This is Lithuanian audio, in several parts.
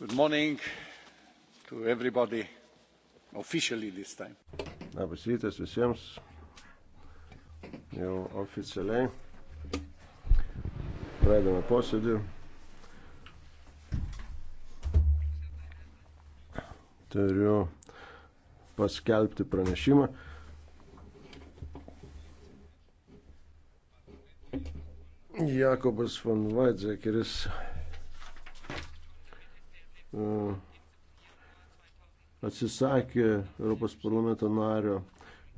Good morning to everybody officially this time. Labas rytas visiems. Jau oficialiai. Pradedame posėdį. Turiu paskelbti pranešimą. Jakobas von Weizsäckeris atsisakė Europos parlamento nario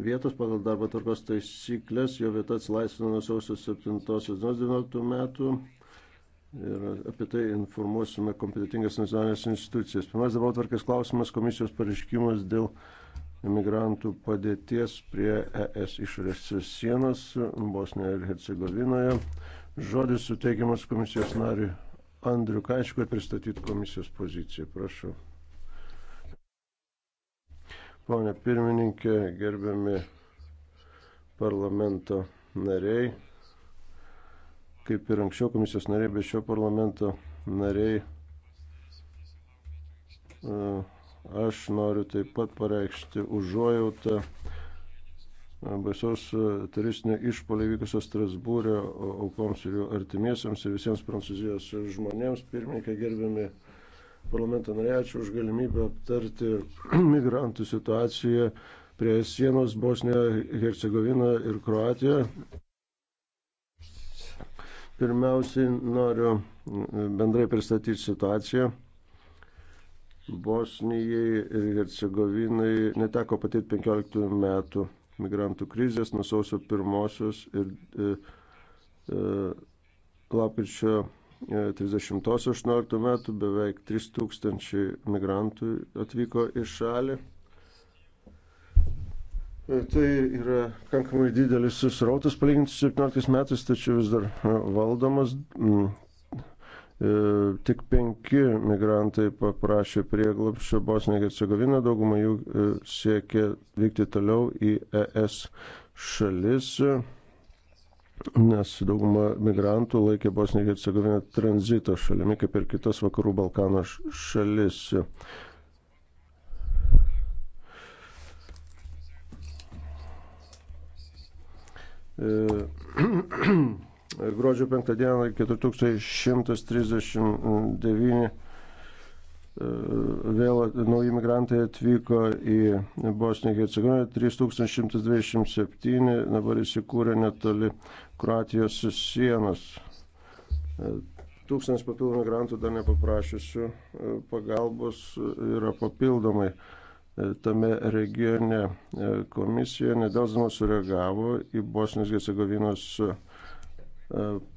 vietos pagal darbo tvarkos taisyklės, jo vieta atsilaisvino nuo sausio 7 19 metų ir apie tai informuosime kompetitingas nacionalinės institucijas. Pirmas darbo tvarkės klausimas - komisijos pareiškimas dėl imigrantų padėties prie ES išorės sienos Bosnijoje ir Hercegovinoje. Žodis suteikiamas komisijos nariui Andriu Kaiškui pristatyti komisijos poziciją. Prašau. Pone pirmininkė, gerbiami parlamento nariai, kaip ir anksčiau komisijos nariai, bet šio parlamento nariai, e, aš noriu taip pat pareikšti užuojautą e, baisaus e, turistinio išpolį vykusio Strasbūrio aukoms ir jų artimiesiams ir visiems prancūzijos žmonėms. Pirmininkai, gerbiami parlamento nariai, ačiū už galimybę aptarti migrantų situaciją prie sienos Bosnija, Hercegovina ir Kroatija. Pirmiausiai noriu e, bendrai pristatyti situaciją. Bosnijai ir Hercegovinai neteko patirti 15 metų migrantų krizės nuo sausio pirmosios ir e, e, lapkričio 30-18 e, metų beveik 3000 migrantų atvyko į šalį. E, tai yra kankamai didelis susrautas palyginti su 17 metais, tačiau vis dar e, valdomas. Mm. Tik penki migrantai paprašė prieglapščio Bosniją ir Cegoviną, dauguma jų siekė vykti toliau į ES šalis nes dauguma migrantų laikė Bosniją ir Hercegoviną tranzito šalimi, kaip ir kitas vakarų Balkano šalis. E, gruodžio 5 dieną 4139 e, vėl nauji migrantai atvyko į Bosniją ir Hercegoviną, 3127 dabar įsikūrė netoli Kroatijos sienas. E, tūkstantis papildomų migrantų dar nepaprašysiu e, pagalbos e, yra papildomai tame regione. Komisija nedelsdama sureagavo į Bosnijos Gecegovinos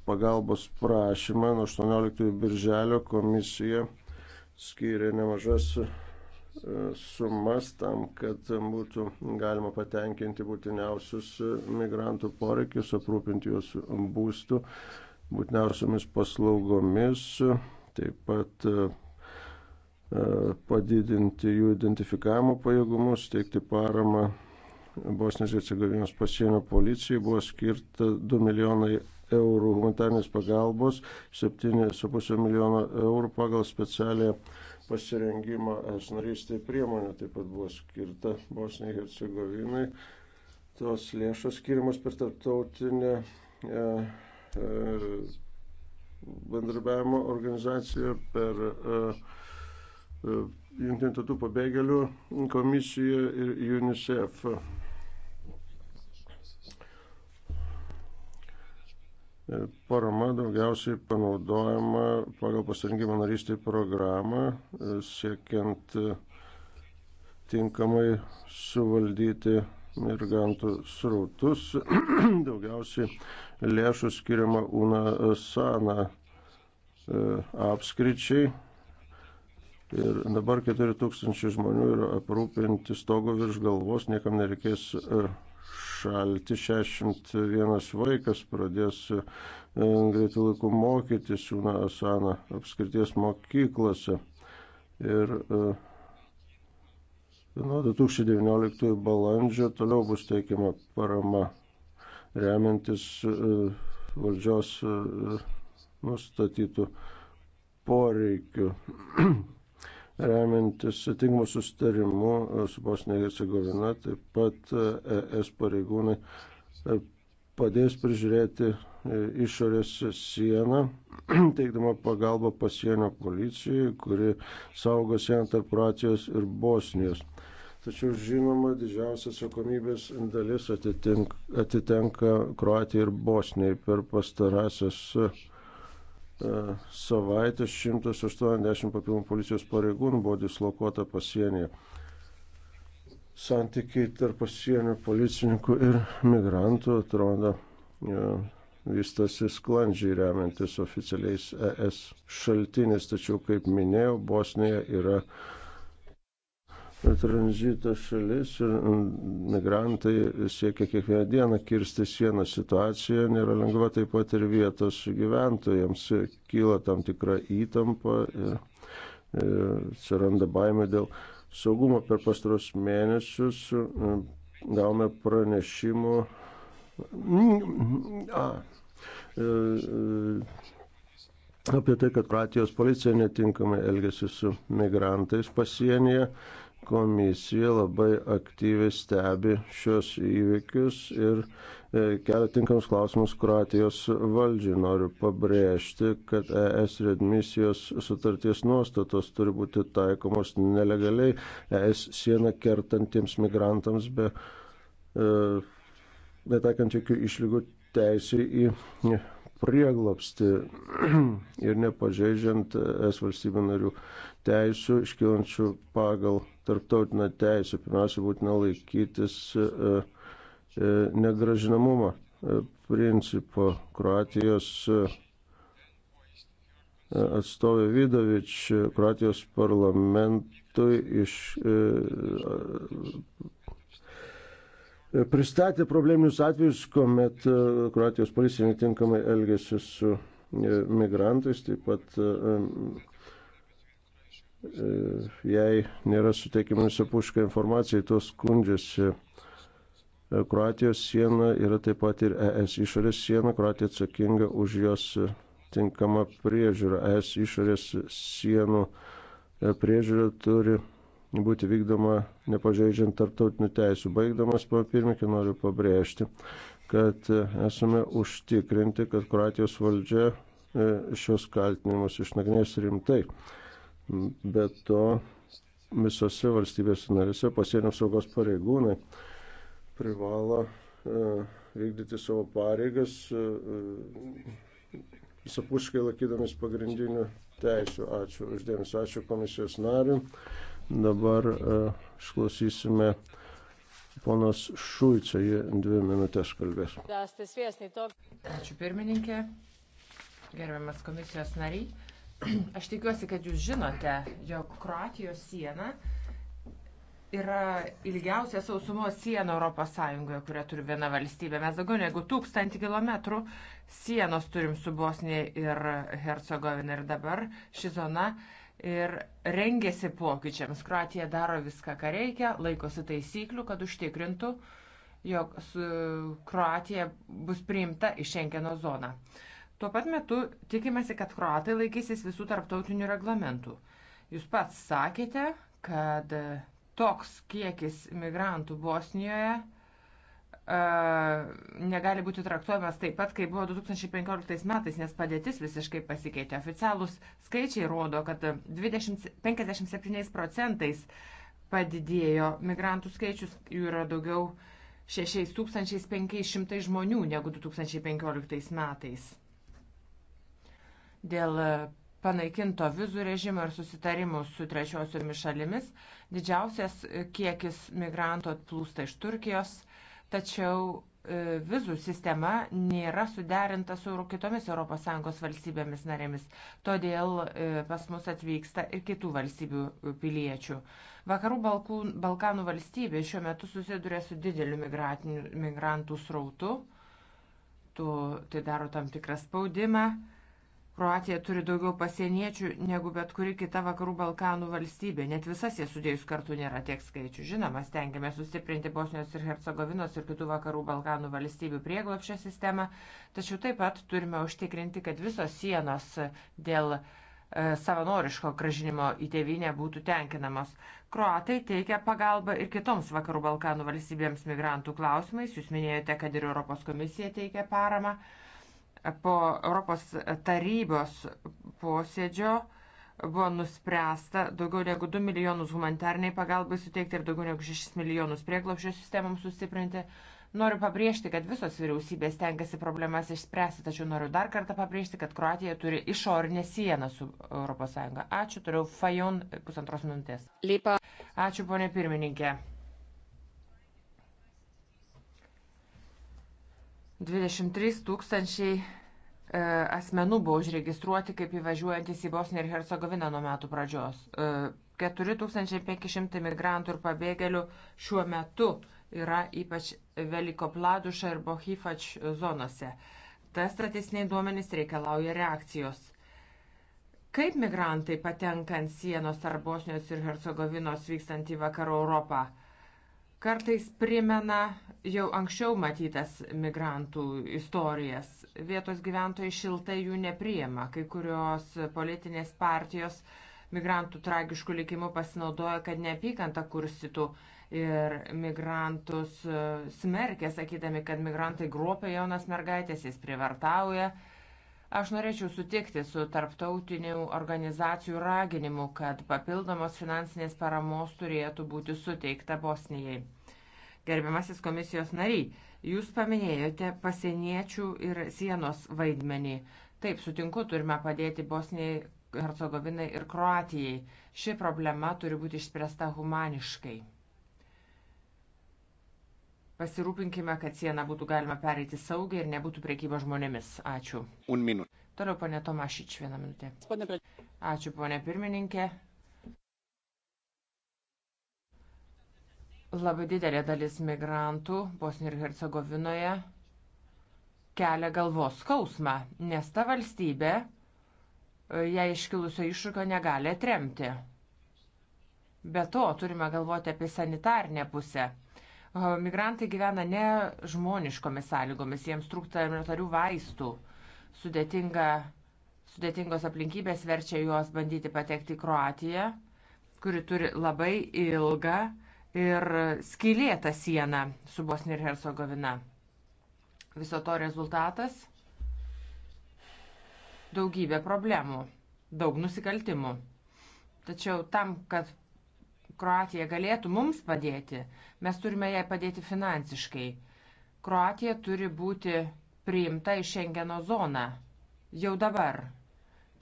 pagalbos prašymą. Nuo 18 birželio komisija skyrė nemažas sumas tam, kad būtų galima patenkinti būtiniausius migrantų poreikius, aprūpinti juos būstų, būtiniausiamis paslaugomis, taip pat e, padidinti jų identifikavimo pajėgumus, teikti paramą Bosnijos ir Cegovinos pasienio policijai buvo skirta 2 milijonai eurų humanitarnės pagalbos, 7,5 milijono eurų pagal specialią pasirengimo es narystėje priemonė taip pat buvo skirta Bosnijai ir Hercegovinai. Tos lėšos skiriamos per tarptautinę e, e, bendradarbiavimo organizaciją, per e, e, Junktinių tautų pabėgėlių komisiją ir UNICEF. E, parama daugiausiai panaudojama pagal pasirinkimą narystį programą, e, siekiant e, tinkamai suvaldyti migrantų srautus. daugiausiai lėšų skiriama UNA SANA apskričiai. Ir dabar 4000 žmonių yra aprūpinti stogo virš galvos, niekam nereikės šalti, 61 vaikas pradės e, greitų laikų mokytis Jūna Asana apskirties mokyklose. Ir e, nuo 2019 balandžio toliau bus teikiama parama remiantis e, valdžios nustatytų poreikių. remiantis sutinkamu sustarimu e, su Bosnija ir Hercegovina, taip pat ES e pareigūnai e, padės prižiūrėti išorės sieną, teikdama pagalbą pasienio policijai, kuri saugo sieną tarp Kroatijos ir Bosnijos. Tačiau žinoma, didžiausia atsakomybės dalis atitenka Kroatijai ir Bosnijai per pastarąsias E, savaitės 180 papildomų policijos pareigūnų buvo dislokuota pasienyje. Santykiai tarp pasienio policininkų ir migrantų atrodo e, vystasi sklandžiai remiantis oficialiais ES šaltinis, tačiau, kaip minėjau, Bosnija yra tranzito šalis ir mm, migrantai siekia kiekvieną dieną kirsti sieną. Situacija nėra lengva taip pat ir vietos gyventojams. Kyla tam tikra įtampa ir, ir atsiranda baime dėl saugumo. Per pastaros mėnesius mm, gavome pranešimų. Mm, a, e, e, apie tai, kad Kroatijos policija netinkamai elgesi su migrantais pasienyje komisija labai aktyviai stebi šios įvykius ir e, kelia tinkamus klausimus Kroatijos valdžiai. Noriu pabrėžti, kad ES redmisijos sutarties nuostatos turi būti taikomos nelegaliai ES sieną kertantiems migrantams be e, netaikant jokių išlygų teisė į prieglopsti ir nepažeidžiant es valstybių narių teisų iškilančių pagal tarptautinę teisę. Pirmiausia, būtina laikytis e, e, negražinamumo e, principo. Kroatijos atstovė Vidovič Kroatijos parlamentui iš pristatė probleminius atvejus, kuomet Kroatijos policija netinkamai elgėsi su migrantais, taip pat jei nėra suteikiama visapuška informacija, tuos skundžiasi. Kroatijos siena yra taip pat ir ES išorės siena, Kroatija atsakinga už jos tinkamą priežiūrą. ES išorės sienų priežiūra turi būti vykdoma nepažeidžiant tarptautinių teisų. Baigdamas, pana pirmininkė, noriu pabrėžti, kad esame užtikrinti, kad Kroatijos valdžia e, šios kaltinimus išnagrinės rimtai. Be to, visose valstybės narėse pasienio saugos pareigūnai privalo e, vykdyti savo pareigas e, visapuškai laikydamis pagrindinių teisų. Ačiū uždėmesi, ačiū komisijos nariu. Dabar e, išklausysime ponas Šulcė, jie dvi minutės kalbės. Ačiū pirmininkė, gerbiamas komisijos nariai. Aš tikiuosi, kad jūs žinote, jog Kroatijos siena yra ilgiausia sausumos siena Europos Sąjungoje, kurią turi viena valstybė. Mes daugiau negu tūkstantį kilometrų sienos turim su Bosnija ir Hercegovina ir dabar ši zona ir rengėsi pokyčiams. Kroatija daro viską, ką reikia, laikosi taisyklių, kad užtikrintų, jog Kroatija bus priimta į Šengeno zoną. Tuo pat metu tikimasi, kad kroatai laikysis visų tarptautinių reglamentų. Jūs pats sakėte, kad e, toks kiekis migrantų Bosnijoje e, negali būti traktuojamas taip pat, kaip buvo 2015 metais, nes padėtis visiškai pasikeitė. Oficialūs skaičiai rodo, kad 20, 57 procentais padidėjo migrantų skaičius, jų yra daugiau 6500 žmonių negu 2015 metais dėl e, panaikinto vizų režimo ir susitarimų su trečiosiomis šalimis. Didžiausias e, kiekis migrantų atplūsta iš Turkijos, tačiau e, vizų sistema nėra suderinta su kitomis ES valstybėmis narėmis. Todėl pas mus atvyksta ir kitų valstybių piliečių. Vakarų Balkanų valstybė šiuo metu susiduria su dideliu migrantų srautu. Tu tai daro tam tikrą spaudimą. Kroatija turi daugiau pasieniečių negu bet kuri kita vakarų Balkanų valstybė. Net visas jie sudėjus kartu nėra tiek skaičių. Žinoma, stengiame sustiprinti Bosnijos ir Hercegovinos ir kitų vakarų Balkanų valstybių prieglopšę sistemą, tačiau taip pat turime užtikrinti, kad visos sienos dėl e, savanoriško gražinimo į tėvynę būtų tenkinamos. Kroatai teikia pagalbą ir kitoms vakarų Balkanų valstybėms migrantų klausimais. Jūs minėjote, kad ir Europos komisija teikia paramą po Europos tarybos posėdžio buvo nuspręsta daugiau negu 2 milijonus humanitarniai pagalbai suteikti ir daugiau negu 6 milijonus prieglopščio sistemams sustiprinti. Noriu pabrėžti, kad visos vyriausybės tenkasi problemas išspręsti, tačiau noriu dar kartą pabrėžti, kad Kroatija turi išorinę sieną su ES. Ačiū, turiu Fajon pusantros minutės. Lypa. Ačiū, ponė pirmininkė. 23 tūkstančiai e, asmenų buvo užregistruoti kaip įvažiuojantis į Bosniją ir Hercegoviną nuo metų pradžios. 4500 e, migrantų ir pabėgėlių šiuo metu yra ypač Veliko Pladuša ir Bohifač zonose. Tas statistiniai duomenys reikalauja reakcijos. Kaip migrantai patenka ant sienos tarp Bosnijos ir Hercegovinos vykstant į vakarų Europą? kartais primena jau anksčiau matytas migrantų istorijas. Vietos gyventojai šiltai jų nepriema. Kai kurios politinės partijos migrantų tragiškų likimų pasinaudoja, kad neapykantą kurstytų ir migrantus smerkia, sakydami, kad migrantai gruopia jaunas mergaitės, jis privartauja Aš norėčiau sutikti su tarptautinių organizacijų raginimu, kad papildomos finansinės paramos turėtų būti suteikta Bosnijai. Gerbiamasis komisijos nariai, jūs paminėjote pasieniečių ir sienos vaidmenį. Taip, sutinku, turime padėti Bosnijai, Hercegovinai ir Kroatijai. Ši problema turi būti išspręsta humaniškai. Pasirūpinkime, kad sieną būtų galima pereiti saugiai ir nebūtų priekyba žmonėmis. Ačiū. Un minut. Toliau, ponė Tomašyč, vieną minutę. Ačiū, ponė pirmininkė. Labai didelė dalis migrantų Bosnijoje ir Hercegovinoje kelia galvos skausmą, nes ta valstybė e, ją iškilusio iššūkio negali atremti. Be to, turime galvoti apie sanitarnę pusę Migrantai gyvena ne žmoniškomis sąlygomis, jiems trūksta elementarių vaistų, sudėtinga, sudėtingos aplinkybės verčia juos bandyti patekti į Kroatiją, kuri turi labai ilgą ir skylėtą sieną su Bosnija ir Hercegovina. Viso to rezultatas - daugybė problemų, daug nusikaltimų. Tačiau tam, kad Kroatija galėtų mums padėti, mes turime jai padėti finansiškai. Kroatija turi būti priimta į Schengeno zoną. Jau dabar.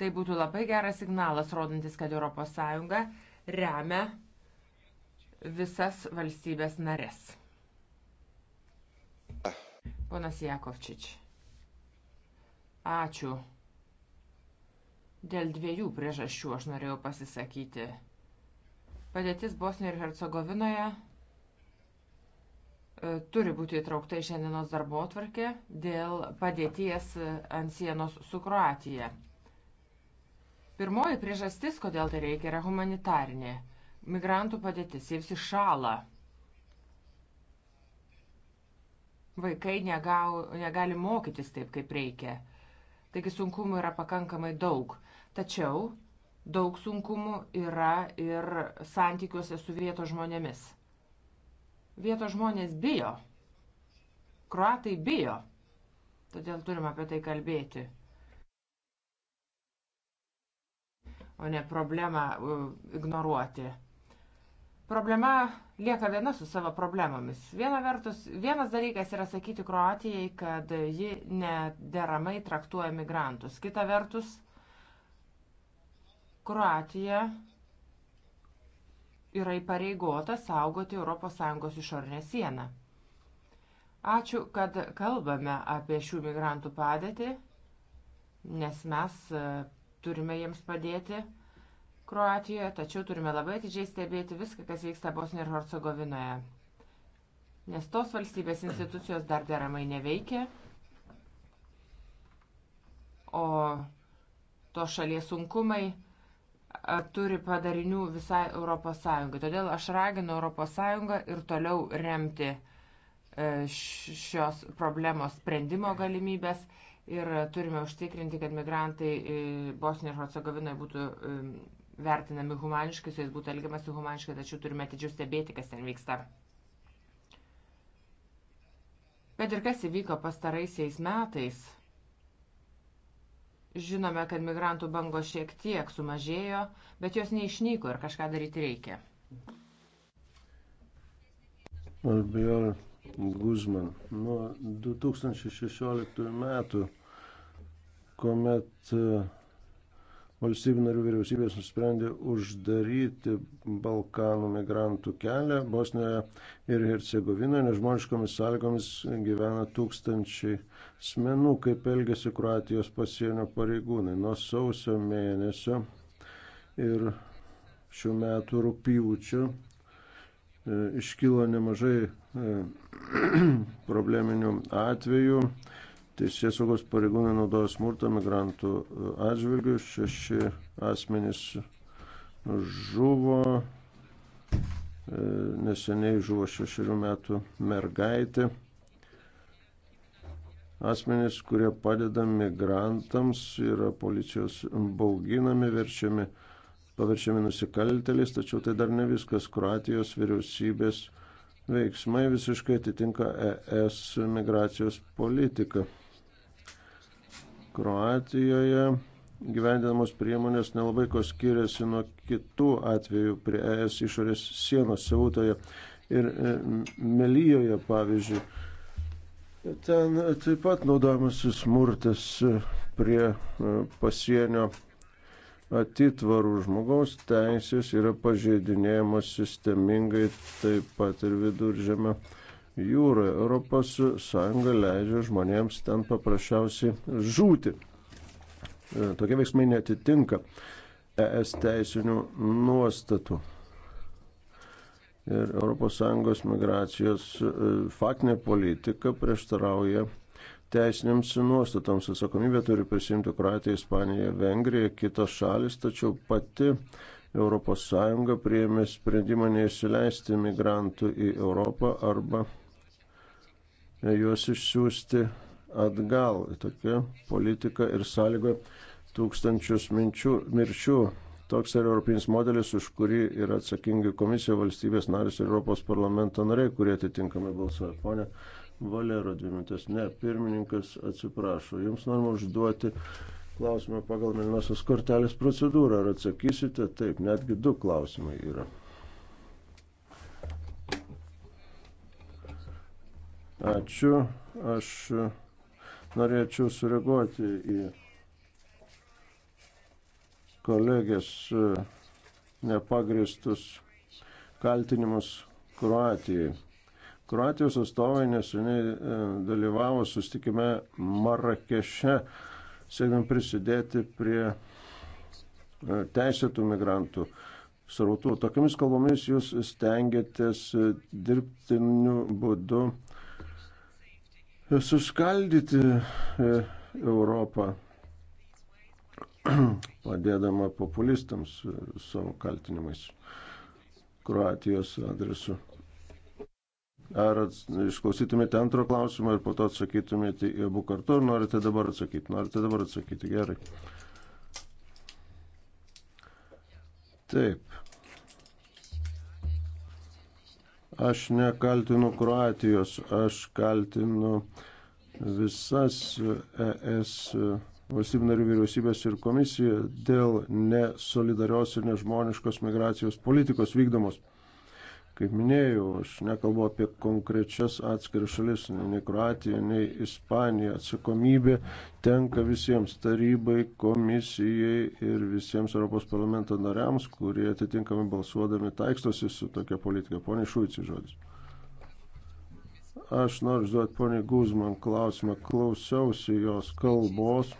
Tai būtų labai geras signalas, rodantis, kad ES remia visas valstybės narės. Ponas Jakovčič. Ačiū. Dėl dviejų priežasčių aš norėjau pasisakyti. Padėtis Bosnijoje ir Hercegovinoje e, turi būti įtraukta į šiandienos darbo atvarkę dėl padėties e, ant sienos su Kroatija. Pirmoji priežastis, kodėl tai reikia, yra humanitarinė. Migrantų padėtis, jie visi šala. Vaikai negau, negali mokytis taip, kaip reikia. Taigi sunkumų yra pakankamai daug. Tačiau Daug sunkumų yra ir santykiuose su vietos žmonėmis. Vietos žmonės bijo. Kroatai bijo. Todėl turim apie tai kalbėti. O ne problemą ignoruoti. Problema lieka viena su savo problemomis. Viena vertus, vienas dalykas yra sakyti Kroatijai, kad ji nederamai traktuoja migrantus. Kita vertus, Kroatija yra įpareigota saugoti ES išorinę sieną. Ačiū, kad kalbame apie šių migrantų padėtį, nes mes e, turime jiems padėti Kroatijoje, tačiau turime labai atidžiai stebėti viską, kas vyksta Bosnijoje ir Hercegovinoje. Nes tos valstybės institucijos dar deramai neveikia, o to šalies sunkumai turi padarinių visai ES. Todėl aš raginu ES ir toliau remti e, šios problemos sprendimo galimybės ir turime užtikrinti, kad migrantai Bosnijoje ir Hercegovinoje būtų e, vertinami humaniškai, su jais būtų elgiamasi humaniškai, tačiau turime atidžiau stebėti, kas ten vyksta. Bet ir kas įvyko pastaraisiais metais – Žinome, kad migrantų bango šiek tiek sumažėjo, bet jos neišnyko ir kažką daryti reikia. Albiol Guzman. Nuo 2016 metų, kuomet valstybių narių vyriausybės nusprendė uždaryti Balkanų migrantų kelią. Bosnijoje ir Hercegovinoje nežmoniškomis sąlygomis gyvena tūkstančiai asmenų, kaip elgesi Kroatijos pasienio pareigūnai. Nuo sausio mėnesio ir šių metų rūpyvučio e, iškilo nemažai e, probleminių atvejų Teisės saugos pareigūnai naudoja smurtą migrantų e, atžvilgių. Šeši asmenys žuvo. E, neseniai žuvo šešerių metų mergaitė. Asmenys, kurie padeda migrantams, yra policijos bauginami, verčiami, paverčiami nusikaltėliais, tačiau tai dar ne viskas. Kroatijos vyriausybės veiksmai visiškai atitinka ES migracijos politiką. Kroatijoje gyvendinamos priemonės nelabai ko skiriasi nuo kitų atvejų prie ES išorės sienos Seutoje ir e, Melijoje, pavyzdžiui. Ten e, taip pat naudojamas smurtas e, prie pasienio atitvarų žmogaus teisės yra pažeidinėjamos sistemingai taip pat ir viduržėme jūroje. Europos Sąjunga leidžia žmonėms ten paprasčiausiai žūti. E, tokie veiksmai netitinka ES teisinių nuostatų. Ir ES migracijos e, faktinė politika prieštarauja teisinėms nuostatoms. Atsakomybę turi prisimti Kroatija, Ispanija, Vengrija, kitos šalis, tačiau pati ES priėmė sprendimą neįsileisti migrantų į Europą arba juos išsiųsti atgal. Tokia politika ir sąlyga tūkstančius minčių, mirčių. Toks yra europinis modelis, už kurį yra atsakingi komisija, valstybės narys ir Europos parlamento nariai, kurie atitinkamai balsuoja. Pone Valero, dvi minutės. Ne, pirmininkas atsiprašo. Jums norima užduoti klausimą pagal Milinosios kortelės procedūrą. Ar atsakysite? Taip, netgi du klausimai yra. Ačiū. Aš e, norėčiau sureaguoti į kolegės e, nepagristus kaltinimus Kroatijai. Kroatijos atstovai neseniai e, dalyvavo sustikime Marakeše, siekdami prisidėti prie teisėtų migrantų srautų. Tokiamis kalbomis jūs stengiatės dirbtiniu būdu suskaldyti e, Europą, padėdama populistams e, savo kaltinimais Kroatijos adresu. Ar išklausytumėte antro klausimą ir po to atsakytumėte į abu kartu, ar norite dabar atsakyti? Norite dabar atsakyti, gerai. Taip. Aš nekaltinu Kroatijos, aš kaltinu visas ES valstybių narių vyriausybės ir komisiją dėl nesolidarios ir nežmoniškos migracijos politikos vykdomos. Kaip minėjau, aš nekalbu apie konkrečias atskiras šalis, nei Kroatija, nei Ispanija. Atsakomybė tenka visiems tarybai, komisijai ir visiems Europos parlamento nariams, kurie atitinkamai balsuodami taikstosi su tokia politika. Pone Šuicis žodis. Aš noriu užduoti poniai Guzman klausimą. Klausiausi jos kalbos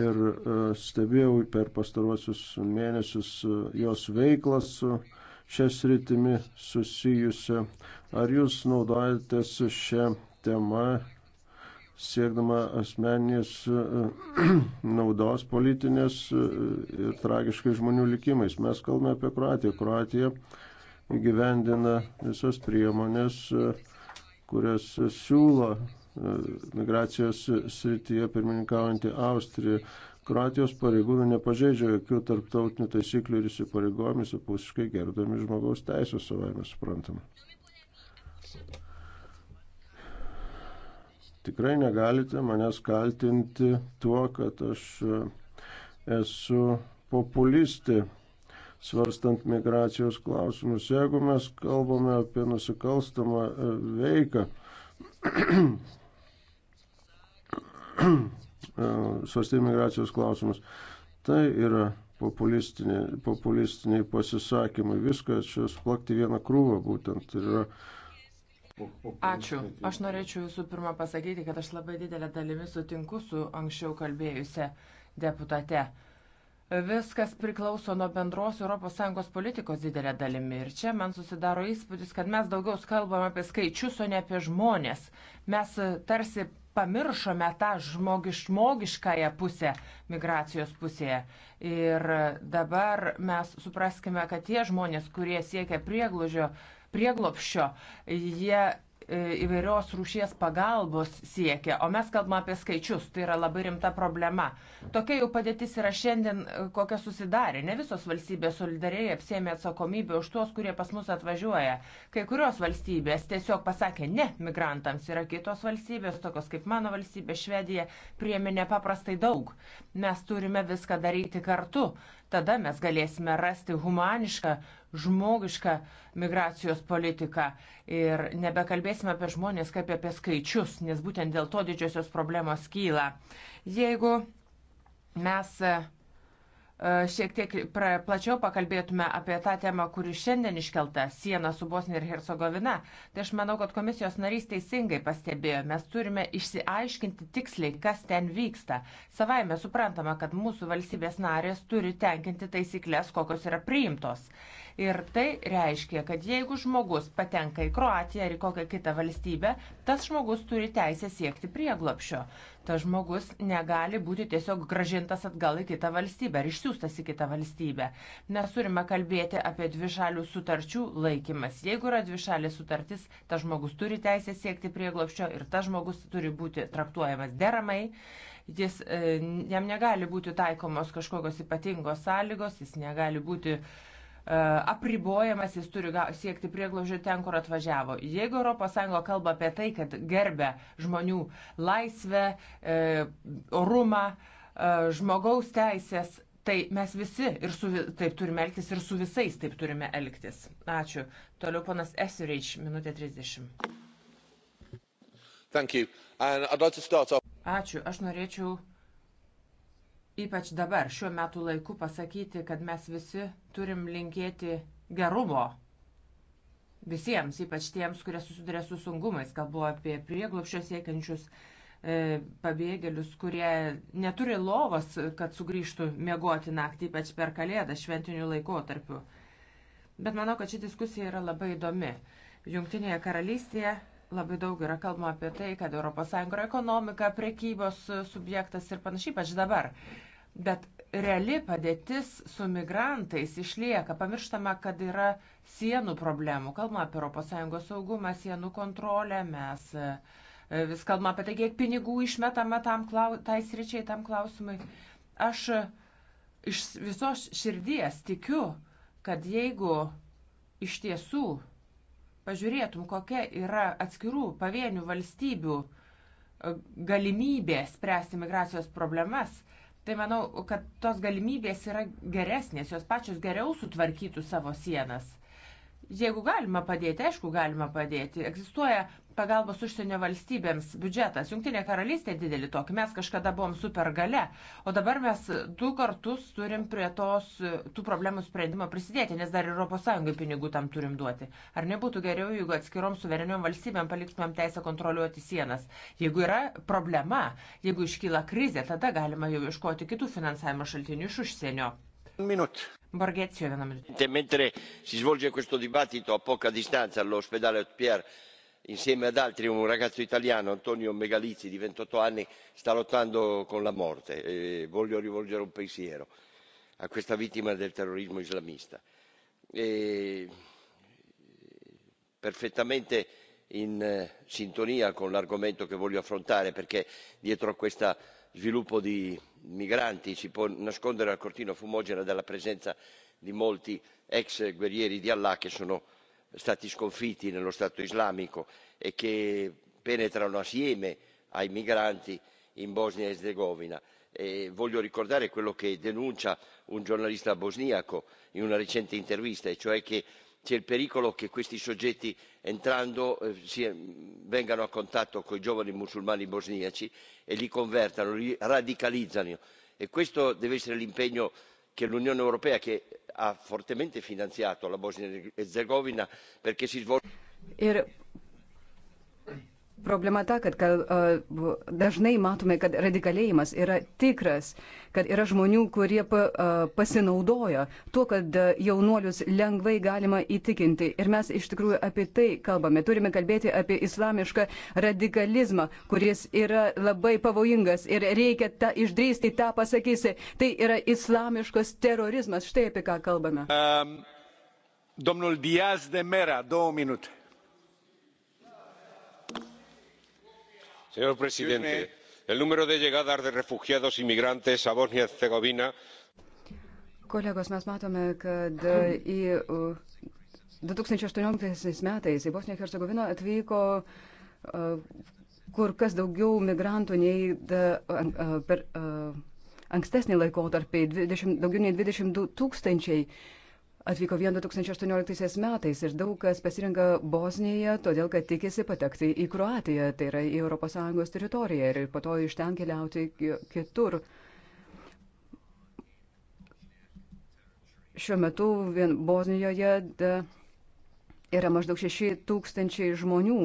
ir e, stebėjau per pastaruosius mėnesius e, jos veiklas. Su šią sritimi susijusią. Ar jūs naudojate su šią temą siekdama asmeninės naudos politinės e, ir tragiškai žmonių likimais. Mes kalbame apie Kroatiją. Kroatija gyvendina visas priemonės, e, kurias siūlo e, migracijos srityje pirmininkaujantį Austriją. Kroatijos pareigūnai nepažeidžia jokių tarptautinių taisyklių ir įsipareigojimų, visapusiškai gerdami žmogaus teisų savaime suprantama. Tikrai negalite manęs kaltinti tuo, kad aš e, esu populistė svarstant migracijos klausimus. Jeigu mes kalbame apie nusikalstamą e, veiką, E, svarstyti migracijos klausimus. Tai yra populistiniai, populistiniai pasisakymai. Viską čia splakti vieną krūvą būtent. Ir yra Ačiū. Aš norėčiau jūsų pirmą pasakyti, kad aš labai didelę dalimi sutinku su anksčiau kalbėjusią deputate. Viskas priklauso nuo bendros ES politikos didelė dalimi. Ir čia man susidaro įspūdis, kad mes daugiau kalbam apie skaičius, o ne apie žmonės. Mes tarsi pamiršome tą žmogiš, žmogiškąją pusę migracijos pusėje. Ir dabar mes supraskime, kad tie žmonės, kurie siekia prieglužio, prieglopščio, jie E, įvairios rūšies pagalbos siekia, o mes kalbame apie skaičius, tai yra labai rimta problema. Tokia jau padėtis yra šiandien, e, kokia susidarė. Ne visos valstybės solidariai apsėmė atsakomybę už tuos, kurie pas mus atvažiuoja. Kai kurios valstybės tiesiog pasakė ne migrantams, yra kitos valstybės, tokios kaip mano valstybė Švedija, priemi nepaprastai daug. Mes turime viską daryti kartu. Tada mes galėsime rasti humanišką žmogišką migracijos politiką ir nebekalbėsime apie žmonės kaip apie skaičius, nes būtent dėl to didžiosios problemos kyla. Jeigu mes e, šiek tiek plačiau pakalbėtume apie tą temą, kuri šiandien iškelta - siena su Bosnija ir Hercegovina, tai aš manau, kad komisijos narys teisingai pastebėjo, mes turime išsiaiškinti tiksliai, kas ten vyksta. Savaime suprantama, kad mūsų valstybės narės turi tenkinti taisyklės, kokios yra priimtos. Ir tai reiškia, kad jeigu žmogus patenka į Kroatiją ar į kokią kitą valstybę, tas žmogus turi teisę siekti prieglopšio. Tas žmogus negali būti tiesiog gražintas atgal į kitą valstybę ar išsiųstas į kitą valstybę. Mes turime kalbėti apie dvišalių sutarčių laikymas. Jeigu yra dvišalė sutartis, tas žmogus turi teisę siekti prieglopščio ir tas žmogus turi būti traktuojamas deramai jis, e, jam negali būti taikomos kažkokios ypatingos sąlygos, jis negali būti E, apribojamas, jis turi siekti priegložio ten, kur atvažiavo. Jeigu ES kalba apie tai, kad gerbė žmonių laisvę, e, orumą, e, žmogaus teisės, tai mes visi ir su, taip turime elgtis ir su visais taip turime elgtis. Ačiū. Toliau ponas Esireič, minutė 30. Like off... Ačiū. Aš norėčiau ypač dabar, šiuo metu laiku pasakyti, kad mes visi turim linkėti gerumo visiems, ypač tiems, kurie susiduria su sungumais, kalbu apie prieglopščio siekiančius e, pabėgėlius, kurie neturi lovos, kad sugrįžtų miegoti naktį, ypač per kalėdą šventinių laikotarpių. Bet manau, kad ši diskusija yra labai įdomi. Junktinėje karalystėje labai daug yra kalbama apie tai, kad ES ekonomika, prekybos subjektas ir panašiai, pač dabar. E, Bet reali padėtis su migrantais išlieka. Pamirštama, kad yra sienų problemų. Kalbama apie ES saugumą, sienų kontrolę, mes e, vis kalbama apie tai, kiek pinigų išmetama tam klau, tai sričiai, tam klausimai. Aš iš visos širdies tikiu, kad jeigu iš tiesų pažiūrėtum, kokia yra atskirų pavienių valstybių e, galimybė spręsti migracijos problemas, tai manau, kad tos galimybės yra geresnės, jos pačios geriau sutvarkytų savo sienas. Jeigu galima padėti, aišku, galima padėti. Egzistuoja pagalbos užsienio valstybėms biudžetas. Junktinė karalystė didelį tokį. Mes kažkada buvom supergale, o dabar mes du kartus turim prie tos, tų problemų sprendimo prisidėti, nes dar ES pinigų tam turim duoti. Ar nebūtų geriau, jeigu atskirom suvereniom valstybėm paliktumėm teisę kontroliuoti sienas? Jeigu yra problema, jeigu iškyla krizė, tada galima jau iškoti kitų finansavimo šaltinių iš užsienio. Minut. Borghezio, una minuta. E mentre si svolge questo dibattito a poca distanza all'ospedale Pierre, insieme ad altri un ragazzo italiano, Antonio Megalizzi, di 28 anni, sta lottando con la morte. E voglio rivolgere un pensiero a questa vittima del terrorismo islamista. E perfettamente in eh, sintonia con l'argomento che voglio affrontare perché dietro a questa sviluppo di migranti si può nascondere la cortina fumogena della presenza di molti ex guerrieri di allah che sono stati sconfitti nello stato islamico e che penetrano assieme ai migranti in bosnia ed erzegovina. E voglio ricordare quello che denuncia un giornalista bosniaco in una recente intervista e cioè che c'è il pericolo che questi soggetti entrando eh, eh, vengano a contatto con i giovani musulmani bosniaci e li convertano li radicalizzino e questo deve essere l'impegno che l'unione europea che ha fortemente finanziato la bosnia erzegovina perché si svolga. Problema ta, kad, kad uh, dažnai matome, kad radikalėjimas yra tikras, kad yra žmonių, kurie pa, uh, pasinaudoja tuo, kad uh, jaunuolius lengvai galima įtikinti. Ir mes iš tikrųjų apie tai kalbame. Turime kalbėti apie islamišką radikalizmą, kuris yra labai pavojingas ir reikia ta, išdrysti tą pasakysi. Tai yra islamiškas terorizmas. Štai apie ką kalbame. Um, domnul Diaz de Mera, du minutės señor presidente el número de llegadas de refugiados y migrantes a bosnia y herzegovina. kolegos mes matome kad į du tūkstančiai aštuonioliktais metais į bosniją ir hercegoviną atvyko kur kas daugiau migrantų nei da, per ankstesnį laikotarpį, 20, daugiau nei 22 tūkstančiai atvyko vien 2018 metais ir daug kas pasirinka Bosniją, todėl kad tikisi patekti į Kroatiją, tai yra į ES teritoriją ir po to iš ten keliauti kitur. Šiuo metu vien Bosnijoje yra maždaug 6 tūkstančiai žmonių.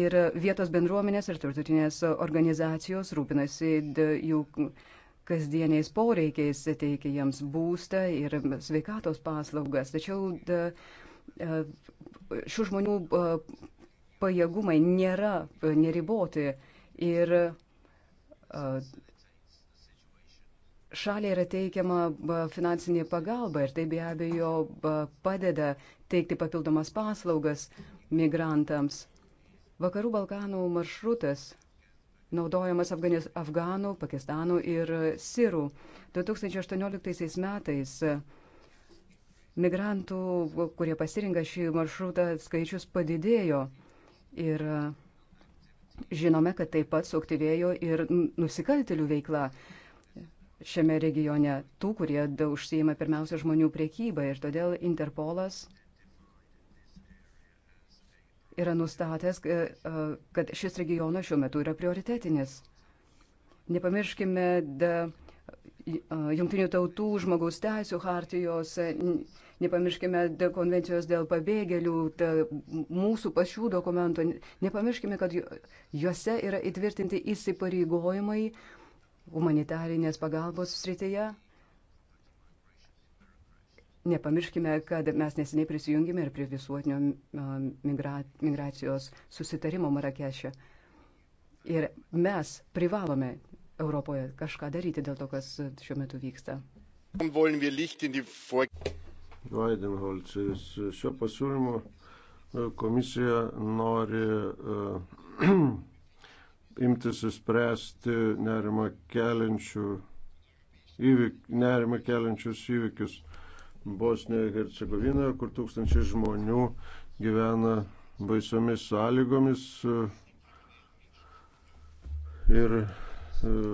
Ir vietos bendruomenės ir tarptautinės organizacijos rūpinasi jų kasdieniais poreikiais, teikia jiems būstą ir sveikatos paslaugas. Tačiau da, e, šių žmonių e, pajėgumai nėra e, neriboti ir šaliai yra teikiama finansinė pagalba ir tai be abejo padeda teikti papildomas paslaugas migrantams. Vakarų Balkanų maršrutas naudojamas Afganės, afganų, pakistanų ir sirų. 2018 metais migrantų, kurie pasirinka šį maršrutą, skaičius padidėjo. Ir e, žinome, kad taip pat suaktyvėjo ir nusikaltelių veikla šiame regione, tų, kurie užsijima pirmiausia žmonių priekybą. Ir todėl Interpolas yra nustatęs, e, e, kad šis regionas šiuo metu yra prioritetinis. Nepamirškime e, Junktinių tautų žmogaus teisų hartijos, nepamirškime konvencijos dėl pabėgėlių, mūsų pačių dokumentų, nepamirškime, kad juose yra įtvirtinti įsipareigojimai humanitarinės pagalbos srityje Nepamirškime, kad mes neseniai prisijungėme ir prie visuotinio migra migracijos susitarimo Marakeše. Ir mes privalome Europoje kažką daryti dėl to, kas šiuo metu vyksta. Vaidenholceris, e, šio pasiūlymo e, komisija nori uh, imtis įspręsti nerimą keliančių įvyk, nerimą keliančius įvykius Bosnijoje ir Hercegovinoje, kur tūkstančiai žmonių gyvena baisiomis sąlygomis e, ir e,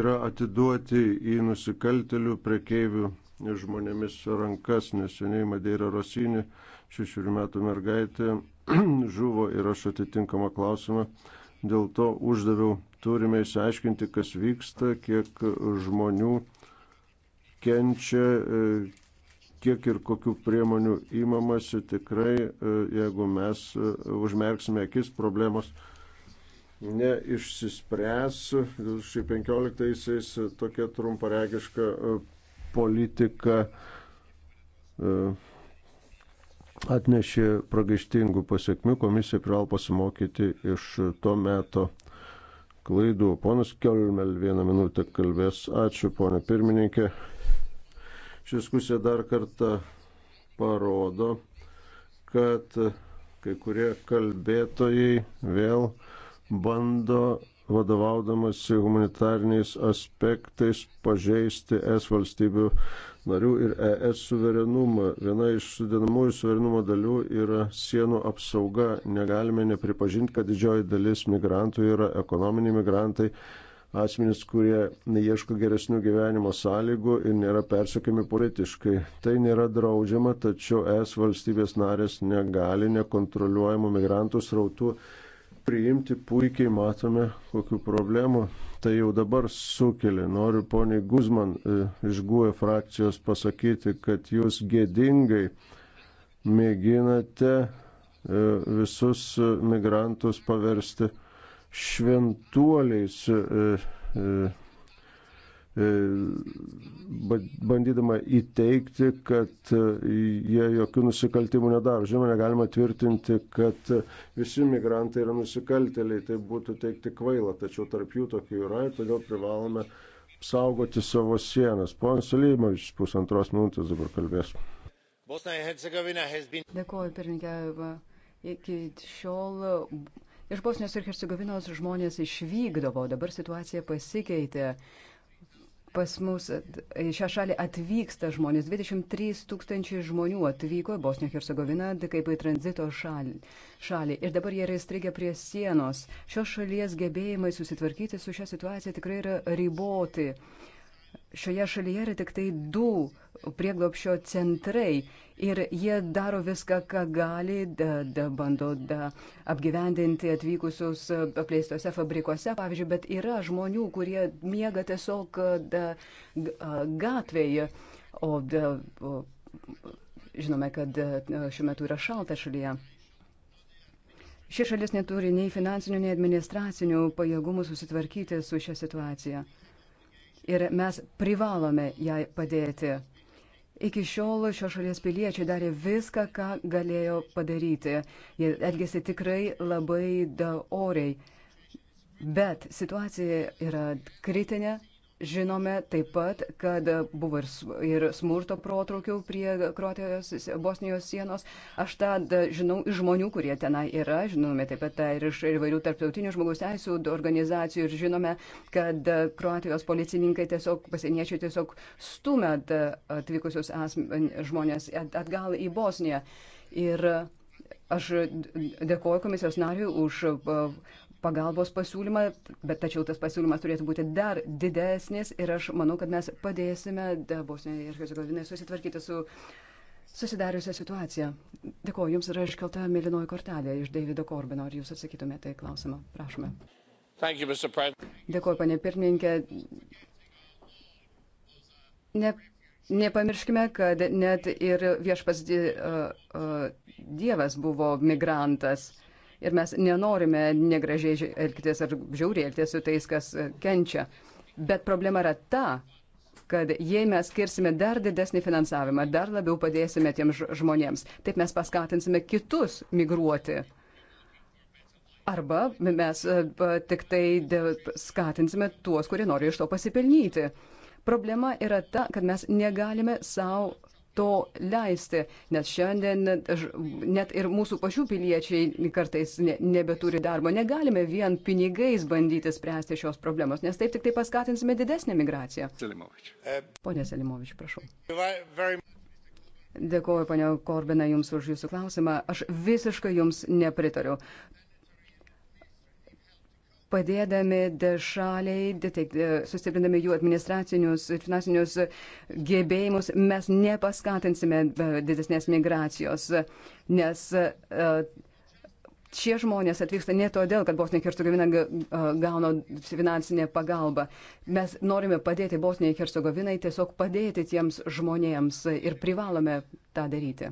yra atiduoti į nusikaltelių prekeivių žmonėmis rankas. Neseniai Madeira Rosinė, šešių metų mergaitė, žuvo ir aš atitinkamą klausimą dėl to uždaviau. Turime išsiaiškinti, kas vyksta, kiek žmonių kenčia, e, kiek ir kokių priemonių įmamasi, tikrai, e, jeigu mes e, užmerksime akis, problemos neišsispręs. 2015-aisiais tokia trumparegiška politika atnešė pragaištingų pasiekmių, komisija privalo pasimokyti iš to meto klaidų. Ponas Kelmel vieną minutę kalbės. Ačiū, ponė pirmininkė. Ši diskusija dar kartą parodo, kad kai kurie kalbėtojai vėl bando vadovaudamasi humanitariniais aspektais pažeisti es valstybių narių ir ES suverenumą. Viena iš sudėdamųjų suverenumo dalių yra sienų apsauga. Negalime nepripažinti, kad didžioji dalis migrantų yra ekonominiai migrantai, asmenys, kurie neieško geresnių gyvenimo sąlygų ir nėra persiekiami politiškai. Tai nėra draudžiama, tačiau ES valstybės narės negali nekontroliuojamų migrantų srautų priimti. Puikiai matome, kokiu problemu tai jau dabar sukelia. Noriu poniai Guzman e, iš GUE frakcijos pasakyti, kad jūs gėdingai mėginate e, visus migrantus paversti šventuoliais e, E, bandydama įteikti, kad e, jie jokių nusikaltimų nedaro. Žinoma, negalima tvirtinti, kad visi migrantai yra nusikalteliai, tai būtų teikti kvaila, tačiau tarp jų tokių yra ir todėl privalome saugoti savo sienas. Ponas Salymavičius pusantros minutės dabar kalbės. Dėkuoju, pirmininkė. Iki šiol iš Bosnijos ir Hercegovinos žmonės išvykdavo, dabar situacija pasikeitė pas mus į šią šalį atvyksta žmonės. 23 tūkstančiai žmonių atvyko į Bosniją Hercegoviną kaip į tranzito šalį, šalį. Ir dabar jie yra įstrigę prie sienos. Šios šalies gebėjimai susitvarkyti su šią situaciją tikrai yra riboti. Šioje šalyje yra tik tai du prieglopšio centrai Ir jie daro viską, ką gali, da, da, bando da, apgyvendinti atvykusius apleistose fabrikuose, pavyzdžiui, bet yra žmonių, kurie miega tiesiog da, gatvėje, o, da, o žinome, kad šiuo metu yra šalta šalyje. Ši šalis neturi nei finansinių, nei administracinių pajėgumų susitvarkyti su šią situaciją. Ir mes privalome jai padėti. Iki šiol šios šalies piliečiai darė viską, ką galėjo padaryti. Jie elgėsi tikrai labai daoriai. Bet situacija yra kritinė Žinome taip pat, kad buvo ir smurto protrukių prie Kroatijos, Bosnijos sienos. Aš tą žinau iš žmonių, kurie tenai yra. Žinome taip pat tai ir iš įvairių tarptautinių žmogaus teisų organizacijų. Ir žinome, kad Kroatijos policininkai tiesiog, pasieniečiai tiesiog stumia atvykusius asmen, žmonės atgal į Bosniją. Ir Aš dėkoju komisijos nariui už pagalbos pasiūlymą, bet tačiau tas pasiūlymas turėtų būti dar didesnis ir aš manau, kad mes padėsime Bosnijai ir Hercegovinai susitvarkyti su susidariusią situaciją. Dėkuoju, jums yra iškelta mėlynoji kortelė iš Davido Korbino. Ar jūs atsakytumėte į klausimą? Prašome. You, Dėkuoju, panė pirmininkė. Ne, nepamirškime, kad net ir viešpas die, uh, uh, Dievas buvo migrantas. Uh, ir mes nenorime negražiai elgtis ar žiauriai elgtis su tais, kas e, kenčia. Bet problema yra ta, kad jei mes skirsime dar didesnį finansavimą, dar labiau padėsime tiems žmonėms, taip mes paskatinsime kitus migruoti. Arba mes e, tik tai skatinsime tuos, kurie nori iš to pasipelnyti. Problema yra ta, kad mes negalime savo to leisti, nes šiandien net ir mūsų pačių piliečiai kartais nebeturi darbo. Negalime vien pinigais bandyti spręsti šios problemos, nes taip tik tai paskatinsime didesnę migraciją. Selimovič. Pone Selimovič, prašau. Dėkuoju, ponia Korbina, Jums už Jūsų klausimą. Aš visiškai Jums nepritariu padėdami šaliai, e, sustiprindami jų administracinius ir finansinius gebėjimus, mes nepaskatinsime e, didesnės migracijos, nes e, šie žmonės atvyksta ne todėl, kad Bosnija ir Hercegovina gauna finansinę pagalbą. Mes norime padėti Bosnijai ir Hercegovinai, tiesiog padėti tiems žmonėms ir privalome tą daryti.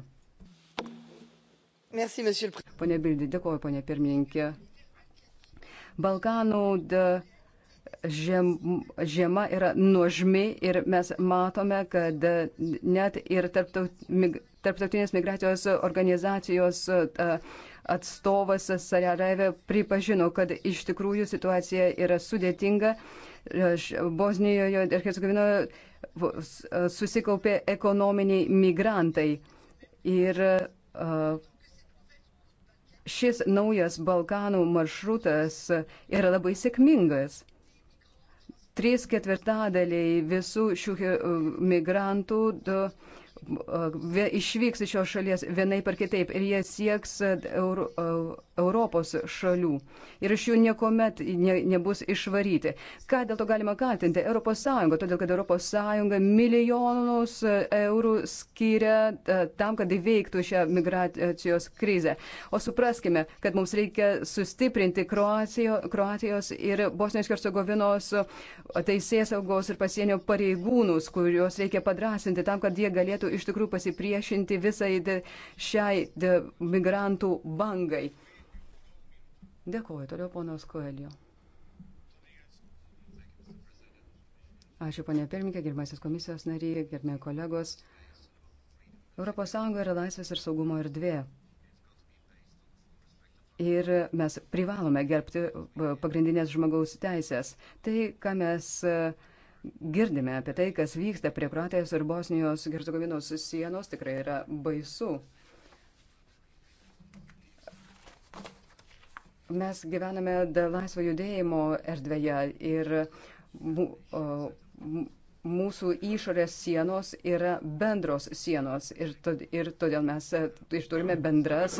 Merci, Pone Bildį, dėkoju, ponė pirmininkė. Balkanų žiem, žiema yra nuožmi ir mes matome, kad net ir tarptautinės migracijos organizacijos atstovas Sarajeve pripažino, kad iš tikrųjų situacija yra sudėtinga. Bosnijoje ir Hercegovinoje susikaupė ekonominiai migrantai. Ir uh, šis naujas Balkanų maršrutas yra labai sėkmingas. Trys ketvirtadaliai visų šių e, migrantų išvyks iš šios šalies vienaip ar kitaip ir jie sieks e, Euro, e, Europos šalių ir iš jų niekuomet ne, nebus išvaryti. Ką dėl to galima kaltinti? ES, todėl kad ES milijonus e, eurų skiria tam, kad įveiktų šią migracijos krizę. O supraskime, kad mums reikia sustiprinti Kroacijo, Kroatijos ir Bosnijos Hercegovinos teisės saugos ir pasienio pareigūnus, kuriuos reikia padrasinti tam, kad jie galėtų iš tikrųjų pasipriešinti visai de, šiai de, migrantų bangai. Dėkuoju, toliau ponas Koelio. Ačiū, ponė pirmininkė, girmasis komisijos nariai, gerbė kolegos. ES yra laisvės ir saugumo erdvė. Ir mes privalome gerbti e, pagrindinės žmogaus teisės. Tai, ką mes uh, girdime apie tai, kas vyksta prie Kroatijos ir Bosnijos Hercegovinos sienos, tikrai yra baisu. Mes gyvename laisvo judėjimo erdvėje ir mūsų išorės sienos yra bendros sienos ir todėl mes e, ir turime bendras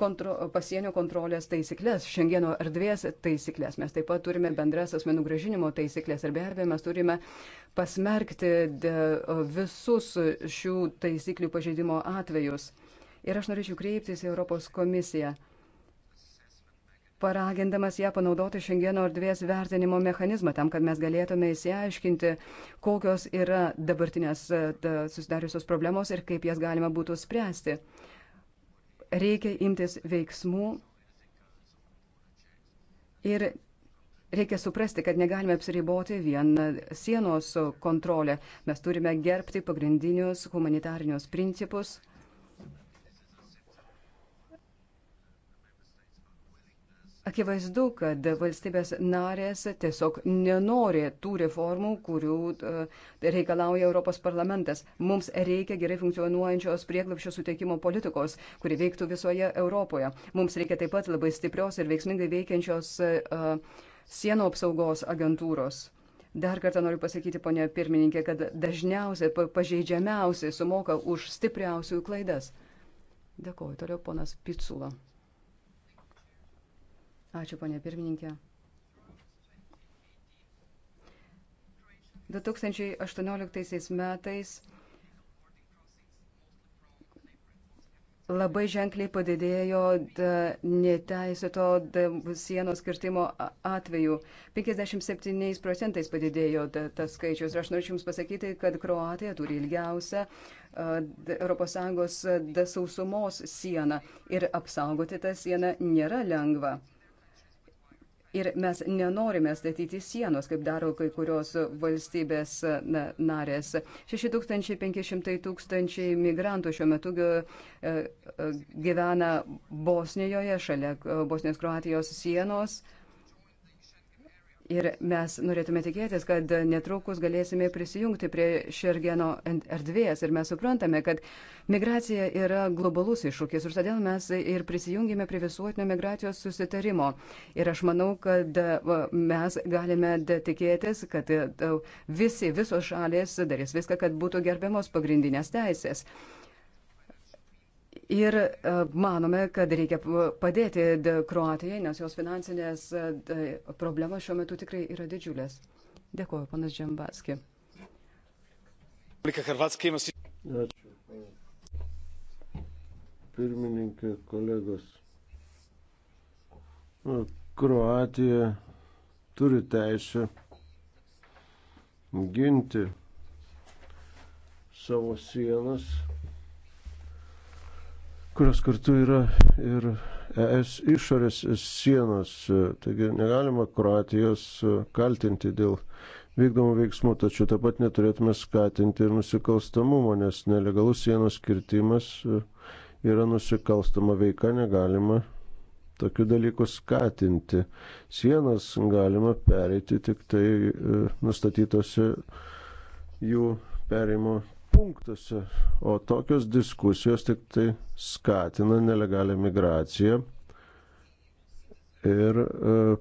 kontro, pasienio kontrolės taisyklės, šengeno erdvės taisyklės. Mes taip pat turime bendras asmenų gražinimo taisyklės ir be abejo mes turime pasmerkti visus šių taisyklių pažeidimo atvejus. Ir aš norėčiau kreiptis į Europos komisiją, paragindamas ją panaudoti šengeno erdvės vertinimo mechanizmą tam, kad mes galėtume įsiaiškinti, kokios yra dabartinės susidariusios problemos ir kaip jas galima būtų spręsti reikia imtis veiksmų ir reikia suprasti, kad negalime apsiriboti vien sienos kontrolę. Mes turime gerbti pagrindinius humanitarinius principus Akivaizdu, kad valstybės narės tiesiog nenori tų reformų, kurių e, reikalauja Europos parlamentas. Mums reikia gerai funkcionuojančios prieglapščio suteikimo politikos, kuri veiktų visoje Europoje. Mums reikia taip pat labai stiprios ir veiksmingai veikiančios e, sienų apsaugos agentūros. Dar kartą noriu pasakyti, ponė pirmininkė, kad dažniausiai pažeidžiamiausiai sumoka už stipriausiųjų klaidas. Dėkuoju, toliau ponas Pitsula. Ačiū, ponė pirmininkė. 2018 metais labai ženkliai padidėjo neteisėto sienos kirtimo atveju. 57 procentais padidėjo tas skaičius. Aš norėčiau Jums pasakyti, kad Kroatija turi ilgiausią ES sausumos sieną ir apsaugoti tą sieną nėra lengva. Ir mes nenorime statyti sienos, kaip daro kai kurios valstybės na, narės. 6500 tūkstančiai migrantų šiuo metu e, e, gyvena Bosnijoje, šalia e, Bosnijos Kroatijos sienos. Ir mes norėtume tikėtis, kad netrukus galėsime prisijungti prie Šergeno erdvės. Ir mes suprantame, kad migracija yra globalus iššūkis. Ir todėl mes ir prisijungėme prie visuotinio migracijos susitarimo. Ir aš manau, kad mes galime tikėtis, kad e, visi, visos šalės darys viską, kad būtų gerbiamos pagrindinės teisės. Ir e, manome, kad reikia padėti Kroatijai, nes jos finansinės e, problemos šiuo metu tikrai yra didžiulės. Dėkuoju, panas Džembatski. Ačiū. Pirmininkė, kolegos. Kroatija turi teisę ginti savo sienas kurios kartu yra ir ES išorės sienos. Taigi negalima Kroatijos kaltinti dėl vykdomų veiksmų, tačiau taip pat neturėtume skatinti ir nusikalstamumo, nes nelegalus sienos kirtimas yra nusikalstama veika, negalima tokių dalykų skatinti. Sienas galima pereiti tik tai e, nustatytose jų perėjimo punktuose, o tokios diskusijos tik tai skatina nelegalią migraciją ir e,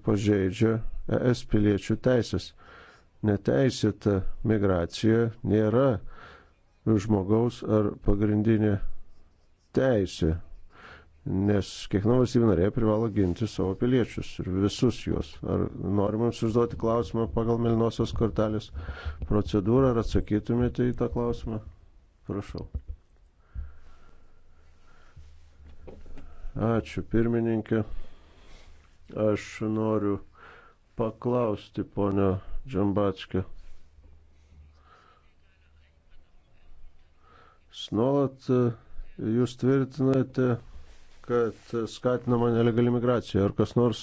pažeidžia ES piliečių teisės. Neteisėta migracija nėra žmogaus ar pagrindinė teisė nes kiekviena valstybė narė privalo ginti savo piliečius ir visus juos. Ar norim jums užduoti klausimą pagal Melinosios kortelės procedūrą, ar atsakytumėte į tą klausimą? Prašau. Ačiū, pirmininkė. Aš noriu paklausti ponio Džambačkio. Nuolat jūs tvirtinate kad skatinama nelegali migracija. Ar kas nors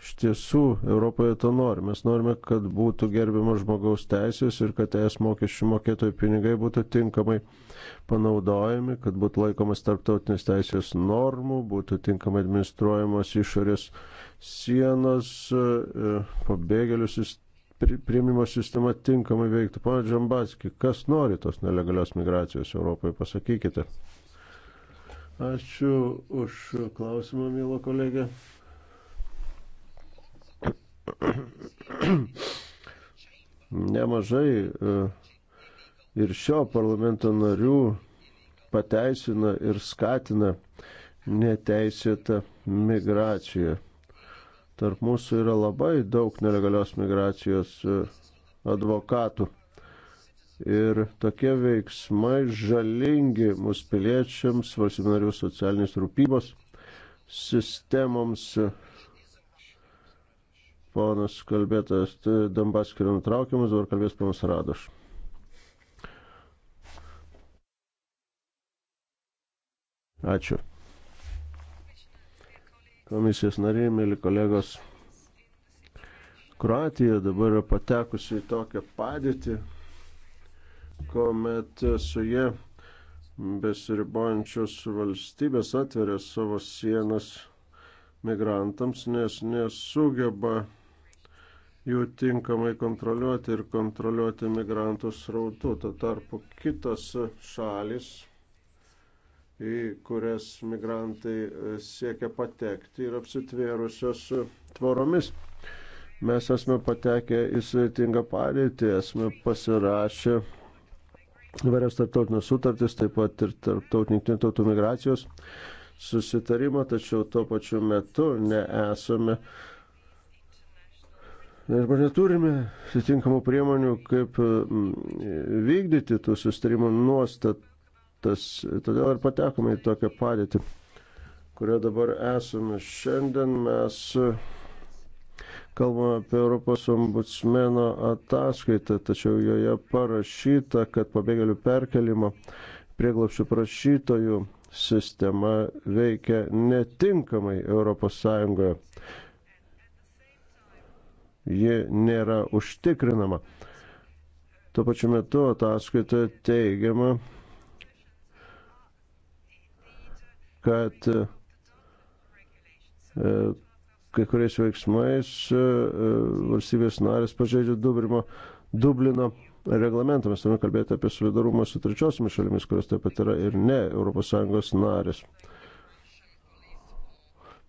iš tiesų Europoje to nori? Mes norime, kad būtų gerbiamas žmogaus teisės ir kad es mokesčių mokėtojų pinigai būtų tinkamai panaudojami, kad būtų laikomas tarptautinės teisės normų, būtų tinkamai administruojamos išorės sienos, e, pabėgėlių sistemos priimimo sistema tinkamai veiktų. Pane Džambatski, kas nori tos nelegalios migracijos Europoje, pasakykite. Ačiū už klausimą, mėlo kolegė. Nemažai e, ir šio parlamento narių pateisina ir skatina neteisėtą migraciją. Tarp mūsų yra labai daug nelegalios migracijos e, advokatų ir tokie veiksmai žalingi mūsų piliečiams, valstybinarių socialinės rūpybos sistemoms. Ponas kalbėtas tai Dambaskirio nutraukiamas, dabar kalbės ponas Radoš. Ačiū. Komisijos nariai, mėly kolegos, Kroatija dabar yra patekusi į tokią padėtį, kuomet su jie besiribojančios valstybės atveria savo sienas migrantams, nes nesugeba jų tinkamai kontroliuoti ir kontroliuoti migrantų srautų. Tuo tarpu kitos šalis, į kurias migrantai siekia patekti, yra apsitvėrusios tvoromis. Mes esame patekę į sudėtingą padėtį, esame pasirašę įvairias tarptautinės sutartis, taip pat ir tarptautinį tautų migracijos susitarimą, tačiau tuo pačiu metu nesame arba neturime atitinkamų priemonių, kaip mm, vykdyti tų susitarimų nuostatas. Todėl ir patekome į tokią padėtį, kurioje dabar esame. Šiandien mes kalbame apie Europos ombudsmeno ataskaitą, tačiau joje parašyta, kad pabėgėlių perkelimo prieglapšių prašytojų sistema veikia netinkamai ES. Ji nėra užtikrinama. Tuo pačiu metu ataskaitoje teigiama, kad e, kai kuriais veiksmais e, e, valstybės narės pažeidžia Dublino, Dublino reglamentą. Mes turime kalbėti apie solidarumą su trečiosiomis šalimis, kurios taip pat yra ir ne ES narės.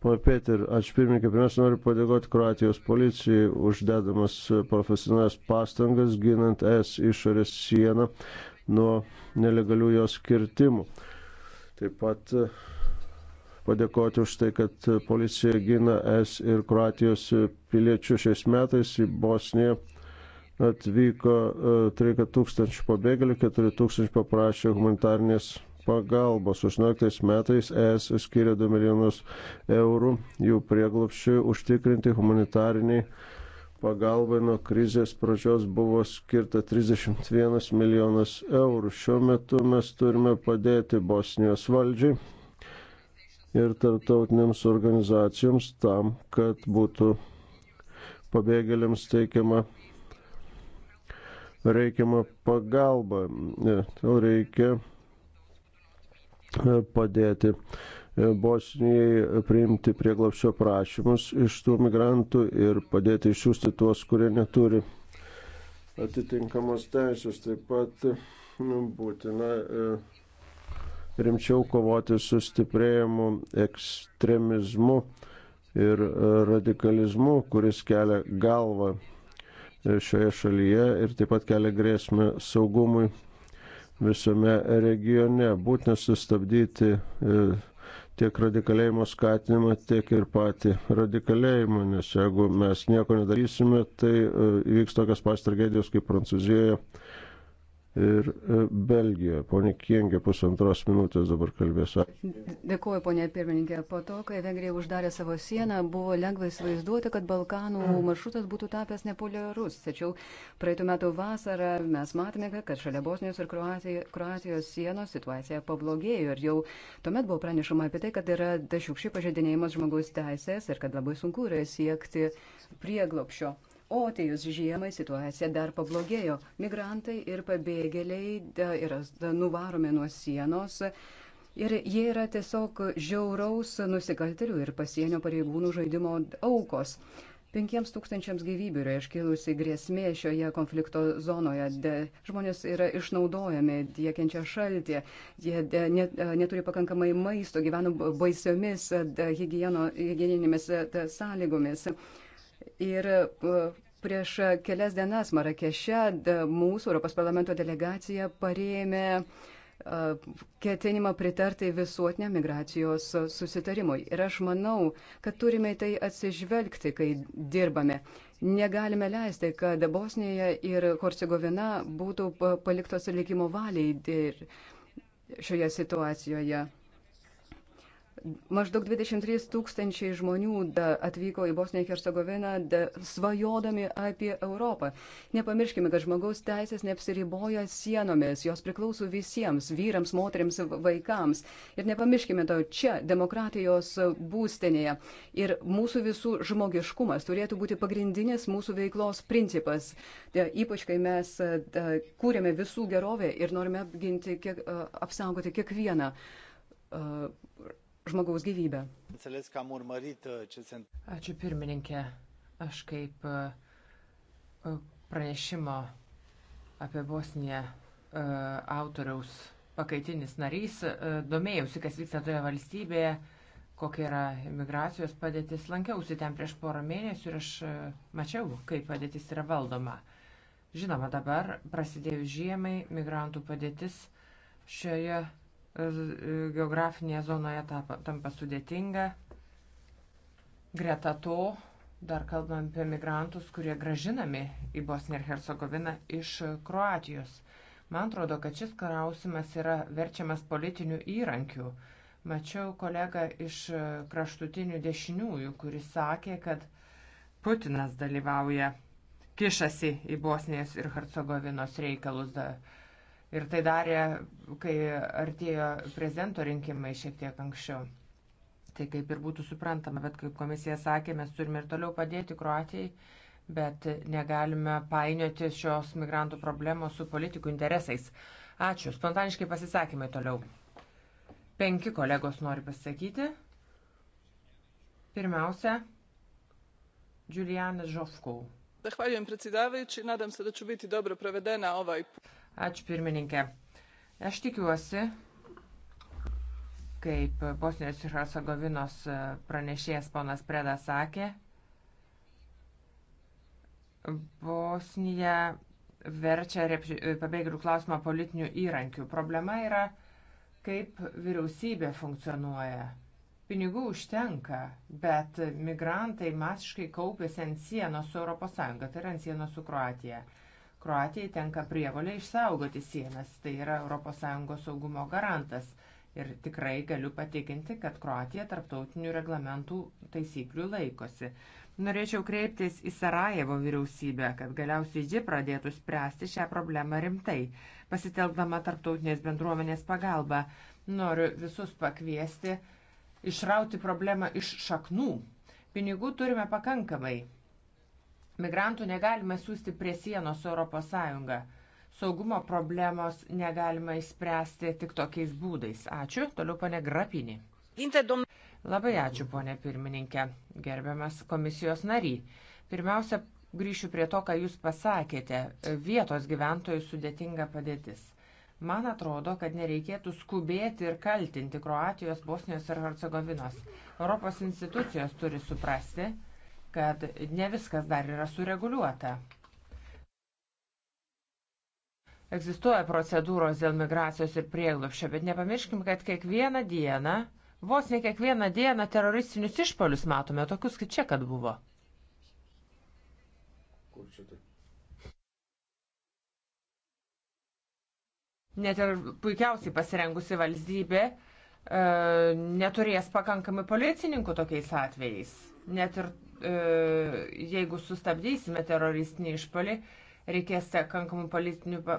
Pane Peter, ačiū pirmininkai, pirmiausia noriu padėkoti Kroatijos policijai uždedamas profesionalias pastangas ginant es išorės sieną nuo nelegalių jos kirtimų. Taip pat padėkoti už tai, kad policija gina es ir Kroatijos piliečių šiais metais į Bosniją. Atvyko 13 e, tūkstančių pabėgėlių, 4 tūkstančių paprašė humanitarnės pagalbos. 18 metais ES skiria 2 milijonus eurų jų prieglopščiui užtikrinti humanitariniai pagalbai nuo krizės pradžios buvo skirta 31 milijonas eurų. Šiuo metu mes turime padėti Bosnijos valdžiai ir tarptautinėms organizacijoms tam, kad būtų pabėgėliams teikiama reikiama pagalba. Todėl reikia e, padėti e, Bosnijai priimti prieglapščio prašymus iš tų migrantų ir padėti išsiųsti tuos, kurie neturi atitinkamos teisės. Taip pat būtina e, rimčiau kovoti su stiprėjimu, ekstremizmu ir e, radikalizmu, kuris kelia galvą e, šioje šalyje ir taip pat kelia grėsmę saugumui visame regione. Būtina sustabdyti e, tiek radikalėjimo skatinimą, tiek ir patį radikalėjimą, nes jeigu mes nieko nedarysime, tai įvyks tokios pas tragedijos kaip Prancūzijoje ir e, Belgijoje. Pone Kiengė, pusantros minutės dabar kalbės. Dėkuoju, ponė pirmininkė. Po to, kai Vengrija uždarė savo sieną, buvo lengva įsivaizduoti, kad Balkanų maršrutas būtų tapęs nepoliarus. Tačiau praeitų metų vasarą mes matėme, kad šalia Bosnijos ir Kroatijos sienos situacija pablogėjo ir jau tuomet buvo pranešama apie tai, kad yra dašiukščiai pažeidinėjimas žmogaus teisės ir kad labai sunku yra siekti prieglopšio. O atėjus žiemai situacija dar pablogėjo. Migrantai ir pabėgėliai yra nuvaromi nuo sienos. Ir jie yra tiesiog žiauraus nusikaltelių ir pasienio pareigūnų žaidimo aukos. Penkiems tūkstančiams gyvybių yra iškilusi grėsmė šioje konflikto zonoje. De, žmonės yra išnaudojami, jie kenčia šaltį, jie de, net, neturi pakankamai maisto, gyvena baisiomis hygieninėmis sąlygomis. De, Ir e, prieš kelias dienas Marakeše mūsų Europos parlamento delegacija parėmė e, ketinimą pritarti visuotinę migracijos susitarimui. Ir aš manau, kad turime tai atsižvelgti, kai dirbame. Negalime leisti, kad Bosnija ir Hercegovina būtų paliktos likimo valiai šioje situacijoje. Maždaug 23 tūkstančiai žmonių atvyko į Bosniją Hercegoviną svajodami apie Europą. Nepamirškime, kad žmogaus teisės neapsiriboja sienomis, jos priklauso visiems - vyrams, moteriams, vaikams. Ir nepamirškime to čia, demokratijos būstinėje. Ir mūsų visų žmogiškumas turėtų būti pagrindinis mūsų veiklos principas. De, ypač, kai mes de, kūrėme visų gerovę ir norime apginti, kiek, apsaugoti kiekvieną žmogaus gyvybę. Uh, Ačiū pirmininkė. Aš kaip uh, uh, pranešimo apie Bosniją autoriaus pakaitinis narys domėjausi, kas vyksta toje valstybėje, kokia yra imigracijos padėtis. Lankiausi ten prieš porą mėnesių ir aš mačiau, kaip padėtis yra valdoma. Žinoma, dabar prasidėjus žiemai, migrantų padėtis šioje geografinėje zonoje tampa sudėtinga. Greta to dar kalbam apie migrantus, kurie gražinami į Bosniją ir Hercegoviną iš Kroatijos. Man atrodo, kad šis klausimas yra verčiamas politinių įrankių. Mačiau kolegą iš kraštutinių dešiniųjų, kuris sakė, kad Putinas dalyvauja, kišasi į Bosnijos ir Hercegovinos reikalus. Da, uh, Ir tai darė, kai artėjo prezidento rinkimai šiek tiek anksčiau. Tai kaip ir būtų suprantama, bet kaip komisija sakė, mes turime ir toliau padėti Kroatijai, bet negalime painioti šios migrantų problemos su politikų interesais. Ačiū. Spontaniškai pasisakymai toliau. Penki kolegos nori pasakyti. Pirmiausia, Julianas Žovkau. Zahvaljujem predsjedavajući, nadam se da ću biti dobro prevedena ovaj put. Ačiū pirmininkė. Aš tikiuosi, kaip Bosnijos ir Hercegovinos e, pranešėjas ponas Preda sakė, Bosnija verčia e, pabėgėlių klausimą politinių įrankių. Problema yra, kaip vyriausybė funkcionuoja. Pinigų užtenka, bet migrantai masiškai kaupėsi ant sienos su ES, tai yra ant sienos su Kroatija. Kroatijai tenka prievalė išsaugoti sienas. Tai yra ES saugumo garantas. Ir tikrai galiu patikinti, kad Kroatija tarptautinių reglamentų taisyklių laikosi. Norėčiau kreiptis į Sarajevo vyriausybę, kad galiausiai ji pradėtų spręsti šią problemą rimtai, pasitelkdama tarptautinės bendruomenės pagalbą. Noriu visus pakviesti išrauti problemą iš šaknų. Pinigų turime pakankamai, Migrantų negalime siūsti prie sienos su ES. Saugumo problemos negalima išspręsti tik tokiais būdais. Ačiū. Toliau pane Grapinį. Labai ačiū, ponė pirmininkė, gerbiamas komisijos nary. Pirmiausia, grįšiu prie to, ką jūs pasakėte. Vietos gyventojų sudėtinga padėtis. Man atrodo, kad nereikėtų skubėti ir kaltinti Kroatijos, Bosnijos ir Hercegovinos. Europos institucijos turi suprasti, kad ne viskas dar yra sureguliuota. Egzistuoja procedūros dėl migracijos ir prieglopščio, bet nepamirškim, kad kiekvieną dieną, vos ne kiekvieną dieną teroristinius išpolius matome, tokius kaip čia, kad buvo. Kur čia tai? Net ir puikiausiai pasirengusi valstybė e, neturės pakankamai policininkų tokiais atvejais. Net ir E, jeigu sustabdysime teroristinį išpolį, reikės kankamų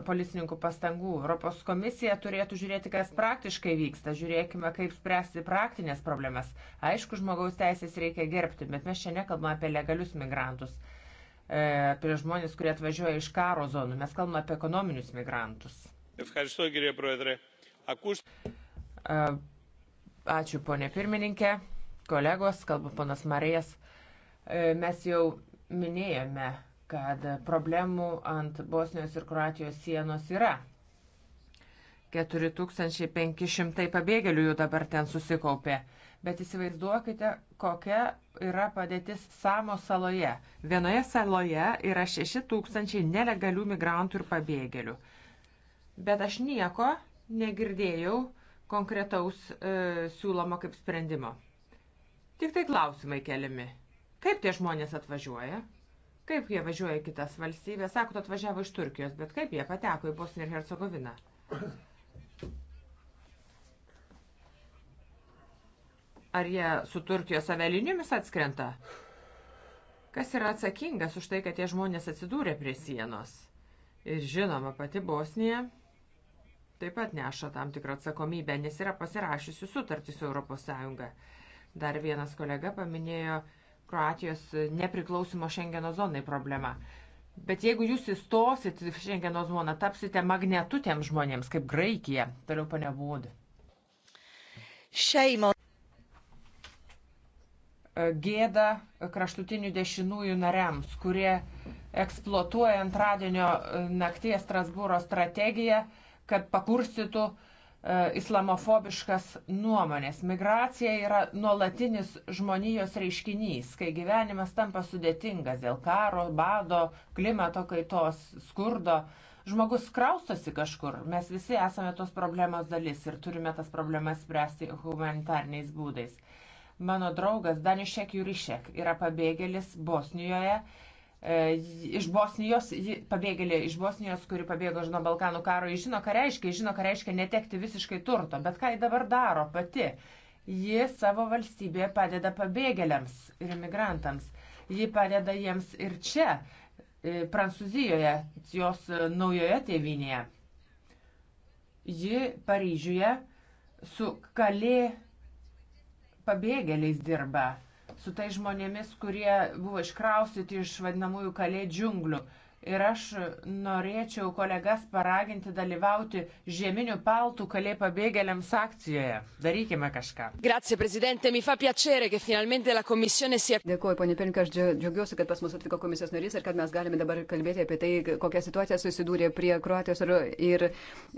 policininkų pastangų. Europos komisija turėtų žiūrėti, kas praktiškai vyksta, žiūrėkime, kaip spręsti praktinės problemas. Aišku, žmogaus teisės reikia gerbti, bet mes čia nekalbame apie legalius migrantus, e, apie žmonės, kurie atvažiuoja iš karo zonų, mes kalbame apie ekonominius migrantus. E, ačiū, ponė pirmininkė, kolegos, kalba ponas Marijas. E, mes jau minėjome, kad problemų ant Bosnijos ir Kroatijos sienos yra. 4500 pabėgėlių jau dabar ten susikaupė. Bet įsivaizduokite, kokia yra padėtis Samo saloje. Vienoje saloje yra 6000 nelegalių migrantų ir pabėgėlių. Bet aš nieko negirdėjau konkretaus e, siūlomo kaip sprendimo. Tik tai klausimai keliami. Kaip tie žmonės atvažiuoja? Kaip jie važiuoja į kitas valstybės? Sakot, atvažiavo iš Turkijos, bet kaip jie pateko į Bosniją ir Hercegoviną? Ar jie su Turkijos aveliniumis atskrenta? Kas yra atsakingas už tai, kad tie žmonės atsidūrė prie sienos? Ir žinoma, pati Bosnija taip pat neša tam tikrą atsakomybę, nes yra pasirašysi sutartį su ES. Dar vienas kolega paminėjo Kroatijos nepriklausimo Šengeno zonai problema. Bet jeigu jūs įstosit į Šengeno zoną, tapsite magnetutėm žmonėms, kaip Graikija. Toliau panebūdų. Šeimo. Gėda kraštutinių dešinųjų nariams, kurie eksploatuoja antradienio nakties Strasbūro strategiją, kad pakurstytų uh, E, islamofobiškas nuomonės. Migracija yra nuolatinis žmonijos reiškinys, kai gyvenimas tampa sudėtingas dėl karo, bado, klimato kaitos, skurdo. Žmogus kraustosi kažkur, mes visi esame tos problemos dalis ir turime tas problemas spręsti humanitarniais būdais. Mano draugas Danišek Jurišek yra pabėgėlis Bosnijoje E, iš Bosnijos, pabėgėlė iš Bosnijos, kuri pabėgo iš nuo Balkanų karo, ji žino, ką reiškia, ji žino, ką reiškia netekti visiškai turto, bet ką ji dabar daro pati. Ji savo valstybėje padeda pabėgėliams ir imigrantams. Ji padeda jiems ir čia, e, Prancūzijoje, jos e, naujoje tėvinėje. Ji Paryžiuje su kalė pabėgėliais dirba su tai žmonėmis, kurie buvo iškraustyti iš vadinamųjų kalė džiunglių. Ir aš norėčiau kolegas paraginti dalyvauti žieminių paltų kalė pabėgėliams akcijoje. Darykime kažką. Grazie, prezidente. Mi fa piacere, kad finalmente la komisionė siek. Dėkuoju, ponė Pirinka, aš džiaugiuosi, kad pas mus atvyko komisijos narys ir kad mes galime dabar kalbėti apie tai, kokią situaciją susidūrė prie Kroatijos ir, ir uh,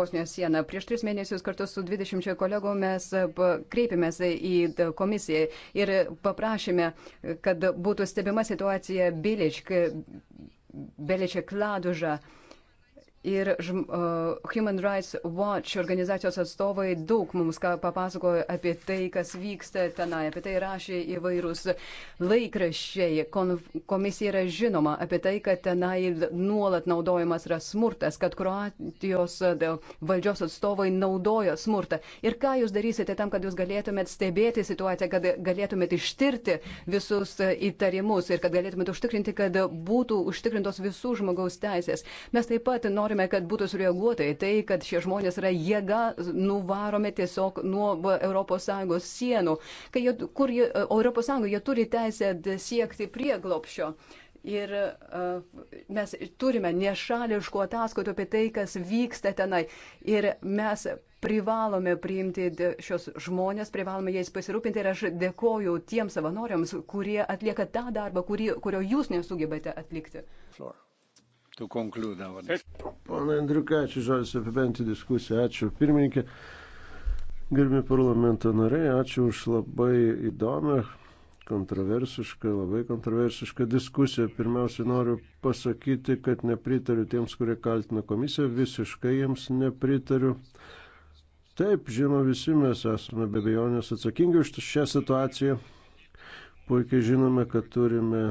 Bosnijos sieną. Prieš tris mėnesius kartu su 20 kolegų mes e, kreipėmės į komisiją ir paprašėme, kad būtų stebima situacija Biličk Beleče Kladužą Ir uh, Human Rights Watch organizacijos atstovai daug mums papasakojo apie tai, kas vyksta tenai. Apie tai rašė įvairūs laikraščiai. Komisija yra žinoma apie tai, kad tenai nuolat naudojamas yra smurtas, kad Kroatijos valdžios atstovai naudoja smurtą. Ir ką jūs darysite tam, kad jūs galėtumėt stebėti situaciją, kad galėtumėt ištirti visus įtarimus ir kad galėtumėt užtikrinti, kad būtų užtikrintos visų žmogaus teisės. Mes taip pat norime norime, kad būtų sureaguota į tai, kad šie žmonės yra jėga nuvaromi tiesiog nuo ES sienų, jie, kur jie, ES jie turi teisę siekti prieglopšio. Ir uh, mes turime nešališkų ataskaitų apie tai, kas vyksta tenai. Ir mes privalome priimti šios žmonės, privalome jais pasirūpinti ir aš dėkoju tiems savanoriams, kurie atlieka tą darbą, kurį, kurio jūs nesugebate atlikti. Floor to conclude our discussion. Pana Andriukačiu, žodis apibendrinti diskusiją. Ačiū pirmininkė. Gerbimi parlamento nariai, ačiū už labai įdomią, kontroversišką, labai kontroversišką diskusiją. Pirmiausia, noriu pasakyti, kad nepritariu tiems, kurie kaltina komisiją, visiškai jiems nepritariu. Taip, žinoma, visi mes esame be abejonės atsakingi už šią situaciją. Puikiai žinome, kad turime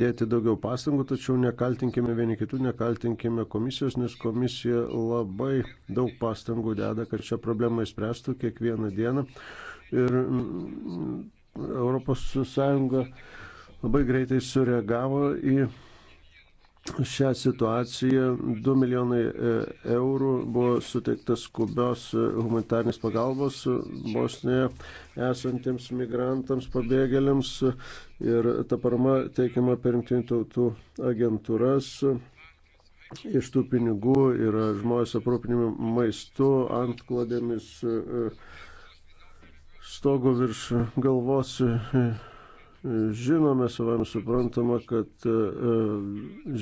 dėti daugiau pastangų, tačiau nekaltinkime vieni kitų, nekaltinkime komisijos, nes komisija labai daug pastangų deda, kad šią problemą įspręstų kiekvieną dieną. Ir mm, ES labai greitai sureagavo į šią situaciją 2 milijonai e, eurų buvo suteiktas skubios e, humanitarnės pagalbos Bosnijoje esantiems migrantams, pabėgėliams ir ta parama teikiama per jungtinių tautų agentūras. Iš tų pinigų yra žmonės aprūpinimi maistu, antklodėmis, e, stogo virš galvos Žinome, savame suprantama, kad e,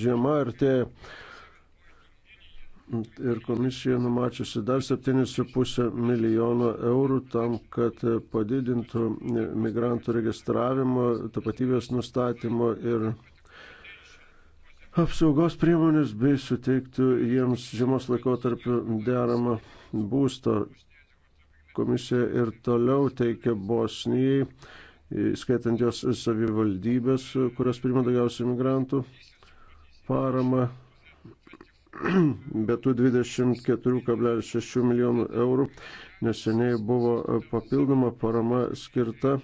žiema artėja ir komisija numačiusi dar 7,5 milijono eurų tam, kad padidintų migrantų registravimo, tapatybės nustatymo ir apsaugos priemonės bei suteiktų jiems žiemos laikotarpiu deramą būsto. Komisija ir toliau teikia Bosnijai skaitant jos savivaldybės, kurios priima daugiausiai imigrantų paramą. Be tų 24,6 milijonų eurų neseniai buvo papildoma parama skirta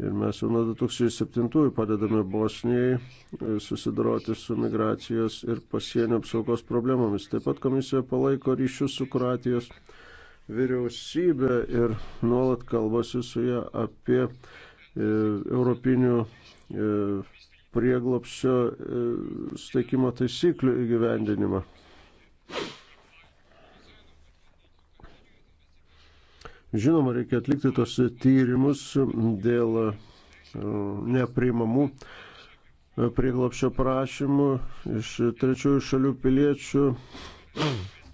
ir mes jau nuo 2007 padedame Bosnijai e, susidoroti su migracijos ir pasienio apsaugos problemomis. Taip pat komisija palaiko ryšius su Kroatijos vyriausybė ir nuolat kalbasi su ją apie E, europinių e, prieglopščio e, steikimo taisyklių įgyvendinimą. Žinoma, reikia atlikti tos tyrimus dėl nepriimamų prieglopščio prašymų iš trečiųjų šalių piliečių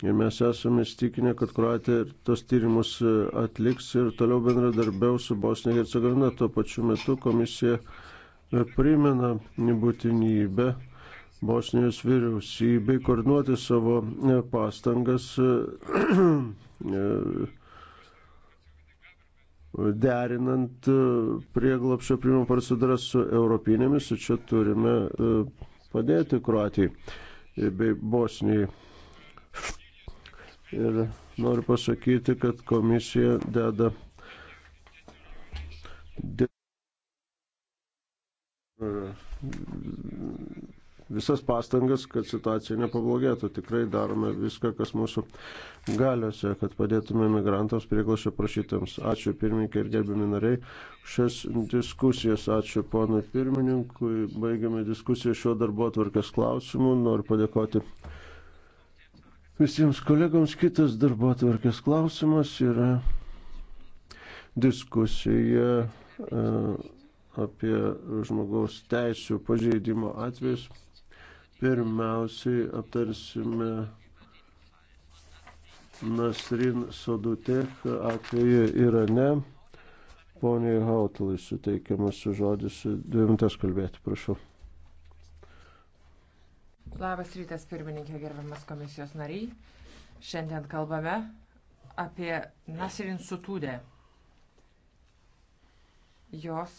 Ir mes esame įstikinę, kad Kroatija tos tyrimus e, atliks ir toliau bendradarbiaus su Bosnija ir Hercegovina. Tuo pačiu metu komisija e, primena būtinybę Bosnijos vyriausybei koordinuoti savo e, pastangas derinant prieglapšio priimimo procedūras su europinėmis, čia turime padėti Kroatijai bei Bosnijai. Ir noriu pasakyti, kad komisija deda visas pastangas, kad situacija nepablogėtų. Tikrai darome viską, kas mūsų galiuose, kad padėtume migrantams prieglašio prašytams. Ačiū pirmininkai ir gerbiami nariai. Šias diskusijas ačiū ponui pirmininkui. Baigiame diskusiją šiuo darbo atvarkės klausimu. Noriu padėkoti Visiems kolegoms kitas darbo atvarkės klausimas yra diskusija e, apie žmogaus teisų pažeidimo atvejus. Pirmiausiai aptarsime Nasrin Sodutek atveju Irane. Poniai Hautalai suteikiamas žodis, dvi minutės kalbėti, prašau. Labas rytas, pirmininkė, gerbiamas komisijos nariai. Šiandien kalbame apie Nasirin Sutūdę. Jos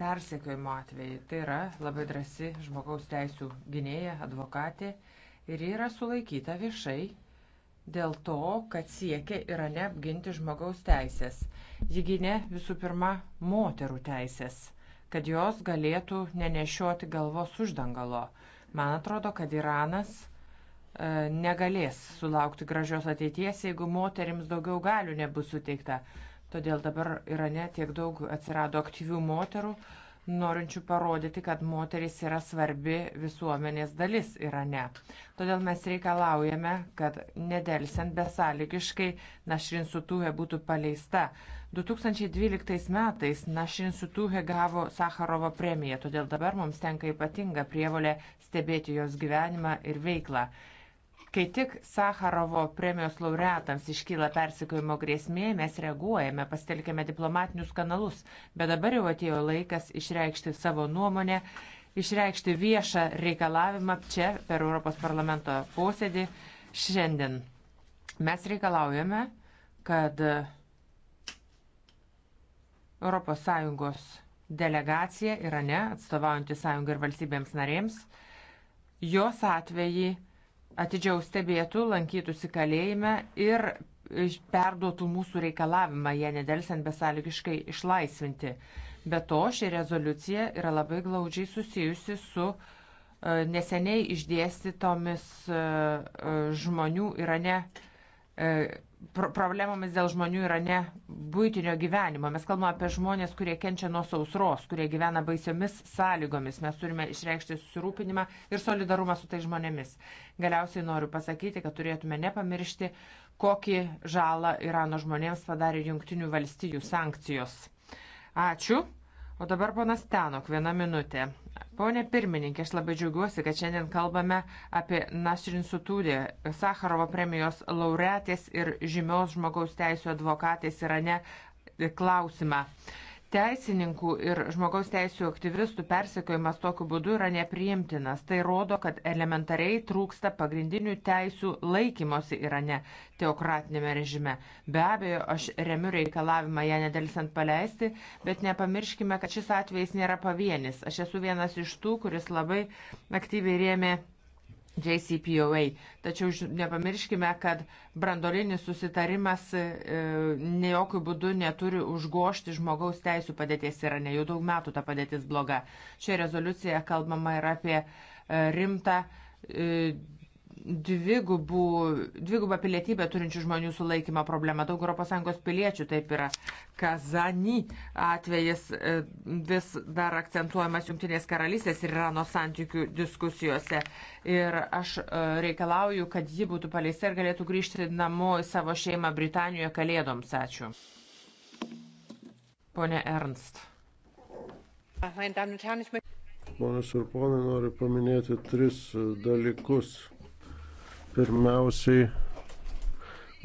persekiojimo atvejai. Tai yra labai drasi žmogaus teisų gynėja, advokatė ir yra sulaikyta viešai dėl to, kad siekia yra neapginti žmogaus teisės. Ji gynė visų pirma moterų teisės, kad jos galėtų nenešioti galvos uždangalo. Man atrodo, kad Iranas e, negalės sulaukti gražios ateities, jeigu moterims daugiau galių nebus suteikta. Todėl dabar Irane tiek daug atsirado aktyvių moterų, norinčių parodyti, kad moteris yra svarbi visuomenės dalis Irane. Todėl mes reikalaujame, kad nedelsiant besąlygiškai Našrin Sutuvė būtų paleista 2012 metais Našin Sutuhe gavo Sakarovo premiją, todėl dabar mums tenka ypatinga prievolė stebėti jos gyvenimą ir veiklą. Kai tik Sakarovo premijos laureatams iškyla persikojimo grėsmė, mes reaguojame, pasitelkėme diplomatinius kanalus, bet dabar jau atėjo laikas išreikšti savo nuomonę, išreikšti viešą reikalavimą čia per Europos parlamento posėdį šiandien. Mes reikalaujame, kad ES delegacija Irane, atstovaujantį sąjungą ir valstybėms narėms, jos atvejį atidžiau stebėtų, lankytųsi kalėjime ir perduotų mūsų reikalavimą ją nedelsiant besąlygiškai išlaisvinti. Be to, ši rezoliucija yra labai glaudžiai susijusi su e, neseniai išdėstytomis e, e, žmonių Irane problemomis dėl žmonių yra ne būtinio gyvenimo. Mes kalbame apie žmonės, kurie kenčia nuo sausros, kurie gyvena baisiomis sąlygomis. Mes turime išreikšti susirūpinimą ir solidarumą su tai žmonėmis. Galiausiai noriu pasakyti, kad turėtume nepamiršti, kokį žalą Irano žmonėms padarė jungtinių valstijų sankcijos. Ačiū. O dabar ponas Tenok, viena minutė. Pone pirmininkė, aš labai džiaugiuosi, kad šiandien kalbame apie Nasrin Sutūdį, Sakarovo premijos laureatės ir žymios žmogaus teisų advokatės Irane klausimą. Uh, Teisininkų ir žmogaus teisų aktyvistų persekiojimas tokiu būdu yra nepriimtinas. Tai rodo, kad elementariai trūksta pagrindinių teisų laikymosi Irane teokratinėme režime. Be abejo, aš remiu reikalavimą ją nedelsant paleisti, bet nepamirškime, kad šis atvejis nėra pavienis. Aš esu vienas iš tų, kuris labai aktyviai rėmė JCPOA. Tačiau nepamirškime, kad brandolinis susitarimas e, ne jokių būdų neturi užgošti žmogaus teisų padėties yra, ne jau daug metų ta padėtis bloga. Šioje rezoliucijoje kalbama ir apie e, rimtą e, dvigubų, dvigubą pilietybę turinčių žmonių sulaikymo problemą. Daug ES piliečių taip yra. Kazani atvejis e, vis dar akcentuojamas Junktinės karalystės ir Irano santykių diskusijose. Ir aš e, reikalauju, kad ji būtų paleista ir galėtų grįžti namo į savo šeimą Britanijoje kalėdoms. Ačiū. Pone Ernst. Meine Damen und Herren, ich möchte. Ponas ir ponai, noriu paminėti tris dalykus. Pirmiausiai,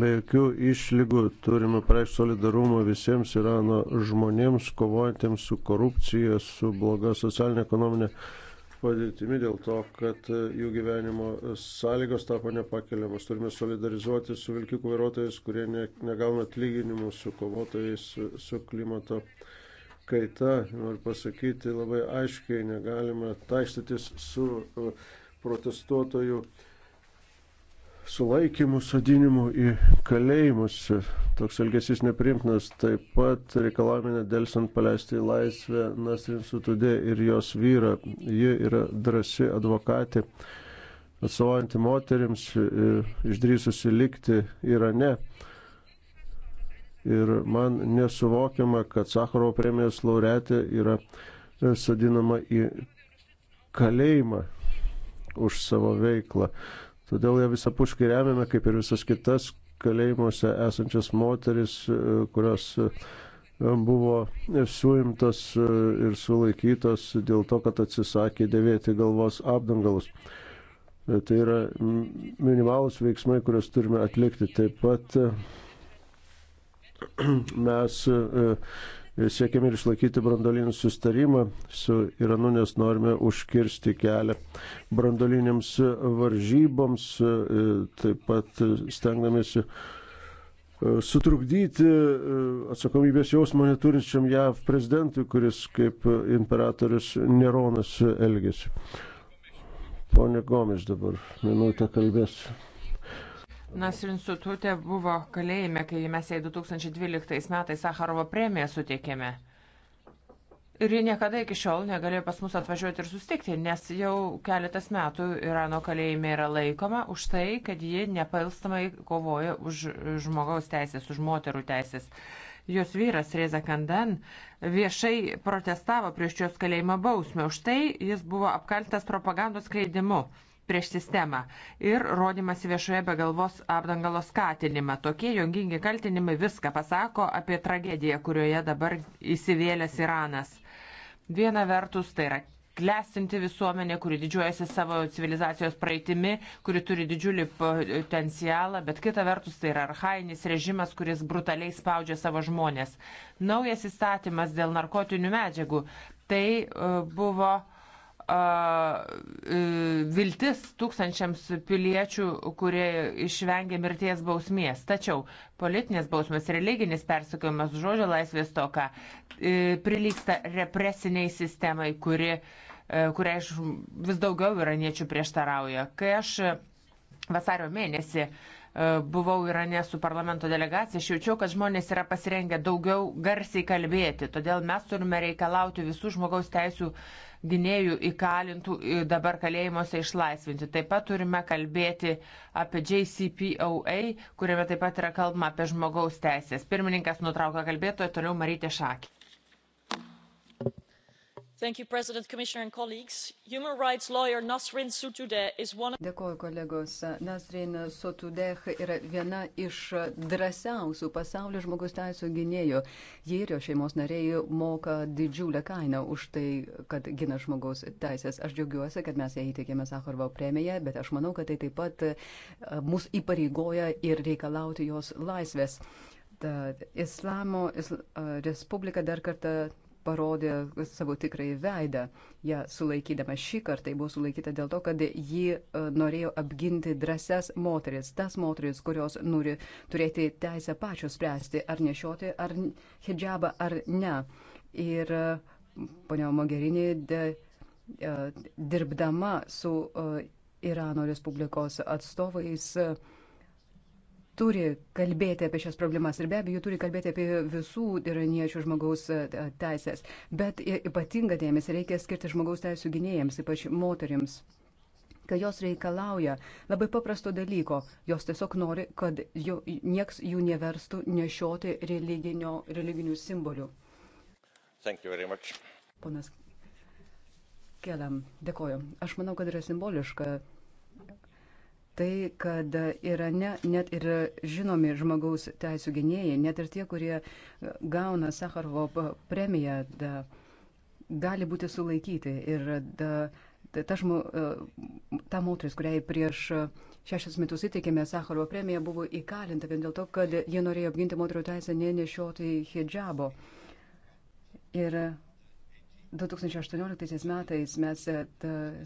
be jokių išlygų turime praeikti solidarumą visiems Irano žmonėms, kovojantiems su korupcija, su bloga socialinė ekonominė padėtimi dėl to, kad jų gyvenimo sąlygos tapo nepakeliamas. Turime solidarizuoti su vilkikų vairuotojais, kurie ne, negauna atlyginimų, su kovotojais, su, su klimato kaita. Noriu pasakyti labai aiškiai, negalime taistytis su uh, protestuotojų uh, sulaikymų, sodinimų į kalėjimus. Toks elgesys neprimtinas. Taip pat reikalavome nedelsant paleisti į laisvę Nasrin Sutudė ir jos vyrą. Ji yra drasi advokatė, atstovaujanti moteriams, e, išdrysusi likti Irane. Ir man nesuvokiama, kad Sakharovo premijos laureatė yra e, sodinama į kalėjimą už savo veiklą. Todėl ją visapuškai remiame, kaip ir visas kitas kalėjimuose esančias moteris, kurios e, buvo suimtas e, ir sulaikytas dėl to, kad atsisakė dėvėti galvos apdangalus. E, tai yra minimalus veiksmai, kuriuos turime atlikti. Taip pat mes siekiame ir išlaikyti brandolinį sustarimą su Iranu, nes norime užkirsti kelią brandolinėms varžyboms, e, taip pat stengdamėsi e, sutrukdyti e, atsakomybės jausmą neturinčiam JAV prezidentui, kuris kaip imperatorius Neronas elgesi. Pone Gomis dabar minutę kalbėsiu. Nasrin Sututė buvo kalėjime, kai mes jai 2012 metais Sakarovo premiją suteikėme. Ir ji niekada iki šiol negalėjo pas mus atvažiuoti ir sustikti, nes jau keletas metų Irano kalėjime yra laikoma už tai, kad ji nepailstamai kovoja už žmogaus teisės, už moterų teisės. Jos vyras Reza Kandan viešai protestavo prieš jos kalėjimo bausmę. Už tai jis buvo apkaltas propagandos skleidimu prieš sistemą ir rodimas viešoje be galvos apdangalo skatinimą. Tokie jongingi kaltinimai viską pasako apie tragediją, kurioje dabar įsivėlęs Iranas. Viena vertus tai yra klestinti visuomenė, kuri didžiuojasi savo civilizacijos praeitimi, kuri turi didžiulį potencialą, bet kita vertus tai yra arhainis režimas, kuris brutaliai spaudžia savo žmonės. Naujas įstatymas dėl narkotinių medžiagų tai e, buvo E, viltis tūkstančiams piliečių, kurie išvengia mirties bausmės. Tačiau politinės bausmės, religinis persikėjimas, žodžio laisvės toka e, prilyksta represiniai sistemai, kuri, e, kuriai vis daugiau iraniečių prieštarauja. Kai aš vasario mėnesį uh, buvau Irane su parlamento delegacija, aš jaučiau, kad žmonės yra pasirengę daugiau garsiai kalbėti. Todėl mes turime reikalauti visų žmogaus teisų gynėjų įkalintų dabar kalėjimuose išlaisvinti. Taip pat turime kalbėti apie JCPOA, kuriame taip pat yra kalbama apie žmogaus teisės. Pirmininkas nutraukia kalbėtoją, toliau Marytė Šakė mr president commissioner colleagues human rights lawyer nasrin sotoudeh is one. dėkoju kolegos nasrin sotoudeh yra viena iš drąsiausių pasaulio žmogaus teisų gynėjų ji ir jos šeimos nariai moka didžiulę kainą už tai kad gina žmogaus teises aš džiaugiuosi kad mes jai įteikėme sacharovo premiją bet aš manau kad tai taip pat e, mus įpareigoja ir reikalauti jos laisvės. Ta, Islamo isl, e, Respublika dar kartą parodė savo tikrai veidą. Ja sulaikydama šį kartą buvo sulaikyta dėl to, kad ji e, norėjo apginti drąsias moteris, tas moteris, kurios nori turėti teisę pačios spręsti, ar nešioti, ar hijabą, ar ne. Ir e, ponia Mogerinė, e, dirbdama su Irano Respublikos atstovais, turi kalbėti apie šias problemas ir be abejo turi kalbėti apie visų iraniečių žmogaus e, teisės, bet ypatinga dėmesį reikia skirti žmogaus teisų gynėjams, ypač moteriams kai jos reikalauja labai paprasto dalyko, jos tiesiog nori, kad jo, nieks jų neverstų nešioti religinių simbolių. Ponas Kelam, dėkoju. Aš manau, kad yra simboliška tai, kad Irane net ir žinomi žmogaus teisų gynėjai, net ir tie, kurie gauna Sakarvo premiją, da, gali būti sulaikyti. Ir da, ta, ta, žmo, e, ta moteris, kuriai prieš šešias metus įteikėme Sakarvo premiją, buvo įkalinta vien dėl to, kad jie norėjo apginti moterio teisę nenešioti hijabo. Ir 2018 metais mes e,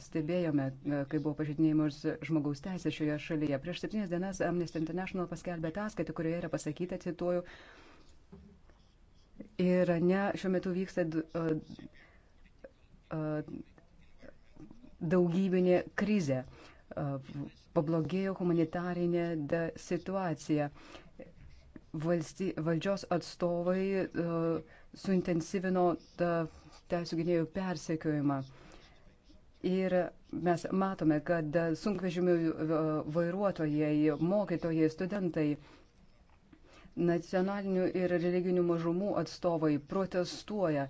stebėjome, e, kai buvo pažydinėjimus žmogaus teisės šioje šalyje. Prieš septynės dienas Amnesty International paskelbė ataskaitą, kurioje yra pasakyta, cituoju, Irane šiuo metu vyksta e, daugybinė krizė, pablogėjo humanitarinė situacija. Valsty, valdžios atstovai uh, suintensyvino uh, teisų gynėjų persekiojimą. Ir mes matome, kad sunkvežimių e, vairuotojai, mokytojai, studentai, nacionalinių ir religinių mažumų atstovai protestuoja,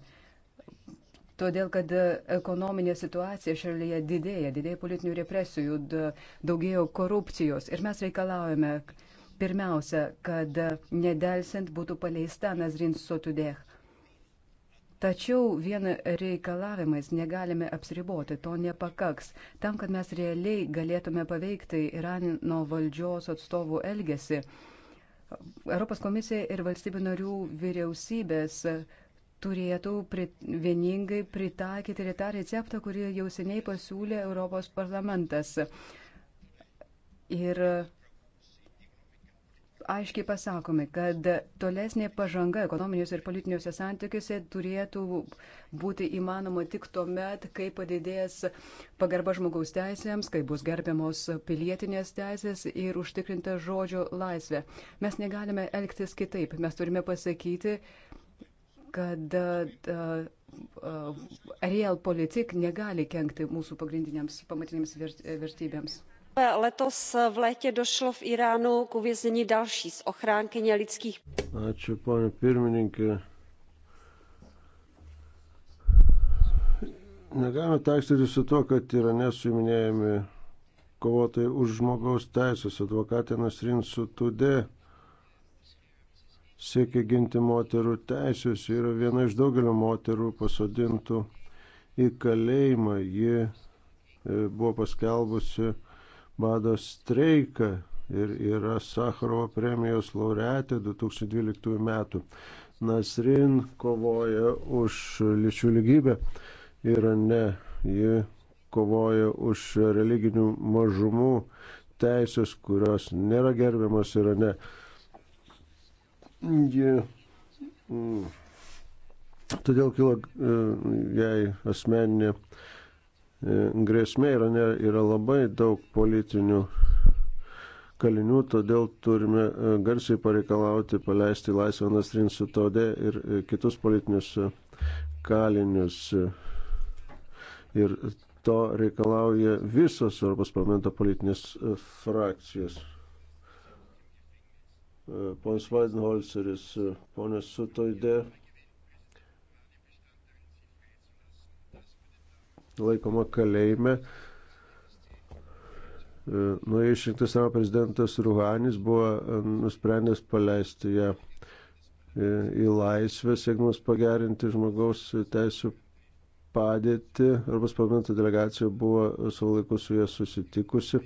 todėl kad ekonominė situacija šalyje didėja, didėja politinių represijų, daugėjo korupcijos. Ir mes reikalaujame pirmiausia, kad nedelsiant būtų paleista Nazrin Sotudeh Tačiau vien reikalavimais negalime apsiriboti, to nepakaks. Tam, kad mes realiai galėtume paveikti Irano valdžios atstovų elgesį, Europos komisija ir valstybių narių vyriausybės turėtų prit, vieningai pritaikyti ir tą receptą, kurį jau seniai pasiūlė Europos parlamentas. Ir aiškiai pasakome, kad tolesnė pažanga ekonominiuose ir politiniuose santykiuose turėtų būti įmanoma tik tuo met, kai padidės pagarba žmogaus teisėms, kai bus gerbiamos pilietinės teisės ir užtikrinta žodžio laisvė. Mes negalime elgtis kitaip. Mes turime pasakyti, kad real politik negali kenkti mūsų pagrindiniams pamatinėms vertybėms letos v létě došlo v Iránu k uvěznění další z ochránkyně lidských. Ačiū, ponė pirmininkė. Negalime taikstyti su to, kad Irane suiminėjami kovotojai už žmogaus teisės. Advokatė Nasrin Sutudė siekia ginti moterų teisės. Yra viena iš daugelio moterų pasodintų į kalėjimą. Ji e, buvo paskelbusi bado streiką ir yra Sakharovo premijos laureatė 2012 metų. Nasrin kovoja už lyčių lygybę ir ne, ji kovoja už religinių mažumų teisės, kurios nėra gerbiamas ir ne. Ji, mm, todėl kilo e, jai asmeninė E, grėsmė Irane yra labai daug politinių kalinių, todėl turime e, garsiai pareikalauti paleisti laisvę Nasrin Sutodė ir e, kitus politinius kalinius. Ir to reikalauja visos Europos parlamento politinės frakcijos. Ponas Vaidenholzeris, ponas Sutoidė, laikoma kalėjime. E, Nuėjo išrinktas savo prezidentas Ruhanis buvo e, nusprendęs paleisti ją e, į laisvę, siekdamas pagerinti žmogaus teisų padėtį. Europos parlamento delegacija buvo savo laiku su ja susitikusi.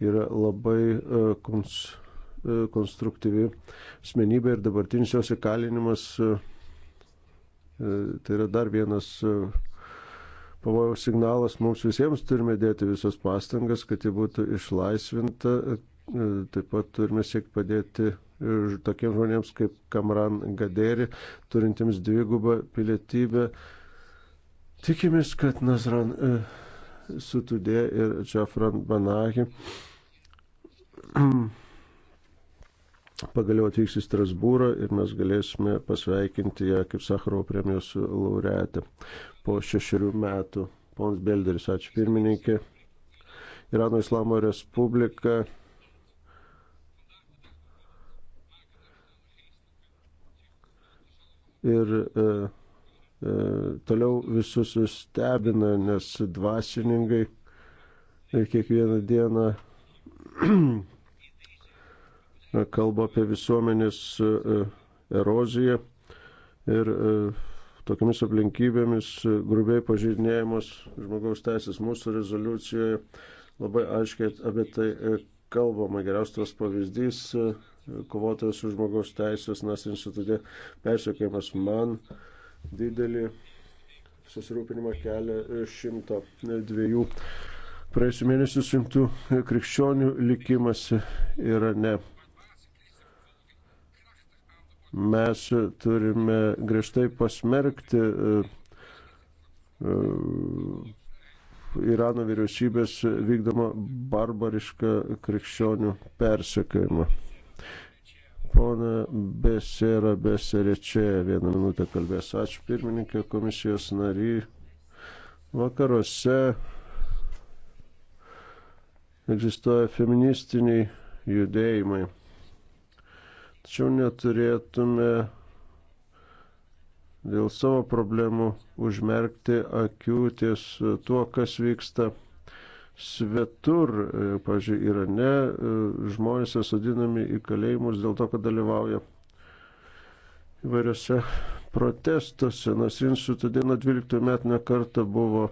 Yra labai kons, konstruktyvi asmenybė ir dabartinis jos įkalinimas Tai yra dar vienas pavojaus signalas mums visiems turime dėti visas pastangas, kad ji būtų išlaisvinta. E, taip pat turime siekti padėti e, tokiems žmonėms kaip Kamran Gaderi, turintiems dvigubą pilietybę. Tikimės, kad Nazran e, Sutudė ir Džafran Banahi pagaliau atvyks į Strasbūrą ir mes galėsime pasveikinti ją kaip Sakharovo premijos laureatę po šešerių metų. Pons Belderis, ačiū pirmininkė. Irano Islamo Respublika ir e, e, toliau visus stebina, nes dvasininkai ir kiekvieną dieną kalba apie visuomenės e, eroziją ir e, tokiamis aplinkybėmis e, grubiai pažydinėjamos žmogaus teisės mūsų rezoliucijoje. Labai aiškiai apie tai e, kalbama. Geriausias pavyzdys e, kovotojas už žmogaus teisės nas institutė persiekėjimas man didelį susirūpinimą kelia 102 praėjusiu mėnesiu suimtų krikščionių likimas yra ne mes turime griežtai pasmerkti e, e, Irano vyriausybės vykdomą barbarišką krikščionių persekiojimą. Pone Besera Beserečė, vieną minutę kalbės. Ačiū pirmininkė, komisijos nary. Vakaruose egzistuoja feministiniai judėjimai. Tačiau neturėtume dėl savo problemų užmerkti akių ties tuo, kas vyksta svetur, pažiūrėjau, Irane e, žmonės yra sodinami į kalėjimus dėl to, kad dalyvauja įvairiose protestuose. Nasrin Sutadina 12 metų nekartą buvo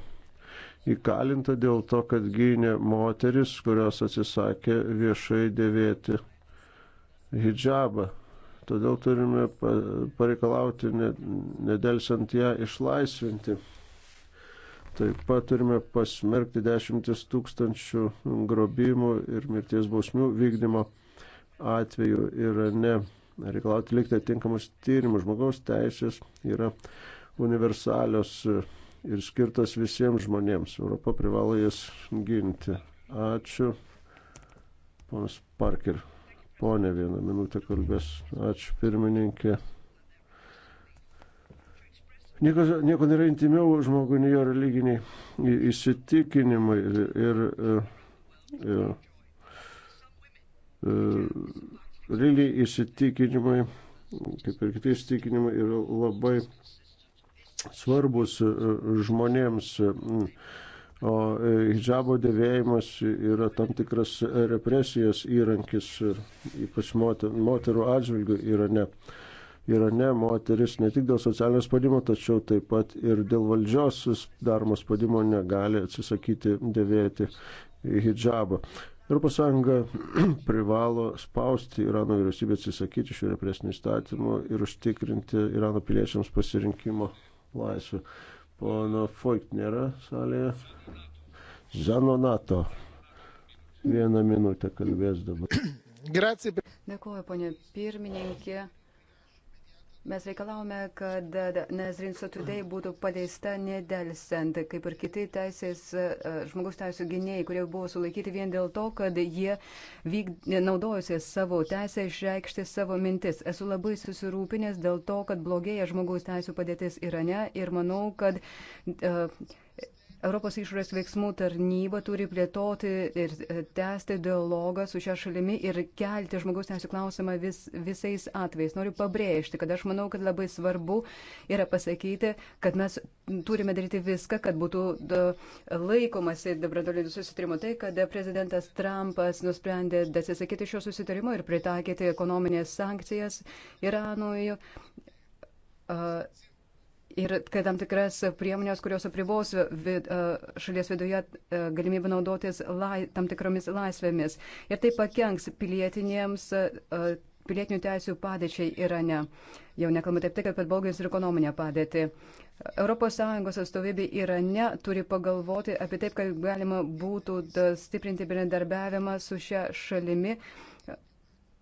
įkalinta dėl to, kad gynė moteris, kurios atsisakė viešai dėvėti hijabą. Todėl turime pareikalauti nedelsiant ją išlaisvinti. Taip pat turime pasmerkti dešimtis tūkstančių grobimų ir mirties bausmių vykdymo atveju ir ne reikalauti likti atitinkamus tyrimus. Žmogaus teisės yra universalios ir skirtas visiems žmonėms. Europa privalo jas ginti. Ačiū. Ponas Parker. Pone, vieną minutę kalbės. Ačiū, pirmininkė. Nieko, nieko nėra intimiau žmogui, nei jo religiniai įsitikinimai ir, ir, ir, e, ir e, e, religiniai įsitikinimai, kaip ir kiti įsitikinimai, yra labai svarbus žmonėms. Ir, O e, hijabo dėvėjimas yra tam tikras represijos įrankis, ypač moterų atžvilgių Irane. Irane moteris ne tik dėl socialinio spaudimo, tačiau taip pat ir dėl valdžios daromo spaudimo negali atsisakyti dėvėti hijabą. Europos Sąjunga privalo spausti Irano vyriausybę atsisakyti šių represinių įstatymų ir užtikrinti Irano piliečiams pasirinkimo laisvę. Pono Foikt nėra salėje. Zanonato. Vieną minutę kalbės dabar. Grazie. Dėkuoju, ponė pirmininkė. Mes reikalavome, kad Nazrin Sotudei būtų paleista nedelsiant, kaip ir kiti teisės, e, žmogus teisų gynėjai, kurie buvo sulaikyti vien dėl to, kad jie vyk, naudojusi savo teisę išreikšti savo mintis. Esu labai susirūpinęs dėl to, kad blogėja žmogaus teisų padėtis Irane ir manau, kad. Uh, Europos išorės veiksmų tarnyba turi plėtoti ir e, tęsti dialogą su šia šalimi ir kelti žmogaus teisų klausimą vis, visais atvejais. Noriu pabrėžti, kad aš manau, kad labai svarbu yra pasakyti, kad mes turime daryti viską, kad būtų laikomasi dabrandolinių susitarimų. Tai, kad prezidentas Trumpas nusprendė atsisakyti šio susitarimo ir pritaikyti ekonominės sankcijas Iranui. Uh, ir kad tam tikras priemonės, kurios apribos vid, šalies viduje galimybę naudotis lai, tam tikromis laisvėmis. Ir tai pakenks pilietinėms pilietinių teisų padėčiai Irane. Jau nekalbant taip tik apie tai, blogis ir ekonominę padėtį. ES atstovybė Irane turi pagalvoti apie taip, kad galima būtų stiprinti bendradarbiavimą su šia šalimi,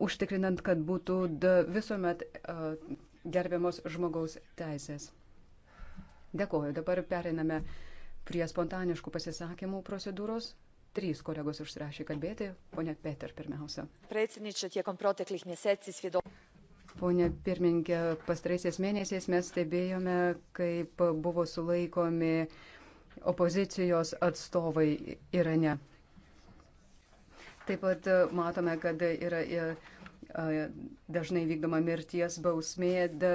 užtikrinant, kad būtų visuomet gerbiamos žmogaus teisės. Dėkoju. Dabar periname prie spontaniškų pasisakymų procedūros. Trys kolegos užsirašė kalbėti. Pone Peter pirmiausia. Pone pirmininkė, pastaraisiais mėnesiais mes stebėjome, kaip buvo sulaikomi opozicijos atstovai Irane. Taip pat matome, kad yra e, e, dažnai vykdoma mirties bausmė. Da,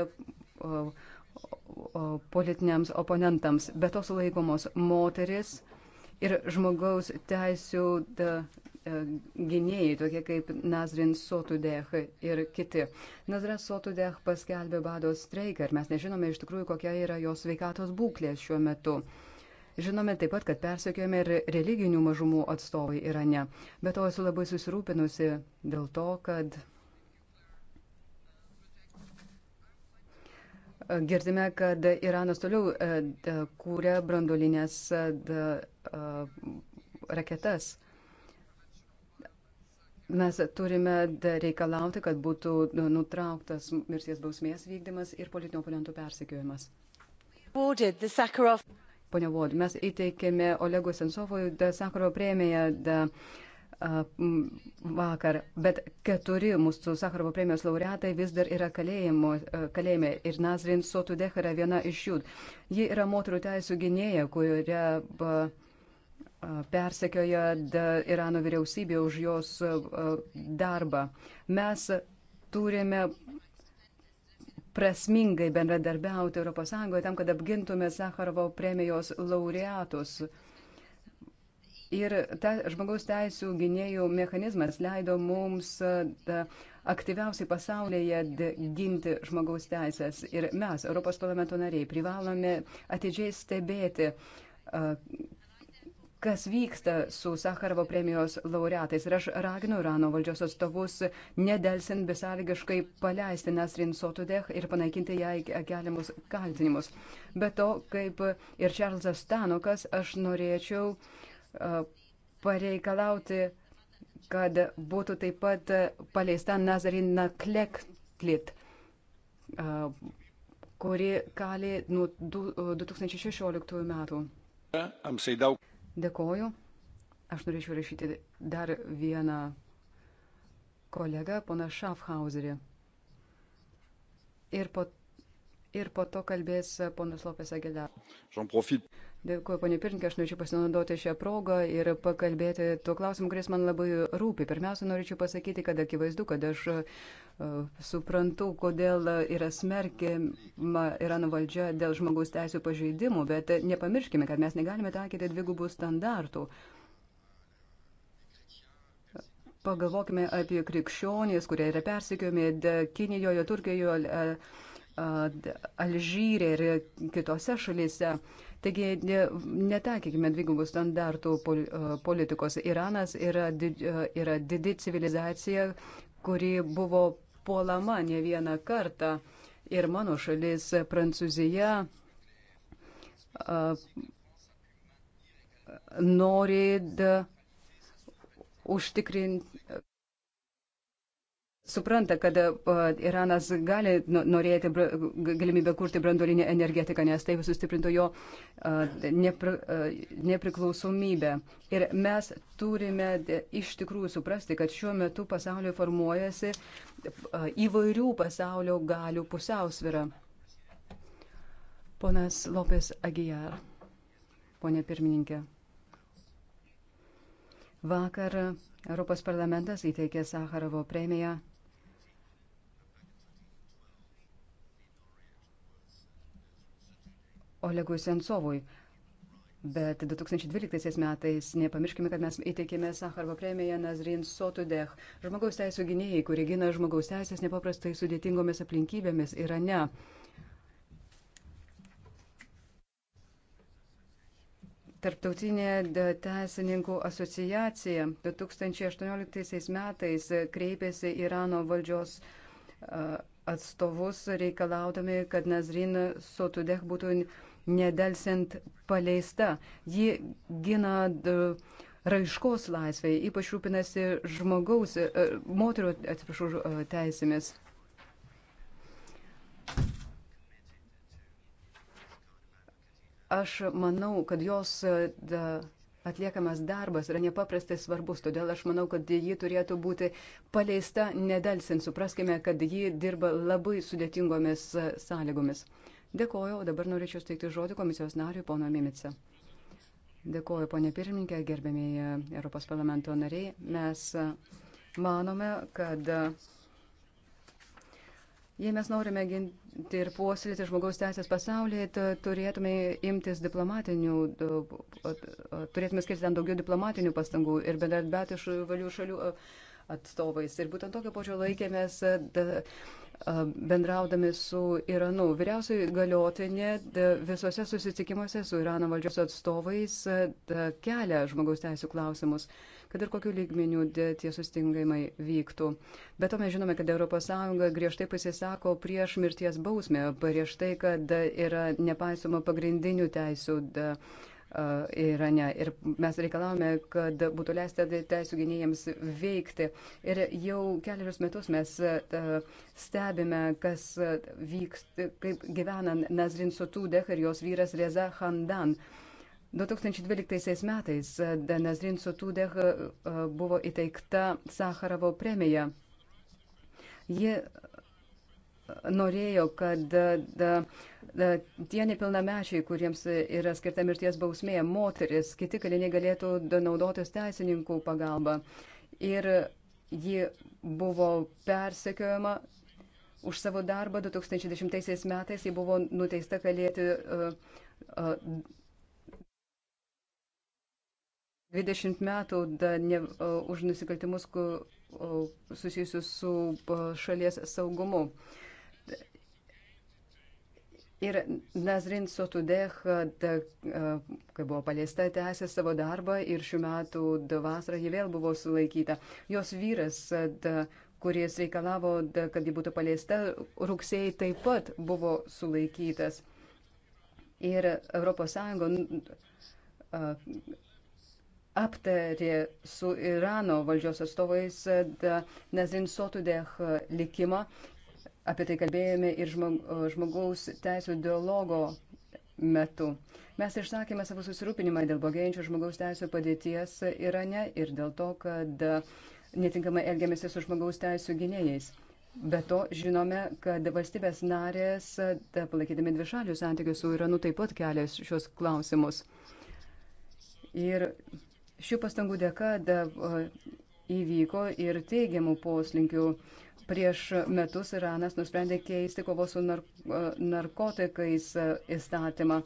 o, politiniams oponentams, bet to sulaikomos moteris ir žmogaus teisų e, gynėjai, tokie kaip Nazrin Sotudeh ir kiti. Nazra Sotudeh paskelbė bado streiką ir mes nežinome iš tikrųjų, kokia yra jos veikatos būklė šiuo metu. Žinome taip pat, kad persekiojami ir religinių mažumų atstovai Irane. Bet to esu labai susirūpinusi dėl to, kad Girdime, kad Iranas toliau e, kūrė brandolinės e, e, raketas. Mes turime reikalauti, kad būtų nu, nutrauktas mirties bausmės vykdymas ir politinio oponentų persekiojimas. Pone Vod, mes įteikėme Olego Sensovui Sakaro premiją. Da, uh, vakar, bet keturi mūsų Sakarovo premijos laureatai vis dar yra kalėjimo, kalėjime ir Nazrin Sotudeh yra viena iš jų. Ji yra moterų teisų gynėja, kuria persekioja Irano vyriausybė už jos darbą. Mes turime prasmingai bendradarbiauti ES tam, kad apgintume Sakarovo premijos laureatus. Ir ta žmogaus teisų gynėjų mechanizmas leido mums e, da, aktyviausiai pasaulyje ginti žmogaus teisės. Ir mes, Europos parlamento nariai, privalome atidžiai stebėti, e, kas vyksta su Sakarovo premijos laureatais. Ir aš raginu Irano valdžios atstovus nedelsint besąlygiškai paleisti Nasrin Sotudeh ir panaikinti jai keliamus kaltinimus. Be to, kaip ir Čarlzas Stanokas, aš norėčiau uh, pareikalauti, kad būtų taip pat paleista Nazarin Nakleklit, kuri kali nuo 2016 metų. Dėkoju. Aš norėčiau rašyti dar vieną kolegą, pana Schaffhauserį. Ir po, ir po to kalbės ponas Lopes Agelia. Dėkuoju, ponė Pirinkė, aš norėčiau pasinaudoti šią progą ir pakalbėti tuo klausimu, kuris man labai rūpi. Pirmiausia, norėčiau pasakyti, kad akivaizdu, kad aš uh, suprantu, kodėl yra smerkiama Irano valdžia dėl žmogaus teisų pažeidimų, bet nepamirškime, kad mes negalime taikyti dvigubų standartų. Pagalvokime apie krikščionys, kurie yra persikiojami Kinijoje, Turkijoje, Alžyre ir kitose šalyse. Uh, Taigi netakykime dvigubų standartų e, politikos. Iranas yra, did, e, yra didi civilizacija, kuri buvo puolama ne vieną kartą. Ir mano šalis Prancūzija e, nori užtikrinti supranta, kad e, Iranas gali norėti galimybę kurti brandolinį energetiką, nes tai sustiprintų jo e, nepri, e, nepriklausomybę. Ir mes turime iš tikrųjų suprasti, kad šiuo metu pasaulyje formuojasi įvairių pasaulio galių pusiausvyrą. Ponas Lopės Agijar, ponė pirmininkė. Vakar Europos parlamentas įteikė Sakarovo premiją Olegui Sensovui. Bet 2012 metais nepamirškime, kad mes įteikėme Sakarvo premiją Nazrin Sotudeh, žmogaus teisų gynėjai, kurie gina žmogaus teisės nepaprastai sudėtingomis aplinkybėmis Irane. Tarptautinė teisininkų asociacija 2018 metais kreipėsi Irano valdžios atstovus reikalaudami, kad Nazrin Sotudeh būtų nedelsiant paleista. Ji gina e, raiškos laisvę, ypač rūpinasi žmogaus, e, e, moterų, atsiprašau, teisėmis. Aš manau, kad jos da, atliekamas darbas yra nepaprastai svarbus, todėl aš manau, kad ji turėtų būti paleista nedelsint. Supraskime, kad ji dirba labai sudėtingomis sąlygomis. Dėkoju, o dabar norėčiau steigti žodį komisijos nariui pono Mimice. Dėkoju, ponė pirmininkė, gerbėmėjai Europos parlamento nariai. Mes manome, kad jei mes norime ginti ir puoselėti žmogaus teisės pasaulyje, turėtume imtis diplomatinių, turėtume skirti tam daugiau diplomatinių pastangų ir bendradarbiauti iš valių šalių atstovais. Ir būtent tokio požiūrio laikėmės bendraudami su Iranu. Vyriausiai galiotinė visose susitikimuose su Irano valdžios atstovais kelia žmogaus teisų klausimus, kad ir kokiu lygmeniu tie sustingimai vyktų. Bet to mes žinome, kad ES griežtai pasisako prieš mirties bausmę, prieš tai, kad yra nepaisoma pagrindinių teisų. Da, Irane. Ir mes reikalavome, kad būtų leista teisų gynėjams veikti. Ir jau keliarius metus mes stebime, kas vyks, kaip gyvena Nazrin Sotudeh ir jos vyras Reza Handan. 2012 metais Nazrin Sotudeh buvo įteikta Sakharovo premija. Ji norėjo, kad da, da, tie nepilnamečiai, kuriems yra skirta mirties bausmė, moteris, kiti kaliniai galėtų da, naudotis teisininkų pagalba. Ir ji buvo persekiojama už savo darbą 2010 metais, ji buvo nuteista kalėti uh, uh, 20 metų da, ne, uh, už nusikaltimus, ku, susijusius su šalies saugumu. Ir Nazrin Sotudeh, kai buvo paliesta, tęsė savo darbą ir šių metų vasarą ji vėl buvo sulaikyta. Jos vyras, kuris reikalavo, kad ji būtų paliesta, rugsėjai taip pat buvo sulaikytas. Ir ES aptarė su Irano valdžios atstovais Nazrin Sotudeh likimą Apie tai kalbėjome ir žmogaus teisų dialogo metu. Mes išsakėme savo susirūpinimą dėl blogėjančio žmogaus teisų padėties Irane ir dėl to, kad netinkamai elgiamėsi su žmogaus teisų gynėjais. Be to žinome, kad valstybės narės, palaikydami dvišalių santykių su Iranu, taip pat kelia šios klausimus. Ir šių pastangų dėka įvyko ir teigiamų poslinkių. Uh, Prieš metus Iranas nusprendė keisti kovos su nar e, narkotikais e, įstatymą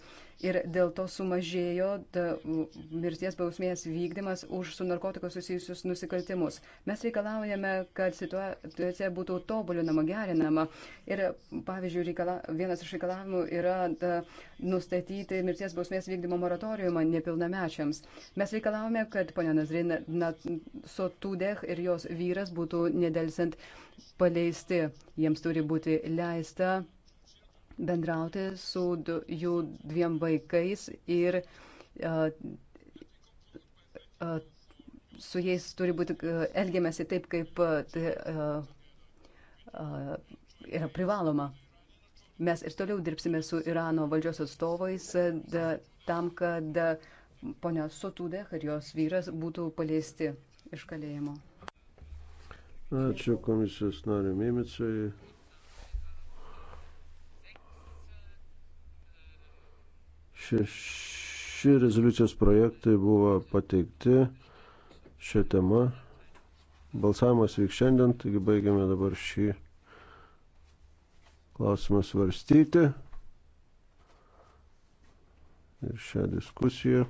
ir dėl to sumažėjo da, mirties bausmės vykdymas už su narkotikos susijusius nusikaltimus. Mes reikalaujame, kad situacija būtų tobulinama, gerinama. Ir, pavyzdžiui, reikala, vienas iš reikalavimų yra da, nustatyti mirties bausmės vykdymo moratoriumą nepilnamečiams. Mes reikalaujame, kad ponia Nazrin Sotudeh ir jos vyras būtų nedelsiant paleisti, jiems turi būti leista bendrauti su jų dviem vaikais ir uh, uh, su jais turi būti uh, elgiamasi taip, kaip yra privaloma. Mes ir toliau dirbsime su Irano valdžios atstovais da, tam, kad ponia Sotudeh ir jos vyras būtų paleisti iš kalėjimo. Ačiū komisijos nariu Mimicui. Šeši rezoliucijos projektai buvo pateikti šią temą. Balsavimas vyks šiandien, taigi baigiame dabar šį klausimą svarstyti ir šią diskusiją.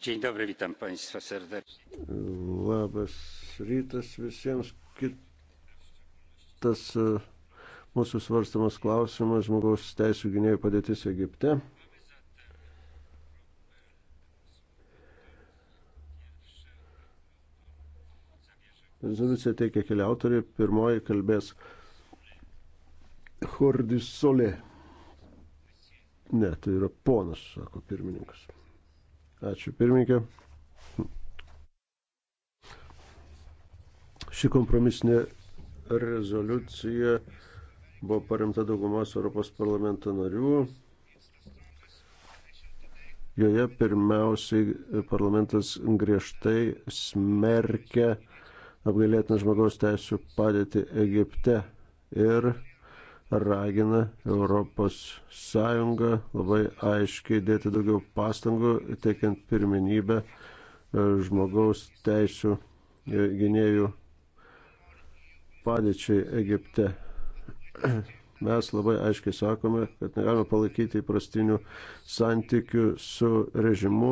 Dzień dobry, witam Państwa serdecznie. Labas rytas visiems. Kitas e, mūsų svarstamas klausimas - žmogaus teisų gynėjų padėtis Egipte. Rezoliuciją teikia keli autoriai. Pirmoji kalbės Hordis Solė. Ne, tai yra ponas, sako pirmininkas. Ačiū pirmininkė. Ši kompromisinė rezoliucija buvo paremta daugumos Europos parlamento narių. Joje pirmiausiai parlamentas griežtai smerkia apgailėtiną žmogaus teisų padėtį Egipte ir ragina Europos Sąjungą labai aiškiai dėti daugiau pastangų, teikiant pirminybę e, žmogaus teisų e, gynėjų padėčiai Egipte. Mes labai aiškiai sakome, kad negalime palaikyti įprastinių santykių su režimu,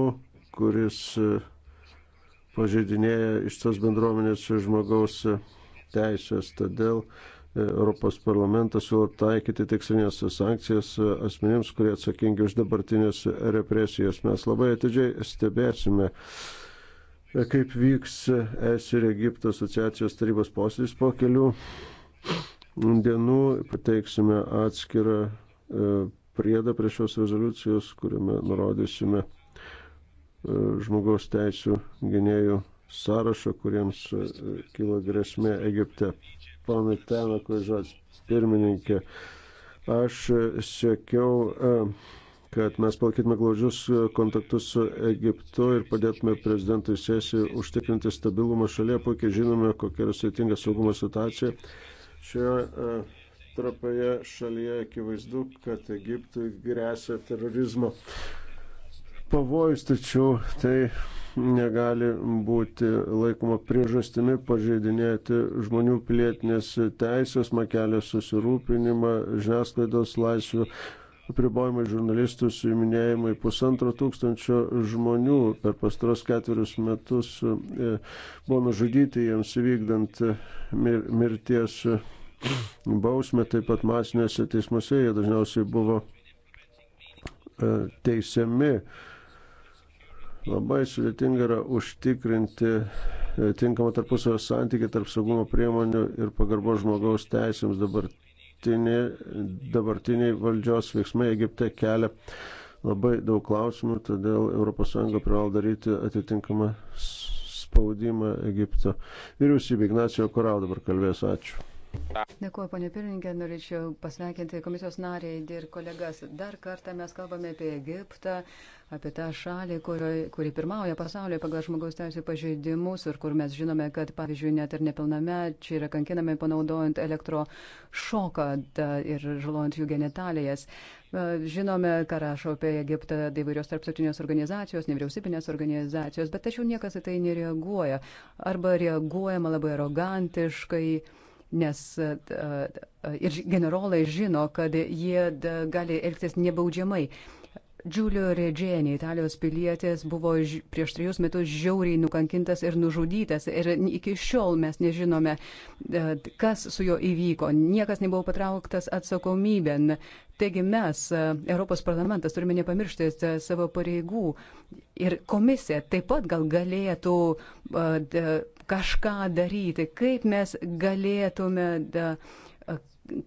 kuris e, pažeidinėja iš tos bendruomenės žmogaus teisės. Todėl uh, Europos parlamentas siūlo taikyti tikslinės sankcijas asmenims, kurie atsakingi už dabartinės represijas. Mes labai atidžiai stebėsime, kaip vyks ES ir Egipto asociacijos tarybos posėdis po kelių dienų. Pateiksime atskirą e, priedą prie šios rezoliucijos, kuriame nurodysime e, žmogaus teisų gynėjų sąrašą, kuriems e, kilo grėsmė Egipte ponui Tenakui žodis pirmininkė. Aš siekiau, e, kad mes palaikytume glaudžius e, kontaktus su Egiptu ir padėtume prezidentui sėsiai užtikrinti stabilumą šalyje. Puikiai žinome, kokia yra sveitinga saugumo situacija. Šioje e, trapioje šalyje akivaizdu, kad Egiptui grėsia terorizmo pavojus, tačiau tai negali būti laikoma priežastimi pažeidinėti žmonių pilietinės teisės, makelio susirūpinimą, žiniasklaidos laisvių, apribojimai žurnalistų suiminėjimai pusantro tūkstančio žmonių per pastaros ketverius metus e, buvo nužudyti jiems vykdant mir mirties bausmę, taip pat masinėse teismuose jie dažniausiai buvo e, teisiami Labai sudėtinga yra užtikrinti e, tinkamą tarpusavio santykį tarp saugumo priemonių ir pagarbo žmogaus teisėms. Dabartiniai, dabartiniai valdžios veiksmai Egipte kelia labai daug klausimų, todėl ES privalo daryti atitinkamą spaudimą Egipto vyriausybė. Ignacijo Korau dabar kalbės. Ačiū. Dėkuoju, ponė pirmininkė, norėčiau pasveikinti komisijos nariai ir kolegas. Dar kartą mes kalbame apie Egiptą, apie tą šalį, kuri, kuri pirmauja pasaulyje pagal žmogaus teisų pažeidimus ir kur mes žinome, kad, pavyzdžiui, net ir nepilname čia yra kankinami panaudojant elektrošoką ir žalojant jų genitalijas. Žinome, ką rašo apie Egiptą įvairios tarptautinės organizacijos, nevyriausybinės organizacijos, bet tačiau niekas į tai nereaguoja arba reaguojama labai arogantiškai nes e, e, ir generolai žino, kad jie gali elgtis nebaudžiamai. Giulio Regeni, Italijos pilietis, buvo prieš trejus metus žiauriai nukankintas ir nužudytas. Ir iki šiol mes nežinome, e, kas su juo įvyko. Niekas nebuvo patrauktas atsakomybėn. Taigi mes, Europos parlamentas, turime nepamiršti savo pareigų. Ir komisija taip pat gal galėtų kažką daryti, kaip mes galėtume, da,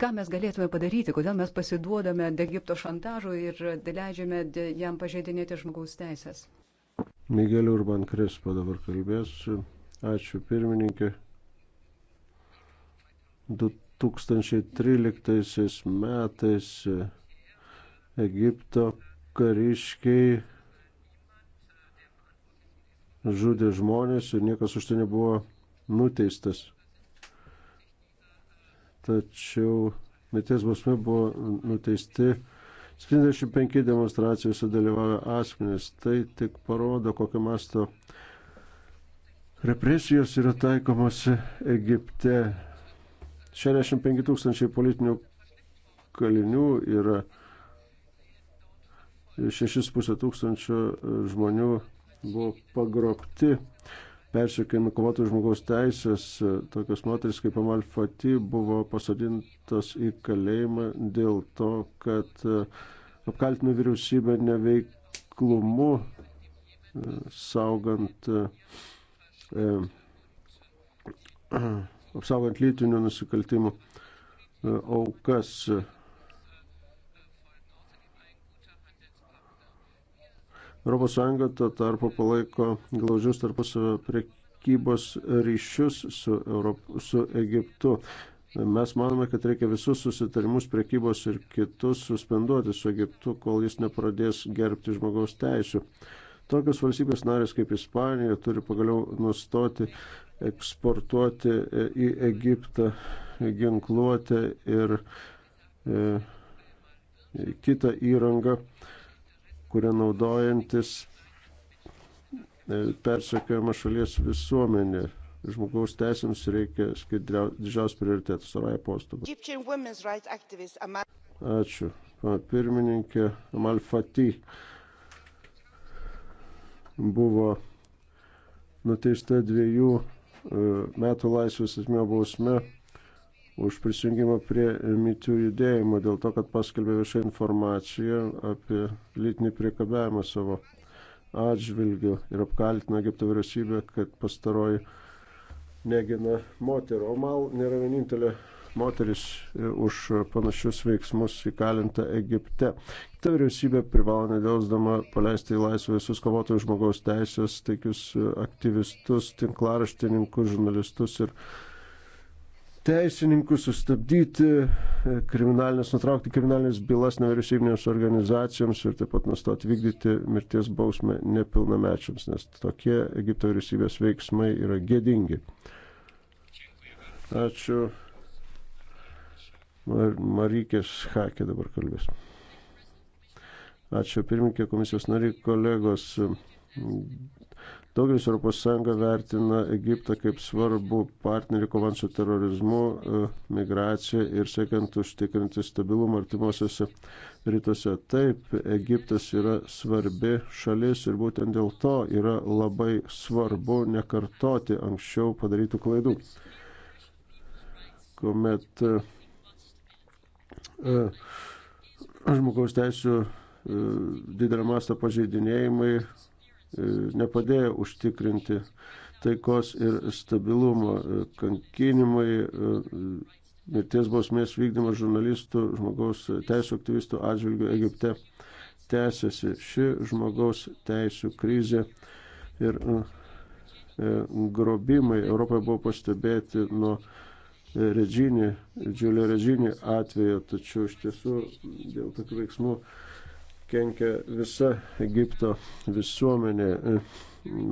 ką mes galėtume padaryti, kodėl mes pasiduodame Egipto šantažui ir leidžiame jam pažeidinėti žmogaus teisės. Miguel Urban Krespo dabar kalbės. Ačiū pirmininkė. 2013 metais Egipto kariškiai žudė žmonės ir niekas už tai nebuvo nuteistas. Tačiau mirties bausmė buvo nuteisti 75 demonstracijose dalyvavę asmenys. Tai tik parodo, kokio masto represijos yra taikomos Egipte. 65 tūkstančiai politinių kalinių yra 6,5 tūkstančio žmonių buvo pagrobti, persiekėjami kovotojų žmogaus teisės. Tokios moteris kaip Amal Fati buvo pasodintos į kalėjimą dėl to, kad e, apkaltino vyriausybę neveiklumu e, saugant e, e apsaugant lytinių nusikaltimų aukas. E, ES tuo tarpu palaiko glaužius tarpusavio prekybos ryšius su, Europ su Egiptu. Mes manome, kad reikia visus susitarimus prekybos ir kitus suspenduoti su Egiptu, kol jis nepradės gerbti žmogaus teisų. Tokios valstybės narės kaip Ispanija turi pagaliau nustoti eksportuoti e, į Egiptą ginkluotę ir e, kitą įrangą, e, kurią naudojantis e, persekiojama šalies visuomenė. Žmogaus teisėms reikia skirti didžiausias prioritetas, savai postubą. Ačiū. Pirmininkė Amal Fatih buvo nuteista dviejų e, metų laisvės atmė bausme už prisijungimą prie mitų judėjimo dėl to, kad paskelbė viešą informaciją apie lytinį priekabiavimą savo atžvilgių ir apkaltino Egipto vyriausybę, kad pastaroji negina moterų. O mal nėra vienintelė moteris e, už panašius veiksmus įkalinta Egipte. Kita vyriausybė privalo nedėlsdama paleisti į laisvę visus kovotojus žmogaus teisės, taikius e, aktyvistus, tinklaraštininkus, žurnalistus ir teisininkus, sustabdyti e, kriminalinės, nutraukti kriminalinės bylas nevyriausybinėms organizacijoms ir taip pat nustoti vykdyti mirties bausmę nepilnamečiams, nes tokie Egipto vyriausybės veiksmai yra gėdingi. Ačiū. Mar Marykės Hakė dabar kalbės. Ačiū pirmininkė komisijos nariai, kolegos. Daugelis ES vertina Egiptą kaip svarbu partnerį kovant su terorizmu, e, migracija ir siekiant užtikrinti stabilumą artimuosiuose rytuose. Taip, Egiptas yra svarbi šalis ir būtent dėl to yra labai svarbu nekartoti anksčiau padarytų klaidų. Kuomet e, e, žmogaus teisų didelio masto pažeidinėjimai E, nepadėjo užtikrinti taikos ir stabilumo. E, kankinimai, e, mirties bausmės vykdymas žurnalistų, žmogaus teisų aktyvistų atžvilgių Egipte tęsiasi ši žmogaus teisų krizė ir grobimai Europoje buvo pastebėti nuo Redžinį, Džiulio Redžinį atveju, tačiau iš tiesų dėl tokių veiksmų kenkia visa Egipto visuomenė.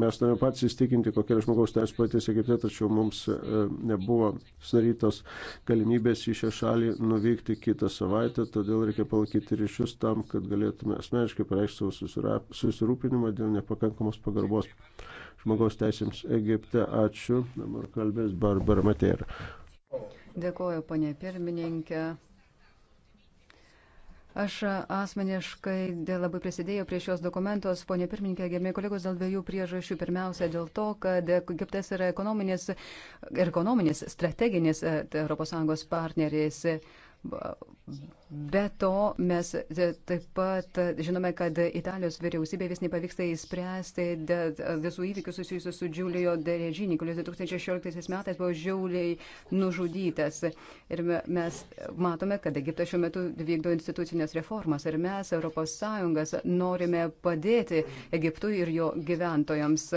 Mes norime patys įstikinti, kokia yra žmogaus teisų patys Egipte, tačiau mums e, nebuvo sudarytos galimybės į šią šalį nuvykti kitą savaitę, todėl reikia palaikyti ryšius tam, kad galėtume asmeniškai pareikšti savo susirūpinimą dėl nepakankamos pagarbos žmogaus teisėms Egipte. Ačiū. Dabar kalbės Barbara Matėra. Dėkuoju, ponė pirmininkė. Aš asmeniškai labai prisidėjau prie šios dokumentos, ponė pirmininkė, gerbėjai kolegos, dėl dviejų priežasčių. Pirmiausia, dėl to, kad Egiptas yra ekonominis ir ekonominis strateginis ES partneris Be to, mes e, taip pat e, žinome, kad Italijos vyriausybė vis nepavyksta įspręsti visų įvykių susijusių su Džiulio Derežinį, kuris 2016 metais buvo žiauliai nužudytas. Ir mes matome, kad Egiptas šiuo metu vykdo institucinės reformas ir mes, ES, norime padėti Egiptui ir jo gyventojams.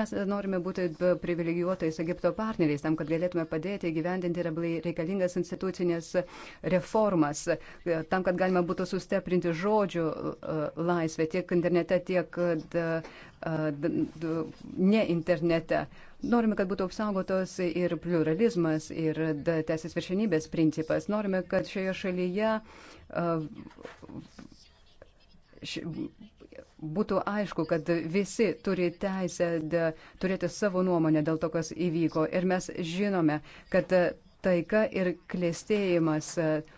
Mes norime būti privilegijuotais Egipto partneriais tam, kad galėtume padėti gyvendinti reikalingas institucinės reformas tam, kad galima būtų sustiprinti žodžių e, laisvę tiek internete, tiek e, e, ne internete. Norime, kad būtų apsaugotos ir pluralizmas, ir teisės viršenybės principas. Norime, kad šioje šalyje būtų aišku, kad visi turi teisę de, turėti savo nuomonę dėl to, kas įvyko. Ir mes žinome, kad taika ir klėstėjimas. De,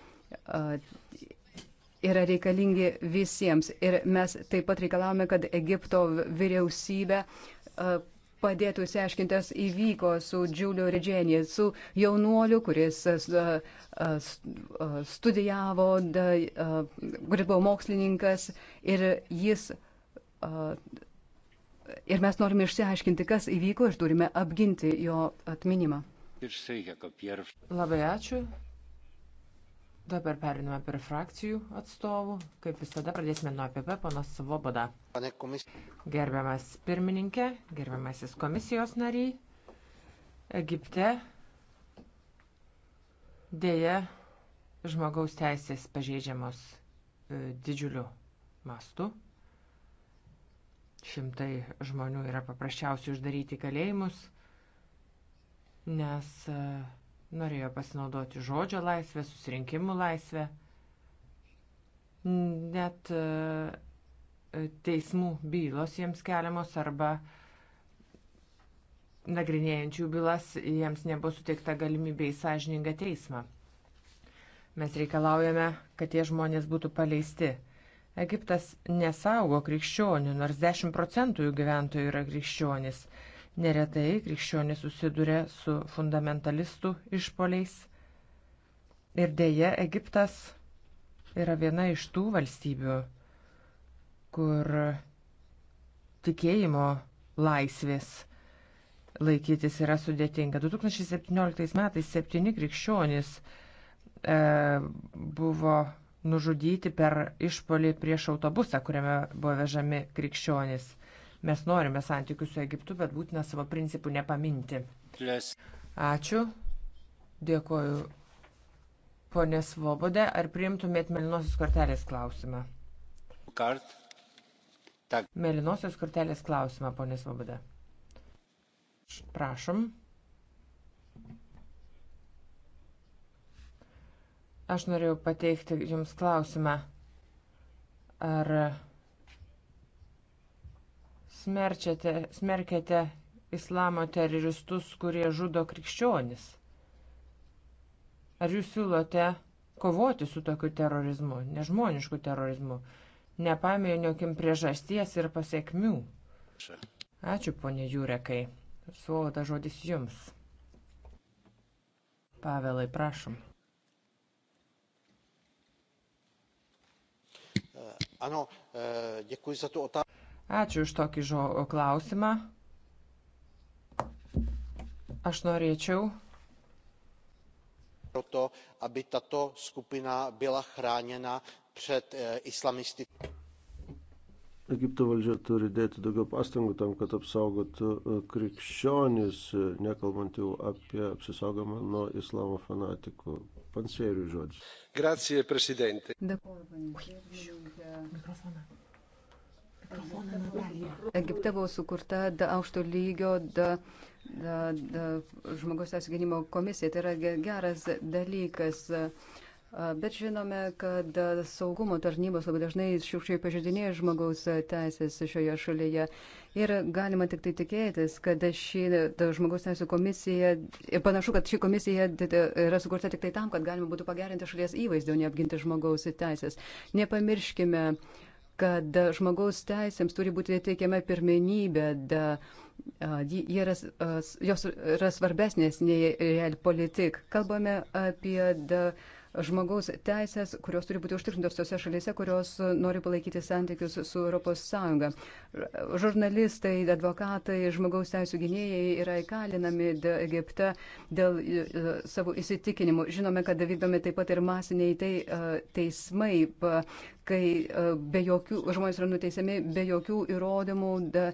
yra reikalingi visiems. Ir mes taip pat reikalavome, kad Egipto vyriausybė padėtų įsiaiškintas įvyko su Džiulio Redženė, su jaunuoliu, kuris studijavo, kuris buvo mokslininkas ir jis. Ir mes norime išsiaiškinti, kas įvyko ir turime apginti jo atminimą. Labai ačiū. Dabar periname prie frakcijų atstovų. Kaip visada, pradėsime nuo APP, ponas Svoboda. Gerbiamas pirmininkė, gerbiamasis komisijos nariai, Egipte dėja žmogaus teisės pažeidžiamos e, didžiuliu mastu. Šimtai žmonių yra paprasčiausiai uždaryti kalėjimus, nes e, norėjo pasinaudoti žodžio laisvę, susirinkimų laisvę, net e, teismų bylos jiems keliamos arba nagrinėjančių bylas jiems nebuvo suteikta galimybė į sąžiningą teismą. Mes reikalaujame, kad tie žmonės būtų paleisti. Egiptas nesaugo krikščionių, nors 10 procentų jų gyventojų yra krikščionis. Neretai krikščionis susiduria su fundamentalistų išpoliais. Ir dėje Egiptas yra viena iš tų valstybių, kur tikėjimo laisvės laikytis yra sudėtinga. 2017 metais septyni krikščionys e, buvo nužudyti per išpolį prieš autobusą, kuriame buvo vežami krikščionys. Mes norime santykių su Egiptu, bet būtina savo principų nepaminti. Ačiū. Dėkoju. Pone Svobodė, ar priimtumėt Melinosios kortelės klausimą? Kart. Tak. Melinosios kortelės klausimą, ponė Svobodė. Prašom. Aš norėjau pateikti Jums klausimą, ar smerčiate, smerkiate islamo teroristus, kurie žudo krikščionis? Ar jūs siūlote kovoti su tokiu terorizmu, nežmonišku terorizmu? Nepaminiokim priežasties ir pasiekmių. Ačiū, ponė Jurekai. Suoda žodis jums. Pavelai, prašom. Ano, děkuji za tu otázku. Ačiū iš tokį žo klausimą. Aš norėčiau. Proto, aby tato skupina byla chráněna před e, islamistickým. Egipto valdžia turi dėti daugiau pastangų tam, kad apsaugotų e, krikščionis, e, nekalbant jau apie apsisaugomą nuo islamo fanatikų. Pansėrių žodžius. Grazie, prezidentė. Dėkuoju, Egipte buvo sukurta da, aukšto lygio da, da, da, žmogus apsiginimo komisija. Tai yra geras dalykas. Bet žinome, kad saugumo tarnybos labai dažnai šiukščiai pažydinėja žmogaus teisės šioje šalyje. Ir galima tik tai tikėtis, kad ši žmogaus teisų komisija, panašu, kad ši komisija yra sukurta tik tai tam, kad galima būtų pagerinti šalies įvaizdį, o ne apginti žmogaus teisės. Nepamirškime uh, kad žmogaus teisėms turi būti teikiama pirmenybė, da, yra, jos yra svarbesnės nei real politik. Kalbame apie da, žmogaus teisės, kurios turi būti užtikrintos tose šalyse, kurios nori palaikyti santykius su ES. Žurnalistai, advokatai, žmogaus teisų gynėjai yra įkalinami Egipte dėl e, savo įsitikinimų. Žinome, kad vykdomi taip pat ir masiniai tai, teismai, kai e, be jokių, žmonės yra nuteisiami be jokių įrodymų. Da,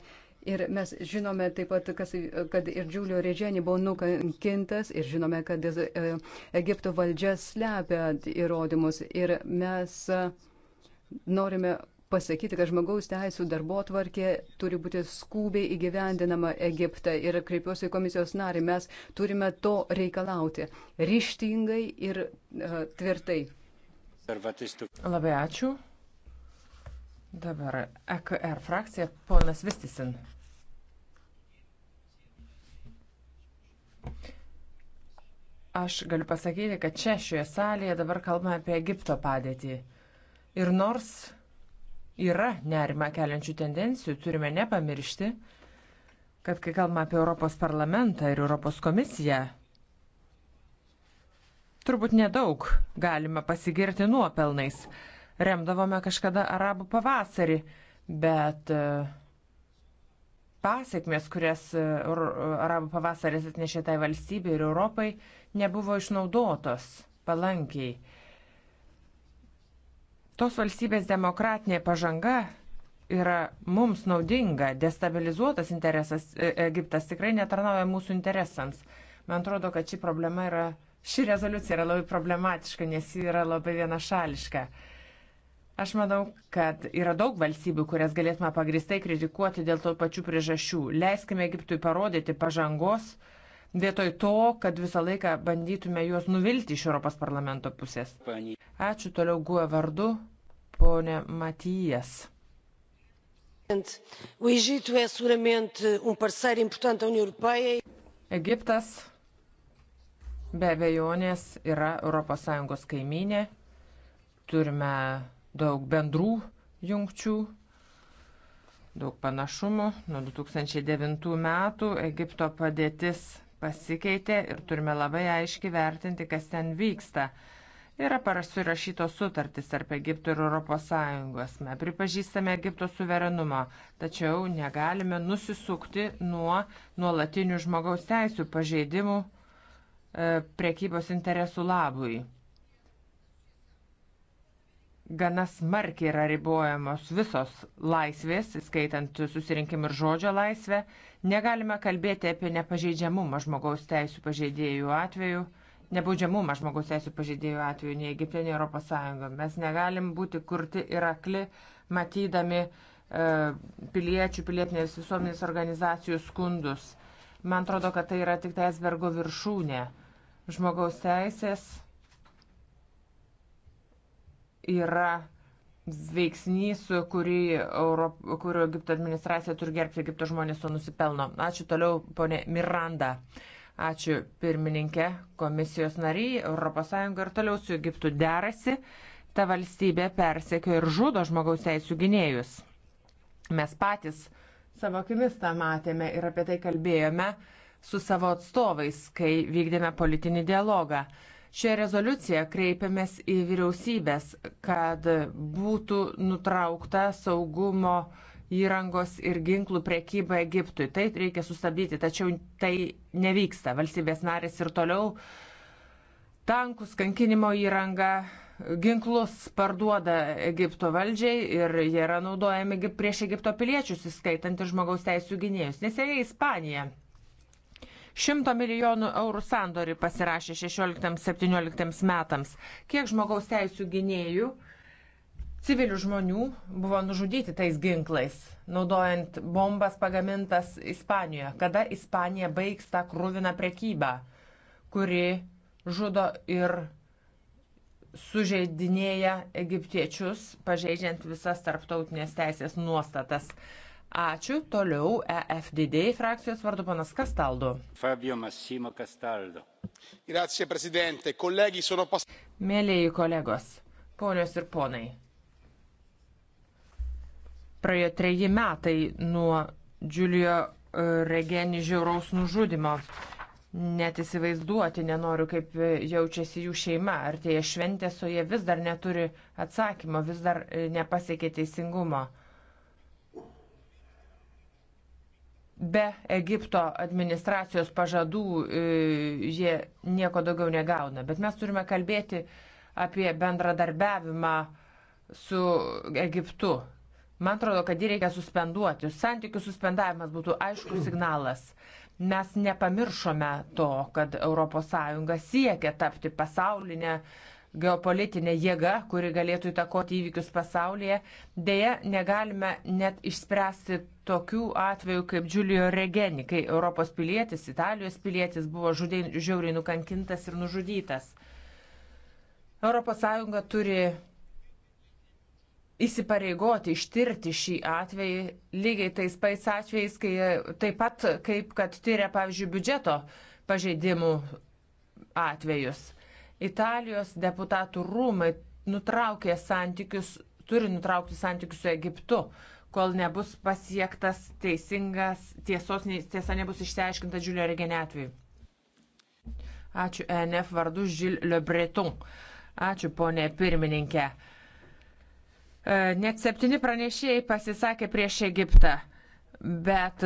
Ir mes žinome taip pat, kas, kad ir Džiulio Reženi buvo nukankintas ir žinome, kad e, Egipto valdžia slepia įrodymus. Ir mes e, norime pasakyti, kad žmogaus teisų darbo tvarkė turi būti skubiai įgyvendinama Egipte ir kreipiuosi į komisijos narį, mes turime to reikalauti ryštingai ir uh, tvirtai. Labai ačiū. Dabar EKR frakcija, ponas Vistisin. Aš galiu pasakyti, kad čia šioje salėje dabar kalbame apie Egipto padėtį. Ir nors yra nerima keliančių tendencijų, turime nepamiršti, kad kai kalbame apie Europos parlamentą ir Europos komisiją, turbūt nedaug galime pasigirti nuopelnais. Remdavome kažkada arabų pavasarį, bet uh, pasiekmes, kurias e, arabų pavasaris atnešė tai valstybei ir Europai, nebuvo išnaudotos palankiai. Tos valstybės demokratinė pažanga yra mums naudinga, destabilizuotas interesas e, Egiptas tikrai netarnauja mūsų interesams. Man atrodo, kad ši problema yra, ši rezoliucija yra labai problematiška, nes ji yra labai vienašališka. Aš manau, kad yra daug valstybių, kurias galėtume pagristai kritikuoti dėl to pačių priežasčių. Leiskime Egiptui parodyti pažangos, vietoj to, kad visą laiką bandytume juos nuvilti iš Europos parlamento pusės. Ačiū toliau guo vardu, ponė Matijas. Um e Egiptas be abejonės yra ES kaiminė. Turime daug bendrų jungčių, daug panašumų. Nuo 2009 metų Egipto padėtis pasikeitė ir turime labai aiškiai vertinti, kas ten vyksta. Yra pasirašytos sutartys tarp Egipto ir ES. Mes pripažįstame Egipto suverenumą, tačiau negalime nusisukti nuo nuolatinių žmogaus teisų pažeidimų e, priekybos interesų labui gana smarkiai yra ribojamos visos laisvės, skaitant susirinkimų ir žodžio laisvę, negalime kalbėti apie nepažeidžiamumą žmogaus teisų pažeidėjų atveju, nebaudžiamumą žmogaus teisų pažeidėjų atveju nei Egipte, nei Europos Sąjungoje. Mes negalim būti kurti ir akli, matydami e, piliečių, pilietinės visuomenės organizacijų skundus. Man atrodo, kad tai yra tik Esbergo viršūnė. Žmogaus teisės yra veiksnys, kurį Europ... kurio Egipto administracija turi gerbti, Egipto žmonės to nusipelno. Ačiū toliau, ponė Miranda. Ačiū pirmininkė, komisijos nariai, ES ir toliau su Egiptu derasi. Ta valstybė persekio ir žudo žmogaus teisų gynėjus. Mes patys savo akimis tą matėme ir apie tai kalbėjome su savo atstovais, kai vykdėme politinį dialogą. Šią rezoliuciją kreipiamės į vyriausybės, kad būtų nutraukta saugumo įrangos ir ginklų prekyba Egiptui. Tai reikia sustabdyti, tačiau tai nevyksta. Valstybės narės ir toliau tankus, kankinimo įrangą, ginklus parduoda Egipto valdžiai ir jie yra naudojami prieš Egipto piliečius, įskaitant ir žmogaus teisų gynėjus. Neseniai Ispanija 100 milijonų eurų sandorį pasirašė 16-17 metams. Kiek žmogaus teisų gynėjų, civilių žmonių buvo nužudyti tais ginklais, naudojant bombas pagamintas Ispanijoje. Kada Ispanija baigs tą krūviną prekybą, kuri žudo ir sužeidinėja egiptiečius, pažeidžiant visas tarptautinės teisės nuostatas. Ačiū. Toliau EFDD frakcijos vardu panas Kastaldo. Fabio Massimo Castaldo. Grazie, prezidente. Kolegi, sono pas... Mėlyi kolegos, ponios ir ponai. Praėjo treji metai nuo Giulio e, Regeni žiauraus nužudimo. Net įsivaizduoti nenoriu, kaip jaučiasi jų šeima, ar tie šventės, o jie vis dar neturi atsakymo, vis dar e, nepasiekė teisingumo. be Egipto administracijos pažadų e, jie nieko daugiau negauna. Bet mes turime kalbėti apie bendradarbiavimą su Egiptu. Man atrodo, kad jį reikia suspenduoti. Santykių suspendavimas būtų aiškus signalas. Mes nepamiršome to, kad ES siekia tapti pasaulinę uh, geopolitinė jėga, kuri galėtų įtakoti įvykius pasaulyje. Deja, negalime net išspręsti tokių atvejų kaip Giulio Regeni, kai Europos pilietis, Italijos pilietis buvo žudė, žiauriai nukankintas ir nužudytas. ES turi įsipareigoti ištirti šį atvejį lygiai tais pais atvejais, kai taip pat kaip kad tyria, pavyzdžiui, biudžeto pažeidimų atvejus. Italijos deputatų rūmai nutraukė santykius, turi nutraukti santykius su Egiptu, kol nebus pasiektas teisingas, tiesos, tiesa nebus išsiaiškinta Džiulio Regenė atveju. Ačiū ENF vardu Žil Le Breton. Ačiū ponė pirmininkė. E, net septyni pranešėjai pasisakė prieš Egiptą, bet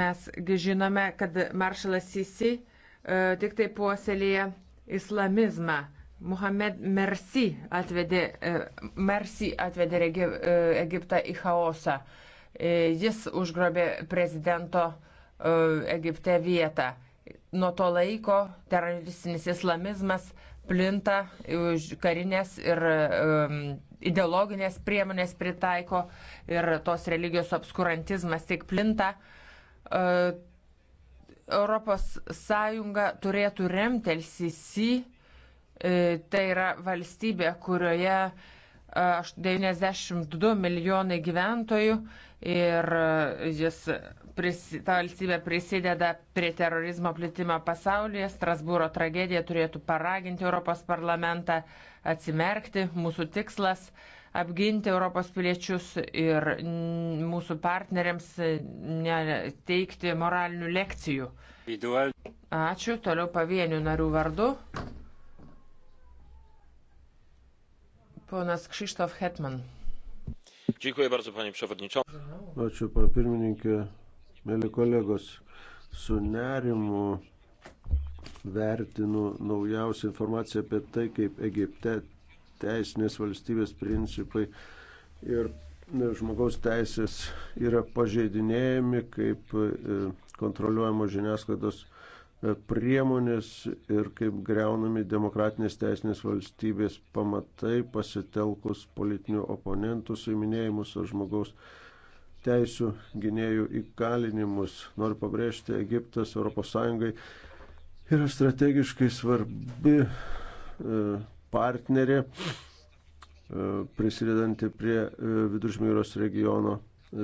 mes žinome, kad maršalas Sisi e, tik tai puoselėje islamizmą. Muhamed Mersi atvedė, e, Mersi atvedė e, Egiptą į chaosą. E, jis užgrobė prezidento Egipte vietą. Nuo to laiko teroristinis islamizmas plinta, karinės ir ideologinės priemonės pritaiko ir tos religijos obskurantizmas tik plinta ES turėtų remti LCC, e, tai yra valstybė, kurioje 92 e, milijonai gyventojų ir e, jis, pris, ta valstybė prisideda prie terorizmo plitimo pasaulyje. Strasbūro tragedija turėtų paraginti Europos parlamentą atsimerkti. Mūsų tikslas uh, apginti Europos piliečius ir mūsų partneriams neteikti moralinių lekcijų. Ačiū, toliau pavienių narių vardu. Ponas Krzysztof Hetman. Dziękuję bardzo, panie przewodniczący. Ačiū, pana pirmininkė, mėly kolegos. Su nerimu vertinu naujausią informaciją apie tai, kaip Egipte teisinės valstybės principai ir e, žmogaus teisės yra pažeidinėjami kaip e, kontroliuojamos žiniasklaidos e, priemonės ir kaip greunami demokratinės teisinės valstybės pamatai pasitelkus politinių oponentų suiminėjimus ar žmogaus teisų gynėjų įkalinimus. Noriu pabrėžti, Egiptas ES yra strategiškai svarbi partnerė e, prisidedanti prie e, Viduržmyros regiono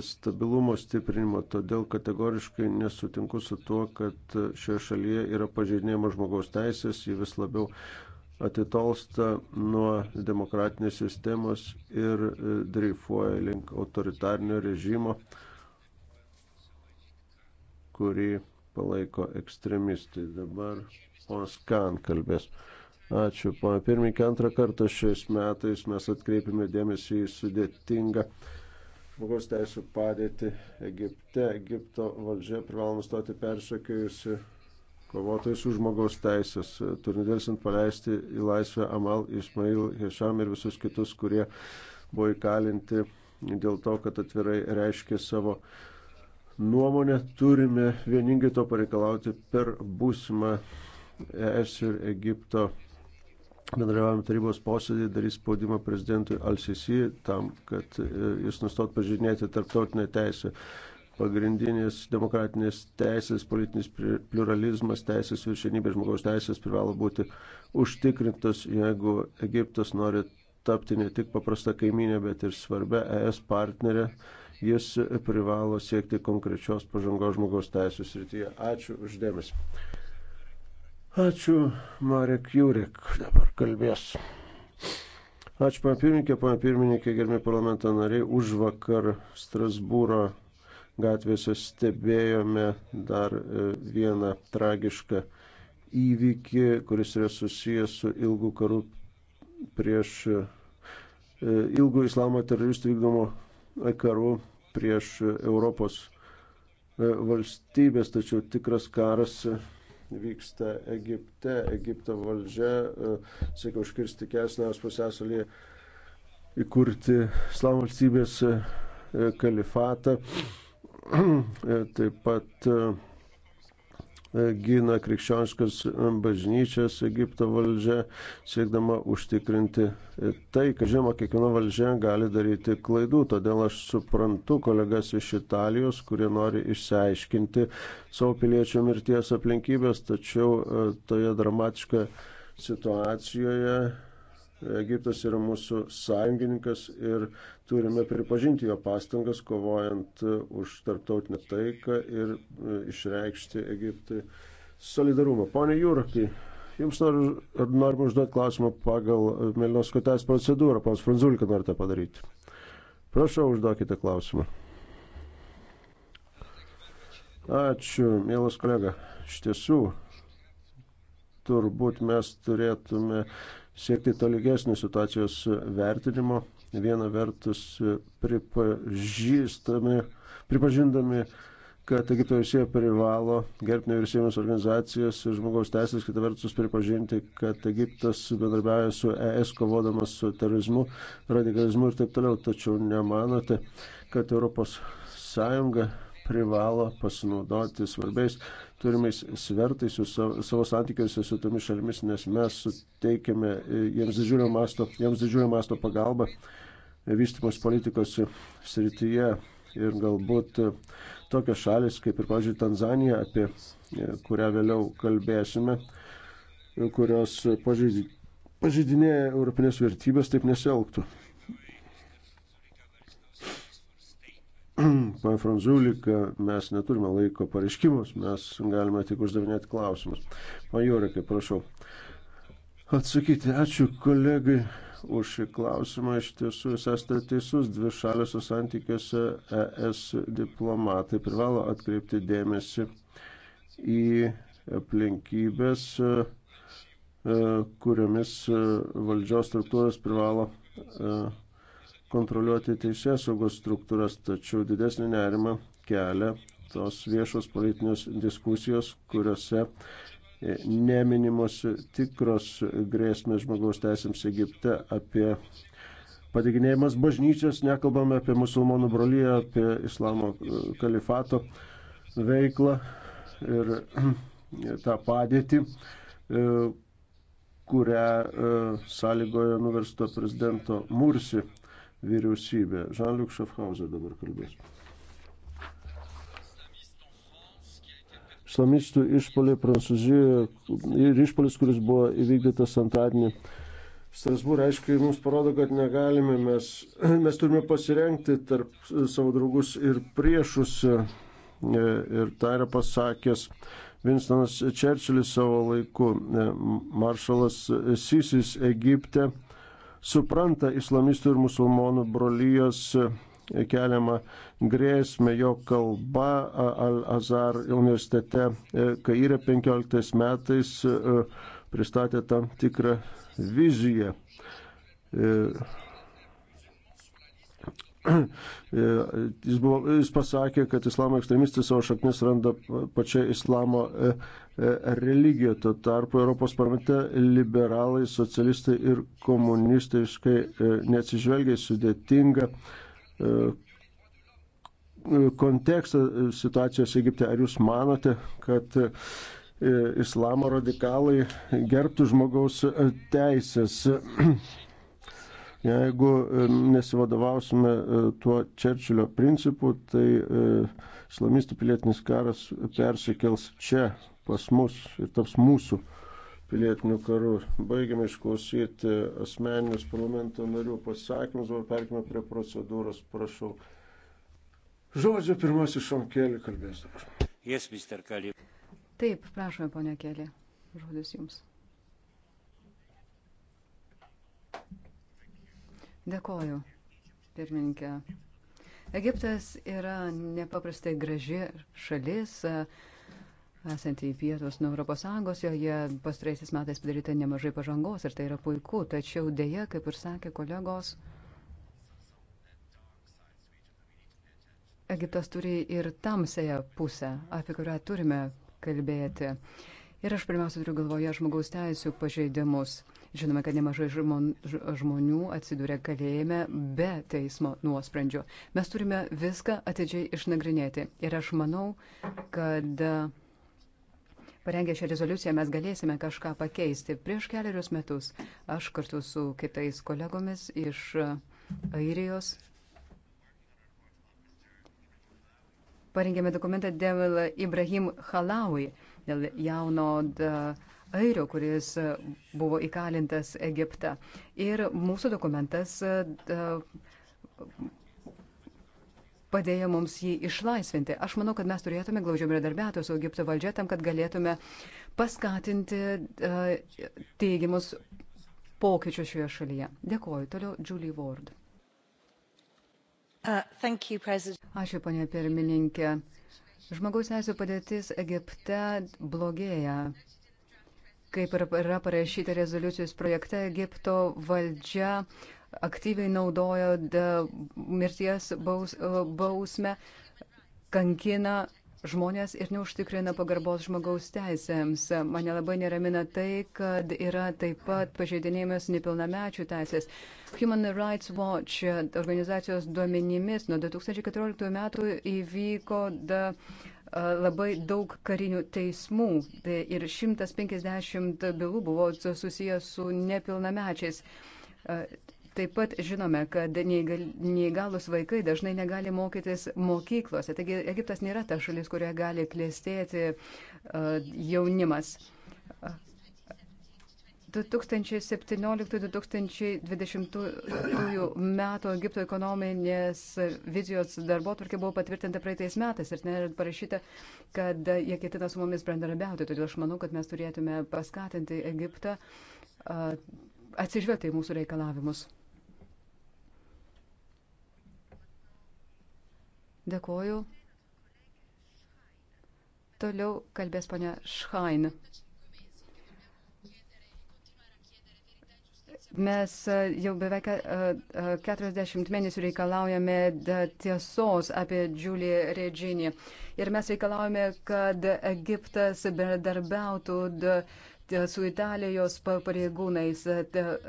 stabilumo stiprinimo. Todėl kategoriškai nesutinku su tuo, kad šioje šalyje yra pažeidinėjama žmogaus teisės, ji vis labiau atitolsta nuo demokratinės sistemos ir e, dreifuoja link autoritarnio režimo, kurį palaiko ekstremistai. Dabar ponas Kan kalbės. Ačiū, pana pirmininkė. Antrą kartą šiais metais mes atkreipime dėmesį į sudėtingą žmogaus teisų padėtį Egipte. Egipto valdžia privaloma stoti persekiojusi kovotojus už žmogaus teisės, turnidėlsint paleisti į laisvę Amal, Ismail, Hešam ir visus kitus, kurie buvo įkalinti dėl to, kad atvirai reiškė savo nuomonę. Turime vieningai to pareikalauti per būsimą ES ir Egipto bendravimo tarybos posėdį darys spaudimą prezidentui Al-Sisi tam, kad e, jis nustot pažinėti tarptautinę teisę. Pagrindinės demokratinės teisės, politinis pluralizmas, teisės viršenybė, žmogaus teisės privalo būti užtikrintos, jeigu Egiptas nori tapti ne tik paprasta kaiminė, bet ir svarbia ES partnerė. Jis privalo siekti konkrečios pažangos žmogaus teisės rytyje. Ačiū uždėmesi. Ačiū, Marek Jurek dabar kalbės. Ačiū, pana pirmininkė, pana pirmininkė, gerbė parlamento nariai. Už vakar Strasbūro gatvėse stebėjome dar e, vieną tragišką įvykį, kuris yra susijęs su ilgu karu prieš e, ilgų islamo teroristų vykdomo e, karu prieš Europos valstybės, tačiau tikras karas vyksta Egipte. Egipto valdžia, e, siekia užkirsti kesnės pusėsalyje įkurti Islamo valstybės e, kalifatą. E, taip pat gina krikščioniškas bažnyčias Egipto valdžia, siekdama užtikrinti tai, kad žinoma, kiekviena valdžia gali daryti klaidų. Todėl aš suprantu kolegas iš Italijos, kurie nori išsiaiškinti savo piliečių mirties aplinkybės, tačiau e, toje dramatiškoje situacijoje Egiptas yra mūsų sąjungininkas ir turime pripažinti jo pastangas, kovojant e, už tarptautinę taiką ir e, išreikšti Egiptui solidarumą. Pone Jūrakai, jums noriu, noriu užduoti klausimą pagal e, Melinos kotės procedūrą. Pons Franzulka norite padaryti. Prašau, užduokite klausimą. Ačiū, mielas kolega. Iš tiesų, turbūt mes turėtume siekti tolygesnio situacijos vertinimo. Viena vertus pripažįstami, pripažindami, kad Egipto Rusija privalo gerbti nevyriausybės organizacijas ir žmogaus teisės, kita vertus pripažinti, kad Egiptas bendarbiauja su ES kovodamas su terorizmu, radikalizmu ir taip toliau. Tačiau nemanote, kad ES privalo pasinaudoti svarbiais turimais svertais, jūs savo santykiuose su tomis šalimis, nes mes suteikėme e, jiems didžiulio masto, jiems didžiulio masto pagalbą vystimos politikos srityje ir galbūt e, tokios šalis, kaip ir, pavyzdžiui, Tanzanija, apie e, kurią vėliau kalbėsime, kurios pažeidinėja europinės vertybės, taip nesielgtų. Pane Franzulika, mes neturime laiko pareiškimus, mes galime tik uždavinėti klausimus. Pane Jurekai, prašau. Atsakyti, ačiū kolegai už šį klausimą. Iš tiesų, jūs esate teisus, dvi šaliuose santykiuose ES diplomatai privalo atkreipti dėmesį į aplinkybės, e, kuriomis valdžios struktūros privalo e, kontroliuoti teisės saugos struktūras, tačiau didesnį nerimą kelia tos viešos politinės diskusijos, kuriuose e, neminimos tikros grėsmės žmogaus teisėms Egipte apie padeginėjimas bažnyčios, nekalbame apie musulmonų brolyje, apie islamo e, kalifato veiklą ir tą padėtį, e, kurią sąlygojo nuversto prezidento Mursi vyriausybę. Žanliuk Šafhauser dabar kalbės. Islamistų išpolį Prancūzijoje ir išpolis, kuris buvo įvykdytas antradienį. Strasbūrė, aišku, mums parodo, kad negalime, mes, mes turime pasirenkti tarp savo draugus ir priešus. Ir tą yra pasakęs Vinstonas Čerčilis savo laiku, maršalas Sisis Egipte supranta islamistų ir musulmonų brolyjos e, keliamą grėsmę jo kalba Al-Azhar universitete e, Kairė 15 metais e, pristatė tam tikrą viziją jis, buvo, jis pasakė, kad islamo ekstremistai savo šaknis randa pačia islamo e, e, religija. Tuo tarpu Europos parlamente liberalai, socialistai ir komunistiškai e, neatsižvelgia į sudėtingą kontekstą situacijos Egipte. Ar jūs manote, kad islamo radikalai gerbtų žmogaus teisės? Jeigu e, nesivadovausime e, tuo Čerčilio principu, tai e, islamistų pilietinis karas persikels čia pas mus ir taps mūsų pilietiniu karu. Baigiame išklausyti asmeninius parlamento narių pasisakymus, dabar perkime prie procedūros, prašau. Žodžio pirmasis Šonkelį kalbės dabar. Yes, Mr. Kali. Taip, prašome, ponia Kelė, žodis jums. Dėkoju, pirmininkė. Egiptas yra nepaprastai graži šalis, esanti į pietus nuo Europos Sąjungos, joje pastaraisiais metais padaryta nemažai pažangos ir tai yra puiku, tačiau dėja, kaip ir sakė kolegos, Egiptas turi ir tamsėją pusę, apie kurią turime kalbėti. Ir aš pirmiausia turiu galvoje žmogaus teisų pažeidimus. Žinome, kad nemažai žmonių atsidūrė kalėjime be teismo nuosprendžio. Mes turime viską atidžiai išnagrinėti. Ir aš manau, kad parengę šią rezoliuciją mes galėsime kažką pakeisti. Prieš keliarius metus aš kartu su kitais kolegomis iš Airijos parengėme dokumentą dėl Ibrahim Halawi, dėl jauno. Da, de airio, kuris e, buvo įkalintas Egipte. Ir mūsų dokumentas e, padėjo mums jį išlaisvinti. Aš manau, kad mes turėtume glaudžiau bendradarbiauti su Egipto valdžia tam, kad galėtume paskatinti e, teigiamus pokyčius šioje šalyje. Dėkuoju. Toliau Julie Ward. Uh, you, Ačiū, ponė pirmininkė. Žmogaus teisų padėtis Egipte blogėja kaip yra parašyta rezoliucijos projekte, Egipto valdžia aktyviai naudojo mirties baus, e, bausmę, kankina žmonės ir neužtikrina pagarbos žmogaus teisėms. Mane labai neramina tai, kad yra taip pat pažeidinėjimas nepilnamečių teisės. Human Rights Watch organizacijos duomenimis nuo 2014 metų įvyko da, uh, labai daug karinių teismų ir 150 bylų buvo susijęs su nepilnamečiais. Taip pat žinome, kad neįgalus vaikai dažnai negali mokytis mokyklose. Taigi Egiptas nėra ta šalis, kurioje gali klėstėti jaunimas. 2017-2020 metų Egipto ekonominės vizijos darbo turkė buvo patvirtinta praeitais metais ir ten parašyta, kad jie ketina su mumis bendradarbiauti. Todėl aš manau, kad mes turėtume paskatinti Egiptą atsižvelgti į mūsų reikalavimus. Dėkuoju. Toliau kalbės ponia Šhain. Mes e, jau beveik 40 e, e, mėnesių reikalaujame tiesos apie Džiulį Redžinį. Ir mes reikalaujame, kad Egiptas bendradarbiautų su Italijos pareigūnais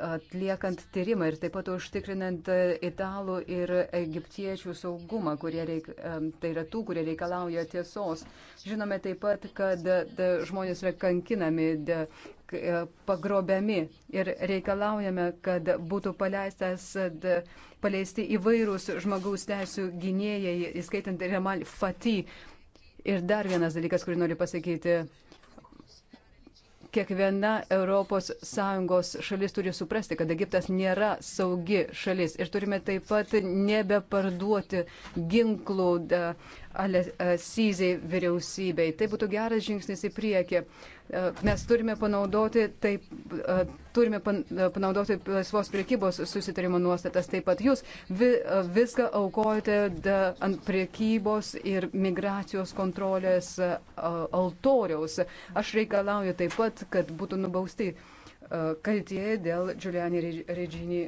atliekant tyrimą ir taip pat užtikrinant italų ir egiptiečių saugumą, kurie reik, tai yra tų, kurie reikalauja tiesos. Žinome taip pat, kad žmonės yra kankinami, pagrobiami ir reikalaujame, kad būtų paleistas, paleisti įvairūs žmogaus teisų gynėjai, įskaitant ir Amal Fati. Ir dar vienas dalykas, kurį noriu pasakyti kiekviena ES šalis turi suprasti, kad Egiptas nėra saugi šalis ir turime taip pat nebeparduoti ginklų Sizai vyriausybei. Tai būtų geras žingsnis į priekį. E, mes turime panaudoti, taip, e, turime e, panaudoti laisvos priekybos susitarimo nuostatas. Taip pat jūs vi, viską aukojate ant priekybos ir migracijos kontrolės altoriaus. Aš reikalauju taip pat, kad būtų nubausti kaltieji dėl Giuliani Regini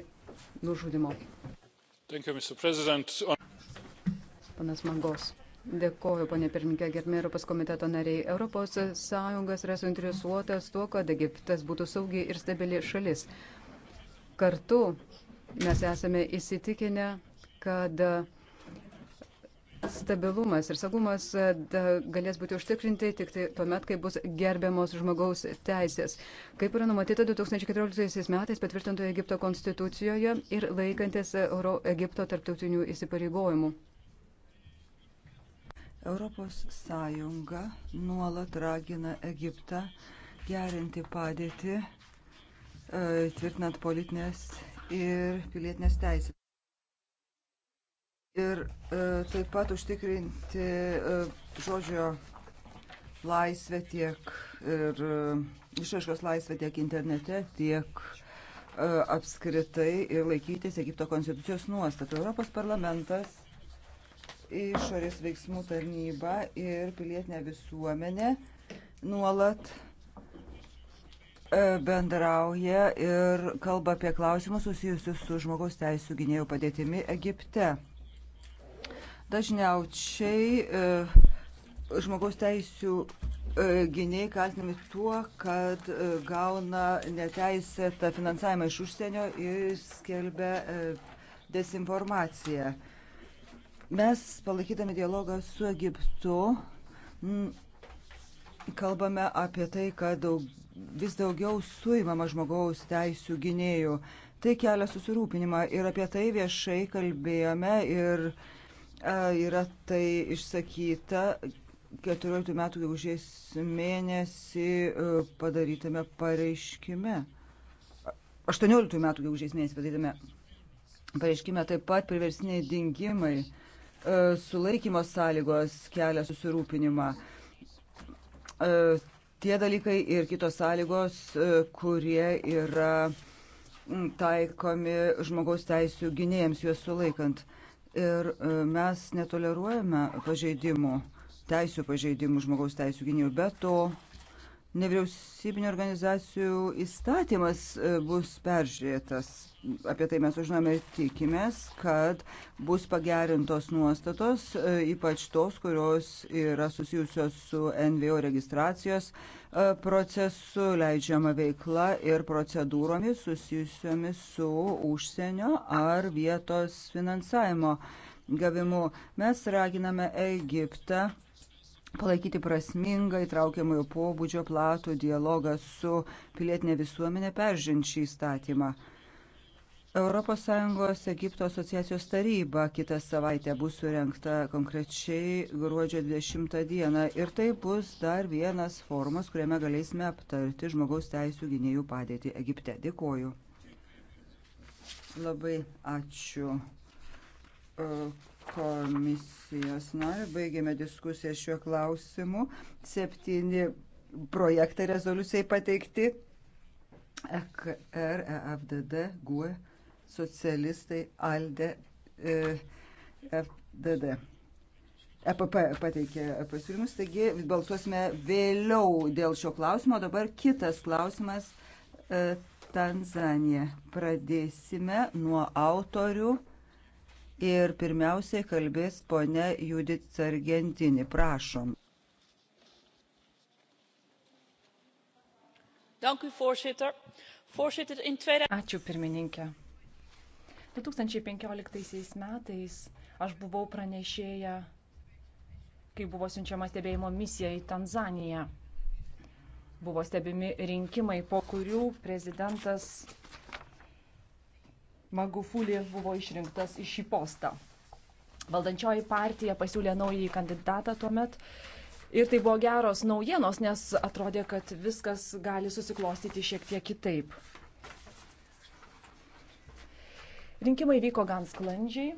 nužudimo. You, Panas Mangos. Dėkoju, ponė pirmininkė, gerbė Europos komiteto nariai. Europos Sąjungas yra suinteresuotas tuo, kad Egiptas būtų saugi ir stabili šalis. Kartu mes esame įsitikinę, kad stabilumas ir saugumas galės būti užtikrinti tik tai tuomet, kai bus gerbiamos žmogaus teisės. Kaip yra numatyta 2014 metais patvirtintoje Egipto konstitucijoje ir laikantis Euro Egipto tarptautinių įsipareigojimų. Europos Sąjunga nuolat ragina Egiptą gerinti padėtį, e, tvirtinant politinės ir pilietinės teisės. Ir e, taip pat užtikrinti e, žodžio laisvę tiek ir išaiškos laisvę tiek internete, tiek apskritai ir laikytis Egipto konstitucijos nuostatų. Europos parlamentas išorės veiksmų tarnyba ir pilietinė visuomenė nuolat e, bendrauja ir kalba apie klausimus susijusius su žmogaus teisų gynėjų padėtimi Egipte. Dažniausiai e, žmogaus teisų e, gyniai kaltinami tuo, kad gauna neteisėtą finansavimą iš užsienio ir skelbia dezinformaciją. Mes palaikydami dialogą su Egiptu mm, kalbame apie tai, kad daug, vis daugiau suimama žmogaus teisų gynėjų. Tai kelia susirūpinimą ir apie tai viešai kalbėjome ir e, yra tai išsakyta 14 metų gegužės mėnesį e, padarytame pareiškime. 18 metų gegužės mėnesį padarytame pareiškime taip pat priversiniai dingimai. E, E, sulaikymo sąlygos kelia susirūpinimą. E, tie dalykai ir kitos sąlygos, e, kurie yra taikomi žmogaus teisų gynėjams juos sulaikant. Ir mes netoleruojame pažeidimų, teisų pažeidimų žmogaus teisų gynėjų, bet to Nevyriausybinio organizacijų įstatymas e, bus peržiūrėtas. Apie tai mes sužinome ir tikimės, kad bus pagerintos nuostatos, e, ypač tos, kurios yra susijusios su NVO registracijos e, procesu, leidžiama veikla ir procedūromis susijusiomis su užsienio ar vietos finansavimo gavimu. Mes raginame Egiptą palaikyti prasmingą įtraukiamojo pobūdžio platų dialogą su pilietinė visuomenė peržinčiai įstatymą. ES Egipto asociacijos taryba kitą savaitę bus surinkta konkrečiai gruodžio 20 dieną ir tai bus dar vienas formas, kuriame galėsime aptarti žmogaus teisų gynėjų padėtį Egipte. Dėkoju. Labai ačiū e, komisijos nariu. Baigėme diskusiją šiuo klausimu. Septyni projektai rezoliucijai pateikti. EKR, EFDD, GUE, socialistai, ALDE, FDD. EPP pateikė pasiūlymus, taigi balsuosime vėliau dėl šio klausimo. Dabar kitas klausimas. E, Tanzanija. Pradėsime nuo autorių ir pirmiausiai kalbės ponia Judith Argentini. Prašom. Ačiū pirmininkė. 2015 metais aš buvau pranešėję, kai buvo siunčiama stebėjimo misija į Tanzaniją. Buvo stebimi rinkimai, po kurių prezidentas Magufuli buvo išrinktas į šį postą. Valdančioji partija pasiūlė naująjį kandidatą tuo metu. Ir tai buvo geros naujienos, nes atrodė, kad viskas gali susiklostyti šiek tiek kitaip. Rinkimai vyko gan sklandžiai.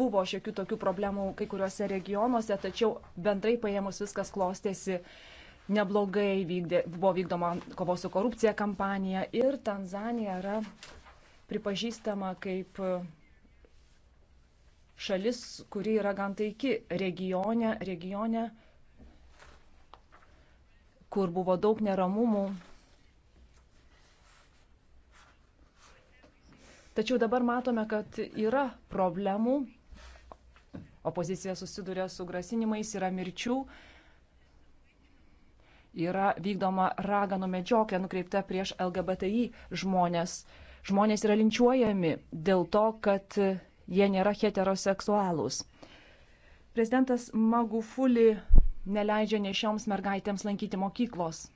Buvo šiokių tokių problemų kai kuriuose regionuose, tačiau bendrai paėmus viskas klostėsi uh, neblogai vykdė, buvo vykdoma kovos su korupcija kampanija ir Tanzanija yra pripažįstama kaip e, šalis, kuri yra gan taiki regione, regione kur buvo daug neramumų. Tačiau dabar matome, kad yra problemų, opozicija susiduria su grasinimais, yra mirčių, yra vykdoma raganų medžioklė nukreipta prieš LGBTI žmonės. Žmonės yra linčiuojami dėl to, kad jie nėra heteroseksualūs. Prezidentas Magufuli neleidžia nešioms mergaitėms lankyti mokyklos.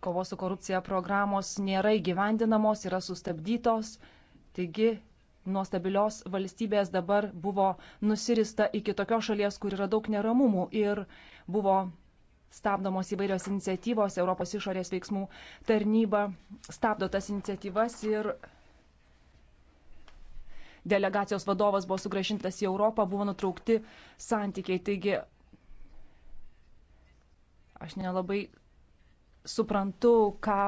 Kovos su korupcija programos nėra įgyvendinamos, yra sustabdytos, taigi nuo stabilios valstybės dabar buvo nusirista iki tokios šalies, kur yra daug neramumų ir buvo stabdomos įvairios iniciatyvos, Europos išorės veiksmų tarnyba stabdo tas iniciatyvas ir delegacijos vadovas buvo sugražintas į Europą, buvo nutraukti santykiai. Taigi aš nelabai suprantu, ką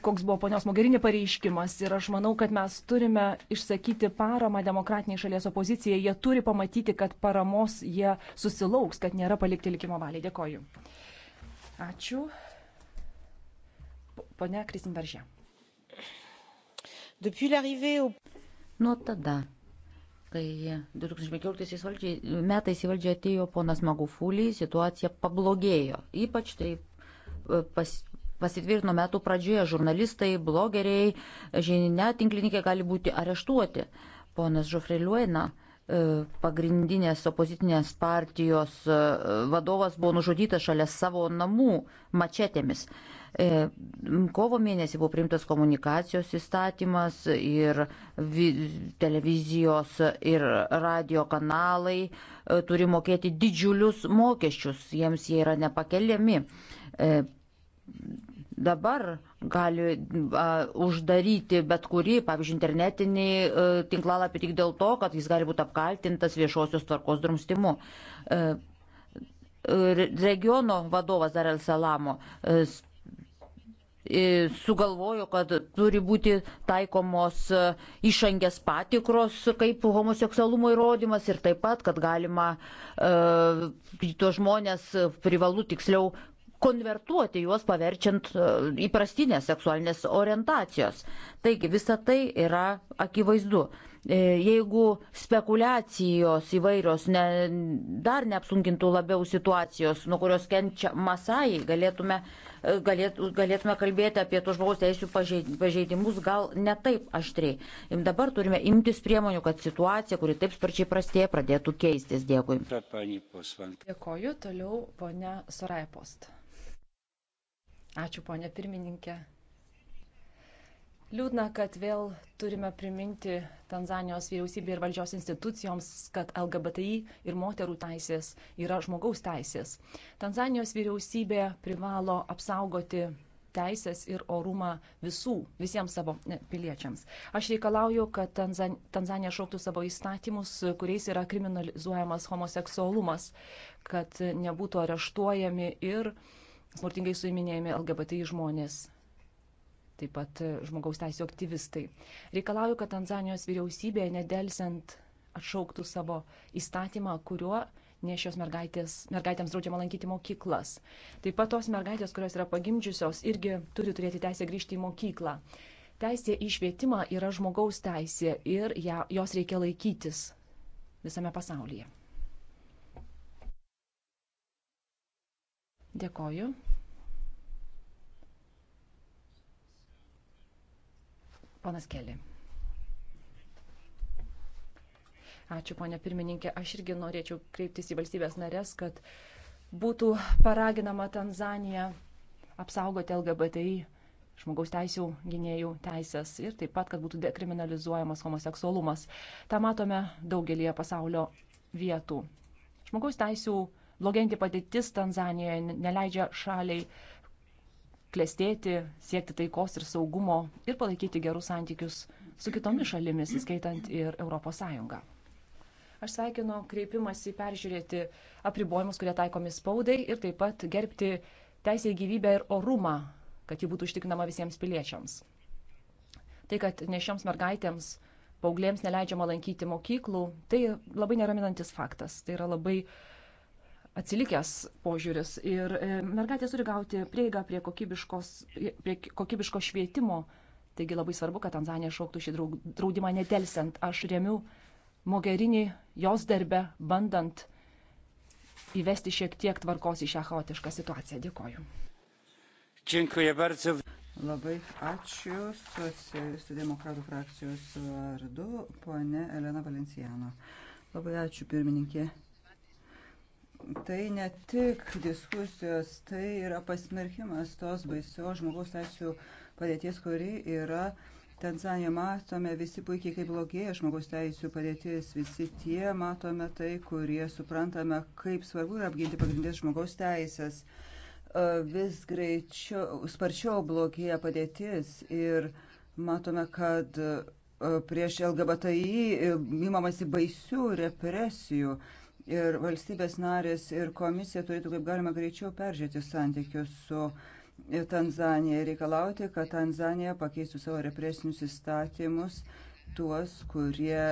koks buvo ponios Mogherini pareiškimas ir aš manau, kad mes turime išsakyti paramą demokratiniai šalies opozicijai. Jie turi pamatyti, kad paramos jie susilauks, kad nėra palikti likimo valiai. Dėkoju. Ačiū. Pone Kristin Veržė. Nuo tada, kai 2015 metais į valdžią atėjo ponas Magufulį, situacija pablogėjo. Ypač tai e, pas, pasitvirtino metų pradžioje. Žurnalistai, blogeriai, žinia, tinklininkė gali būti areštuoti. Ponas Žofriliuena, e, pagrindinės opozicinės partijos e, vadovas, buvo nužudytas šalia savo namų mačetėmis. E, kovo mėnesį buvo priimtas komunikacijos įstatymas ir televizijos ir radio kanalai turi mokėti didžiulius mokesčius, jiems jie yra nepakeliami dabar gali a, uždaryti bet kurį, pavyzdžiui, internetinį a, e, tinklalapį tik dėl to, kad jis gali būti apkaltintas viešosios tvarkos drumstimu. A, e, regiono vadovas Dar El Salamo a, e, sugalvojo, kad turi būti taikomos išangės patikros kaip homoseksualumo įrodymas ir taip pat, kad galima e, tuos žmonės privalu tiksliau konvertuoti juos paverčiant e, įprastinės seksualinės orientacijos. Taigi visa tai yra akivaizdu. E, jeigu spekulacijos įvairios ne, dar neapsunkintų labiau situacijos, nuo kurios kenčia masai, galėtume, e, galėt, galėtume kalbėti apie to žmogaus teisų pažeidimus gal ne taip aštriai. Ir dabar turime imtis priemonių, kad situacija, kuri taip sparčiai prastėja, pradėtų keistis. Dėkui. Dėkoju. Toliau ponia Soraipost. Ačiū, ponė pirmininkė. Liūdna, kad vėl turime priminti Tanzanijos vyriausybė ir valdžios institucijoms, kad LGBTI ir moterų teisės yra žmogaus teisės. Tanzanijos vyriausybė privalo apsaugoti teisės ir orumą visų, visiems savo ne, piliečiams. Aš reikalauju, kad Tanzan, Tanzanija šauktų savo įstatymus, kuriais yra kriminalizuojamas homoseksualumas, kad nebūtų areštuojami ir uh, smurtingai suiminėjami LGBTI žmonės, taip pat e, žmogaus teisų aktyvistai. Reikalauju, kad Tanzanijos vyriausybė nedelsiant atšauktų savo įstatymą, kuriuo nešios mergaitės, mergaitėms draudžiama lankyti mokyklas. Taip pat tos mergaitės, kurios yra pagimdžiusios, irgi turi turėti teisę grįžti į mokyklą. Teisė į švietimą yra žmogaus teisė ir ją, jos reikia laikytis visame pasaulyje. Dėkoju. Panas Keli. Ačiū, ponė pirmininkė. Aš irgi norėčiau kreiptis į valstybės narės, kad būtų paraginama Tanzanija apsaugoti LGBTI žmogaus teisų gynėjų teisės ir taip pat, kad būtų dekriminalizuojamas homoseksualumas. Ta matome daugelie pasaulio vietų. Žmogaus teisų gynėjų blogenti padėtis Tanzanijoje, neleidžia šaliai klestėti, siekti taikos ir saugumo ir palaikyti gerus santykius su kitomis šalimis, įskaitant ir ES. Aš sveikinu kreipimąsi peržiūrėti apribojimus, kurie taikomi spaudai ir taip pat gerbti teisę į gyvybę ir orumą, kad ji būtų užtikrinama visiems piliečiams. Tai, kad nešioms mergaitėms, paauglėms neleidžiama lankyti mokyklų, tai labai neraminantis faktas. Tai yra labai uh, atsilikęs požiūris ir e, mergaitės turi gauti prieigą prie, prie kokybiško švietimo. Taigi labai svarbu, kad Tanzanija šauktų šį draudimą nedelsiant. Aš remiu Mogerinį jos darbę, bandant įvesti šiek tiek tvarkos į šią chaotišką situaciją. Dėkoju. Dziękuję bardzo. Labai ačiū socialistų demokratų frakcijos vardu, ponė Elena Valenciano. Labai ačiū pirmininkė tai ne tik diskusijos, tai yra pasmerkimas tos baisios žmogaus teisų padėties, kuri yra Tanzanija. Matome visi puikiai, kaip blogėja žmogaus teisų padėtis, visi tie matome tai, kurie suprantame, kaip svarbu yra apginti pagrindės žmogaus teisės. E, vis greičiau, sparčiau blogėja padėtis ir matome, kad e, prieš LGBTI įmamasi e, baisių represijų ir valstybės narės ir komisija turėtų kaip galima greičiau peržiūrėti santykius su Tanzanija ir reikalauti, kad Tanzanija pakeistų savo represinius įstatymus tuos, kurie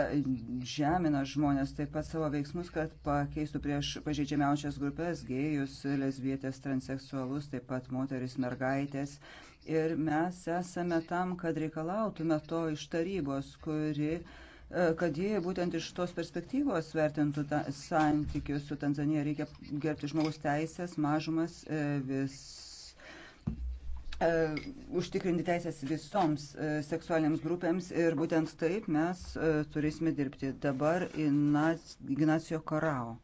žemina žmonės, taip pat savo veiksmus, kad pakeistų prieš pažeidžiamiausias grupės - gėjus, lesbietės, transseksualus, taip pat moteris, mergaitės. Ir mes esame tam, kad reikalautume to iš tarybos, kuri uh, E, kad jie būtent iš tos perspektyvos vertintų ta, santykius su Tanzanija. Reikia gerbti žmogaus teisės, mažumas e, vis. Uh, užtikrinti teisės visoms uh, seksualiniams grupėms ir būtent taip mes uh, turėsime dirbti. Dabar Ignacio Karao.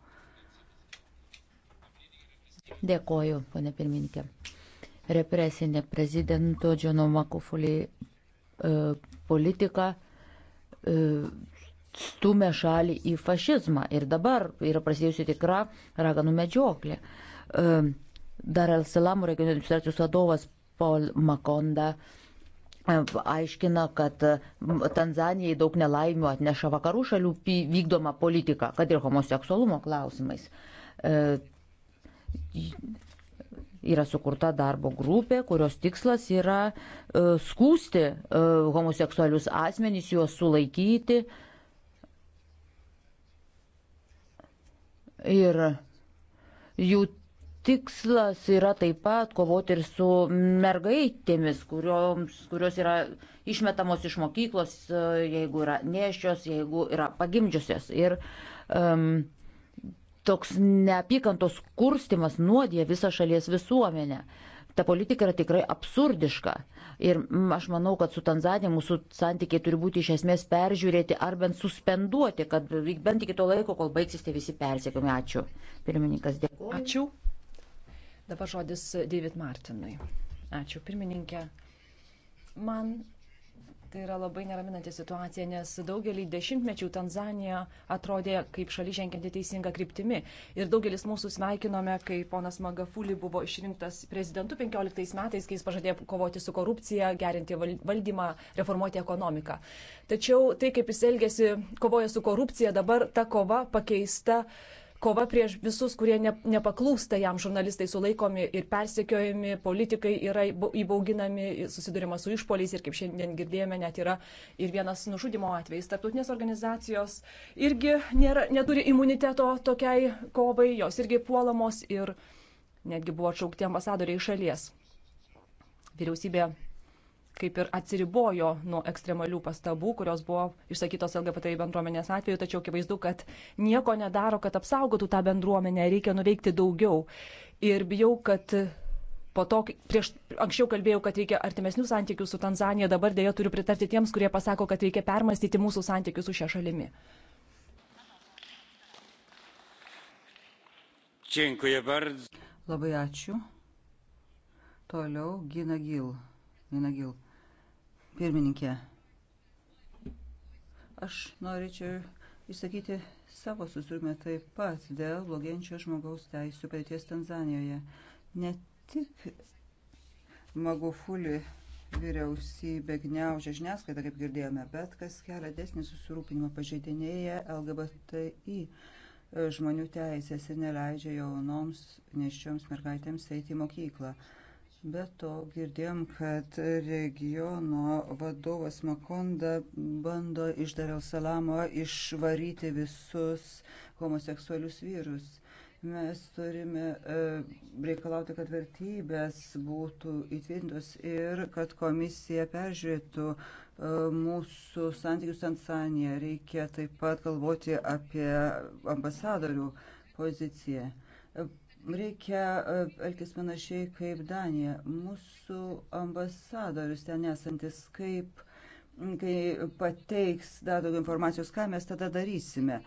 Dėkoju, ponė pirmininkė. Represinė prezidento Džono Makufulį politika E, stumia šalį į fašizmą. Ir dabar yra prasidėjusi tikra raganų medžioklė. E, Dar El Salamo regionų administracijos vadovas Paul Makonda e, aiškina, kad Tanzanijai daug nelaimių atneša vakarų šalių vykdoma politika, kad ir homoseksualumo klausimais Yra sukurta darbo grupė, kurios tikslas yra e, skūsti e, homoseksualius asmenys, juos sulaikyti. Ir jų tikslas yra taip pat kovoti ir su mergaitėmis, kurioms, kurios yra išmetamos iš mokyklos, e, jeigu yra neščios, jeigu yra pagimdžiusios. Ir um, toks neapykantos kurstimas nuodė visą šalies visuomenę. Ta politika yra tikrai absurdiška ir aš manau, kad su Tanzanija mūsų santykiai turi būti iš esmės peržiūrėti ar bent suspenduoti, kad bent iki to laiko, kol baigsis tie visi persiekimai. Ačiū. Pirmininkas, dėkuoju. Ačiū. Dabar žodis David Martinui. Ačiū, pirmininkė. Man Tai yra labai neraminanti situacija, nes daugelį dešimtmečių Tanzanija atrodė kaip šalis žengianti teisinga kryptimi. Ir daugelis mūsų sveikinome, kai ponas Magafuli buvo išrinktas prezidentu 15 metais, kai jis pažadėjo kovoti su korupcija, gerinti valdymą, reformuoti ekonomiką. Tačiau tai, kaip jis elgėsi, kovoja su korupcija, dabar ta kova pakeista kova prieš visus, kurie ne, nepaklūsta jam, žurnalistai sulaikomi ir persekiojami, politikai yra įbauginami, susidurima su išpoliais ir kaip šiandien girdėjome, net yra ir vienas nužudimo atvejis. Tarptautinės organizacijos irgi nėra, neturi imuniteto tokiai kovai, jos irgi puolamos ir netgi buvo atšaukti ambasadoriai iš šalies. Vyriausybė kaip ir atsiribojo nuo ekstremalių pastabų, kurios buvo išsakytos LGBT bendruomenės atveju, tačiau akivaizdu, kad nieko nedaro, kad apsaugotų tą bendruomenę, reikia nuveikti daugiau. Ir bijau, kad po to, prieš, anksčiau kalbėjau, kad reikia artimesnių santykių su Tanzanija, dabar dėja turiu pritarti tiems, kurie pasako, kad reikia permastyti mūsų santykius su šia šalimi. Labai ačiū. Toliau Gina Gil. Gina Gil pirmininkė. Aš norėčiau išsakyti savo susirūpinimą taip pat dėl blogėjančio žmogaus teisų padėties Tanzanijoje. Ne tik Magufuli vyriausybė gniaužia žiniasklaidą, kaip girdėjome, bet kas kelia desnį susirūpinimą pažeidinėje LGBTI žmonių teisės ir neleidžia jaunoms neščioms mergaitėms eiti į mokyklą. Be to girdėjom, kad regiono vadovas Makonda bando iš Dario Salamo išvaryti visus homoseksualius vyrus. Mes turime e, reikalauti, kad vertybės būtų įtvirtintos ir kad komisija peržiūrėtų e, mūsų santykius Tanzanija. Reikia taip pat galvoti apie ambasadorių poziciją Reikia e, elgtis panašiai kaip Danija. Mūsų ambasadorius ten esantis, kaip, kai pateiks dar daugiau informacijos, ką mes tada darysime.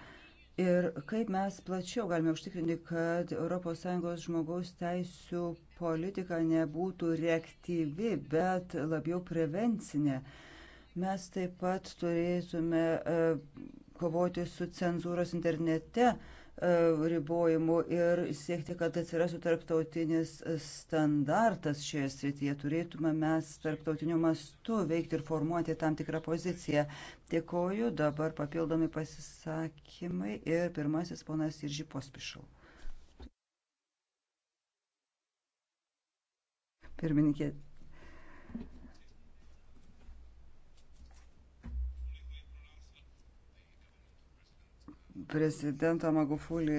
Ir kaip mes plačiau galime užtikrinti, kad ES žmogaus teisų politika nebūtų reaktyvi, bet labiau prevencinė. Mes taip pat turėtume e, kovoti su cenzūros internete uh, E, ribojimų ir siekti, kad atsirastų tarptautinis standartas šioje srityje. Turėtume mes tarptautiniu mastu veikti ir formuoti tam tikrą poziciją. Dėkoju, dabar papildomi pasisakymai ir pirmasis ponas Irži Pospišau. Pirmininkė, prezidento Magufulį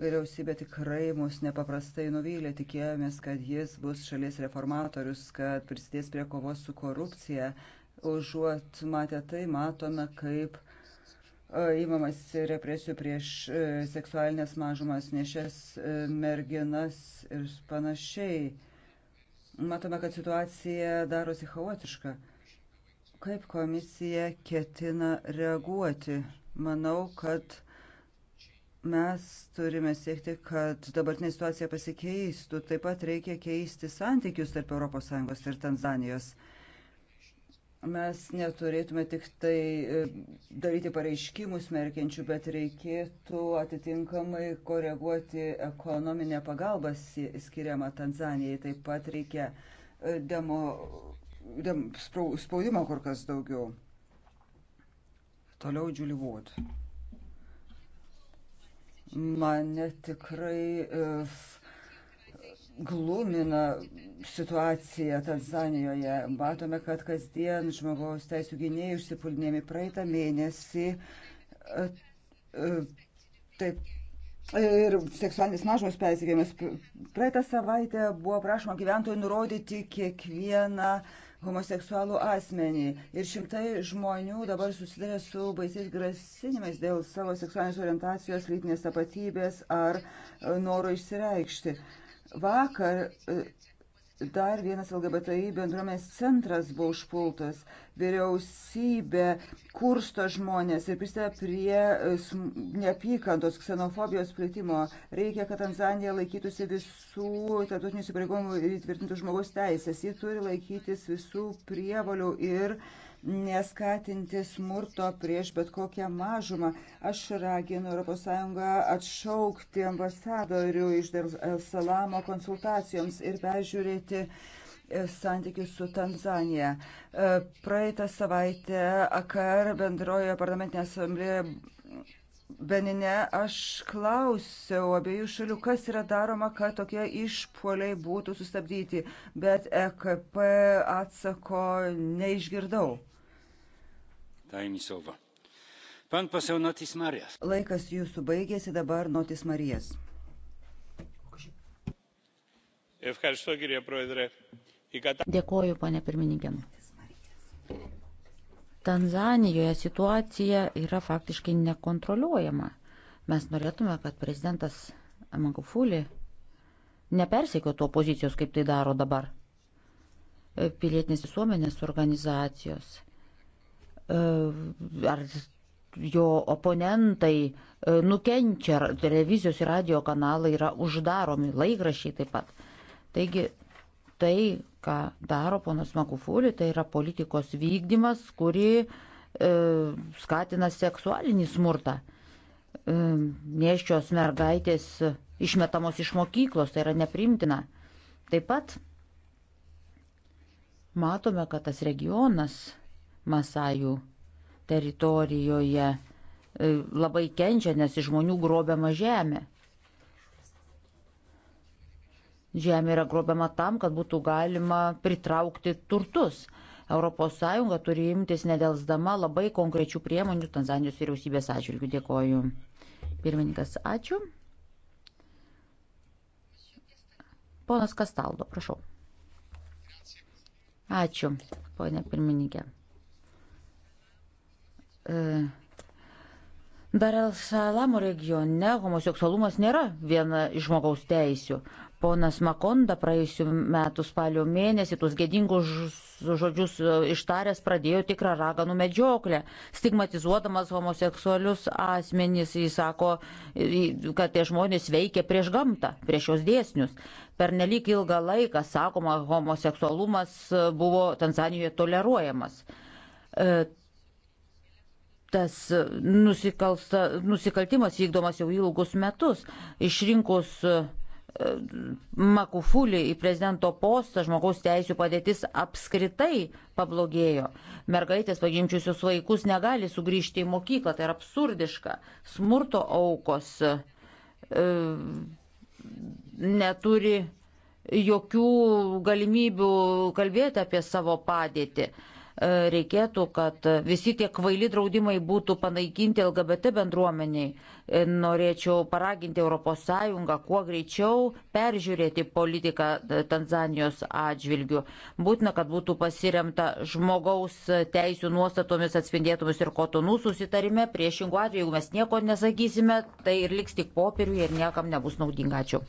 vyriausybė tikrai mus nepaprastai nuvylė. Tikėjomės, kad jis bus šalies reformatorius, kad prisidės prie kovos su korupcija. Užuot matę tai, matome, kaip įmamas e, represijų prieš e, seksualinės mažumas, nešes e, merginas ir panašiai. Matome, kad situacija darosi chaotiška. Kaip komisija ketina reaguoti Manau, kad mes turime siekti, kad dabartinė situacija pasikeistų. Taip pat reikia keisti santykius tarp ES ir Tanzanijos. Mes neturėtume tik tai e, daryti pareiškimų smerkiančių, bet reikėtų atitinkamai koreguoti ekonominę pagalbą skiriamą Tanzanijai. Taip pat reikia e, demo, dem, spaudimo kur kas daugiau. Toliau Julie Wood. Mane tikrai uh, glumina situacija Tanzanijoje. Matome, kad kasdien žmogaus teisų gynėjai užsipulinėjami praeitą mėnesį. E, e, taip. Ir seksualinis mažumas persikėjimas. Praeitą savaitę buvo prašoma gyventojų nurodyti kiekvieną uh, homoseksualų asmenį. Ir šimtai žmonių dabar susidarė su baisiais grasinimais dėl savo seksualinės orientacijos, lytinės tapatybės ar noro išsireikšti. Vakar e, Dar vienas LGBTI bendruomenės centras buvo užpultas. Vyriausybė kursto žmonės ir prisideda prie e, neapykantos ksenofobijos plėtimo. Reikia, kad Tanzanija laikytųsi visų tarptautinių įsipareigojimų ir įtvirtintų žmogaus teisės. Ji turi laikytis visų prievalių ir uh, neskatinti smurto prieš bet kokią mažumą. Aš raginu ES atšaukti ambasadorių iš Salamo konsultacijoms ir peržiūrėti e, santykius su Tanzanija. E, praeitą savaitę AKR bendrojoje parlamentinėje asamblėje Benine aš klausiau abiejų šalių, kas yra daroma, kad tokie išpoliai būtų sustabdyti, bet EKP atsako neišgirdau. Tainisova. Pan pasiau Notis Marijas. Laikas jūsų baigėsi dabar Notis Marijas. Dėkoju, ponė pirmininkė. Tanzanijoje situacija yra faktiškai nekontroliuojama. Mes norėtume, kad prezidentas Magufuli nepersekiotų opozicijos, kaip tai daro dabar. Pilietinės visuomenės organizacijos Ehm, ar jo oponentai e, nukenčia, televizijos ir radio kanalai yra uždaromi, laikrašiai taip pat. Taigi tai, ką daro ponas Makufūri, tai yra politikos vykdymas, kuri e, skatina seksualinį smurtą. E, Neščios mergaitės išmetamos iš mokyklos, tai yra neprimtina. Taip pat matome, kad tas regionas Masajų teritorijoje e, labai kenčia, nes iš žmonių grobiama žemė. Žemė yra grobiama tam, kad būtų galima pritraukti turtus. ES turi imtis nedelsdama labai konkrečių priemonių Tanzanijos vyriausybės atžvilgių. Dėkoju. Pirmininkas, ačiū. Ponas Kastaldo, prašau. Ačiū, ponė pirmininkė. Dar e, El Salamo regione homoseksualumas nėra viena iš žmogaus teisių. Ponas Makonda praėjusiu metu spalio mėnesį tuos gėdingus žodžius ištaręs pradėjo tikrą raganų medžioklę. Stigmatizuodamas homoseksualius asmenys, jis sako, kad tie žmonės veikia prieš gamtą, prieš jos dėsnius. Per nelik ilgą laiką, sakoma, homoseksualumas buvo Tanzanijoje toleruojamas e, tas e, nusikaltimas vykdomas jau ilgus metus. Išrinkus e, e, Makufulį į prezidento postą žmogaus teisų padėtis apskritai pablogėjo. Mergaitės pagimčiusius vaikus negali sugrįžti į mokyklą, tai yra absurdiška. Smurto aukos e, neturi jokių galimybių kalbėti apie savo padėtį. E, E, reikėtų, kad visi tie kvaili draudimai būtų panaikinti LGBT bendruomeniai. E, norėčiau paraginti ES kuo greičiau peržiūrėti politiką e, Tanzanijos atžvilgių. Būtina, kad būtų pasiremta žmogaus teisų nuostatomis atspindėtomis ir kotonų susitarime. Priešingų atveju, jeigu mes nieko nesakysime, tai ir liks tik popieriuje ir niekam nebus naudinga. Ačiū.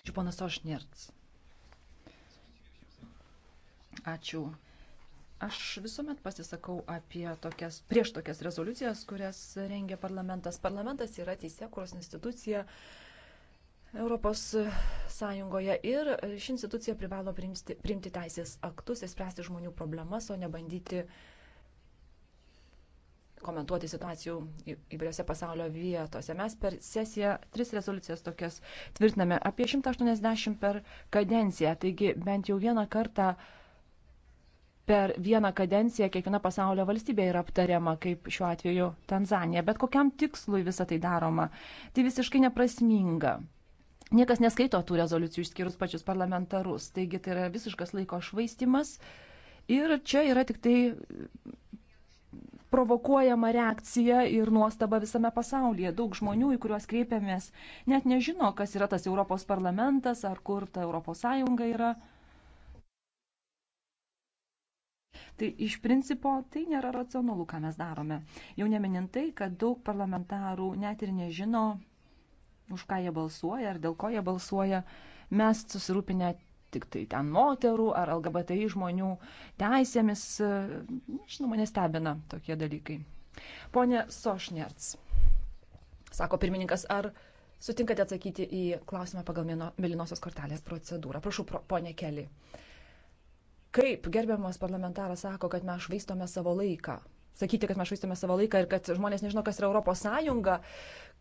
Ačiū, ponas Ošnerts. Ačiū. Aš visuomet pasisakau apie tokias, prieš tokias rezoliucijas, kurias rengia parlamentas. Parlamentas yra teisė, kurios institucija Europos Sąjungoje ir ši institucija privalo priimti, priimti teisės aktus, įspręsti žmonių problemas, o ne bandyti komentuoti situacijų įvairiose pasaulio vietose. Mes per sesiją tris rezoliucijas tokias tvirtiname apie 180 per kadenciją, taigi bent jau vieną kartą uh, per vieną kadenciją kiekviena pasaulio valstybė yra aptariama, kaip šiuo atveju Tanzanija. Bet kokiam tikslui visą tai daroma, tai visiškai neprasminga. Niekas neskaito tų rezoliucijų išskyrus pačius parlamentarus, taigi tai yra visiškas laiko švaistimas. Ir čia yra tik tai provokuojama reakcija ir nuostaba visame pasaulyje. Daug žmonių, į kuriuos kreipiamės, net nežino, kas yra tas Europos parlamentas ar kur ta Europos Sąjunga yra. Tai iš principo tai nėra racionalu, ką mes darome. Jau neminint tai, kad daug parlamentarų net ir nežino, už ką jie balsuoja ar dėl ko jie balsuoja, mes susirūpinę tik tai ten moterų ar LGBTI žmonių teisėmis, žinoma, nestebina tokie dalykai. Pone Sošnerts, sako pirmininkas, ar sutinkate atsakyti į klausimą pagal mėlynosios kortelės procedūrą? Prašau, pro, ponė Keli. Uh, Kaip gerbiamas parlamentaras sako, kad mes švaistome savo laiką? Sakyti, kad mes švaistome savo laiką ir kad žmonės nežino, kas yra Europos Sąjunga.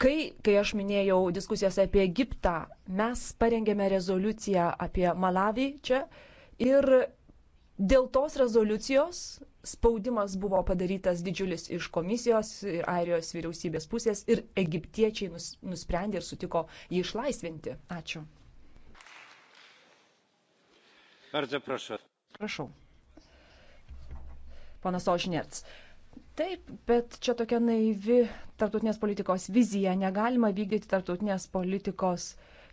Kai, kai aš minėjau diskusijas apie Egiptą, mes parengėme rezoliuciją apie Malavį čia ir Dėl tos rezoliucijos spaudimas buvo padarytas didžiulis iš komisijos ir Airijos vyriausybės pusės ir egiptiečiai nus, nusprendė ir sutiko jį išlaisvinti. Ačiū. Bardzo proszę. Prašau. Panas Ožnets. Taip, bet čia tokia naivi tartutinės politikos vizija. Negalima vykdyti tartutinės politikos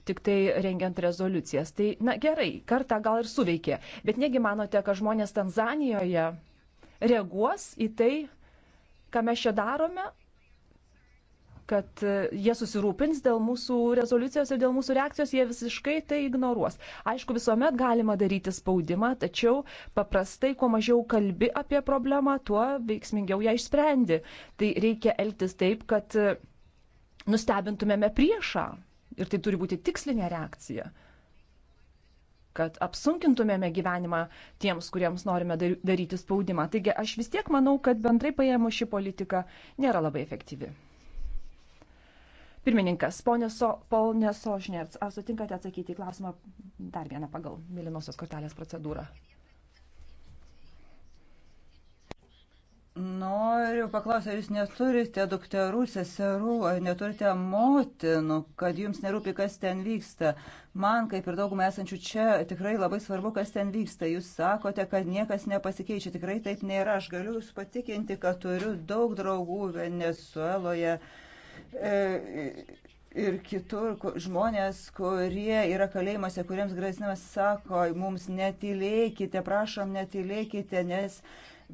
tik tai rengiant rezoliucijas. Tai, na gerai, kartą gal ir suveikė. Bet negi manote, kad žmonės Tanzanijoje reaguos į tai, ką mes čia darome, kad e, jie susirūpins dėl mūsų rezoliucijos ir dėl mūsų reakcijos, jie visiškai tai ignoruos. Aišku, visuomet galima daryti spaudimą, tačiau paprastai, kuo mažiau kalbi apie problemą, tuo veiksmingiau ją išsprendi. Tai reikia elgtis taip, kad e, nustebintumėme priešą. Ir tai turi būti tikslinė reakcija kad apsunkintumėme gyvenimą tiems, kuriems norime daryti spaudimą. Taigi aš vis tiek manau, kad bendrai paėmus ši politika nėra labai efektyvi. Pirmininkas, ponė so, Sožnerts, ar sutinkate atsakyti į klausimą dar vieną pagal mėlynosios kortelės procedūrą? Noriu paklausyti, ar jūs neturite dukterų, seserų, ar neturite motinų, kad jums nerūpi, kas ten vyksta. Man, kaip ir daugumai esančių čia, tikrai labai svarbu, kas ten vyksta. Jūs sakote, kad niekas nepasikeičia. Tikrai taip nėra. Aš galiu jūs patikinti, kad turiu daug draugų Venezueloje. Uh, E, ir kitur žmonės, kurie yra kalėjimuose, kuriems grasinamas, sako, mums netylėkite, prašom netylėkite, nes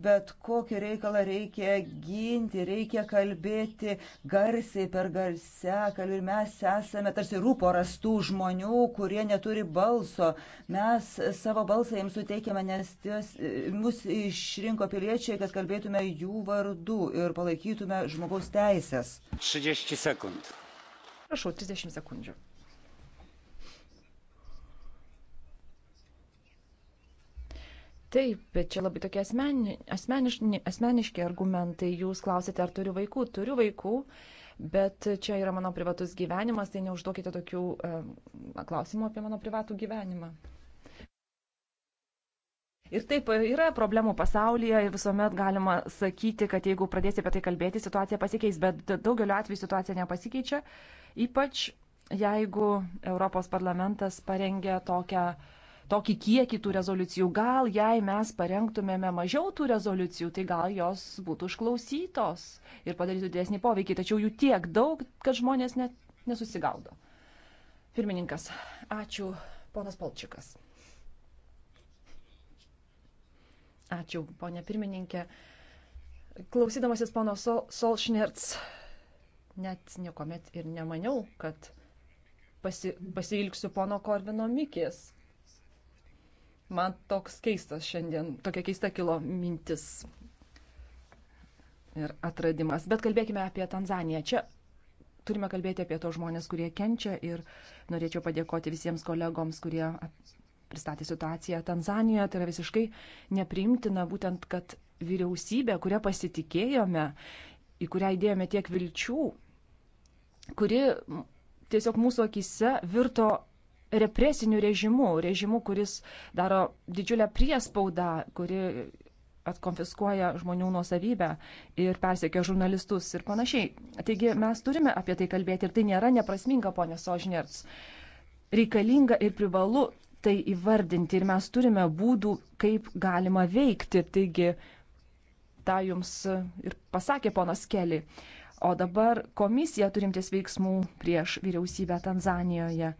bet kokį reikalą reikia ginti, reikia kalbėti garsiai per garsę, kad ir mes esame tarsi rūpo rastų žmonių, kurie neturi balso. Mes savo balsą jiems suteikėme, nes ties, mus išrinko piliečiai, kad kalbėtume jų vardu ir palaikytume žmogaus teisės. 30 sekundžių. Prašau, 30 sekundžių. Taip, bet čia labai tokie asmeni, asmeniš, asmeniški argumentai. Jūs klausite, ar turiu vaikų? Turiu vaikų, bet čia yra mano privatus gyvenimas, tai neužduokite tokių e, klausimų apie mano privatų gyvenimą. Ir taip, e, yra problemų pasaulyje ir visuomet galima sakyti, kad jeigu pradėsite apie tai kalbėti, situacija pasikeis, bet daugeliu atveju situacija nepasikeičia, ypač jeigu Europos parlamentas parengia tokią uh, tokį kiekį tų rezoliucijų. Gal jei mes parengtumėme mažiau tų rezoliucijų, tai gal jos būtų išklausytos ir padarytų didesnį poveikį, tačiau jų tiek daug, kad žmonės net nesusigaudo. Pirmininkas, ačiū, ponas Polčiukas. Ačiū, ponė pirmininkė. Klausydamasis pono Sol Solšnerts, net niekuomet ir nemaniau, kad pasi, pasilgsiu pono Korvino Mikės. Man toks keistas šiandien, tokia keista kilo mintis ir atradimas. Bet kalbėkime apie Tanzaniją. Čia turime kalbėti apie tos žmonės, kurie kenčia ir norėčiau padėkoti visiems kolegoms, kurie pristatė situaciją Tanzanijoje. Tai yra visiškai nepriimtina būtent, kad vyriausybė, kurią pasitikėjome, į kurią įdėjome tiek vilčių, kuri tiesiog mūsų akise virto represiniu režimu, režimu, kuris daro didžiulę priespaudą, kuri atkonfiskuoja žmonių nuosavybę ir persekia žurnalistus ir panašiai. Taigi mes turime apie tai kalbėti ir tai nėra neprasminga, ponė Sožnerts. Reikalinga ir privalu tai įvardinti ir mes turime būdų, kaip galima veikti. Taigi tą jums ir pasakė ponas Keli. O dabar komisija turimtis veiksmų prieš vyriausybę Tanzanijoje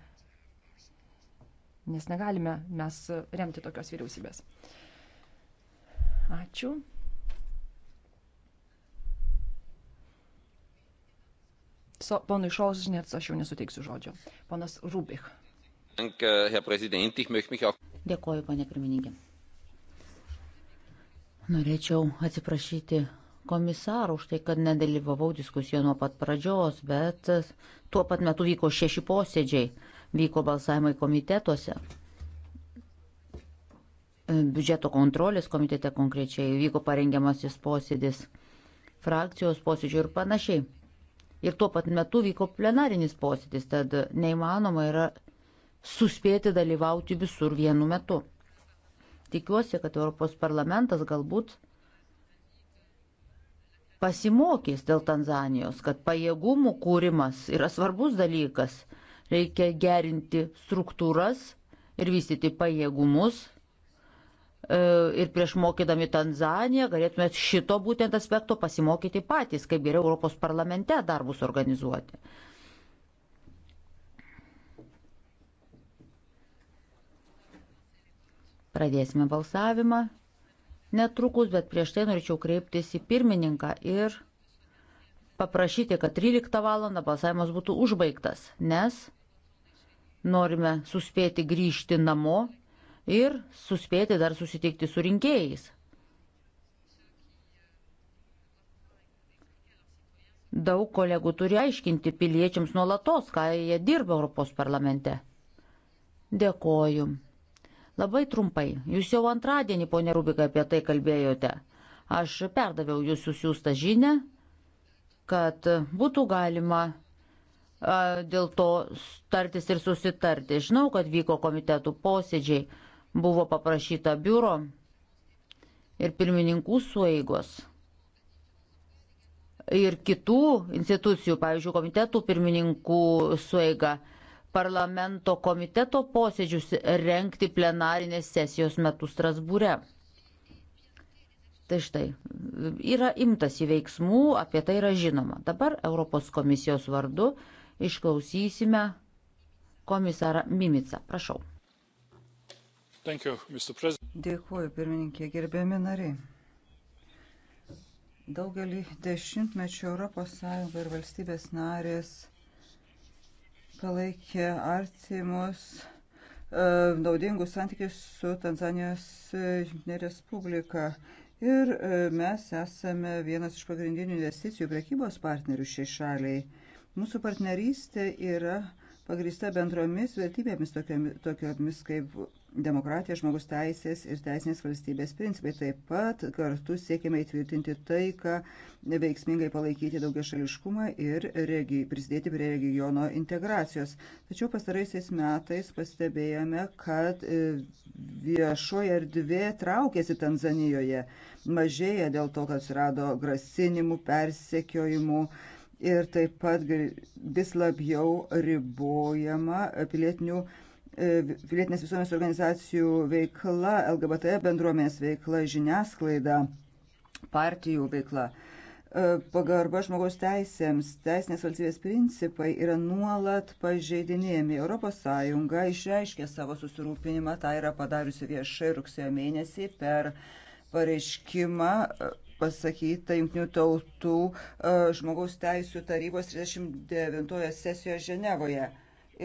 nes negalime mes remti tokios vyriausybės. Ačiū. So, ponui Šolžinėts aš jau nesuteiksiu žodžio. Ponas Rubik. Dėkuoju, ponė pirmininkė. Norėčiau atsiprašyti komisarų už tai, kad nedalyvavau diskusijoje nuo pat pradžios, bet tuo pat metu vyko šeši posėdžiai vyko balsavimai komitetuose. Biudžeto kontrolės komitete konkrečiai vyko parengiamasis posėdis, frakcijos posėdžių ir panašiai. Ir tuo pat metu vyko plenarinis posėdis, tad neįmanoma yra suspėti dalyvauti visur vienu metu. Tikiuosi, kad Europos parlamentas galbūt pasimokys dėl Tanzanijos, kad pajėgumų kūrimas yra svarbus dalykas Reikia gerinti struktūras ir vystyti pajėgumus. E, ir prieš mokydami Tanzaniją galėtume šito būtent aspekto pasimokyti patys, kaip geriau Europos parlamente darbus organizuoti. Pradėsime balsavimą netrukus, bet prieš tai norėčiau kreiptis į pirmininką ir paprašyti, kad 13 val. balsavimas būtų užbaigtas, nes norime suspėti grįžti namo ir suspėti dar susitikti su rinkėjais. Daug kolegų turi aiškinti piliečiams nuolatos, ką jie dirba Europos parlamente. Dėkoju. Labai trumpai, jūs jau antradienį, ponė Rubika, apie tai kalbėjote. Aš perdaviau jūsų siūstą žinę, kad būtų galima dėl to tartis ir susitarti. Žinau, kad vyko komitetų posėdžiai, buvo paprašyta biuro ir pirmininkų sueigos ir kitų institucijų, pavyzdžiui, komitetų pirmininkų sueiga parlamento komiteto posėdžius renkti plenarinės sesijos metu Strasbūre. Tai štai, yra imtas į veiksmų, apie tai yra žinoma. Dabar Europos komisijos vardu išklausysime komisarą Mimicą. Prašau. You, Dėkuoju, pirmininkė, gerbėmi nariai. Daugelį dešimtmečių ES ir valstybės narės palaikė artimus e, naudingus santykius su Tanzanijos Respublika. Ir e, mes esame vienas iš pagrindinių investicijų prekybos partnerių šiai šaliai. Mūsų partnerystė yra pagrįsta bendromis vertybėmis tokiomis, tokiomis kaip demokratija, žmogus teisės ir teisinės valstybės principai. Taip pat kartu siekime įtvirtinti taiką, veiksmingai palaikyti daugia šališkumą ir regi, prisidėti prie regiono integracijos. Tačiau pastaraisiais metais pastebėjome, kad e, viešoje erdvė traukėsi Tanzanijoje. Mažėja dėl to, kad surado grasinimų, persekiojimų ir taip pat vis labiau ribojama pilietinių e, pilietinės visuomenės organizacijų veikla, LGBT bendruomenės veikla, žiniasklaida, partijų veikla. E, pagarba žmogaus teisėms, teisinės valstybės principai yra nuolat pažeidinėjami. ES išreiškė savo susirūpinimą, tai yra padariusi viešai rugsėjo mėnesį per pareiškimą pasakyta Junktinių tautų e, žmogaus teisų tarybos 39 sesijoje Ženevoje.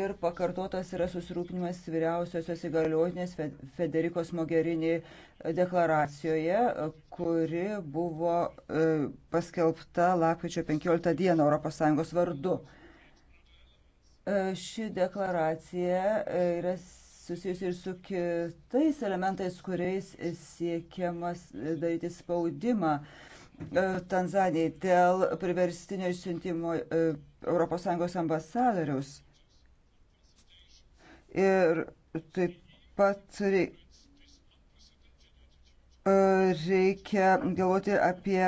Ir pakartotas yra susirūpinimas vyriausiosios įgaliotinės Federikos Mogerini deklaracijoje, kuri buvo e, paskelbta lapkričio 15 dieną ES vardu. E, ši deklaracija yra susijusi ir su kitais elementais, kuriais siekiamas daryti spaudimą e, Tanzanijai dėl priverstinio išsiuntimo e, ES ambasadoriaus. Ir taip pat e, reikia galvoti apie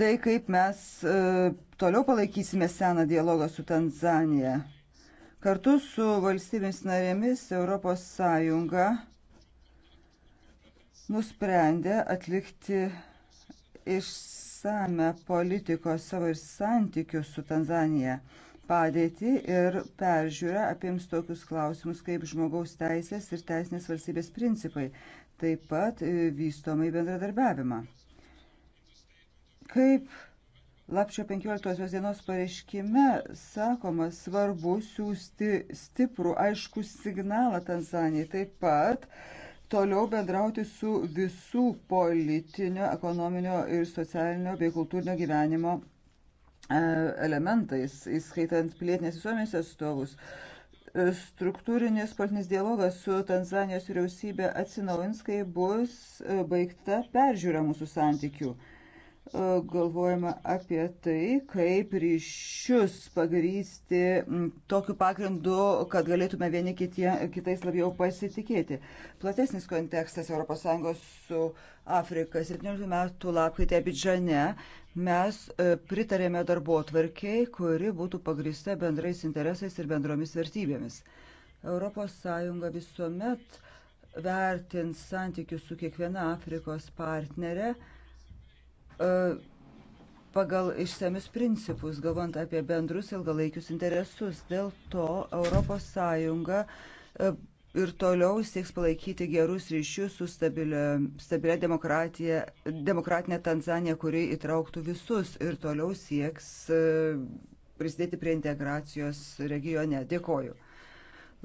tai, kaip mes toliau palaikysime seną dialogą su Tanzanija. Kartu su valstybėmis narėmis Europos Sąjunga nusprendė atlikti išsame politikos savo ir santykių su Tanzanija padėtį ir peržiūrą apims tokius klausimus kaip žmogaus teisės ir teisinės valstybės principai, taip pat vystomai bendradarbiavimą. Kaip Lapčio 15 dienos pareiškime sakoma svarbu siūsti stiprų, aišku signalą Tanzanijai. Taip pat toliau bendrauti su visų politinio, ekonominio ir socialinio bei kultūrinio gyvenimo e, elementais, įskaitant pilietinės visuomenės atstovus. Struktūrinis politinis dialogas su Tanzanijos vyriausybė atsinaujins, kai bus e, baigta peržiūra mūsų santykių. E, galvojama apie tai, kaip ryšius pagrysti tokiu pagrindu, kad galėtume vieni kitie, kitais labiau pasitikėti. Platesnis kontekstas ES su Afrika. 17 metų lapkaitį Abidžane mes e, pritarėme darbo tvarkiai, kuri būtų pagrįsta bendrais interesais ir bendromis vertybėmis. ES visuomet vertins santykius su kiekviena Afrikos partnerė E, pagal išsamius principus, galvant apie bendrus ilgalaikius interesus. Dėl to ES e, ir toliau sieks palaikyti gerus ryšius su stabilia, stabilia demokratinė Tanzanija, kuri įtrauktų visus ir toliau sieks e, prisidėti prie integracijos regione. Dėkoju.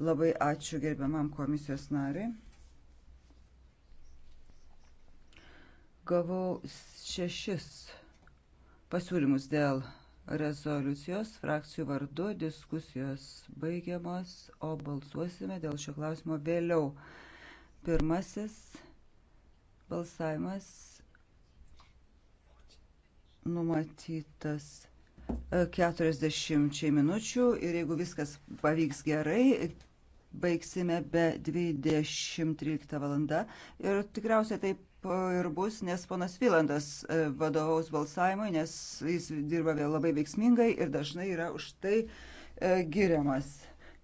Labai ačiū gerbiamam komisijos nariui. Gavau šešis pasiūlymus dėl rezoliucijos frakcijų vardu. Diskusijos baigiamos, o balsuosime dėl šio klausimo vėliau. Pirmasis balsavimas numatytas 40 e, minučių ir jeigu viskas pavyks gerai, baigsime be 20.13 val. ir tikriausiai taip taip e, ir bus, nes ponas Vilandas e, vadovaus balsavimui, nes jis dirba vėl labai veiksmingai ir dažnai yra už tai e, giriamas.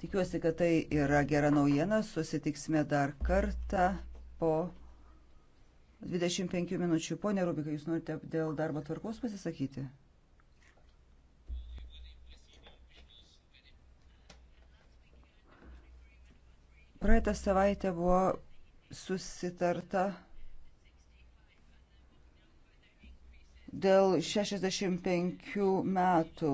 Tikiuosi, kad tai yra gera naujiena. Susitiksime dar kartą po 25 minučių. Pone Rubika, jūs norite dėl darbo tvarkos pasisakyti? Praeitą savaitę buvo susitarta dėl 65 metų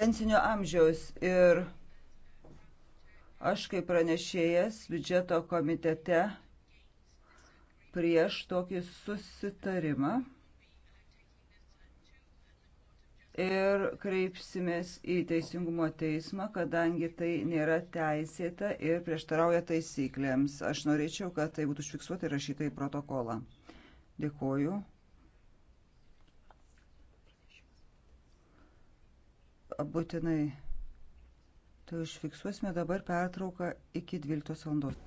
pensinio amžiaus ir aš kaip pranešėjas biudžeto komitete prieš tokį susitarimą ir kreipsimės į Teisingumo teismą, kadangi tai nėra teisėta ir prieštarauja taisyklėms. Aš norėčiau, kad tai būtų užfiksuota ir rašyta į protokolą. Dėkoju. Būtinai tai užfiksuosime dabar pertrauką iki 12 valandos.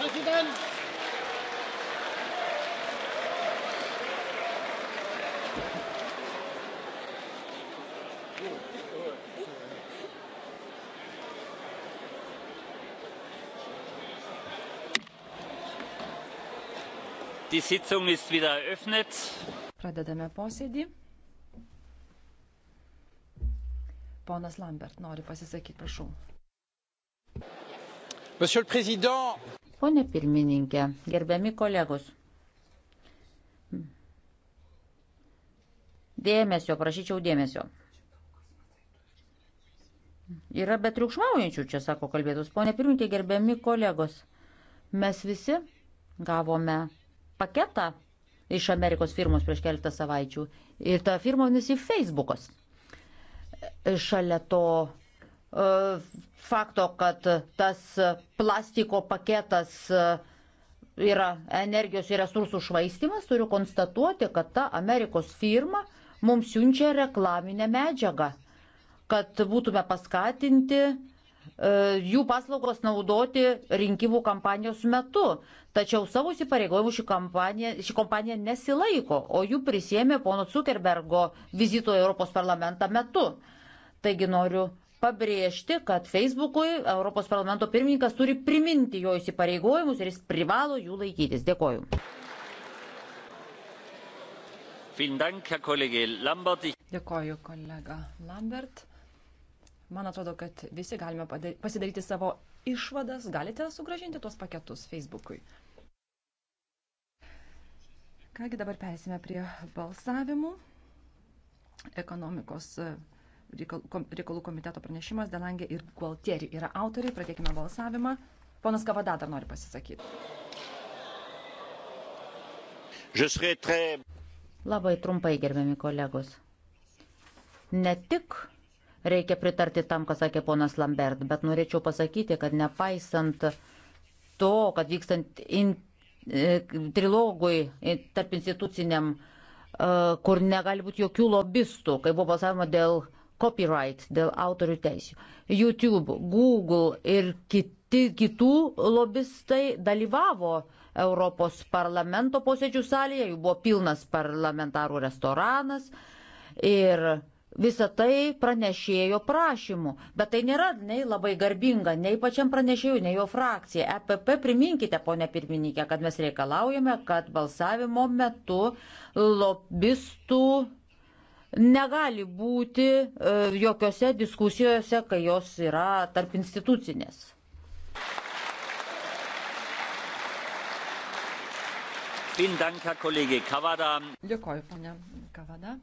Präsident! Die Sitzung ist wieder eröffnet. Pradedame posėdį. Ponas Lambert nori pasisakyti, prašau. Monsieur le Président, Pone pirmininkė, gerbiami kolegos, dėmesio, prašyčiau dėmesio. Yra betriukšmaujančių, čia sako kalbėtus. Pone pirmininkė, gerbiami kolegos, mes visi gavome paketą iš Amerikos firmos prieš keletą savaičių ir ta firma vadinasi Facebookas. Šalia to e, fakto, kad tas plastiko paketas yra energijos ir resursų švaistimas, turiu konstatuoti, kad ta Amerikos firma mums siunčia reklaminę medžiagą, kad būtume paskatinti e, jų paslaugos naudoti rinkimų kampanijos metu. Tačiau savo įsipareigojimų ši, kampanija, ši kompanija nesilaiko, o jų prisėmė pono Zuckerbergo vizito į Europos parlamentą metu. Taigi noriu pabrėžti, kad Facebookui Europos parlamento pirmininkas turi priminti jo įsipareigojimus ir jis privalo jų laikytis. Dėkoju. Dėkoju, kolega Lambert. Man atrodo, kad visi galime pasidaryti savo išvadas, galite sugražinti tuos paketus Facebookui. Kągi dabar persime prie balsavimų ekonomikos reikalų komiteto pranešimas Delangė ir Gualtieri yra autoriai. Pradėkime balsavimą. Ponas Kavada dar nori pasisakyti. Très... Labai trumpai, gerbiami kolegos. Ne tik reikia pritarti tam, ką sakė ponas Lambert, bet norėčiau pasakyti, kad nepaisant to, kad vykstant in, e, trilogui e, tarp instituciniam, e, kur negali būti jokių lobistų, kai buvo balsavimo dėl e, copyright, dėl autorių teisių. YouTube, Google ir kiti, kitų lobistai dalyvavo Europos parlamento posėdžių salėje, jų buvo pilnas parlamentarų restoranas ir visą tai pranešėjo prašymu. Bet tai nėra nei labai garbinga, nei pačiam pranešėjui, nei jo frakcija. EPP priminkite, ponė pirmininkė, kad mes reikalaujame, kad balsavimo metu lobistų negali būti e, jokiose diskusijose, kai jos yra tarp institucinės. Dėkoju, ponia Kavada.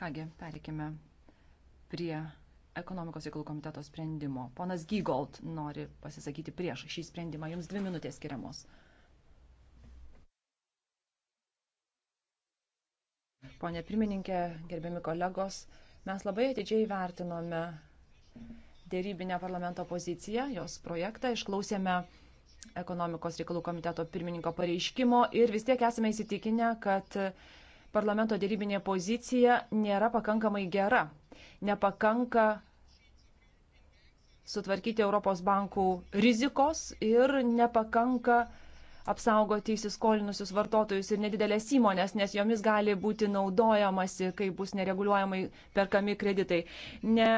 Kągi, perikime prie ekonomikos reikalų komiteto sprendimo. Ponas Gygold nori pasisakyti prieš šį sprendimą. Jums dvi minutės skiriamos. Pone pirmininkė, gerbiami kolegos, mes labai atidžiai vertinome dėrybinę parlamento poziciją, jos projektą, išklausėme ekonomikos reikalų komiteto pirmininko pareiškimo ir vis tiek esame įsitikinę, kad parlamento dėrybinė pozicija nėra pakankamai gera. Nepakanka sutvarkyti Europos bankų rizikos ir nepakanka uh, apsaugoti įsiskolinusius vartotojus ir nedidelės įmonės, nes jomis gali būti naudojamasi, kai bus nereguliuojamai perkami kreditai. Ne,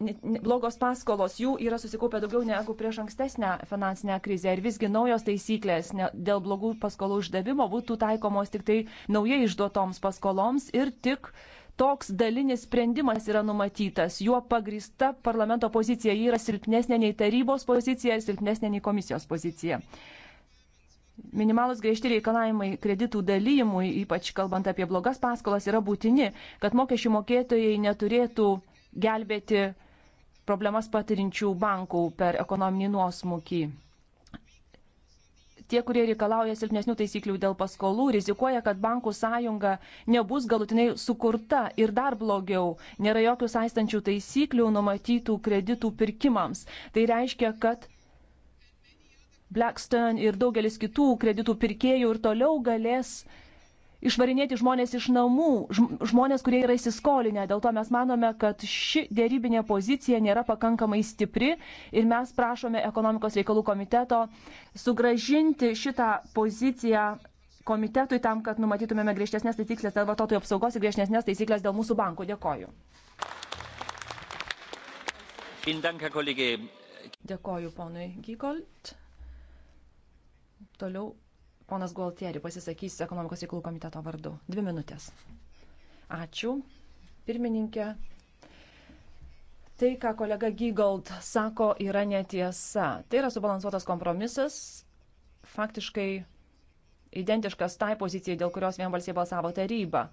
ne, ne, blogos paskolos jų yra susikaupę daugiau negu prieš ankstesnę finansinę krizę ir visgi naujos taisyklės ne, dėl blogų paskolų išdavimo būtų taikomos tik tai naujai išduotoms paskoloms ir tik toks dalinis sprendimas yra numatytas, juo pagrįsta parlamento pozicija yra silpnesnė nei tarybos pozicija ir silpnesnė nei komisijos pozicija. Minimalus griežti reikalavimai kreditų dalyjimui, ypač kalbant apie blogas paskolas, yra būtini, kad mokesčių mokėtojai neturėtų gelbėti problemas patirinčių bankų per ekonominį nuosmukį. Tie, kurie reikalauja silpnesnių taisyklių dėl paskolų, rizikuoja, kad bankų sąjunga nebus galutinai sukurta ir dar blogiau, nėra jokių saistančių taisyklių numatytų kreditų pirkimams. Tai reiškia, kad Blackstone ir daugelis kitų kreditų pirkėjų ir toliau galės išvarinėti žmonės iš namų, žmonės, kurie yra įsiskolinę. Dėl to mes manome, kad ši dėrybinė pozicija nėra pakankamai stipri ir mes prašome ekonomikos reikalų komiteto sugražinti šitą poziciją komitetui tam, kad numatytumėme griežtesnės taisyklės dėl vartotojų apsaugos ir griežtesnės taisyklės dėl mūsų bankų. Dėkoju. Dėkoju ponui Gygolt. Toliau ponas Gualtieri pasisakys ekonomikos reikalų komiteto vardu. Dvi minutės. Ačiū. Pirmininkė. Tai, ką kolega Gygold sako, yra netiesa. Tai yra subalansuotas kompromisas, faktiškai identiškas tai pozicijai, dėl kurios vienbalsiai balsavo taryba.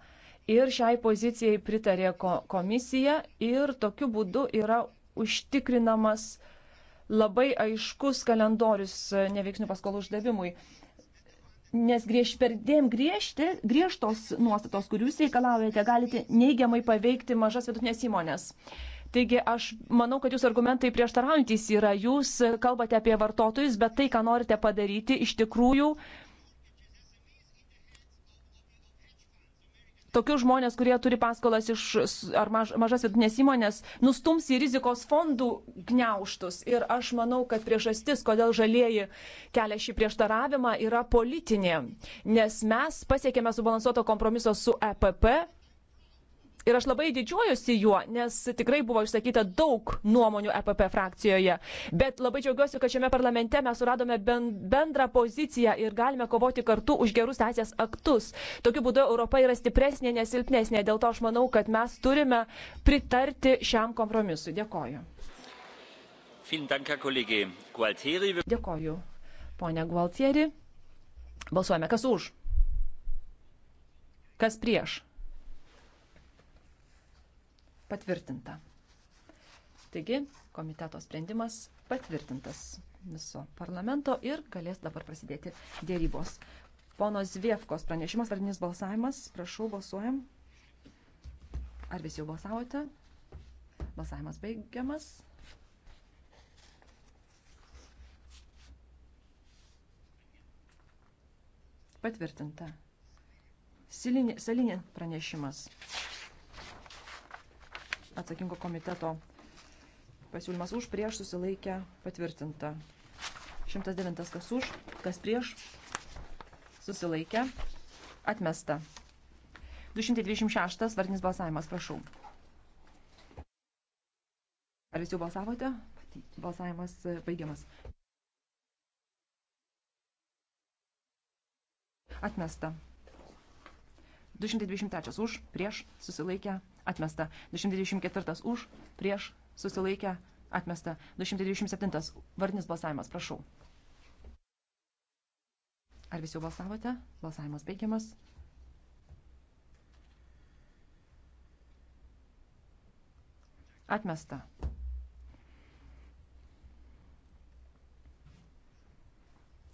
Ir šiai pozicijai pritarė komisija ir tokiu būdu yra užtikrinamas uh, labai aiškus kalendorius e, neveiksnių paskolų uždavimui. Nes griež, per dėm griežti, griežtos nuostatos, kurių jūs reikalaujate, galite neigiamai paveikti mažas vidutinės įmonės. Taigi aš manau, kad jūsų argumentai prieštaraujantis yra. Jūs kalbate apie vartotojus, bet tai, ką norite padaryti, iš tikrųjų uh, tokius žmonės, kurie turi paskolas iš ar maž, mažas vidutinės įmonės, nustums į rizikos fondų gneuštus. Ir aš manau, kad priežastis, kodėl žalieji kelia šį prieštaravimą, yra politinė. Nes mes pasiekėme subalansuoto kompromiso su EPP Ir aš labai didžiuojuosi juo, nes tikrai buvo išsakyta daug nuomonių EPP frakcijoje. Bet labai džiaugiuosi, kad šiame parlamente mes suradome bendrą poziciją ir galime kovoti kartu už gerus teisės aktus. Tokiu būdu Europa yra stipresnė, nesilpnesnė. Dėl to aš manau, kad mes turime pritarti šiam kompromisui. Dėkoju. Dėkoju. Pone Gualtieri, balsuojame kas už, kas prieš Patvirtinta. Taigi, komiteto sprendimas patvirtintas viso parlamento ir galės dabar prasidėti dėrybos. Pono Zviefkos pranešimas, vardinis balsavimas. Prašau, balsuojam. Ar visi jau balsavote? Balsavimas baigiamas. Patvirtinta. Silinė, salinė pranešimas atsakingo komiteto pasiūlymas už prieš susilaikę patvirtinta. 109 kas už, kas prieš susilaikę atmesta. 226 vardinis balsavimas, prašau. Ar jūs jau balsavote? Balsavimas e, baigiamas. Atmesta. 223 už, prieš, susilaikę, atmesta. 224 už, prieš, susilaikę, atmesta. 227 vardinis balsavimas, prašau. Ar visi jau balsavote? Balsavimas baigiamas. Atmesta.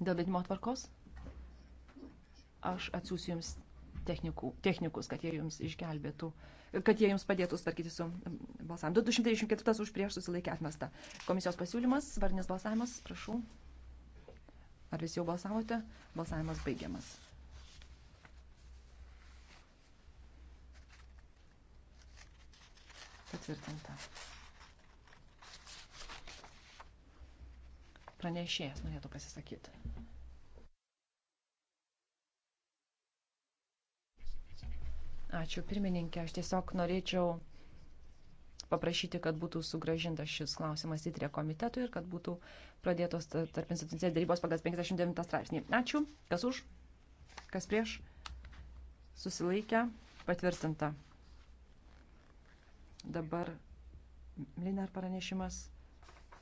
Dėl vedimo tvarkos aš atsiųsiu jums technikų, technikus, kad jie jums išgelbėtų, kad jie jums padėtų tvarkyti su um, balsavimu. 224 už prieš susilaikė atmesta. Komisijos pasiūlymas, varnės balsavimas, prašau. Ar visi jau balsavote? Balsavimas baigiamas. Patvirtinta. Pranešėjas norėtų pasisakyti. Ačiū pirmininkė, aš tiesiog norėčiau paprašyti, kad būtų sugražintas šis klausimas įtrė komitetui ir kad būtų pradėtos tarp institucinės darybos pagal 59 straipsnį. Ačiū. Kas už? Kas prieš? Susilaikę. Patvirtinta. Dabar Linar pranešimas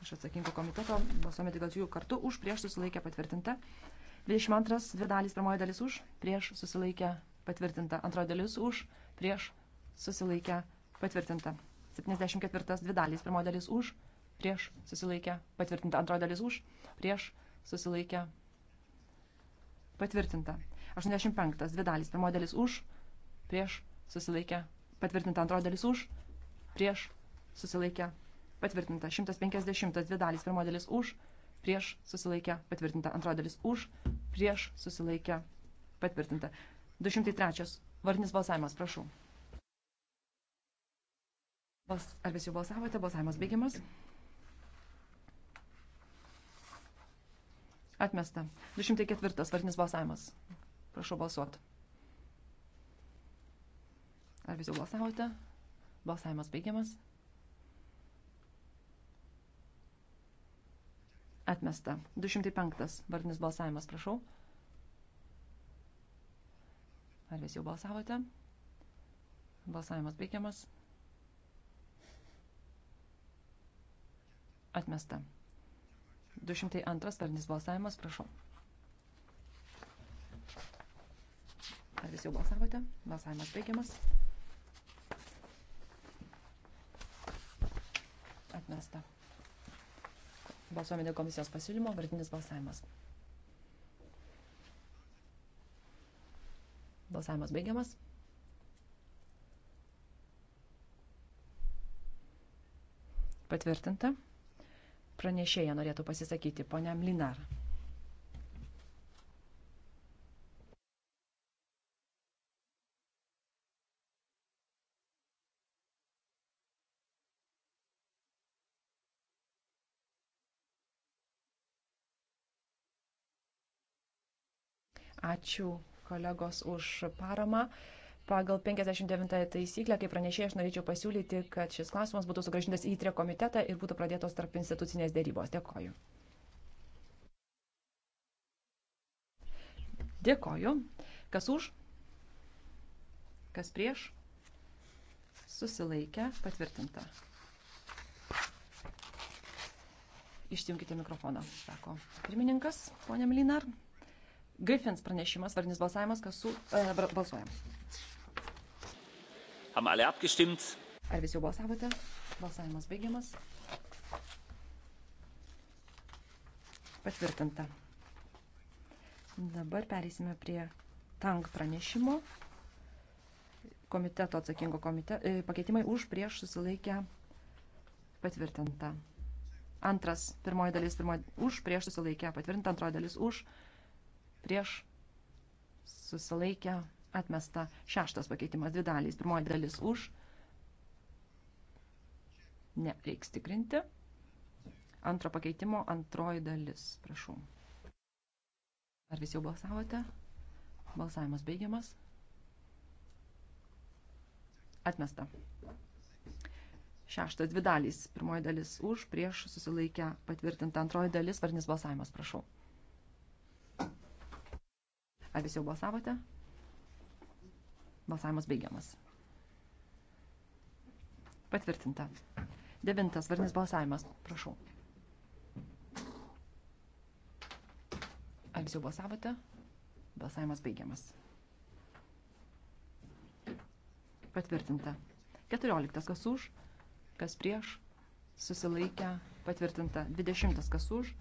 iš atsakingo komiteto. Balsuomet dėl jų kartu už prieš susilaikę patvirtinta. 22. Dvi dalys, pirmoji dalis už prieš susilaikę patvirtinta. Antroji dalis už, prieš, susilaikę, patvirtinta. 74 dvi dalys. Pirmoji dalis už, prieš, susilaikę, patvirtinta. Antroji dalis už, prieš, susilaikę, patvirtinta. 85 dvi dalys. Pirmoji dalis už, prieš, susilaikę, patvirtinta. Antroji dalis už, prieš, susilaikę, patvirtinta. 150 dvi dalys. Pirmoji dalis už, prieš, susilaikę, patvirtinta. Antroji dalis už, prieš, susilaikę, patvirtinta. 203. Vardinis balsavimas, prašau. Bals, ar visi jau balsavote? Balsavimas baigiamas. Atmesta. 204. Vardinis balsavimas. Prašau balsuoti. Ar visi jau balsavote? Balsavimas baigiamas. Atmesta. 205. Vardinis balsavimas, prašau. Ar visi jau balsavote? Balsavimas baigiamas. Atmesta. 202 tarnis balsavimas, prašau. Ar visi jau balsavote? Balsavimas baigiamas. Atmesta. Balsuomenė komisijos pasiūlymo, vardinis balsavimas. Balsavimas baigiamas. Patvirtinta. Pranešėja norėtų pasisakyti ponia Mlinar. Ačiū kolegos už paramą. Pagal 59 taisyklę, kaip pranešėjai, aš norėčiau pasiūlyti, kad šis klausimas būtų sugražintas į trio komitetą ir būtų pradėtos tarp institucinės dėrybos. Dėkoju. Dėkoju. Kas už? Kas prieš? Susilaikę. Patvirtinta. Išjungite mikrofoną, sako pirmininkas, ponė Mlinar. Griffins pranešimas, vardinis balsavimas, kas su... E, balsuojam. Ar visi jau balsavote? Balsavimas baigiamas. Patvirtinta. Dabar pereisime prie tank pranešimo. Komiteto atsakingo komite, e, pakeitimai už prieš susilaikę patvirtinta. Antras, pirmoji dalis, pirmoji, už prieš susilaikę patvirtinta, antroji dalis už prieš susilaikę atmesta šeštas pakeitimas dvi dalys. Pirmoji dalis už. Ne, reiks tikrinti. Antro pakeitimo antroji dalis. Prašau. Ar visi jau balsavote? Balsavimas baigiamas. Atmesta. Šeštas dvi dalys. Pirmoji dalis už, prieš susilaikę patvirtinta antroji dalis. Varnis balsavimas, prašau. Ar visi jau balsavote? Balsavimas baigiamas. Patvirtinta. Devintas varnis balsavimas. Prašau. Ar visi jau balsavote? Balsavimas baigiamas. Patvirtinta. Keturioliktas kas už, kas prieš, susilaikę, patvirtinta. Dvidešimtas kas už,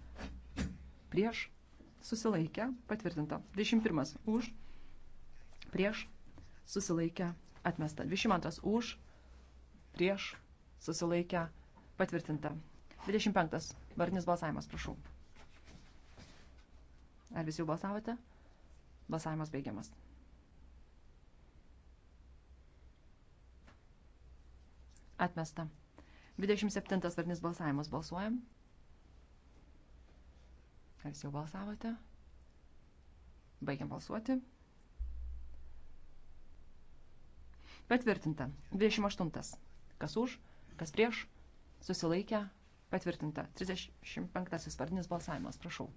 prieš, susilaikę, patvirtinta. 21 už, prieš, susilaikę, atmesta. 22 už, prieš, susilaikę, patvirtinta. 25. Vardinis balsavimas, prašau. Ar visi jau balsavote? Balsavimas baigiamas. Atmesta. 27. Vardinis balsavimas, balsuojam. Ar jūs jau balsavote? Baigiam balsuoti. Patvirtinta. 28. Kas už, kas prieš, susilaikę, patvirtinta. 35. Vardinis balsavimas, prašau.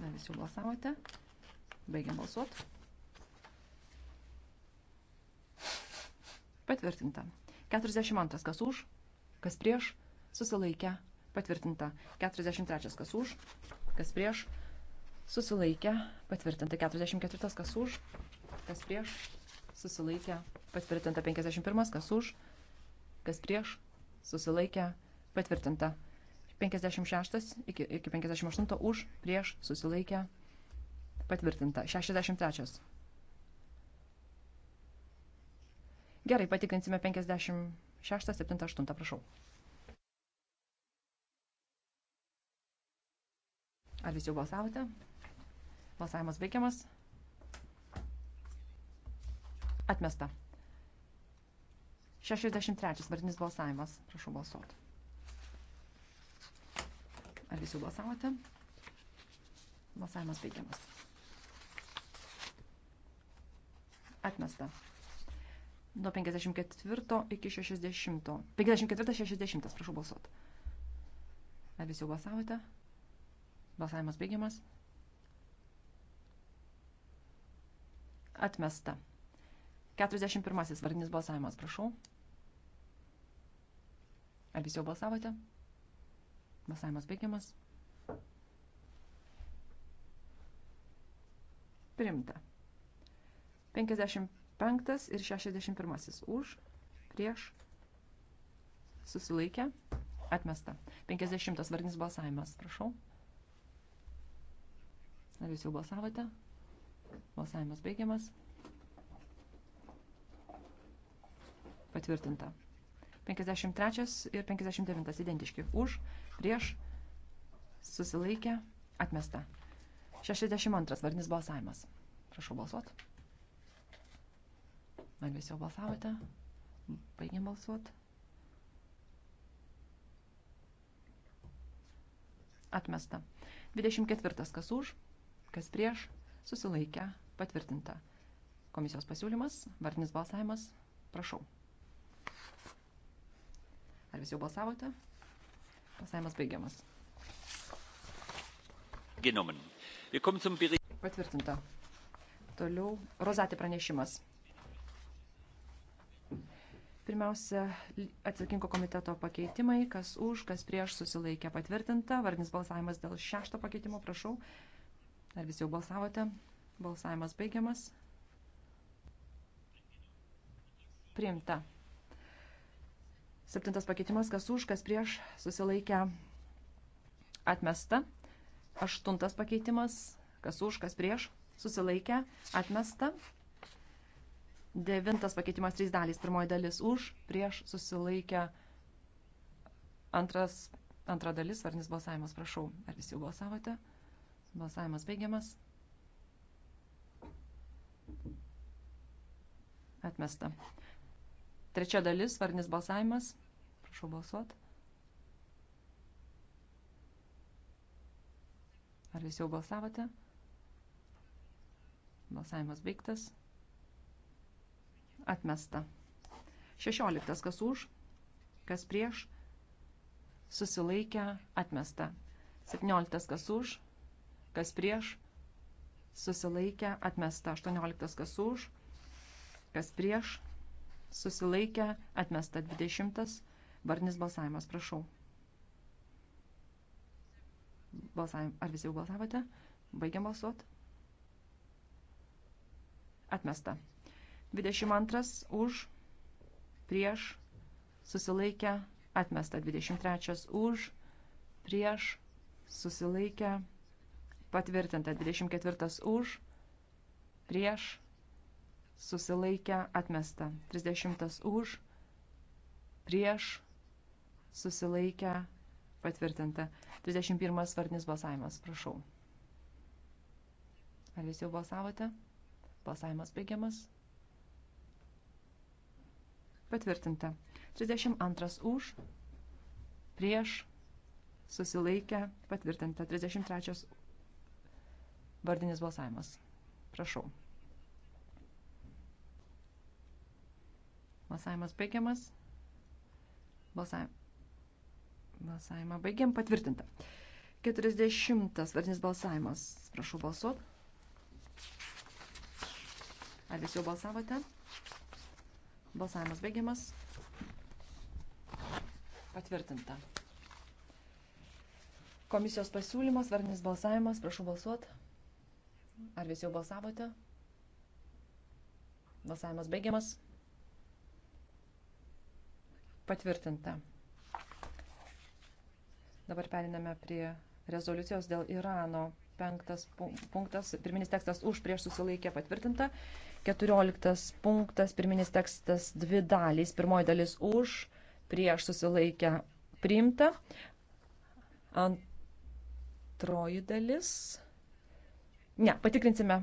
Ar jūs jau balsavote? Baigiam balsuoti. Patvirtinta. 42. Kas už, kas prieš, susilaikę, patvirtinta. 43 kas už, kas prieš, susilaikę, patvirtinta. 44 kas už, kas prieš, susilaikę, patvirtinta. 51 kas už, kas prieš, susilaikę, patvirtinta. 56 iki, iki 58 už, prieš, susilaikę, patvirtinta. 63. Gerai, patikrinsime 56, 7, 8, prašau. Ar visi jau balsavote? Balsavimas baigiamas. Atmesta. 63. Vardinis balsavimas. Prašau balsuoti. Ar visi jau balsavote? Balsavimas baigiamas. Atmesta. Nuo 54 iki 60. 54-60, prašau balsuoti. Ar visi jau balsavote? Balsavimas baigiamas. Atmesta. 41. Vardinis balsavimas, prašau. Ar visi jau balsavote? Balsavimas baigiamas. Primta. 55 ir 61. Už, prieš, susilaikę, atmesta. 50. Vardinis balsavimas, prašau. Prašau. Ar jūs jau balsavote? Balsavimas baigiamas. Patvirtinta. 53 ir 59 identiški. Už, prieš, susilaikę, atmesta. 62 vardinis balsavimas. Prašau balsuot. Ar visi jau balsavote? Baigiam balsuot. Atmesta. 24 kas už, kas prieš, susilaikę, patvirtinta. Komisijos pasiūlymas, vartinis balsavimas, prašau. Ar visi jau balsavote? Balsavimas baigiamas. Genomen. Patvirtinta. Toliau Rozatė pranešimas. Pirmiausia, atsakingo komiteto pakeitimai, kas už, kas prieš susilaikė patvirtinta. Vardinis balsavimas dėl šešto pakeitimo, prašau. Ar visi jau balsavote? Balsavimas baigiamas. Priimta. Septintas pakeitimas, kas už, kas prieš, susilaikę atmesta. Aštuntas pakeitimas, kas už, kas prieš, susilaikę atmesta. Devintas pakeitimas, trys dalys. Pirmoji dalis už, prieš, susilaikę antras, antra dalis, varnis balsavimas, prašau. Ar visi jau balsavote? Balsavimas baigiamas. Atmesta. Trečia dalis, varnis balsavimas. Prašau balsuot. Ar visi jau balsavote? Balsavimas baigtas. Atmesta. 16. Kas už, kas prieš, susilaikę, atmesta. 17. Kas už, kas prieš, susilaikę, atmesta 18, kas už, kas prieš, susilaikę, atmesta 20, varnis balsavimas, prašau. Balsavim, ar visi jau balsavote? Baigiam balsuot. Atmesta. 22 už, prieš, susilaikę, atmesta. 23 už, prieš, susilaikę, atmesta patvirtinta 24 už, prieš, susilaikę, atmesta 30 už, prieš, susilaikę, patvirtinta 31 vardinis balsavimas, prašau. Ar visi jau balsavote? Balsavimas baigiamas. Patvirtinta. 32 už, prieš, susilaikę, patvirtinta. 33 Vardinis balsavimas. Prašau. Balsavimas baigiamas. Balsavimas. Balsavimą baigiam. Patvirtinta. 40. Vardinis balsavimas. Prašau balsuot. Ar visi jau balsavote? Balsavimas baigiamas. Patvirtinta. Komisijos pasiūlymas, vardinis balsavimas. Prašau balsuot. Ar visi jau balsavote? Balsavimas baigiamas. Patvirtinta. Dabar periname prie rezoliucijos dėl Irano. Penktas punktas, pirminis tekstas už prieš susilaikė patvirtinta. Keturioliktas punktas, pirminis tekstas dvi dalys. Pirmoji dalis už prieš susilaikę priimta. Antroji dalis Ne, patikrinsime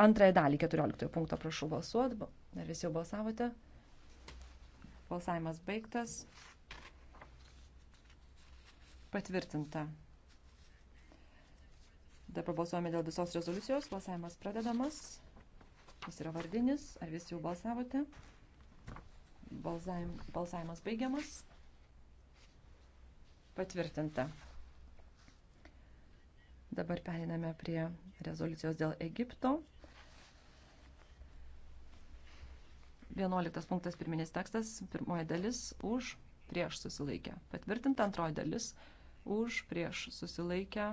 antrąją dalį 14 punkto, prašau balsuoti. Ar visi jau balsavote? Balsavimas baigtas. Patvirtinta. Dabar balsuojame dėl visos rezoliucijos. Balsavimas pradedamas. Jis yra vardinis. Ar visi jau balsavote? Balsavimas baigiamas. Patvirtinta. Dabar periname prie rezoliucijos dėl Egipto. 11 punktas pirminis tekstas, pirmoji dalis už, prieš susilaikę. Patvirtinta antroji dalis už, prieš susilaikę,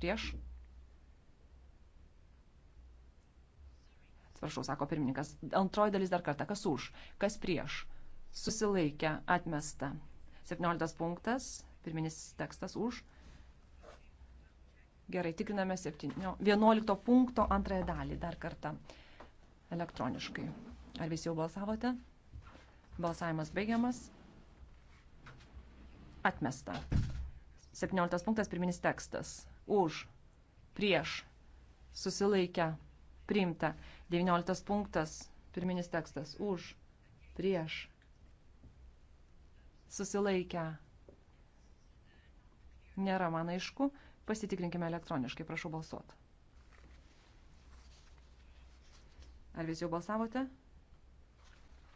prieš. Atsiprašau, sako pirmininkas. Antroji dalis dar kartą. Kas už, kas prieš? Susilaikę, atmesta. 17 punktas, pirminis tekstas už, prieš Gerai, tikriname 7, 11 nu, punkto antrąją dalį dar kartą elektroniškai. Ar visi jau balsavote? Balsavimas baigiamas. Atmesta. 17 punktas pirminis tekstas. Už, prieš, susilaikę, priimta. 19 punktas pirminis tekstas. Už, prieš, susilaikę. Nėra man aišku. Pasitikrinkime elektroniškai, prašau balsuoti. Ar visi jau balsavote?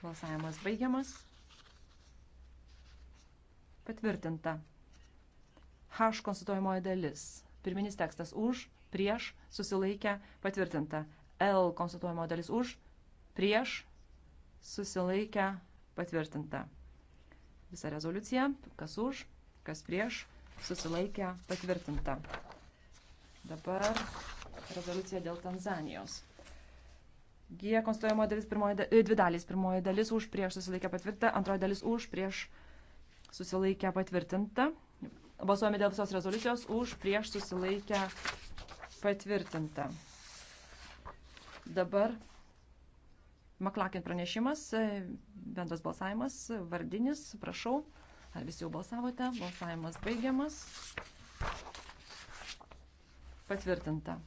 Balsavimas baigiamas. Patvirtinta. H konstatuojamoji dalis. Pirminis tekstas už, prieš, susilaikę, patvirtinta. L konstatuojamoji dalis už, prieš, susilaikę, patvirtinta. Visa rezoliucija, kas už, kas prieš, susilaikę patvirtinta. Dabar rezoliucija dėl Tanzanijos. G konstruojama dalis pirmoji, e, dvi dalys. Pirmoji dalis už prieš susilaikę patvirtinta, antroji dalis už prieš susilaikę patvirtinta. Balsuojame dėl visos rezoliucijos už prieš susilaikę patvirtinta. Dabar Maklakin pranešimas, e, bendras balsavimas, vardinis, prašau. Ar visi jau balsavote? Balsavimas baigiamas. Patvirtinta.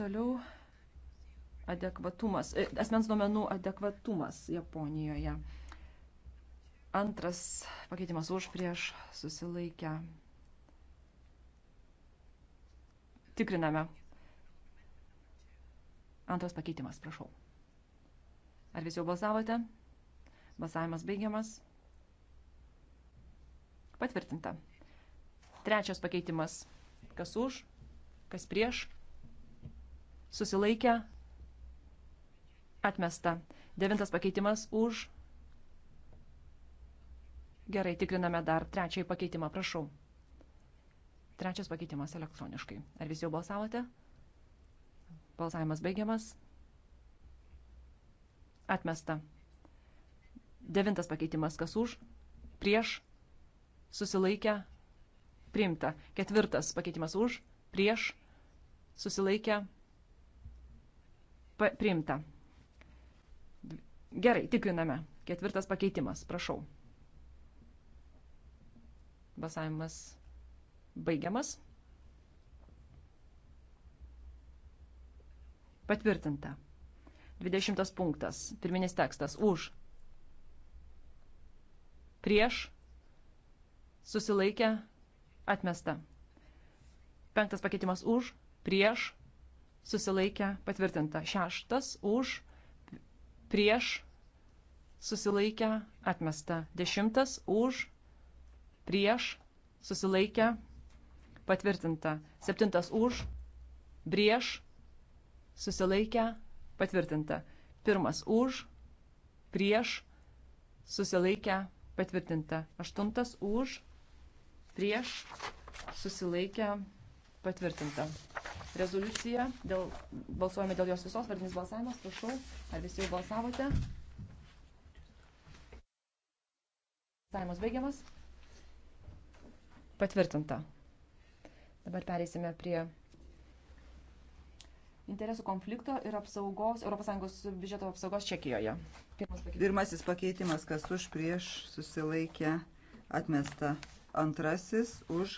Toliau adekvatumas, e, asmens duomenų adekvatumas Japonijoje. Antras pakeitimas už prieš susilaikę. Tikriname. Antras pakeitimas, prašau. Ar visi jau balsavote? Balsavimas baigiamas. Patvirtinta. Trečias pakeitimas. Kas už, kas prieš. Susilaikę. Atmesta. Devintas pakeitimas už. Gerai, tikriname dar trečiąjį pakeitimą, prašau. Trečias pakeitimas elektroniškai. Ar visi jau balsavote? Balsavimas baigiamas. Atmesta. Devintas pakeitimas, kas už, prieš, susilaikę, priimta. Ketvirtas pakeitimas už, prieš, susilaikę, priimta. Gerai, tikriname. Ketvirtas pakeitimas, prašau. Basavimas baigiamas. Patvirtinta. 20 punktas. Pirminis tekstas už prieš, susilaikę, atmesta. Penktas pakeitimas už, prieš, susilaikę, patvirtinta. Šeštas už, prieš, susilaikę, atmesta. Dešimtas už, prieš, susilaikę, patvirtinta. Septintas už, prieš, susilaikę, patvirtinta. Pirmas už, prieš, susilaikę, patvirtinta. Aštuntas už, prieš, susilaikę, patvirtinta. Rezoliucija, dėl, balsuojame dėl jos visos, vardinis balsavimas, prašau, ar visi jau balsavote? Balsavimas baigiamas. Patvirtinta. Dabar pereisime prie interesų konflikto ir apsaugos, ES biudžeto apsaugos Čekijoje. Pakeitimas. Pirmasis pakeitimas, kas už prieš susilaikė atmesta. Antrasis už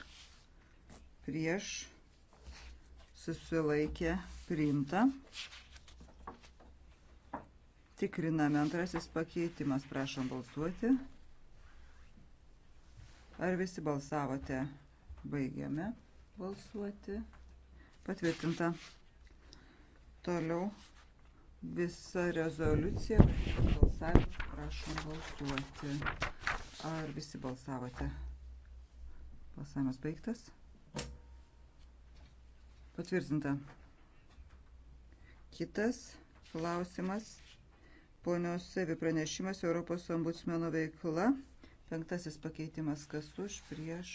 prieš susilaikė priimta. Tikriname antrasis pakeitimas, prašom balsuoti. Ar visi balsavote? Baigiame balsuoti. Patvirtinta. Toliau visa rezoliucija, balsavimas, prašom balsuoti. Ar visi balsavote? Balsavimas baigtas. Patvirtinta. Kitas klausimas. Ponios Sevi pranešimas Europos ombudsmeno veikla. Penktasis pakeitimas kas už prieš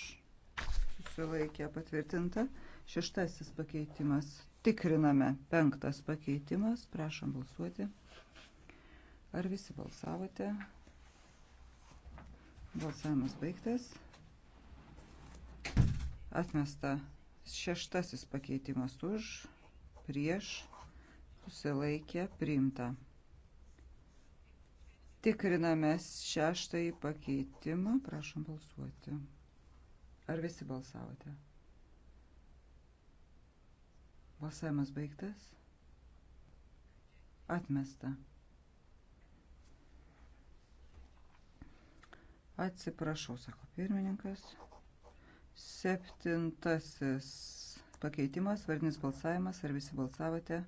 susilaikė patvirtinta. Šeštasis pakeitimas Tikriname penktas pakeitimas. Prašom balsuoti. Ar visi balsavote? Balsavimas baigtas. Atmesta šeštasis pakeitimas už, prieš, susilaikė, priimta. Tikriname šeštąjį pakeitimą. Prašom balsuoti. Ar visi balsavote? Balsavimas baigtas. Atmesta. Atsiprašau, sako pirmininkas. Septintasis pakeitimas, vardinis balsavimas, ar visi balsavote?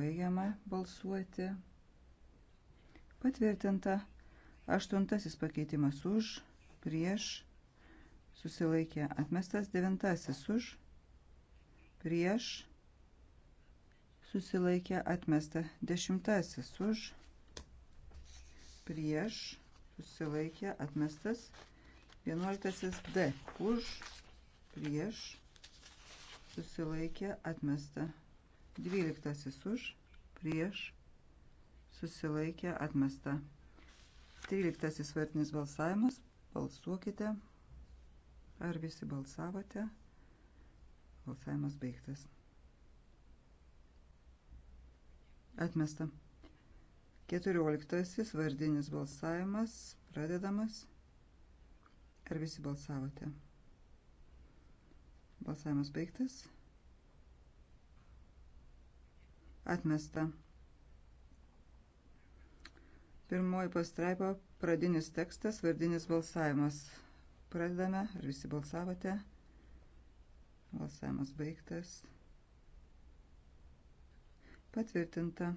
Baigiama balsuoti. Patvirtinta. Aštuntasis pakeitimas už, prieš, susilaikė. Atmestas devintasis už, prieš susilaikė atmesta. Dešimtasis už prieš susilaikė atmestas. Vienuoliktasis D už prieš susilaikė atmesta. Dvyliktasis už prieš susilaikė atmesta. Tryliktasis vartinis balsavimas. Balsuokite. Ar visi balsavote? Balsavimas baigtas. Atmesta. Keturioliktasis vardinis balsavimas pradedamas. Ar visi balsavote? Balsavimas baigtas. Atmesta. Pirmoji pastraipa, pradinis tekstas, vardinis balsavimas. Pradedame, ar visi balsavote? Balsavimas baigtas. Patvirtinta.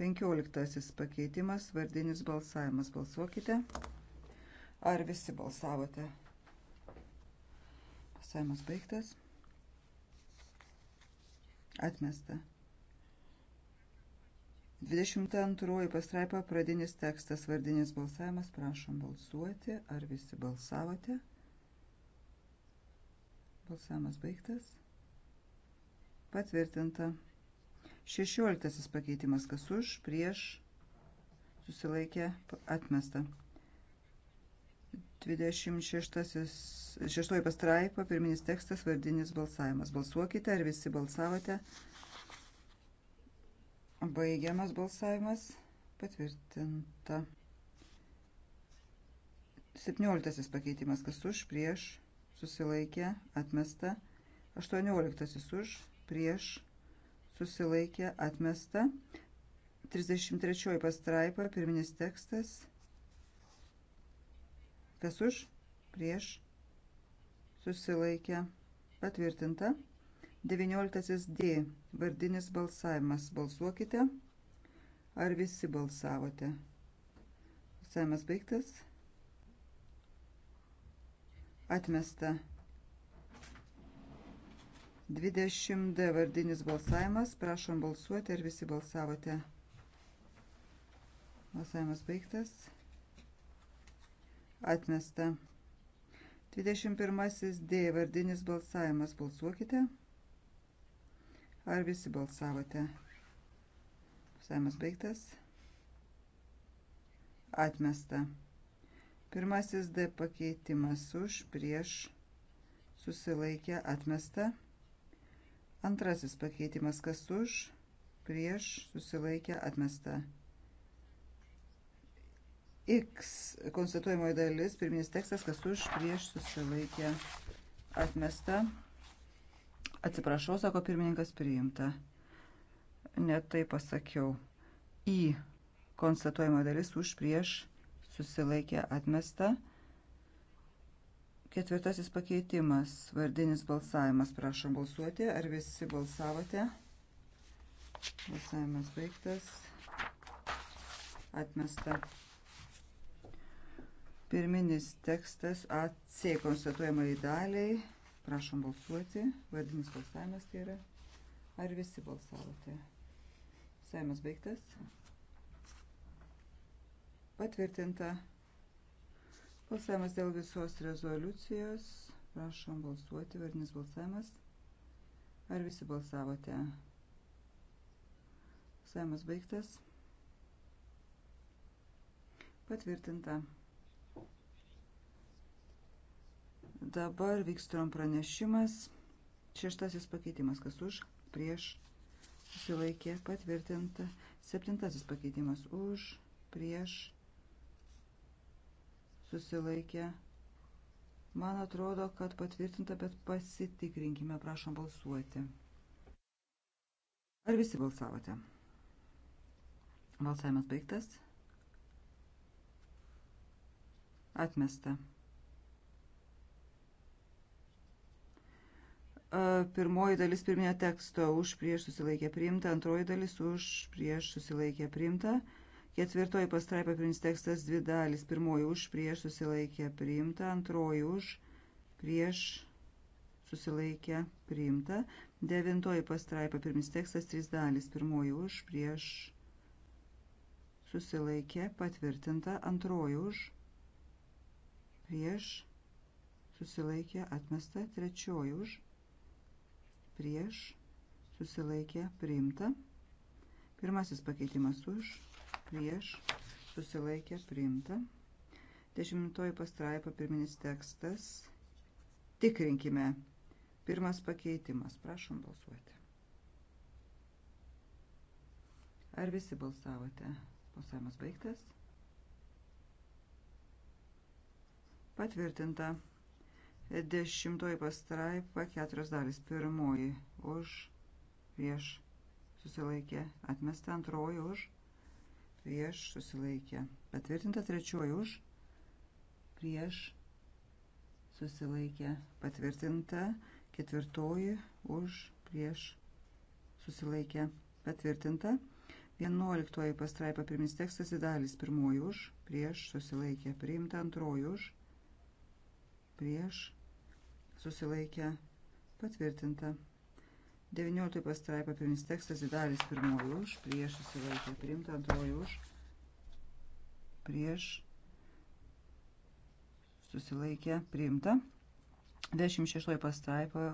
15 pakeitimas, vardinis balsavimas. Balsuokite. Ar visi balsavote? Balsavimas baigtas. Atmesta. 22 pastraipa pradinis tekstas, vardinis balsavimas. Prašom balsuoti. Ar visi balsavote? Balsavote. Balsavimas baigtas. Patvirtinta. Šešioliktasis pakeitimas kas už, prieš, susilaikė, atmesta. 26 pastraipa, pirminis tekstas, vardinis balsavimas. Balsuokite, ar visi balsavote. Baigiamas balsavimas, patvirtinta. 17 pakeitimas kas už, prieš, susilaikė, atmesta. 18 už, prieš, susilaikė, atmesta. 33 pastraipa, pirminis tekstas. Kas už, prieš, susilaikė, patvirtinta. 19 D, vardinis balsavimas. Balsuokite. Ar visi balsavote? Balsavimas baigtas. Atmesta. 20D vardinis balsavimas. Prašom balsuoti, ar visi balsavote. Balsavimas baigtas. Atmesta. 21D vardinis balsavimas. Balsuokite. Ar visi balsavote? Balsavimas baigtas. Atmesta. Pirmasis D pakeitimas už prieš susilaikę atmesta. Antrasis pakeitimas kas už prieš susilaikę atmesta. X konstatuojamoji dalis, pirminis tekstas, kas už prieš susilaikę atmesta. Atsiprašau, sako pirmininkas priimta. Netai pasakiau. Į konstatuojama dalis už prieš susilaikė atmesta. Ketvirtasis pakeitimas, vardinis balsavimas, prašom balsuoti, ar visi balsavote. Balsavimas baigtas, atmesta. Pirminis tekstas AC konstatuojamai daliai, prašom balsuoti, vardinis balsavimas tai yra, ar visi balsavote. Balsavimas baigtas. Patvirtinta. Balsavimas dėl visos rezoliucijos. Prašom balsuoti. Vardinis balsavimas. Ar visi balsavote? Balsavimas baigtas. Patvirtinta. Dabar vykstrom pranešimas. Šeštasis pakeitimas. Kas už? Prieš. Susilaikė. Patvirtinta. Septintasis pakeitimas. Už. Prieš susilaikė. Man atrodo, kad patvirtinta, bet pasitikrinkime, prašom balsuoti. Ar visi balsavote? Balsavimas baigtas. Atmesta. pirmoji dalis pirminio teksto už prieš susilaikę priimta, antroji dalis už prieš susilaikę priimta. Ketvirtoji pastraipa prins tekstas dvi dalis. Pirmoji už prieš susilaikę priimta, antroji už prieš susilaikę priimta. Devintoji pastraipa prins tekstas trys dalis. Pirmoji už prieš susilaikę patvirtinta, antroji už prieš susilaikė atmesta, trečioji už prieš susilaikė priimta. Pirmasis pakeitimas už prieš susilaikė priimta. Dešimtoji pastraipa pirminis tekstas. Tikrinkime. Pirmas pakeitimas. Prašom balsuoti. Ar visi balsavote? Balsavimas baigtas. Patvirtinta. Dešimtoji pastraipa, keturios dalis. Pirmoji už, prieš, susilaikė, atmesta antroji už, prieš susilaikė. Patvirtinta trečioji už, prieš susilaikė. Patvirtinta ketvirtoji už, prieš susilaikė. Patvirtinta. Vienuoliktoji pastraipa pirmis tekstas į dalis pirmoji už, prieš susilaikė. Priimta antroji už, prieš susilaikė. Patvirtinta. 19 pastraipa pirminis tekstas įdalis pirmoji už, prieš susilaikė priimta, antroji už, prieš susilaikė priimta. 26 pastraipa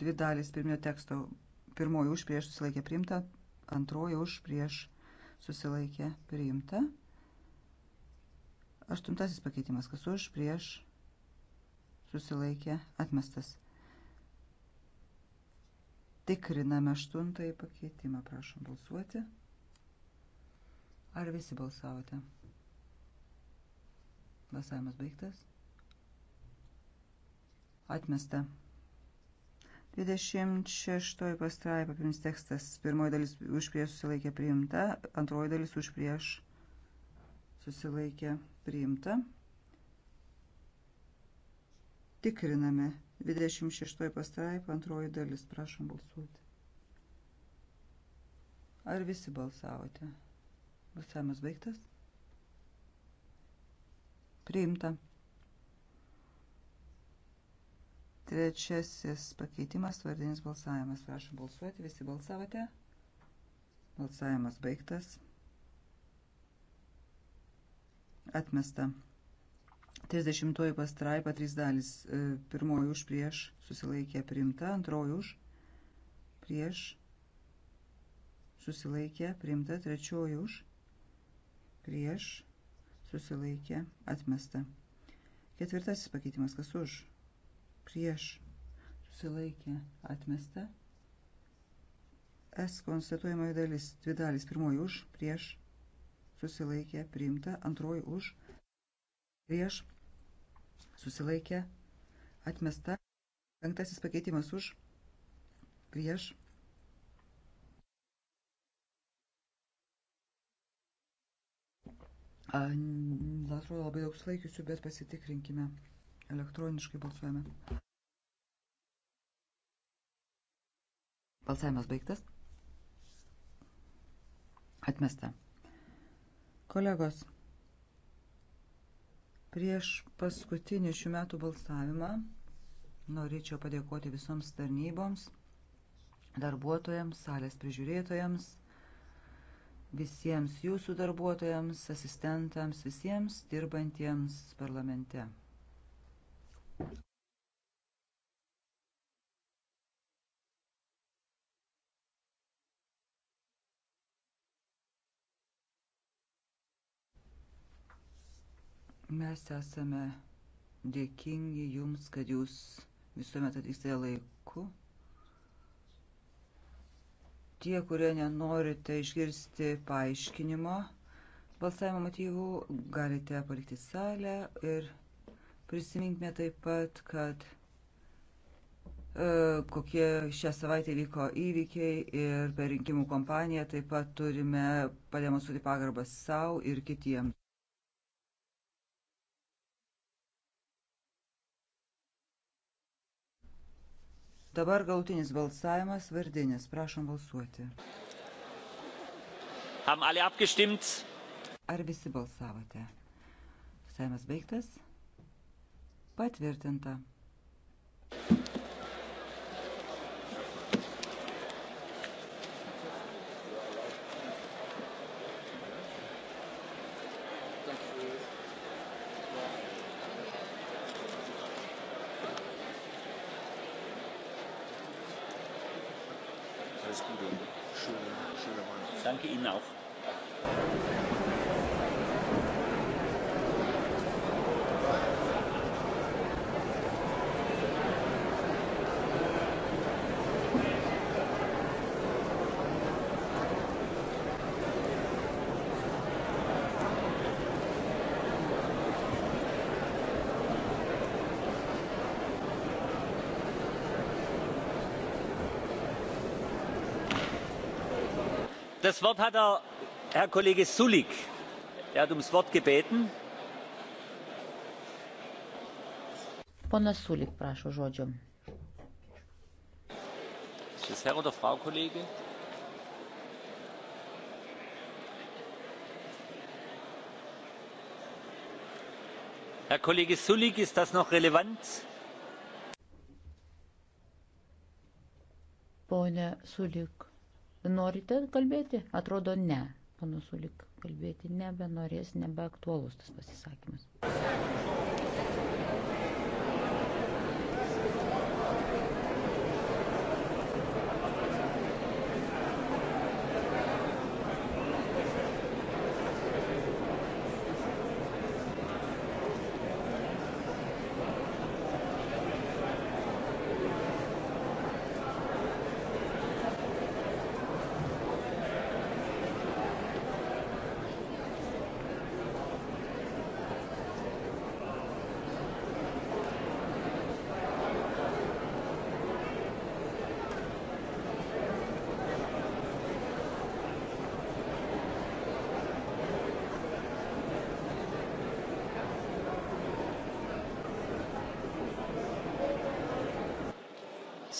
dvi dalis pirminio teksto, pirmoji už, prieš susilaikė priimta, antroji už, prieš susilaikė priimta. Aštuntasis pakeitimas, kas už, prieš susilaikė atmestas. Tikriname aštuntąjį pakeitimą. Prašom balsuoti. Ar visi balsavote? Balsavimas baigtas. Atmesta. 26 pastraipa pirmas tekstas. Pirmoji dalis už prieš susilaikė priimta, antroji dalis už prieš susilaikė priimta. Tikriname 26 pastraipa antroji dalis. Prašom balsuoti. Ar visi balsavote? Balsavimas baigtas. Priimta. Trečiasis pakeitimas, vardinis balsavimas. Prašom balsuoti, visi balsavote. Balsavimas baigtas. Atmesta. 30 pastraipa 3 dalis. E, pirmoji už prieš susilaikė priimta, antroji už prieš susilaikė priimta, trečioji už prieš susilaikė atmesta. Ketvirtasis pakeitimas kas už prieš susilaikė atmesta. S konstatuojamoji dalis, dvi dalis, pirmoji už, prieš, susilaikė, priimta, antroji už, prieš susilaikė atmesta. Penktasis pakeitimas už prieš Atrodo labai daug sulaikiusių, bet pasitikrinkime. Elektroniškai balsuojame. Balsavimas baigtas. Atmesta. Kolegos, Prieš paskutinį šių metų balsavimą norėčiau padėkoti visoms tarnyboms, darbuotojams, salės prižiūrėtojams, visiems jūsų darbuotojams, asistentams, visiems dirbantiems parlamente. Mes esame dėkingi Jums, kad Jūs visuomet atvykstate laiku. Tie, kurie nenorite išgirsti paaiškinimo balsavimo motyvų, galite palikti salę ir prisiminkime taip pat, kad e, kokie šią savaitę vyko įvykiai ir per rinkimų kompaniją taip pat turime pademonstruoti pagarbą savo ir kitiems. Dabar gautinis balsavimas, vardinis. Prašom balsuoti. Ar visi balsavote? Saimas baigtas. Patvirtinta. das wort hat er, herr kollege sulik er hat ums wort gebeten. ponas sulik prašo žodžio. ist es herr oder frau kollege? herr kollege sulik ist das noch relevant? pone sulik Norite kalbėti? Atrodo, ne. Panas Ulik kalbėti nebenorės, nebeaktuolus tas pasisakymas.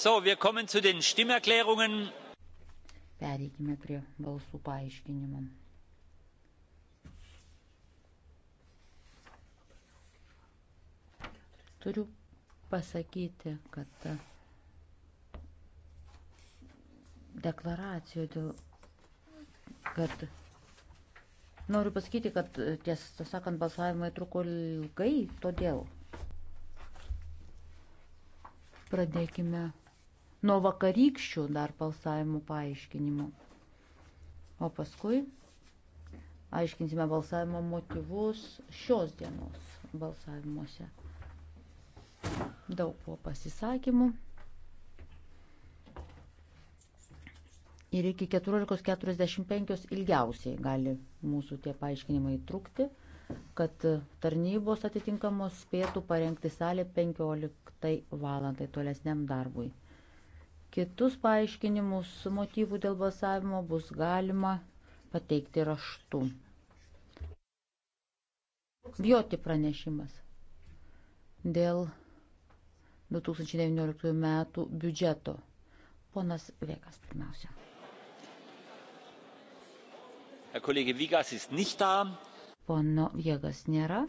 So, wir kommen zu den Stimmerklärungen. Pereikime prie balsų paaiškinimų. Turiu pasakyti, kad e, deklaracijų dėl, kad noriu pasakyti, kad e, tiesą sakant, balsavimai truko ilgai, todėl pradėkime nuo vakarykščių dar balsavimo paaiškinimų. O paskui aiškinsime balsavimo motyvus šios dienos balsavimuose. Daug buvo pasisakymų. Ir iki 14.45 ilgiausiai gali mūsų tie paaiškinimai trukti, kad tarnybos atitinkamos spėtų parengti salę 15 valandai tolesniam darbui. Kitus paaiškinimus motyvų dėl balsavimo bus galima pateikti raštu. Bijoti pranešimas dėl 2019 metų biudžeto. Ponas Vėkas pirmiausia. Kolegė Vygas jis nešta. Pono Vėgas nėra.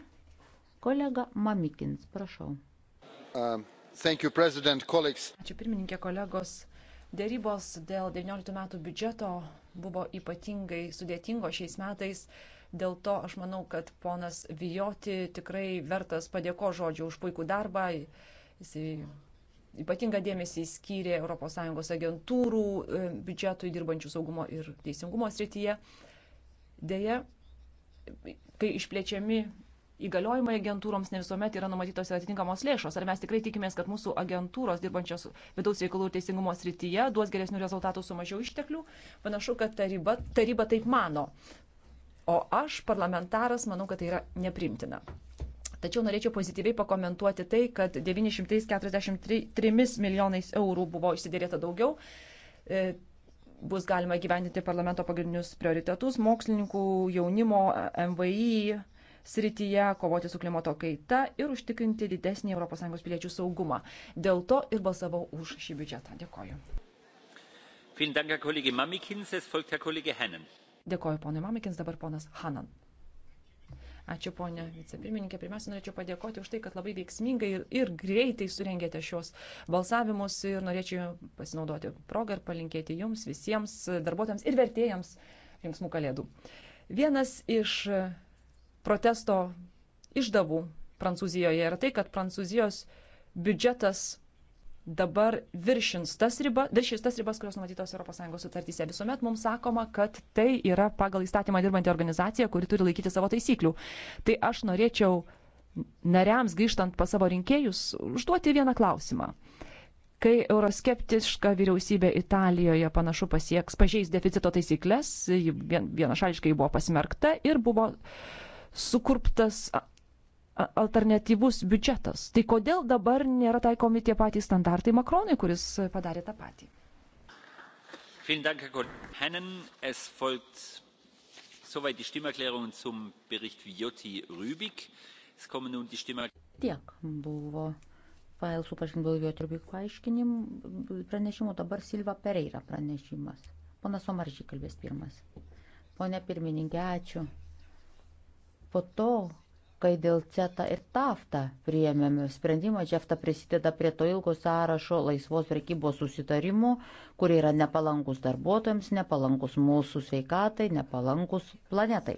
Kolega Mamikins, prašau. Um. Ačiū pirmininkė kolegos. Dėrybos dėl 19 metų biudžeto buvo ypatingai sudėtingos šiais metais. Dėl to aš manau, kad ponas Vijoti tikrai vertas padėko žodžio už puikų darbą. Jis ypatingą dėmesį skyrė ES agentūrų e, biudžetui dirbančių saugumo ir teisingumo srityje. Deja, kai išplečiami įgaliojimai agentūroms ne visuomet yra numatytos ir atitinkamos lėšos. Ar mes tikrai tikimės, kad mūsų agentūros dirbančios vidaus reikalų ir teisingumo srityje duos geresnių rezultatų su mažiau išteklių? Panašu, kad taryba, taryba taip mano. O aš, parlamentaras, manau, kad tai yra neprimtina. Tačiau norėčiau pozityviai pakomentuoti tai, kad 943 milijonais eurų buvo išsidėrėta daugiau. E, bus galima gyvendinti parlamento pagrindinius prioritetus - mokslininkų, jaunimo, MVI, srityje, kovoti su klimato kaita ir užtikrinti didesnį ES piliečių saugumą. Dėl to ir balsavau už šį biudžetą. Dėkoju. Dėkoju, ponai Mamikins, dabar ponas Hanan. Ačiū, ponė vicepirmininkė. Pirmiausia, norėčiau padėkoti už tai, kad labai veiksmingai ir, ir greitai surengėte šios balsavimus ir norėčiau pasinaudoti progą ir palinkėti jums visiems darbuotojams ir vertėjams linksmų kalėdų. Vienas iš protesto išdavų Prancūzijoje yra tai, kad Prancūzijos biudžetas dabar viršins tas, riba, viršins tas ribas, kurios numatytos ES sutartyse. Visuomet mums sakoma, kad tai yra pagal įstatymą dirbanti organizacija, kuri turi laikyti savo taisyklių. Tai aš norėčiau nariams grįžtant pas savo rinkėjus užduoti vieną klausimą. Kai euroskeptiška vyriausybė Italijoje panašu pasieks, pažeis deficito taisyklės, vienašališkai buvo pasmerkta ir buvo uh, sukurptas alternatyvus biudžetas. Tai kodėl dabar nėra taikomi tie patys standartai Makronui, kuris padarė tą patį? Tiek buvo failų supažindų Jotrubik paaiškinimų pranešimų, dabar Silva Pereira pranešimas. Ponas Omaržy kalbės pirmas. Pone pirmininkė, ačiū. Po to, kai dėl CETA ir TAFTA priėmėme sprendimą, CETA prisideda prie to ilgo sąrašo laisvos prekybos susitarimų, kurie yra nepalankus darbuotojams, nepalankus mūsų sveikatai, nepalankus planetai.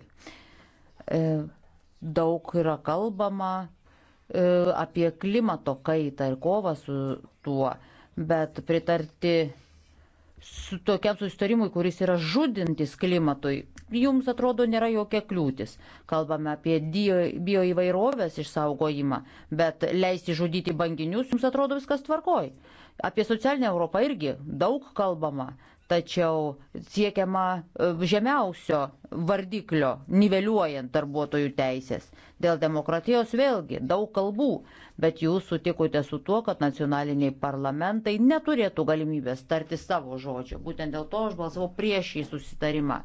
E, daug yra kalbama e, apie klimato kaitą ir kovą su tuo, bet pritarti su tokiam sustarimui, kuris yra žudintis klimatui, jums atrodo nėra jokia kliūtis. Kalbame apie bioįvairovės išsaugojimą, bet leisti žudyti banginius jums atrodo viskas tvarkoj. Apie socialinę Europą irgi daug kalbama tačiau siekiama e, žemiausio vardiklio, niveliuojant darbuotojų teisės. Dėl demokratijos vėlgi daug kalbų, bet jūs sutikote su tuo, kad nacionaliniai parlamentai neturėtų galimybės tarti savo žodžio. Būtent dėl to aš balsavau prieš šį susitarimą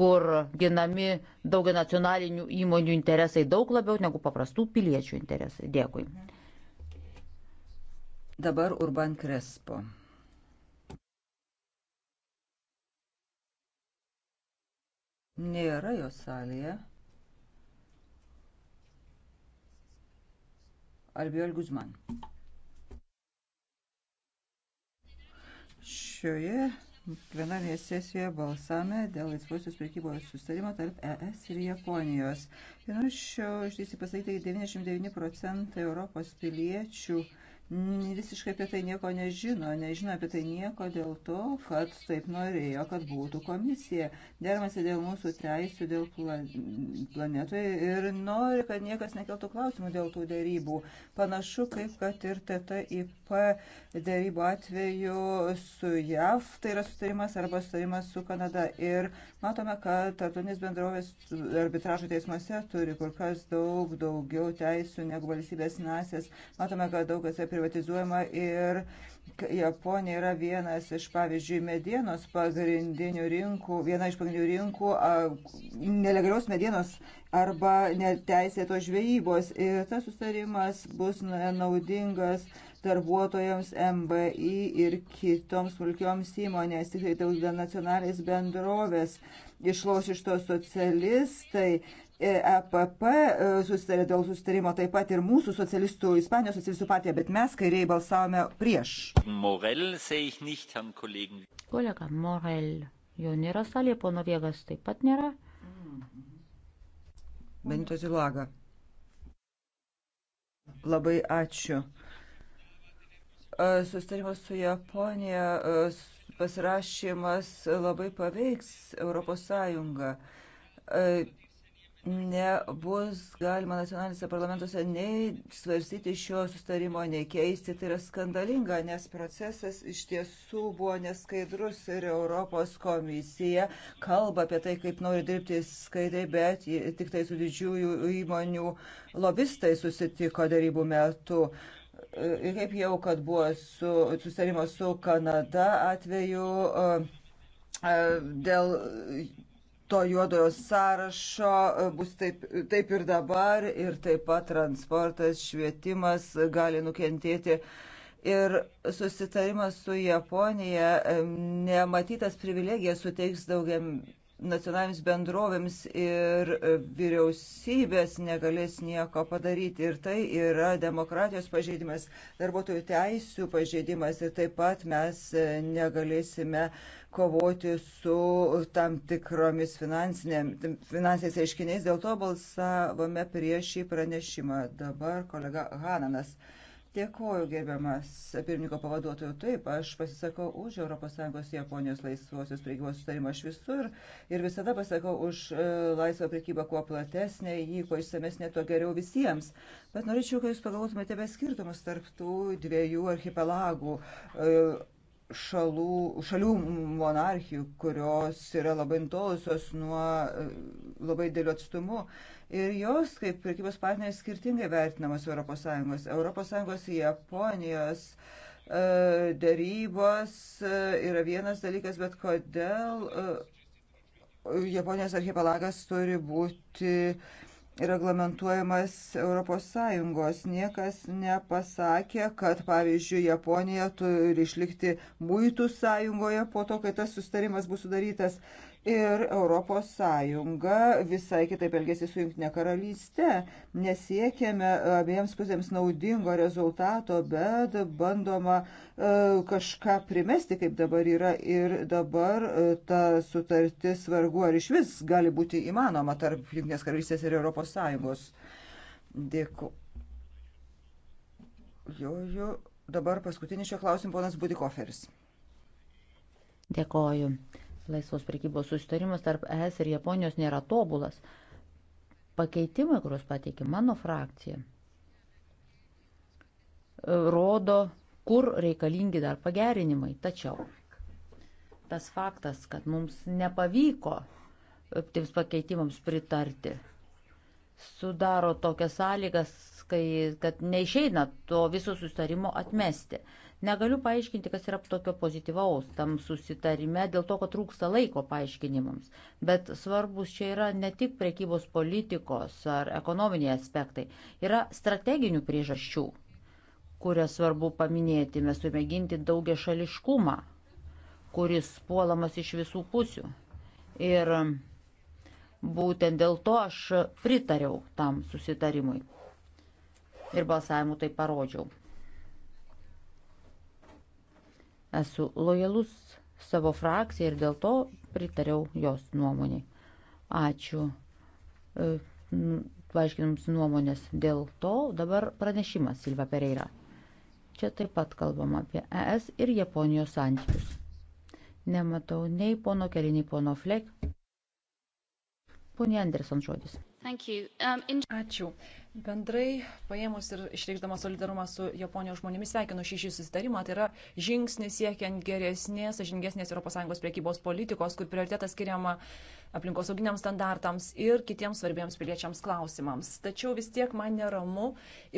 kur ginami daugia nacionalinių įmonių interesai daug labiau negu paprastų piliečių interesai. Dėkui. Dabar Urban Krespo. Nėra jo salėje. Albiol Guzman. Šioje plenarnėje sesijoje balsame dėl laisvosios prekybos sustarimo tarp ES ir Japonijos. Ir norėčiau išdėsi pasakyti, 99 procentai Europos piliečių visiškai apie tai nieko nežino, nežino apie tai nieko dėl to, kad taip norėjo, kad būtų komisija. Dermasi dėl mūsų teisų, dėl planetoje ir nori, kad niekas nekeltų klausimų dėl tų dėrybų. Panašu, kaip kad ir TTIP dėrybų atveju su JAV, tai yra sutarimas arba sutarimas su Kanada. Ir matome, kad tartunis bendrovės arbitražo teismuose turi kur kas daug daugiau teisų negu valstybės nasės. Matome, kad daug kas apie privatizuojama ir Japonija yra vienas iš, pavyzdžiui, medienos pagrindinių rinkų, viena iš pagrindinių rinkų a, nelegalios medienos arba neteisėtos žvejybos. Ir tas sustarimas bus naudingas darbuotojams MVI ir kitoms smulkioms įmonės, tik tai nacionalinės bendrovės išloš iš to socialistai EPP e e, susitarė dėl susitarimo taip pat ir mūsų socialistų, Ispanijos socialistų partija, bet mes kairiai balsavome prieš. Morel, nicht, Kolega Morel, jo nėra salė, pono Viegas taip pat nėra. Benito Zilaga. Labai ačiū. E, Sustarimas su Japonija pasirašymas labai paveiks Europos Sąjungą nebus galima nacionalinėse parlamentuose nei svarstyti šio sustarimo, nei keisti. Tai yra skandalinga, nes procesas iš tiesų buvo neskaidrus ir Europos komisija kalba apie tai, kaip nori dirbti skaidriai, bet tik tai su didžiųjų įmonių lobistai susitiko darybų metu. E, ir kaip jau, kad buvo su, sustarimo su Kanada atveju e, e, dėl to juodojo sąrašo e, bus taip, taip ir dabar ir taip pat transportas, švietimas gali nukentėti. Ir susitarimas su Japonija e, nematytas privilegijas suteiks daugiam nacionalinėms bendrovėms ir e, vyriausybės negalės nieko padaryti. Ir tai yra demokratijos pažeidimas, darbuotojų teisų pažeidimas ir taip pat mes negalėsime uh, kovoti su tam tikromis finansiniais reiškiniais. Dėl to balsavome prieš šį pranešimą. Dabar kolega Hananas. Dėkuoju, gerbiamas pirmininko pavaduotojų. Taip, aš pasisakau už ES Japonijos laisvosios priekybos sutarimą. Aš visur ir visada pasakau už e, laisvą priekybą kuo platesnė, jį kuo išsamesnė, tuo geriau visiems. Bet norėčiau, kad jūs pagalvotumėte be skirtumus tarp tų dviejų archipelagų e, šalų, šalių monarchijų, kurios yra labai intolusios nuo e, labai dėlių atstumų. Ir jos kaip prekybos partneriai skirtingai vertinamos ES. ES Japonijos e, dėrybos e, yra vienas dalykas, bet kodėl Japonijos archipelagas turi būti uh, reglamentuojamas ES. Niekas nepasakė, kad, pavyzdžiui, Japonija turi išlikti muitų sąjungoje po to, kai tas sustarimas bus sudarytas ir Europos Sąjunga visai kitaip elgėsi su Junktinė karalystė. Nesiekėme abiems pusėms naudingo rezultato, bet bandoma e, kažką primesti, kaip dabar yra. Ir dabar e, ta sutartis vargu ar iš vis gali būti įmanoma tarp Junktinės karalystės ir Europos Sąjungos. Dėkui. Joju. Dabar paskutinis šio klausimų ponas Budikoferis. Dėkoju. Laisvos prekybos susitarimas tarp ES ir Japonijos nėra tobulas. Pakeitimai, kuriuos pateikė mano frakcija, rodo, kur reikalingi dar pagerinimai. Tačiau tas faktas, kad mums nepavyko tiems pakeitimams pritarti, sudaro tokias sąlygas, kai, kad neišeina to viso sustarimo atmesti. Negaliu paaiškinti, kas yra tokio pozityvaus tam susitarime, dėl to, kad trūksta laiko paaiškinimams. Bet svarbus čia yra ne tik prekybos politikos ar ekonominiai aspektai, yra strateginių priežasčių, kurias svarbu paminėti. Mes turime ginti daugia šališkumą, kuris puolamas iš visų pusių. Ir būtent dėl to aš pritariau tam susitarimui. Ir balsavimu tai parodžiau. Esu lojalus savo frakcijai ir dėl to pritariau jos nuomonį. Ačiū. E, Paaiškinams nuomonės dėl to dabar pranešimas Silva Pereira. Čia taip pat kalbama apie ES ir Japonijos santykius. Nematau nei pono keli, nei pono flek. Pone Anderson žodis. Um, in... Ačiū. Bendrai paėmus ir išreikšdama solidarumą su Japonijos žmonėmis sveikinu šį šį susitarimą. Tai yra žingsnis siekiant geresnės, sažingesnės ES priekybos politikos, kur prioritetas skiriama aplinkosauginiams standartams ir kitiems svarbiems piliečiams klausimams. Tačiau vis tiek man neramu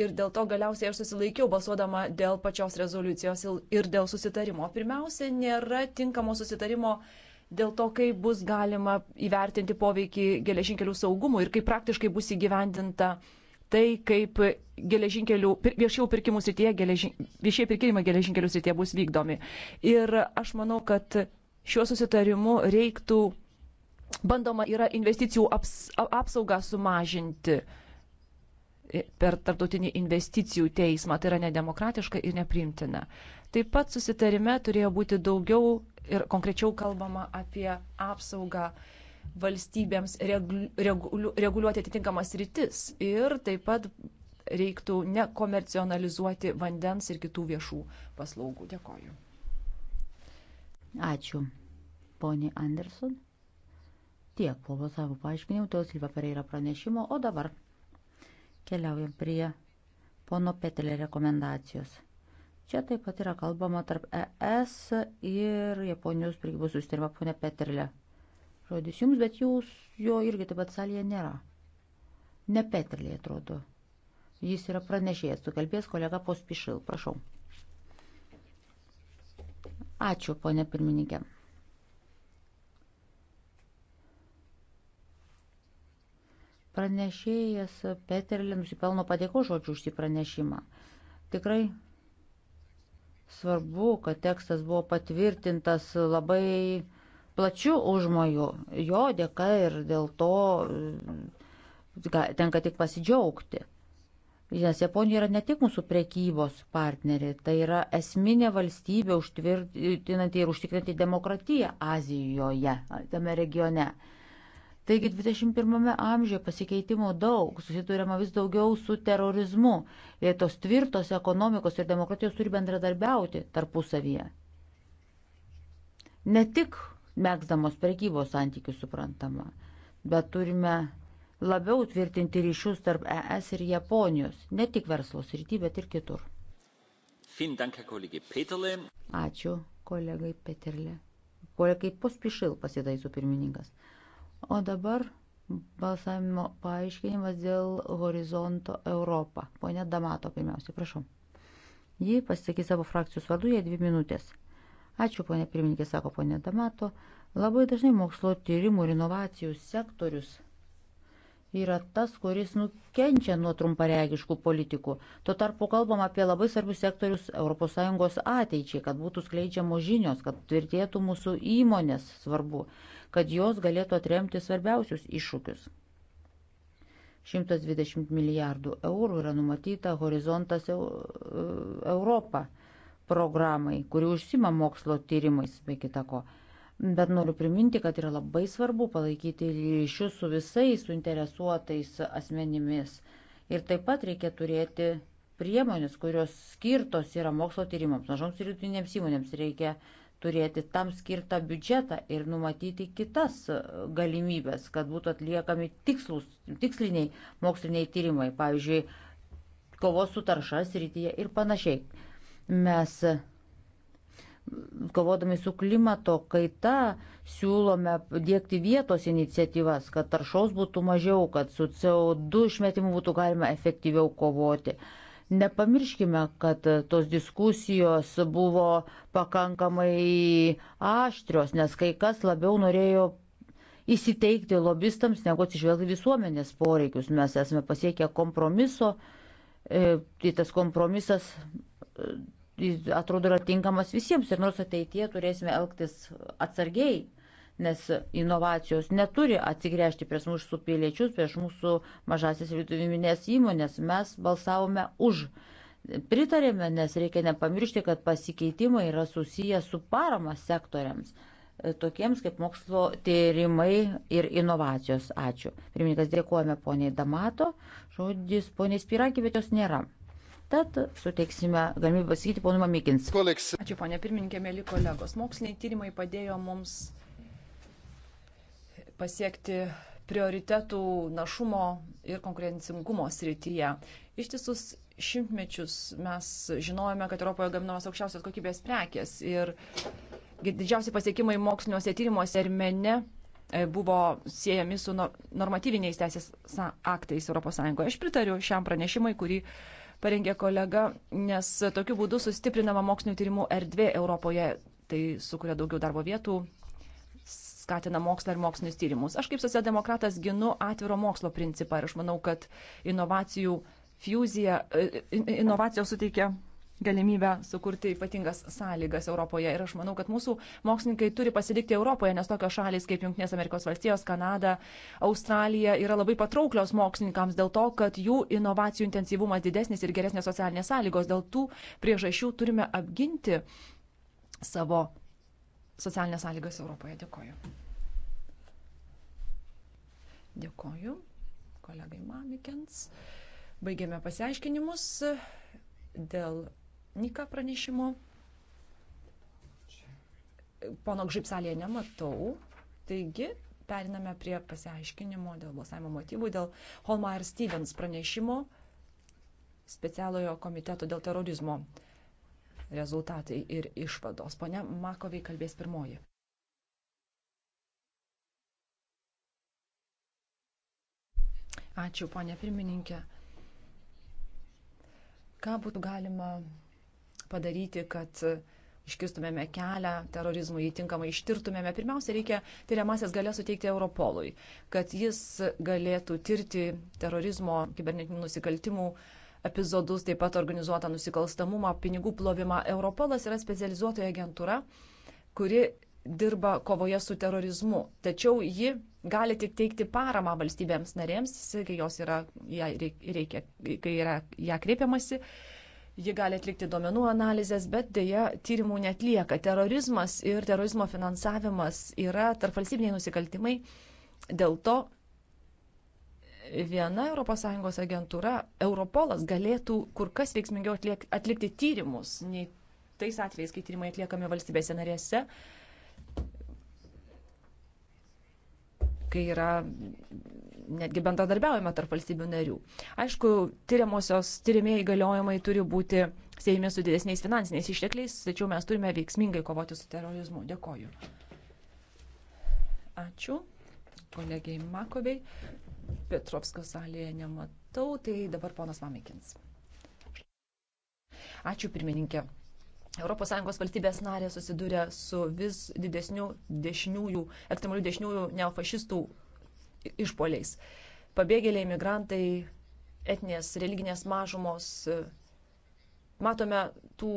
ir dėl to galiausiai aš susilaikiau balsuodama dėl pačios rezoliucijos ir dėl susitarimo. Pirmiausia, nėra tinkamo susitarimo dėl to, kaip bus galima įvertinti poveikį geležinkelių saugumui ir kaip praktiškai bus įgyvendinta tai, kaip geležinkelių, viešųjų pirkimų srityje, geležin, viešieji pirkimai geležinkelių srityje bus vykdomi. Ir aš manau, kad šiuo susitarimu reiktų, bandoma yra investicijų aps, apsaugą sumažinti per tarptautinį investicijų teismą. Tai yra nedemokratiška ir nepriimtina. Taip pat susitarime turėjo būti daugiau ir konkrečiau kalbama apie apsaugą uh, valstybėms reguliuoti atitinkamas rytis ir taip pat reiktų nekomercionalizuoti vandens ir kitų viešų paslaugų. Dėkoju. Ačiū, poniai Anderson. Tiek po balsavimo paaiškinimų, tos ir vakarai yra pranešimo, o dabar keliaujam prie pono Petelė rekomendacijos. Čia taip pat yra kalbama tarp ES ir Japonijos prekybos susitarimą, ponė Petelė žodis jums, bet jūs jo irgi taip pat salėje nėra. Ne Petrelė atrodo. Jis yra pranešėjęs, sukalbės kolega Pospišil, prašau. Ačiū, ponė pirmininkė. Pranešėjas Peterlė nusipelno padėko žodžių už šį pranešimą. Tikrai svarbu, kad tekstas buvo patvirtintas labai uh, plačių užmojų. Jo dėka ir dėl to mm, tenka tik pasidžiaugti. Nes Japonija yra ne tik mūsų prekybos partneriai, tai yra esminė valstybė užtvirtinanti ir užtikrinti demokratiją Azijoje, tame regione. Taigi 21 amžiuje pasikeitimų daug, susidurėma vis daugiau su terorizmu ir tos tvirtos ekonomikos ir demokratijos turi bendradarbiauti tarpusavyje. Ne tik megzdamos prekybos santykių suprantama. Bet turime labiau tvirtinti ryšius tarp ES ir Japonijos, ne tik verslo srity, bet ir kitur. Ačiū kolegai Peterle. Kolegai Pospišil pasitaiso pirmininkas. O dabar balsavimo paaiškinimas dėl horizonto Europą. Pone Damato, pirmiausia, prašau. Ji pasisakys savo frakcijos vardu, jie dvi minutės. Ačiū, ponė pirmininkė, sako ponė Damato. Labai dažnai mokslo tyrimų ir inovacijų sektorius yra tas, kuris nukenčia nuo trumparegiškų politikų. Tuo tarpu kalbam apie labai svarbius sektorius ES ateičiai, kad būtų skleidžiamos žinios, kad tvirtėtų mūsų įmonės svarbu, kad jos galėtų atremti svarbiausius iššūkius. 120 milijardų eurų yra numatyta horizontas Europą programai, kuri užsima mokslo tyrimais bei kitako. Bet noriu priminti, kad yra labai svarbu palaikyti ryšius su visais suinteresuotais asmenimis. Ir taip pat reikia turėti priemonės, kurios skirtos yra mokslo tyrimams, mažoms ir vidutinėms įmonėms. Reikia turėti tam skirtą biudžetą ir numatyti kitas galimybės, kad būtų atliekami tikslus, tiksliniai moksliniai tyrimai, pavyzdžiui, kovos su taršas rytyje ir panašiai. Mes kovodami su klimato kaita siūlome dėkti vietos iniciatyvas, kad taršos būtų mažiau, kad su CO2 išmetimu būtų galima efektyviau kovoti. Nepamirškime, kad tos diskusijos buvo pakankamai aštrios, nes kai kas labiau norėjo įsiteikti lobistams, negu atsižvelgti visuomenės poreikius. Mes esame pasiekę kompromiso, e, tai tas kompromisas atrodo yra tinkamas visiems ir nors ateityje turėsime elgtis atsargiai, nes inovacijos neturi atsigręžti prieš mūsų piliečius, prieš mūsų mažasis vidutinės įmonės. Mes balsavome už. Pritarėme, nes reikia nepamiršti, kad pasikeitimai yra susiję su parama sektoriams, e, tokiems kaip mokslo tyrimai ir inovacijos. Ačiū. Pirmininkas, dėkojame poniai Damato. Žodis poniai Spirakė, bet jos nėra. Tad suteiksime galimybę pasakyti ponu Mamikins. Ačiū, ponė pirmininkė, mėly kolegos. Moksliniai tyrimai padėjo mums pasiekti prioritetų našumo ir konkurencingumo srityje. Ištisus šimtmečius mes žinojame, kad Europoje gaminamos aukščiausios kokybės prekės ir didžiausi pasiekimai moksliniuose tyrimuose ir mene e, buvo siejami su normatyviniais teisės aktais ES. Aš pritariu šiam pranešimui, kurį parengė kolega, nes tokiu būdu sustiprinama mokslinio tyrimų erdvė Europoje, tai sukuria daugiau darbo vietų, skatina mokslą ir mokslinius tyrimus. Aš kaip socialdemokratas ginu atviro mokslo principą ir aš manau, kad inovacijų fuzija, inovacijos suteikia galimybę sukurti ypatingas sąlygas Europoje. Ir aš manau, kad mūsų mokslininkai turi pasilikti Europoje, nes tokios šalis kaip Junktinės Amerikos valstijos, Kanada, Australija yra labai patrauklios mokslininkams dėl to, kad jų inovacijų intensyvumas didesnis ir geresnės socialinės sąlygos. Dėl tų priežasčių turime apginti savo socialinės sąlygas Europoje. Dėkoju. Dėkoju kolegai Mamikens. Baigėme pasiaiškinimus dėl Nika pranešimu. Pono Gžipsalėje nematau. Taigi, periname prie pasiaiškinimo dėl balsavimo motyvų, dėl Holmeier Stevens pranešimo specialiojo komiteto dėl terorizmo rezultatai ir išvados. Pone Makovai kalbės pirmoji. Ačiū, ponė pirmininkė. Ką būtų galima padaryti, kad iškistumėme kelią terorizmui, jį tinkamai ištirtumėme. Pirmiausia, reikia tyriamasias galės suteikti Europolui, kad jis galėtų tirti terorizmo, kibernetinių nusikaltimų epizodus, taip pat organizuotą nusikalstamumą, pinigų plovimą. Europolas yra specializuotoja agentūra, kuri dirba kovoje su terorizmu. Tačiau ji gali tik teikti paramą valstybėms narėms, kai, jos yra, reikia, kai yra ją kreipiamasi. Ji gali atlikti duomenų analizės, bet dėja tyrimų netlieka. Terorizmas ir terorizmo finansavimas yra tarpvalstybiniai nusikaltimai. Dėl to viena ES agentūra, Europolas, galėtų kur kas veiksmingiau atliek, atlikti tyrimus, nei tais atvejais, kai tyrimai atliekami valstybėse narėse, kai yra netgi bendradarbiaujame tarp valstybių narių. Aišku, tyriamosios tyrimėjai galiojimai turi būti siejami su didesniais finansiniais ištekliais, tačiau mes turime veiksmingai kovoti su terorizmu. Dėkoju. Ačiū kolegiai Makoviai. Petrovsko salėje nematau, tai dabar ponas Mamikins. Ačiū pirmininkė. ES valstybės narė susiduria su vis didesniu dešiniųjų, ekstremalių dešiniųjų neofašistų išpoliais. Pabėgėliai, migrantai, etinės, religinės mažumos. Matome tų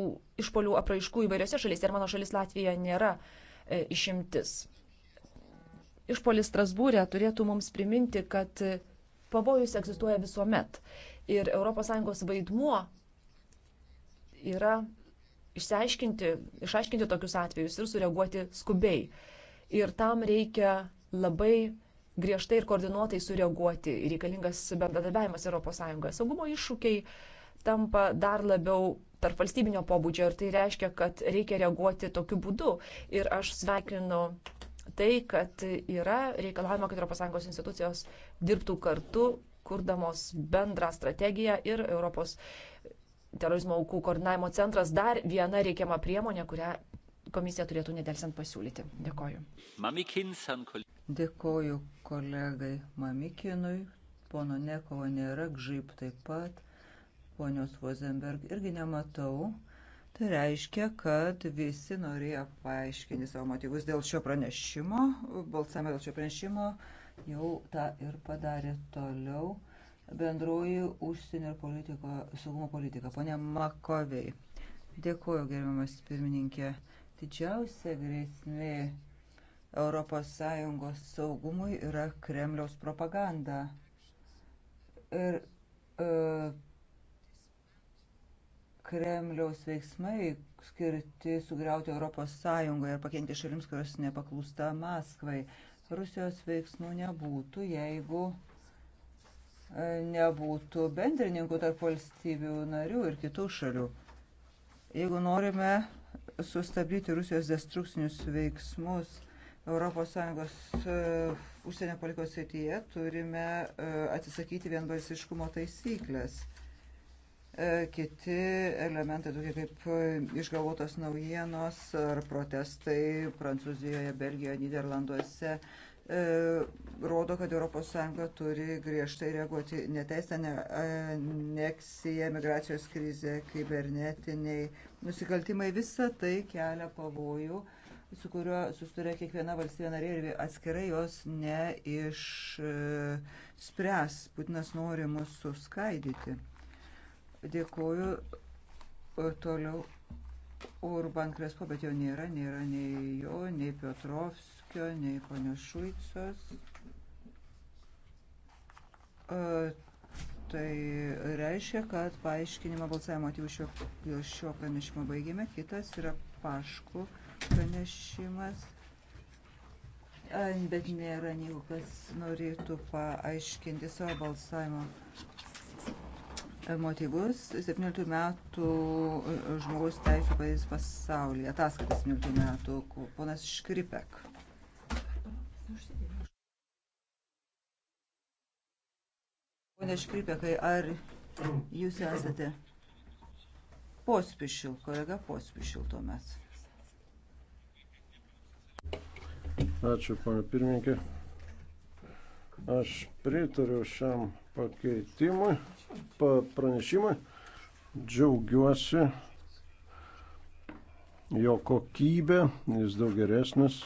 išpolių apraiškų įvairiose šalyse ir mano šalis Latvija nėra e, išimtis. Išpolis Strasbūrė turėtų mums priminti, kad e, pavojus egzistuoja visuomet. Ir ES vaidmuo yra išsiaiškinti, išaiškinti tokius atvejus ir sureaguoti skubiai. Ir tam reikia labai griežtai ir koordinuotai sureaguoti. Reikalingas bendradarbiavimas ES. Saugumo iššūkiai tampa dar labiau tarp valstybinio pobūdžio ir tai reiškia, kad reikia reaguoti tokiu būdu. Ir aš sveikinu tai, kad yra reikalavimo, kad ES institucijos dirbtų kartu, kurdamos bendrą strategiją ir Europos terorizmo aukų koordinavimo centras dar viena reikiama priemonė, kurią komisija turėtų nedelsiant pasiūlyti. Dėkoju. Dėkoju kolegai Mamikinui, pono Nekovo nėra, Gžyp taip pat, ponios Vozenberg irgi nematau. Tai reiškia, kad visi norėjo paaiškinti savo motyvus dėl šio pranešimo, balsame dėl šio pranešimo, jau tą ir padarė toliau bendroji užsienio ir politiko, saugumo politika. Pone Makovei. Dėkuoju, gerbiamas pirmininkė. Didžiausia grėsmė ES saugumui yra Kremliaus propaganda. Ir e, Kremliaus veiksmai skirti sugriauti ES ir pakengti šalims, kurios nepaklūsta Maskvai. Rusijos veiksmų nebūtų, jeigu e, nebūtų bendrininkų tarp valstybių narių ir kitų šalių. Jeigu norime sustabdyti Rusijos destrukcinius veiksmus ES e, užsienio politikos srityje, turime e, atsisakyti vienbalsiškumo taisyklės. E, kiti elementai, tokie kaip išgalvotos naujienos ar protestai Prancūzijoje, Belgijoje, Niderlanduose, E, rodo, kad ES turi griežtai reaguoti neteisę e, aneksiją, migracijos krizę, kibernetiniai nusikaltimai. Visa tai kelia pavojų, su kuriuo susiduria kiekviena valstybė narė ir atskirai jos neišspręs. Putinas nori mus suskaidyti. Dėkuoju. Toliau Urban Krespo, bet jo nėra, nėra nei jo, nei Piotrovskio, nei ponios Šuicos. E, tai reiškia, kad paaiškinimą balsavimo motyvų šio, šio pranešimo baigėme. Kitas yra paškų pranešimas. E, bet nėra nieko, kas norėtų paaiškinti savo balsavimo motyvus 17 metų e, žmogaus teisų padėtis pasaulyje. Ataskaita 17 metų, ponas Škripek. Pone Škripekai, ar jūs esate pospišil, kolega pospišil tuomet? Ačiū, pana pirmininkė. Aš pritariu šiam pakeitimui pranešimą. Džiaugiuosi jo kokybė, jis daug geresnis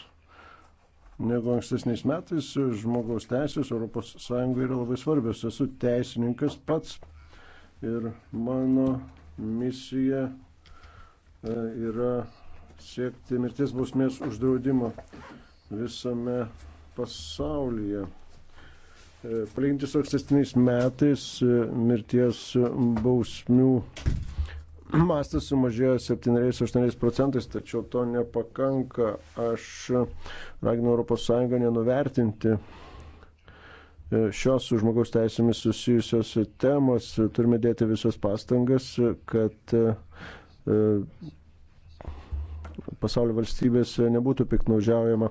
negu ankstesniais metais. Žmogaus teisės ES yra labai svarbios. Esu teisininkas pats ir mano misija e, yra siekti mirties bausmės uždraudimo visame pasaulyje. Palyginti su ankstesniais metais e, mirties bausmių mastas sumažėjo 7-8 procentais, tačiau to nepakanka. Aš raginu ES nenuvertinti e, šios su žmogaus teisėmis susijusios temos. Turime dėti visas pastangas, kad e, pasaulio valstybėse nebūtų piknaudžiaujama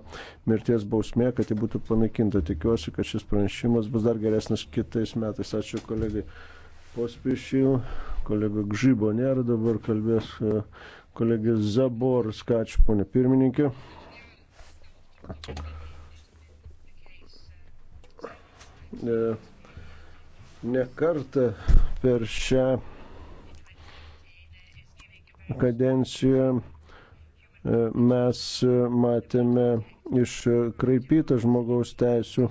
mirties bausmė, kad ji būtų panaikinta. Tikiuosi, kad šis pranešimas bus dar geresnis kitais metais. Ačiū kolegai Pospišil, kolega Gžybo nėra, dabar kalbės e, kolegė Zaborska, ačiū ponė pirmininkė. E, Nekartą per šią kadenciją E, mes e, matėme iškraipytą žmogaus teisų,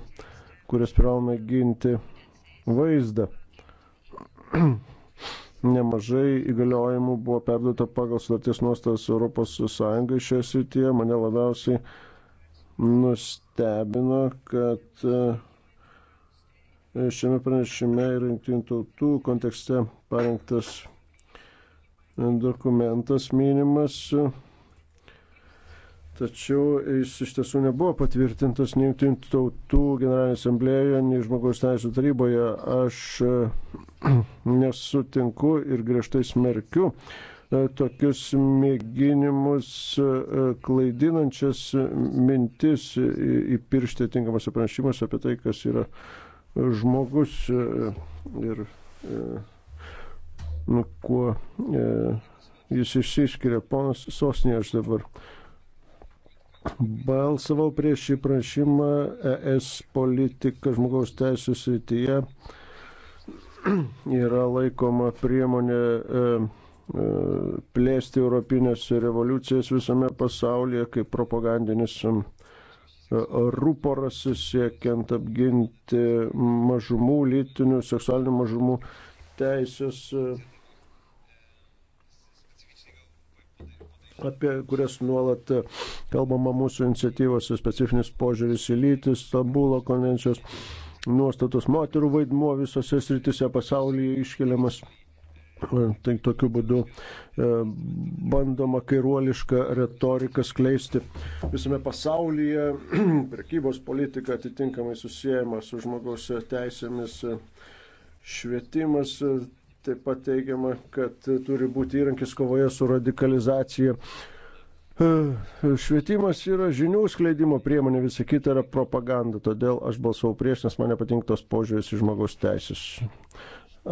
kurias privalome ginti vaizdą. Nemažai įgaliojimų buvo perduota pagal sutarties nuostas Europos Sąjungai šioje srityje. Mane labiausiai nustebino, kad e, šiame pranešime ir jungtinių tautų kontekste parengtas dokumentas minimas Tačiau jis iš tiesų nebuvo patvirtintas nei Junktinių tautų generalinėje asamblėjoje, nei žmogaus teisų taryboje. Aš eh, nesutinku ir griežtai smerkiu eh, tokius mėginimus eh, klaidinančias mintis įpiršti tinkamuose pranešimuose apie tai, kas yra žmogus ir nu, kuo jis išsiskiria. Ponas Sosnė aš dabar Balsavau prieš šį prašymą ES politika žmogaus teisų srityje yra laikoma priemonė e, e, plėsti europinės revoliucijas visame pasaulyje kaip propagandinis e, rūporas siekiant apginti mažumų, lytinių, seksualinių mažumų teisės apie kurias nuolat kalbama mūsų iniciatyvose, specifinis požiūris į lytį, Stambulo konvencijos nuostatos, moterų vaidmuo visose sritise pasaulyje iškeliamas. Tai tokiu būdu e, bandoma kairuolišką retoriką skleisti visame pasaulyje. Prekybos politika atitinkamai susijęma su žmogaus teisėmis švietimas Taip pat teigiama, kad turi būti įrankis kovoje su radikalizacija. Švietimas yra žinių skleidimo priemonė, visa kita yra propaganda, todėl aš balsavau prieš, nes man nepatinka tos požiūris į žmogaus teisės.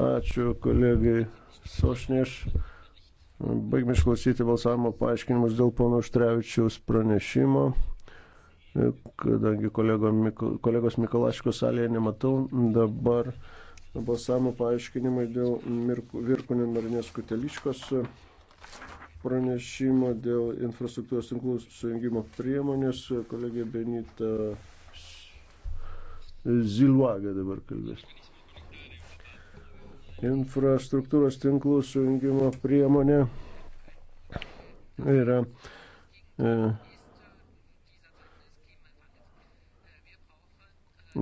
Ačiū kolegai Sošnieš. Baigime išklausyti balsavimo paaiškinimus dėl pono Štrevičiaus pranešimo. Kadangi kolego, kolegos Mikolaško salėje nematau, dabar balsavimo paaiškinimai dėl Virkunin Marinės Kuteliškos e, pranešimo dėl infrastruktūros tinklų sujungimo priemonės. E, kolegė Benita Zilvaga dabar kalbės. Infrastruktūros tinklų sujungimo priemonė yra e,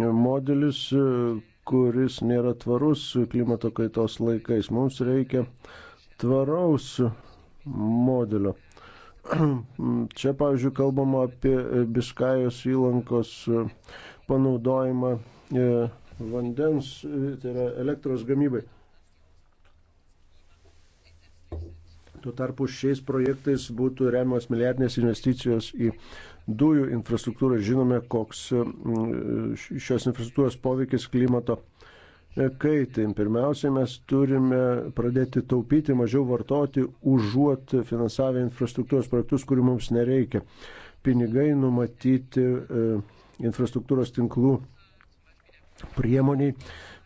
modelis, e, kuris nėra tvarus klimato kaitos laikais. Mums reikia tvaraus modelio. Čia, pavyzdžiui, kalbama apie Biskajos įlankos panaudojimą e, vandens, tai yra elektros gamybai. Tuo tarpu šiais projektais būtų remiamas milijardinės investicijos į dujų infrastruktūrą, žinome, koks šios infrastruktūros poveikis klimato e, kaitai. Pirmiausiai mes turime pradėti taupyti, mažiau vartoti, užuot finansavę infrastruktūros projektus, kurių mums nereikia. Pinigai numatyti e, infrastruktūros tinklų priemoniai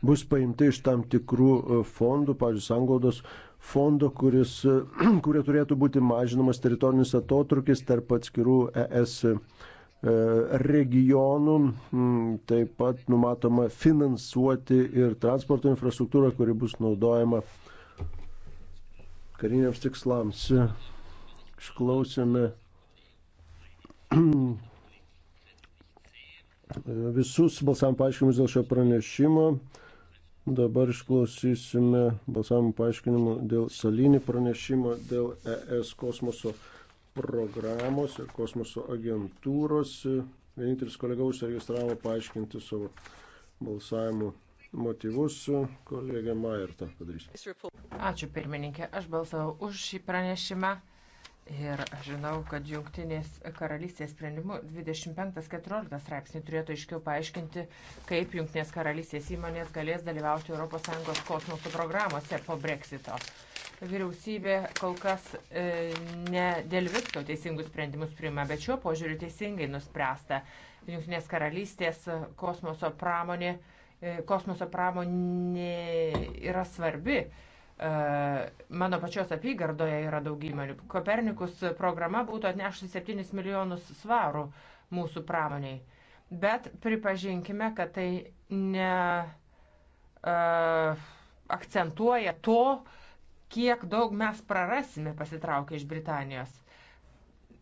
bus paimti iš tam tikrų e, fondų, pavyzdžiui, sanglaudos fondo, kuris, kurio turėtų būti mažinamas teritorinis atotrukis tarp atskirų ES e, regionų. Mm, taip pat numatoma finansuoti ir transporto infrastruktūrą, kuri bus naudojama kariniams tikslams. Išklausėme visus balsam paaiškinimus dėl šio pranešimo. Dabar išklausysime balsavimo paaiškinimų dėl salinį pranešimo dėl ES kosmoso programos ir kosmoso agentūros. Vienintelis kolega užsiregistravo paaiškinti savo balsavimo motyvus. Kolegė Majer tą padarys. Ačiū pirmininkė, aš balsavau už šį pranešimą. Ir aš žinau, kad Junktinės karalystės sprendimu 25.14 straipsnį turėtų aiškiau paaiškinti, kaip Junktinės karalystės įmonės galės dalyvauti ES kosmoso programuose po Brexito. Vyriausybė kol kas e, ne dėl visko teisingus sprendimus priima, bet šiuo požiūriu teisingai nuspręsta. Junktinės karalystės kosmoso pramonė, e, kosmoso pramonė yra svarbi mano pačios apygardoje yra daug įmonių. Kopernikus programa būtų atnešusi 7 milijonus svarų mūsų pramoniai. Bet pripažinkime, kad tai ne uh, akcentuoja to, kiek daug mes prarasime pasitraukę iš Britanijos.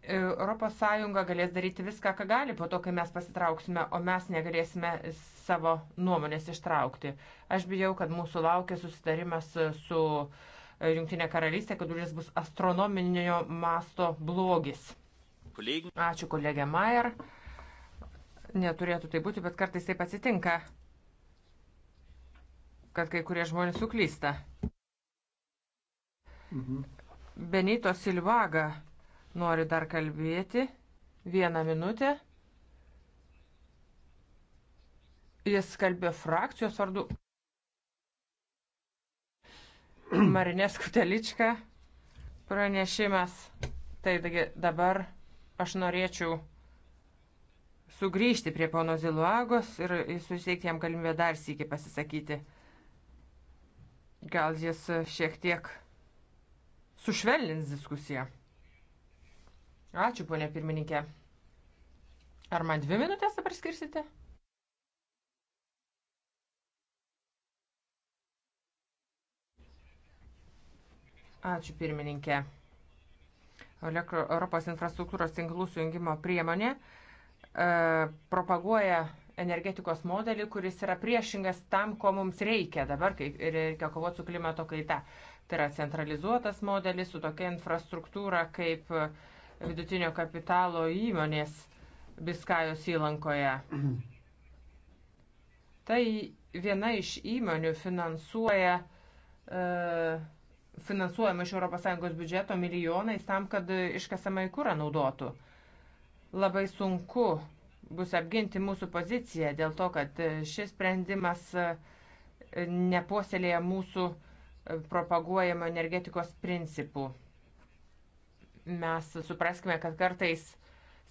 ES galės daryti viską, ką gali po to, kai mes pasitrauksime, o mes negalėsime savo nuomonės ištraukti. Aš bijau, kad mūsų laukia susitarimas su e, Junktinė karalystė, kad jis bus astronominio masto blogis. Ačiū kolegė Mayer. Neturėtų tai būti, bet kartais taip atsitinka, kad kai kurie žmonės suklysta. Mhm. Benito Silvaga nori dar kalbėti. Vieną minutę. Jis kalbėjo frakcijos vardu. Marinės Kutelička pranešimas. Tai dabar aš norėčiau sugrįžti prie pono Ziluagos ir susiekti jam galimybę dar sįki pasisakyti. Gal jis šiek tiek sušvelnins diskusiją. Ačiū, ponė pirmininkė. Ar man dvi minutės dabar skirsite? Ačiū pirmininkė. Europos infrastruktūros tinklų sujungimo priemonė e, propaguoja energetikos modelį, kuris yra priešingas tam, ko mums reikia dabar, kai reikia kovoti su klimato kaita. Tai yra centralizuotas modelis su tokia infrastruktūra kaip e, vidutinio kapitalo įmonės Biskajos įlankoje. Tai viena iš įmonių finansuoja uh, finansuojama iš ES biudžeto milijonais tam, kad iškasamą į kurą naudotų. Labai sunku bus apginti mūsų poziciją dėl to, kad šis sprendimas e, nepuoselėja mūsų e, propaguojamo energetikos principų. Mes supraskime, kad kartais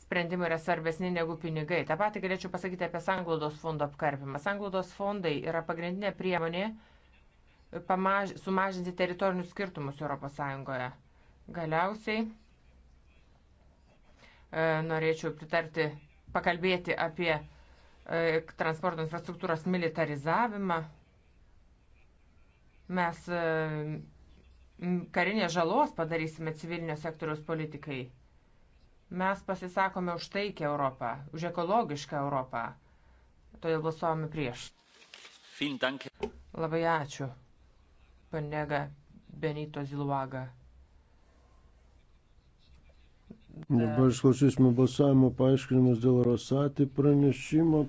sprendimai yra svarbesni negu pinigai. Ta pati galėčiau pasakyti apie sanglaudos fondo apkarpimą. Sanglaudos fondai yra pagrindinė priemonė, pamaž, sumažinti teritorinius skirtumus ES. Galiausiai e, norėčiau pritarti, pakalbėti apie e, transporto infrastruktūros militarizavimą. Mes e, karinės žalos padarysime civilinio sektoriaus politikai. Mes pasisakome už taikę Europą, už ekologišką Europą. Todėl balsuojame prieš. Labai ačiū. Panega Benito Ziluaga. Dabar išklausysime balsavimo paaiškinimus dėl Rosati pranešimo.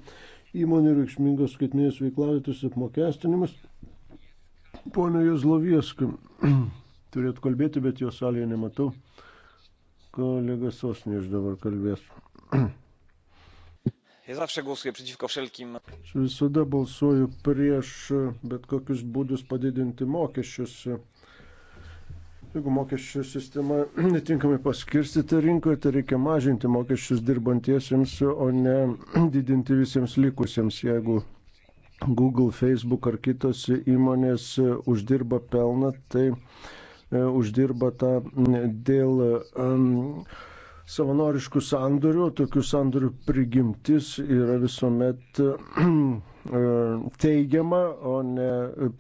Įmonių reikšmingos skaitminės veiklavietės apmokestinimas. Pone Jozlovieska, turėtų kalbėti, bet jo salėje nematau. Kolegas Osnieš dabar kalbės. Aš visada balsuoju prieš bet kokius būdus padidinti mokesčius. Jeigu mokesčių sistema netinkamai paskirstyti rinkoje, tai reikia mažinti mokesčius dirbantiesiems, o ne didinti visiems likusiems. Jeigu Google, Facebook ar kitos įmonės e, uždirba pelną, tai e, uždirba tą dėl. Um, savanoriškų sandorių, tokių sandorių prigimtis yra visuomet e, teigiama, o ne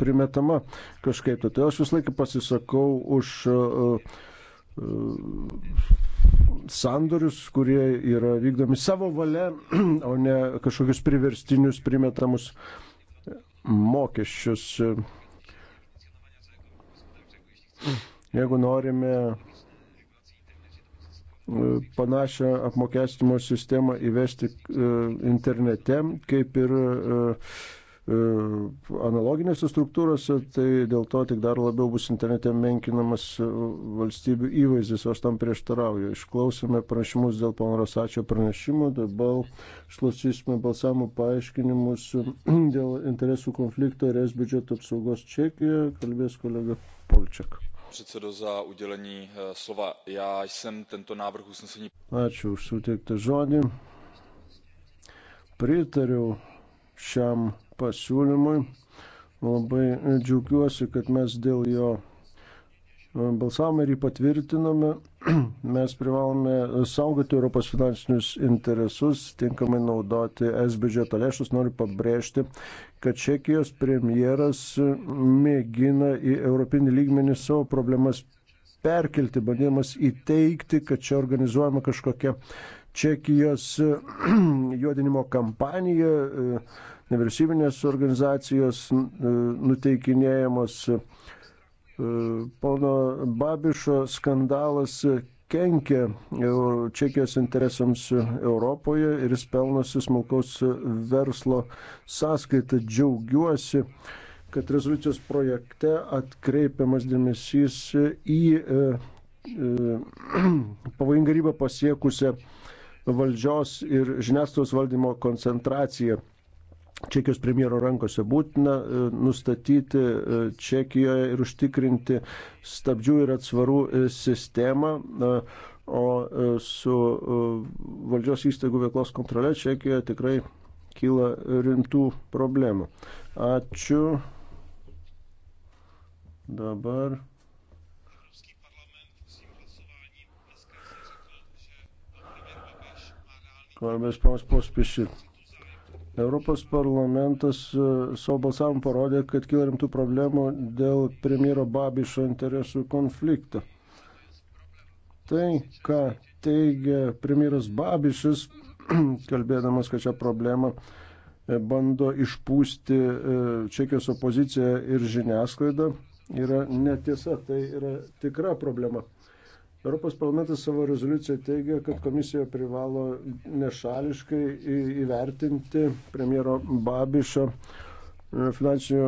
primetama kažkaip. Tai aš visą laiką pasisakau už e, e, sandorius, kurie yra vykdomi savo valia, o ne kažkokius priverstinius primetamus mokesčius. Jeigu norime panašią apmokestinimo sistemą įvesti e, internete, kaip ir e, e, analoginėse struktūrose, tai dėl to tik dar labiau bus internete menkinamas valstybių įvaizdis, aš tam prieštarauju. Išklausime pranešimus dėl pono Rosačio pranešimo, dabar išklausysime balsavimo paaiškinimus dėl interesų konflikto ir es biudžeto apsaugos Čekijoje, kalbės kolega Polčiak předsedající eh, já jsem tento návrh usnesení. ačiū už suteiktą žodį. pritariu šiam pasiūlymui. Labai džiaugiuosi, kad mes dėl jo eh, balsavome ir jį patvirtinome. Mes privalome saugoti Europos finansinius interesus, tinkamai naudoti S biudžeto lėšus. Noriu pabrėžti, kad Čekijos premjeras mėgina į europinį lygmenį savo problemas perkelti, bandymas įteikti, kad čia organizuojama kažkokia Čekijos juodinimo kampanija, e, nevyriausybinės organizacijos e, nuteikinėjamos Pono Babišo skandalas kenkia Čekijos interesams Europoje ir jis pelnosi smulkaus verslo sąskaitą. Džiaugiuosi, kad rezoliucijos projekte atkreipiamas dėmesys į e, e, pavojingą ribą pasiekusią valdžios ir žiniasklaidos valdymo koncentraciją. Čekijos premjero rankose būtina e, nustatyti e, Čekijoje ir užtikrinti stabdžių ir atsvarų e, sistemą, o su valdžios įstaigų veiklos kontrole Čekijoje tikrai kyla rimtų problemų. Ačiū. Dabar. Kalbės paus pospišit. Europos parlamentas e, savo balsavimu parodė, kad kyla rimtų problemų dėl premjero Babišo interesų konflikto. Tai, ką teigia premjeras Babišas, kalbėdamas, kad šią problemą e, bando išpūsti e, Čekijos opozicija ir žiniasklaida, yra netiesa, tai yra tikra problema. Europos parlamentas savo rezoliuciją teigia, kad komisija privalo nešališkai įvertinti premjero Babišo e, finansinių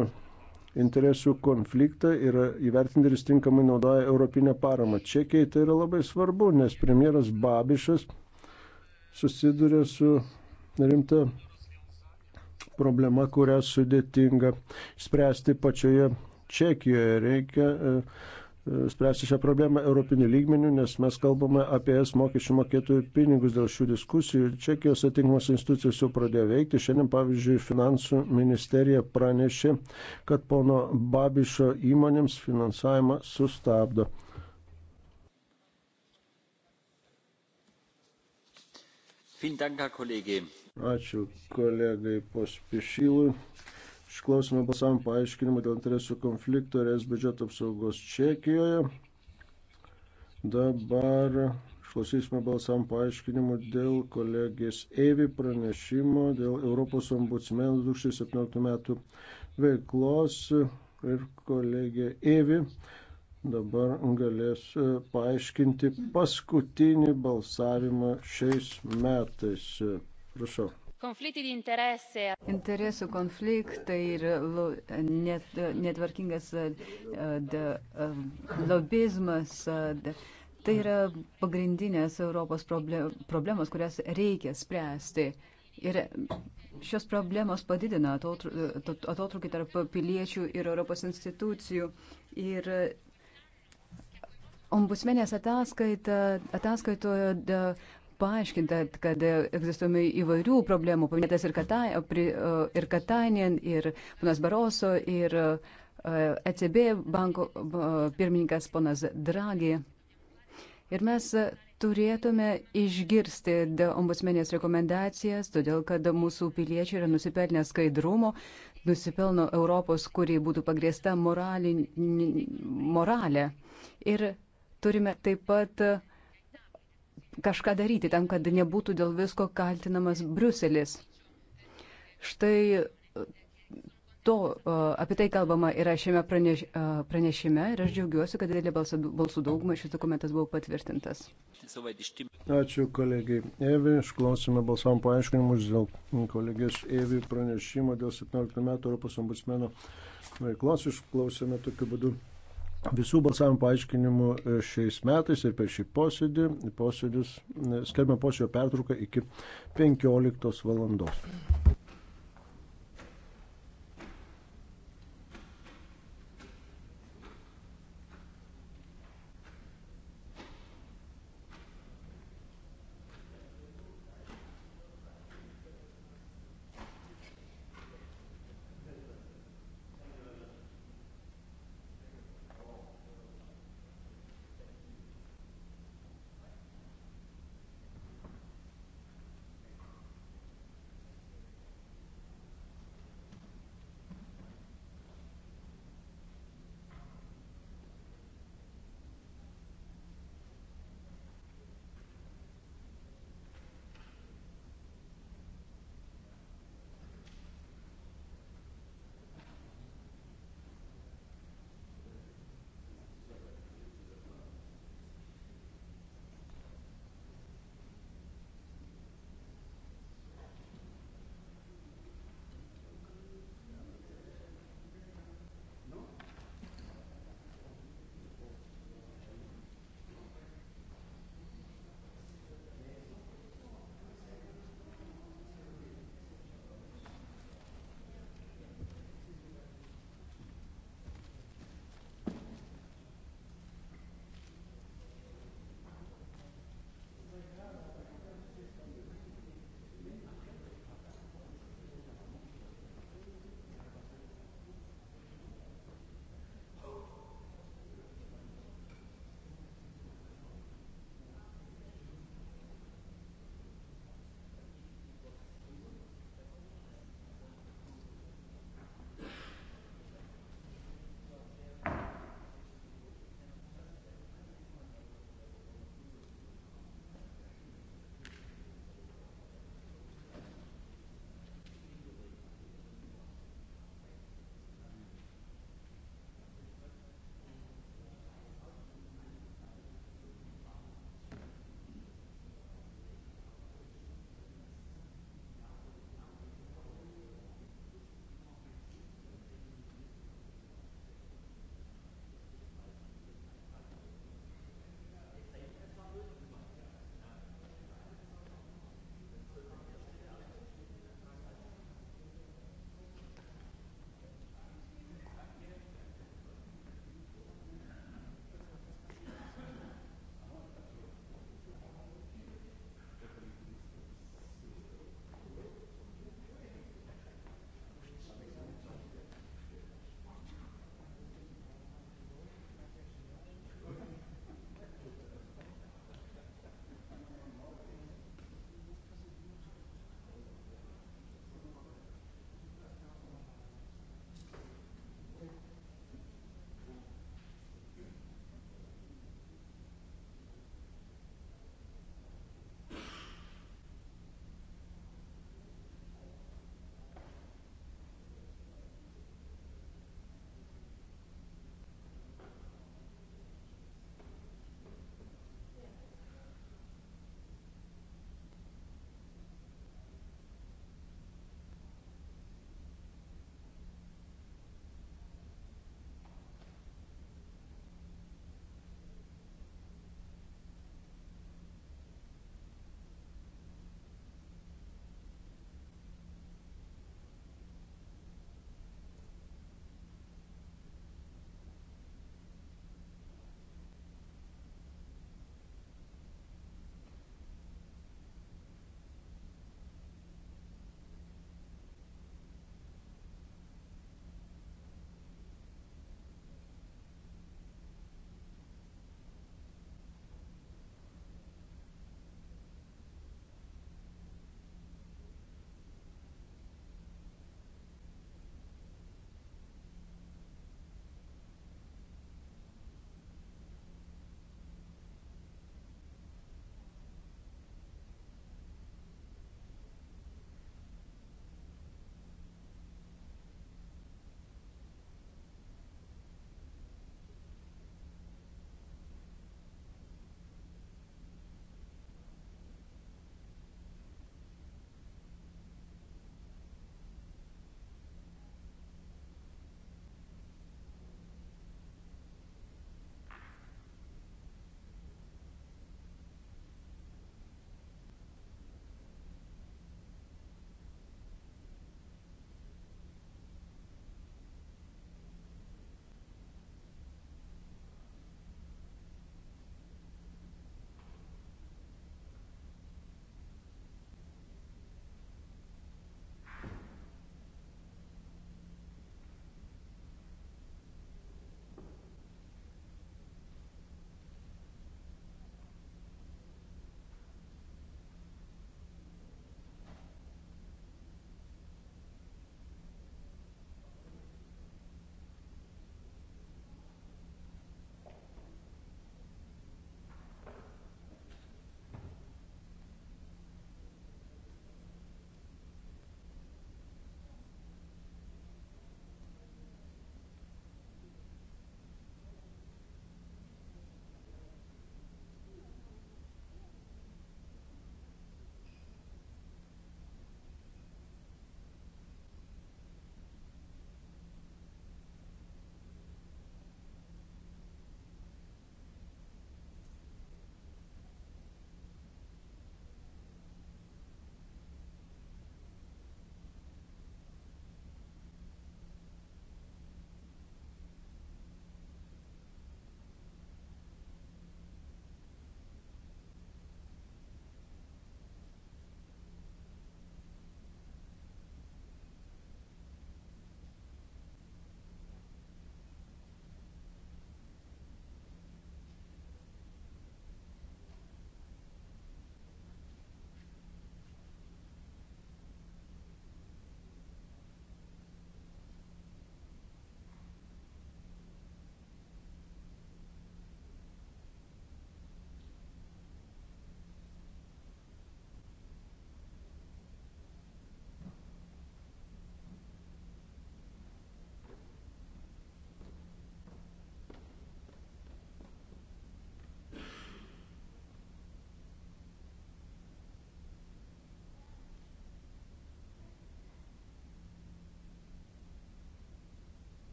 interesų konfliktą ir įvertinti, ar jis tinkamai naudoja europinę paramą. Čekijai tai yra labai svarbu, nes premjeras Babišas susiduria su rimta problema, kurią sudėtinga spręsti pačioje Čekijoje. Reikia uh, spręsti šią problemą europinių lygmenių, nes mes kalbame apie es mokesčių mokėtojų pinigus dėl šių diskusijų. Čekijos atinkamos institucijos jau pradėjo veikti. Šiandien, pavyzdžiui, finansų ministerija pranešė, kad pono Babišo įmonėms finansavimą sustabdo. Ačiū kolegai Pospišilui. Išklausime balsavimo paaiškinimą dėl interesų konflikto ir es biudžeto apsaugos Čekijoje. Dabar išklausysime balsavimo paaiškinimų dėl kolegės Eivi pranešimo dėl Europos ombudsmenų 2017 metų veiklos ir kolegė Eivi dabar galės e, paaiškinti paskutinį balsavimą šiais metais. Prašau. Konfliktai di interesė. Interesų konfliktai ir net, netvarkingas e, e, lobizmas. E, tai yra pagrindinės Europos problemos, kurias reikia spręsti. Ir šios problemos padidina atotrukį tarp piliečių ir Europos institucijų. Ir Ombusmenės ataskaita, ataskaitoje paaiškinta, kad egzistuomi įvairių problemų, paminėtas ir, Kata, ir Katanien, ir ponas Baroso, ir ECB e banko e, pirmininkas ponas Dragi. Ir mes turėtume išgirsti ombudsmenės rekomendacijas, todėl kad mūsų piliečiai yra nusipelnę skaidrumo, nusipelno Europos, kuri būtų pagrėsta moralė. Ir turime taip pat uh, kažką daryti tam, kad nebūtų dėl visko kaltinamas Bruselis. Štai e, to, e, apie tai kalbama yra šiame praneš, e, pranešime ir aš džiaugiuosi, kad didelė balsų, balsų dauguma šis dokumentas buvo patvirtintas. Ačiū kolegai Evi, išklausime balsavimo paaiškinimus dėl kolegės Evi pranešimo dėl 17 metų Europos ombudsmeno veiklos, išklausėme tokiu būdu visų balsavimo paaiškinimų e, šiais metais ir per šį posėdį. Posėdis, e, skelbiam posėdžio pertrauką iki 15 valandos.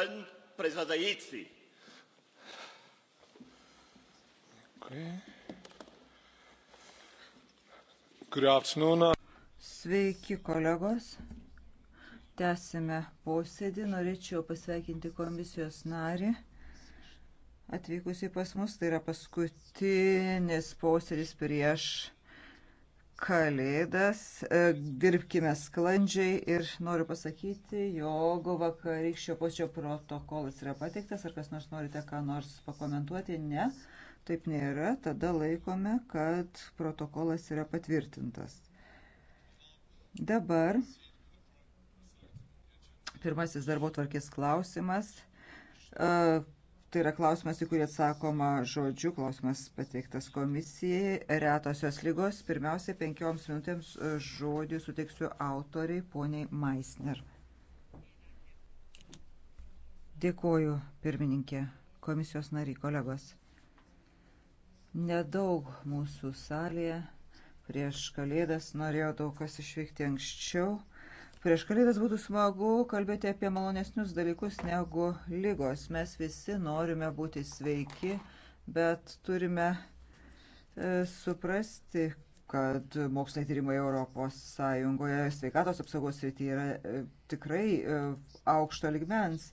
pan předsedající sveiki kolegos tęsiame posėdį norėčiau pasveikinti komisijos narį atvykusį pas mus tai yra paskutinis posėdis prieš Kalėdas, e, dirbkime sklandžiai ir noriu pasakyti, jog vakarykščio posčio protokolas yra pateiktas, ar kas nors norite ką nors pakomentuoti, ne, taip nėra, tada laikome, kad protokolas yra patvirtintas. Dabar pirmasis darbo tvarkės klausimas. Uh, Tai yra klausimas, į kurį atsakoma žodžiu, klausimas pateiktas komisijai. Retosios lygos, pirmiausiai penkioms minutėms žodį suteiksiu autoriai, poniai Maisner. Dėkoju, pirmininkė, komisijos nariai, kolegos. Nedaug mūsų salėje prieš kalėdas norėjo daug kas išvykti anksčiau Prieš kalėdas būtų smagu kalbėti apie malonesnius dalykus negu lygos. Mes visi norime būti sveiki, bet turime e, suprasti, kad moksliniai tyrimai Europos Sąjungoje sveikatos apsaugos srityje yra e, tikrai e, aukšto ligmens.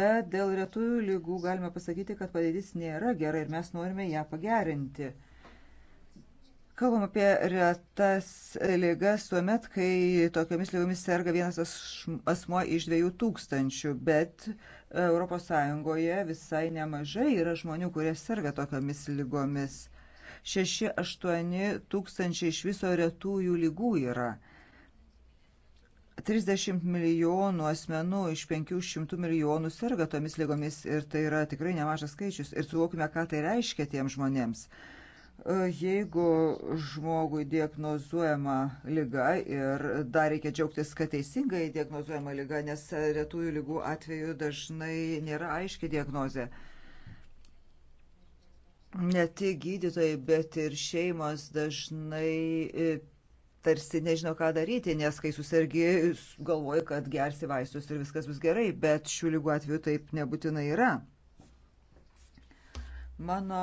Bet dėl retųjų lygų galime pasakyti, kad padėtis nėra gera ir mes norime ją pagerinti. Kalbam apie retas lygas tuo met, kai tokiomis lygomis serga vienas asmo iš dviejų tūkstančių, bet ES visai nemažai yra žmonių, kurie serga tokiomis lygomis. 6-8 tūkstančiai iš viso retųjų lygų yra. 30 milijonų asmenų iš 500 milijonų serga tomis lygomis ir tai yra tikrai nemažas skaičius ir suvokime, ką tai reiškia tiem žmonėms. Jeigu žmogui diagnozuojama lyga ir dar reikia džiaugtis, kad teisingai diagnozuojama lyga, nes retųjų lygų atveju dažnai nėra aiški diagnozė. Ne tik gydytojai, bet ir šeimos dažnai e, tarsi nežino, ką daryti, nes kai susirgi, galvoji, kad gersi vaistus ir viskas bus gerai, bet šių lygų atveju taip nebūtinai yra. Mano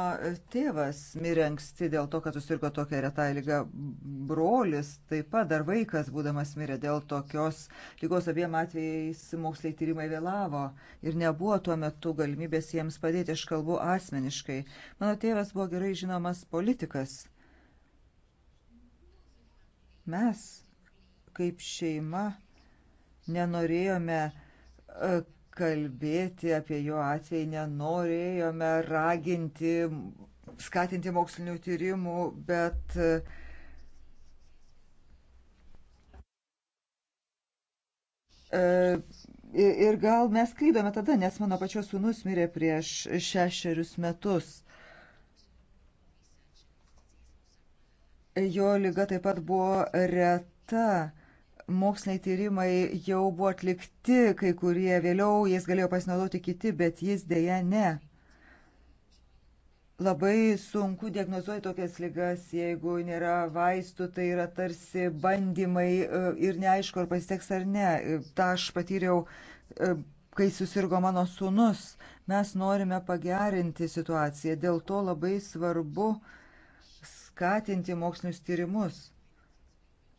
tėvas mirė anksti dėl to, kad susirgo tokia reta lyga. Brolis taip pat dar vaikas būdamas mirė dėl tokios lygos abiem atvejais moksliai tyrimai vėlavo ir nebuvo tuo metu galimybės jiems padėti. Aš kalbu asmeniškai. Mano tėvas buvo gerai žinomas politikas. Mes, kaip šeima, nenorėjome kalbėti apie jo atvejį, nenorėjome raginti, skatinti mokslinių tyrimų, bet e, ir gal mes klydome tada, nes mano pačios sūnus mirė prieš šešerius metus. Jo lyga taip pat buvo reta moksliniai tyrimai jau buvo atlikti, kai kurie vėliau jais galėjo pasinaudoti kiti, bet jis dėja ne. Labai sunku diagnozuoti tokias ligas, jeigu nėra vaistų, tai yra tarsi bandymai e, ir neaišku, ar pasiteks ar ne. Ta aš patyriau, e, kai susirgo mano sunus. Mes norime pagerinti situaciją, dėl to labai svarbu skatinti mokslinius tyrimus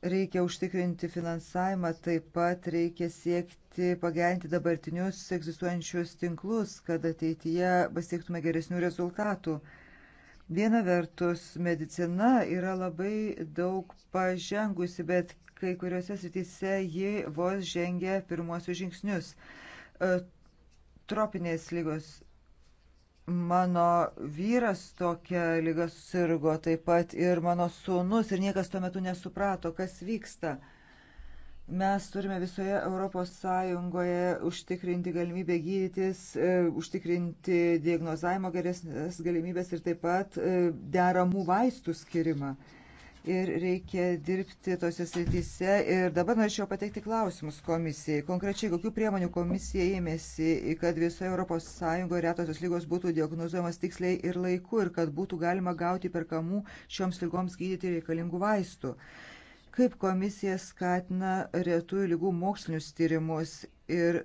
reikia užtikrinti finansavimą, taip pat reikia siekti pagerinti dabartinius egzistuojančius tinklus, kad ateityje pasiektume geresnių rezultatų. Viena vertus, medicina yra labai daug pažengusi, bet kai kuriuose srityse ji vos žengia pirmuosius žingsnius. E, tropinės lygos mano vyras tokia lyga susirgo, taip pat ir mano sūnus, ir niekas tuo metu nesuprato, kas vyksta. Mes turime visoje Europos Sąjungoje užtikrinti galimybę gydytis, e, užtikrinti diagnozavimo geresnės galimybės ir taip pat e, deramų vaistų skirimą ir reikia dirbti tose srityse. Ir dabar norėčiau pateikti klausimus komisijai. Konkrečiai, kokiu priemonių komisija ėmėsi, kad visoje ES retosios lygos būtų diagnozuojamas tiksliai ir laiku ir kad būtų galima gauti perkamų šioms lygoms gydyti reikalingų vaistų kaip komisija skatina retųjų lygų mokslinius tyrimus ir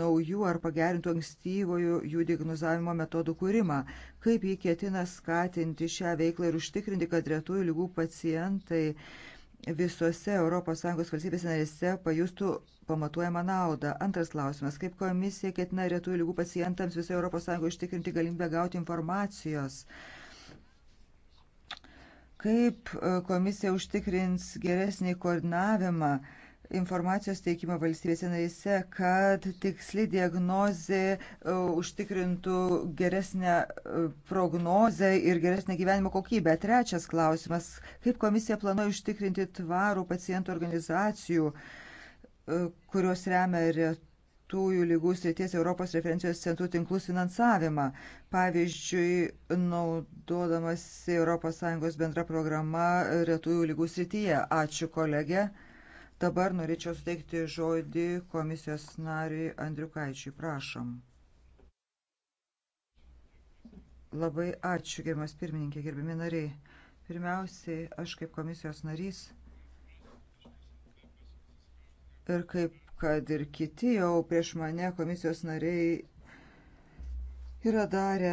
naujų ar pagerintų ankstyvojų jų diagnozavimo metodų kūrimą, kaip jį ketina skatinti šią veiklą ir užtikrinti, kad retųjų lygų pacientai visose ES valstybėse narėse pajustų pamatuojamą naudą. Antras klausimas, kaip komisija ketina retųjų lygų pacientams visoje ES užtikrinti galimybę gauti informacijos Kaip e, komisija užtikrins geresnį koordinavimą informacijos teikimą valstybėse narėse, kad tiksli diagnozė e, užtikrintų geresnę e, prognozę ir geresnę gyvenimo kokybę. Trečias klausimas. Kaip komisija planuoja užtikrinti tvarų pacientų organizacijų, kurios remia retų retųjų lygų srities Europos referencijos centrų tinklus finansavimą. Pavyzdžiui, naudodamas ES bendra programa retųjų lygų srityje. Ačiū kolegė. Dabar norėčiau suteikti žodį komisijos nariui Andriukaičiui. Prašom. Labai ačiū, gerbiamas pirmininkė, gerbiami nariai. Pirmiausiai, aš kaip komisijos narys ir kaip kad ir kiti jau prieš mane komisijos nariai yra darę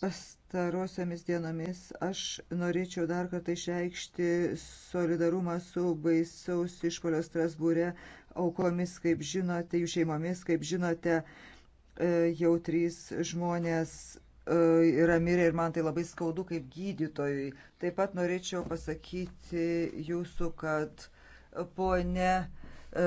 pastarosiomis dienomis aš norėčiau dar kartą išreikšti solidarumą su baisaus išpolio Strasbūre aukomis, kaip žinote, jų šeimomis, kaip žinote, e, jau trys žmonės e, yra mirę ir man tai labai skaudu kaip gydytojui. Taip pat norėčiau pasakyti jūsų, kad ponė ne E,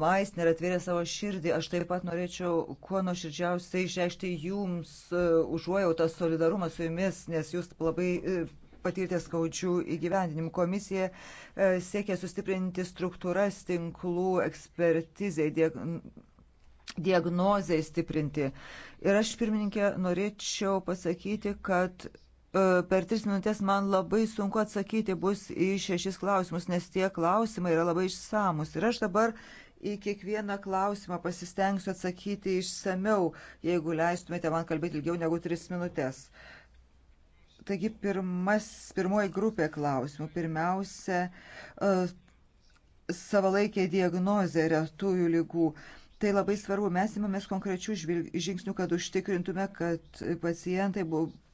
Maisner atvėrė savo širdį. Aš taip pat norėčiau kuo nuoširdžiausiai išreikšti jums e, užuojautą solidarumą su jumis, nes jūs labai e, patyrėte skaudžių įgyvendinimų. Komisija siekia sustiprinti struktūras tinklų ekspertizai, diagnozai stiprinti. Ir aš, pirmininkė, norėčiau pasakyti, kad E, per tris minutės man labai sunku atsakyti bus į šešis klausimus, nes tie klausimai yra labai išsamus. Ir aš dabar į kiekvieną klausimą pasistengsiu atsakyti išsameu, jeigu leistumėte man kalbėti ilgiau negu tris minutės. Taigi pirmas, pirmoji grupė klausimų. Pirmiausia, e, savalaikė diagnozė retųjų lygų. Tai labai svarbu, mes imamės konkrečių žingsnių, kad užtikrintume, kad pacientai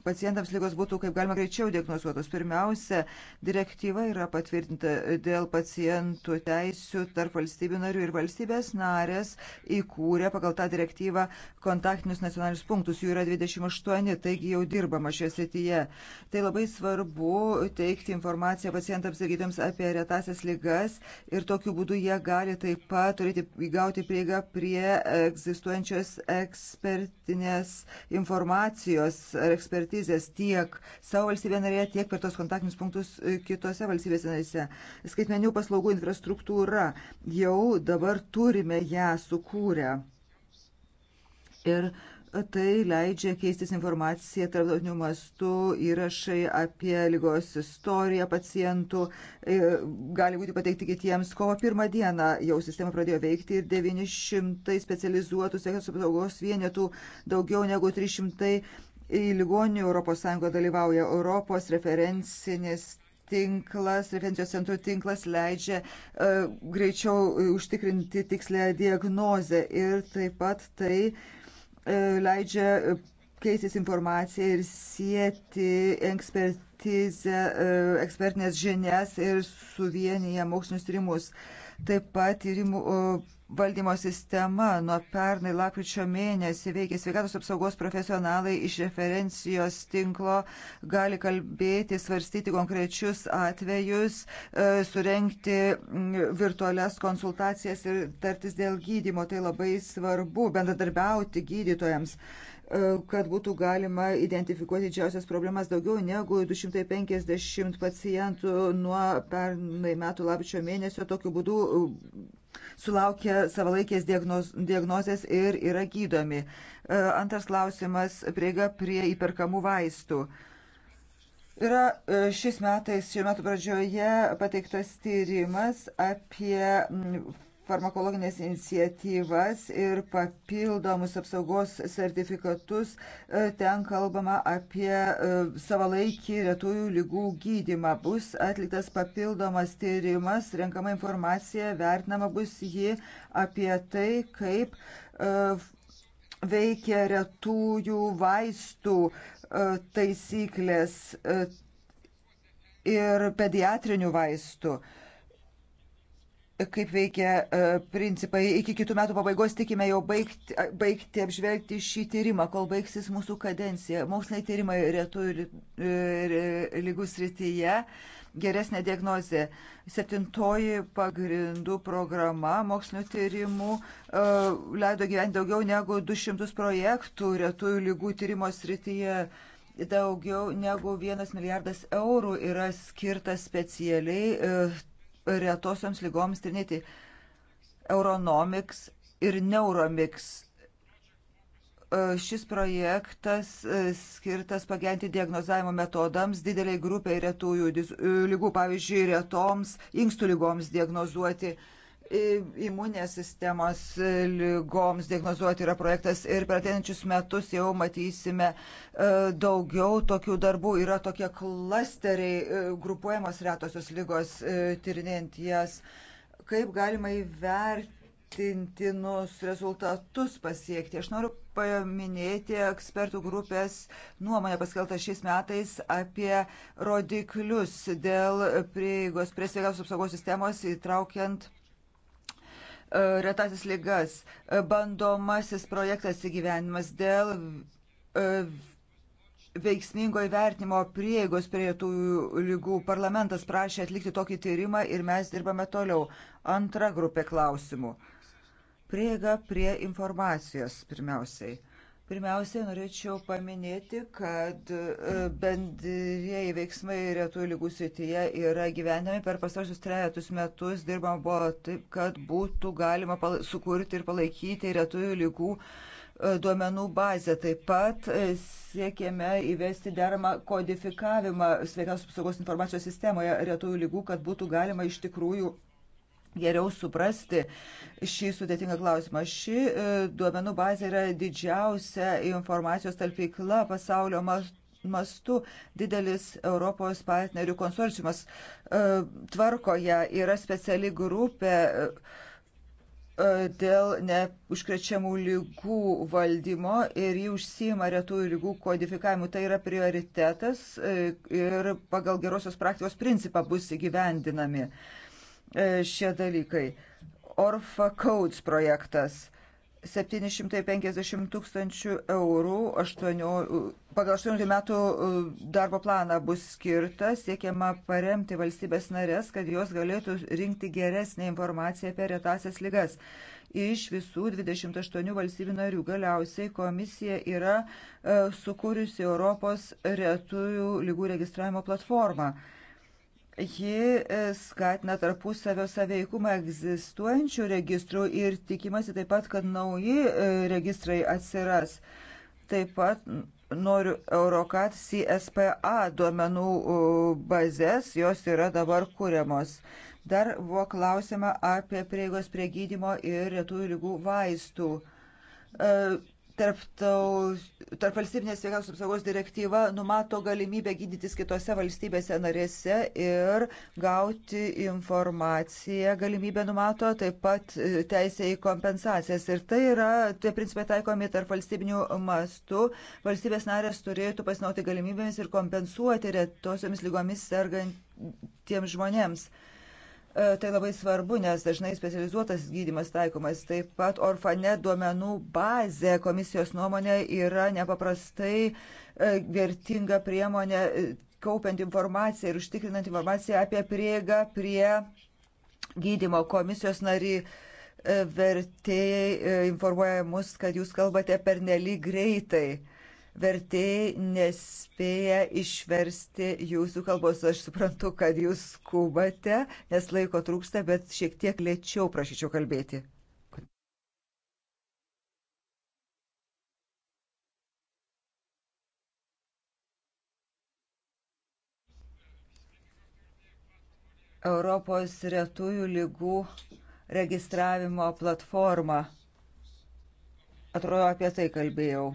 pacientams lygos būtų kaip galima greičiau diagnozuotos. Pirmiausia, direktyva yra patvirtinta dėl pacientų teisių tarp valstybių narių ir valstybės narės įkūrė pagal tą direktyvą kontaktinius nacionalinius punktus. Jų yra 28, taigi jau dirbama šioje srityje. Tai labai svarbu teikti informaciją pacientams ir gydytams apie retasias lygas ir tokiu būdu jie gali taip pat turėti įgauti prieigą prie egzistuojančios ekspertinės informacijos ar ekspertizės ekspertizės tiek savo valstybėje narėje, tiek per tos kontaktinius punktus e, kitose valstybėse narėse. Skaitmenių paslaugų infrastruktūra jau dabar turime ją sukūrę. Ir tai leidžia keistis informacija tarptautiniu mastu, įrašai apie lygos istoriją pacientų e, gali būti pateikti kitiems. Kovo pirmą dieną jau sistema pradėjo veikti ir 900 specializuotų sveikatos apsaugos vienetų, daugiau negu 300 Į ligonių ES dalyvauja Europos referencinis tinklas, referencijos centrų tinklas leidžia uh, greičiau užtikrinti tikslę diagnozę ir taip pat tai uh, leidžia keistis informaciją ir sieti ekspertizę, uh, ekspertinės žinias ir suvienyje mokslinius tyrimus. Taip pat tyrimų uh, valdymo sistema nuo pernai lapkričio mėnesį veikia sveikatos apsaugos profesionalai iš referencijos tinklo, gali kalbėti, svarstyti konkrečius atvejus, e, surenkti virtualias konsultacijas ir tartis dėl gydymo. Tai labai svarbu bendradarbiauti gydytojams e, kad būtų galima identifikuoti didžiausias problemas daugiau negu 250 pacientų nuo pernai metų lapčio mėnesio. Tokiu būdu sulaukia savalaikės diagnoz, diagnozės ir yra gydomi. E, antras klausimas - prieiga prie įperkamų vaistų. Yra e, šis metais, šiuo metu pradžioje pateiktas tyrimas apie farmakologinės iniciatyvas ir papildomus apsaugos sertifikatus. E, ten kalbama apie e, savalaikį retųjų lygų gydimą. Bus atliktas papildomas tyrimas, renkama informacija, vertinama bus ji apie tai, kaip e, veikia retųjų vaistų taisyklės ir pediatrinių vaistų kaip veikia e, principai. Iki kitų metų pabaigos tikime jau baigti, baigti apžvelgti šį tyrimą, kol baigsis mūsų kadencija. Moksliniai tyrimai retų e, lygų srityje, geresnė diagnozė. Septintoji pagrindų programa mokslinio tyrimų e, leido gyventi daugiau negu 200 projektų retų lygų tyrimo srityje daugiau negu vienas milijardas eurų yra skirtas specialiai retosioms lygoms trinėti. Euronomics ir Neuromix. E, šis projektas e, skirtas pagerinti diagnozavimo metodams dideliai grupiai retųjų e, lygų, pavyzdžiui, retoms, inkstų lygoms diagnozuoti. Imuninės sistemos lygoms diagnozuoti yra projektas ir per ateinančius metus jau matysime e, daugiau tokių darbų. Yra tokie klasteriai, e, grupuojamos retosios lygos, e, tyrinėjant jas. Kaip galima įvertintinus rezultatus pasiekti? Aš noriu paminėti ekspertų grupės nuomonę paskeltą šiais metais apie rodiklius dėl prieigos prie sveikatos apsaugos sistemos įtraukiant E, retasis lygas, e, bandomasis projektas įgyvenimas dėl e, veiksmingo įvertinimo prieigos prie tų lygų. Parlamentas prašė atlikti tokį tyrimą ir mes dirbame toliau. Antra grupė klausimų. Prieiga prie informacijos pirmiausiai. Pirmiausia, norėčiau paminėti, kad e, bendrieji veiksmai retų lygų srityje yra gyvenami per pastarsius trejatus metus dirbama buvo taip, kad būtų galima sukurti ir palaikyti retų lygų e, duomenų bazę. Taip pat e, siekėme įvesti deramą kodifikavimą sveikatos apsaugos informacijos sistemoje retųjų lygų, kad būtų galima iš tikrųjų geriau suprasti šį sudėtingą klausimą. Ši e, duomenų bazė yra didžiausia informacijos talpykla pasaulio mastu. Didelis Europos partnerių konsorciumas e, tvarkoje yra speciali grupė e, dėl neužkrečiamų lygų valdymo ir jį užsima retų lygų kodifikavimu. Tai yra prioritetas ir pagal gerosios praktikos principą bus įgyvendinami. Uh, E, šie dalykai. Orfa Codes projektas. 750 tūkstančių eurų 8, pagal 18 metų e, darbo planą bus skirta, siekiama paremti valstybės narės, kad jos galėtų rinkti geresnę informaciją apie retasias lygas. Iš visų 28 valstybių narių galiausiai komisija yra e, sukūrusi Europos retųjų lygų registravimo platformą. Ji e, skatina tarpusavio saveikumą egzistuojančių registrų ir tikimasi taip pat, kad nauji e, registrai atsiras. Taip pat noriu Eurocat CSPA duomenų bazės, jos yra dabar kūriamos. Dar buvo klausima apie prieigos prie gydymo ir retųjų lygų vaistų e, Tarp valstybinės sveikatos apsaugos direktyva numato galimybę gydytis kitose valstybėse narėse ir gauti informaciją, galimybę numato taip pat e, teisę į kompensacijas. Ir tai yra, tie principai taikomi tarp valstybinių mastų. Valstybės narės turėtų pasinauti galimybėmis ir kompensuoti retosiomis lygomis sergantiems žmonėms. E, tai labai svarbu, nes dažnai specializuotas gydimas taikomas. Taip pat orfane duomenų bazė komisijos nuomonė yra nepaprastai e, vertinga priemonė e, kaupiant informaciją ir užtikrinant informaciją apie prieigą prie gydimo komisijos nariai vertėjai informuoja mus, kad jūs kalbate per nelį greitai vertėjai nespėja išversti jūsų kalbos. Aš suprantu, kad jūs skubate, nes laiko trūksta, bet šiek tiek lėčiau prašyčiau kalbėti. Europos retųjų lygų registravimo platformą. Atrodo, apie tai kalbėjau.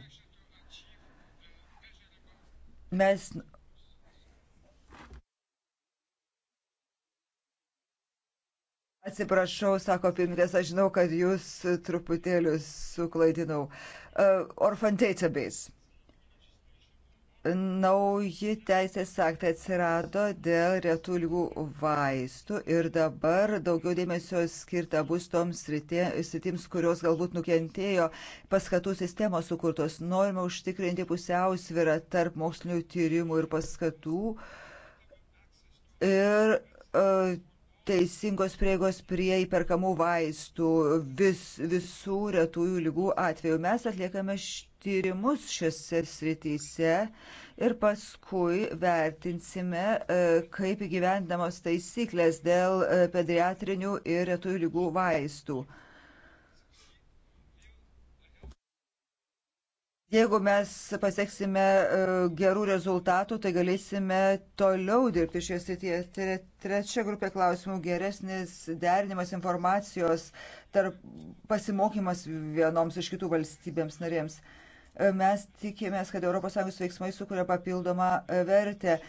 Mes Atsiprašau, sako pirmininkas, aš žinau, kad jūs truputėlius suklaidinau. Uh, orphan database. Nauji teisės aktai atsirado dėl retų lygų vaistų ir dabar daugiau dėmesio skirta bus toms sritims, kurios galbūt nukentėjo paskatų sistemos sukurtos. Norime užtikrinti pusiausvirą tarp mokslinių tyrimų ir paskatų ir uh, teisingos prieigos prie įperkamų vaistų, vis, visų retųjų lygų atveju. Mes atliekame tyrimus šiuose srityse ir paskui vertinsime, e, kaip įgyvendamos taisyklės dėl e, pediatrinių ir retųjų lygų vaistų. Jeigu mes pasieksime e, gerų rezultatų, tai galėsime toliau dirbti šioje srityje. Tai yra trečia grupė klausimų - geresnis derinimas informacijos, tarp pasimokymas vienoms iš kitų valstybėms narėms. E, mes tikimės, kad ES veiksmai sukuria papildomą e, vertę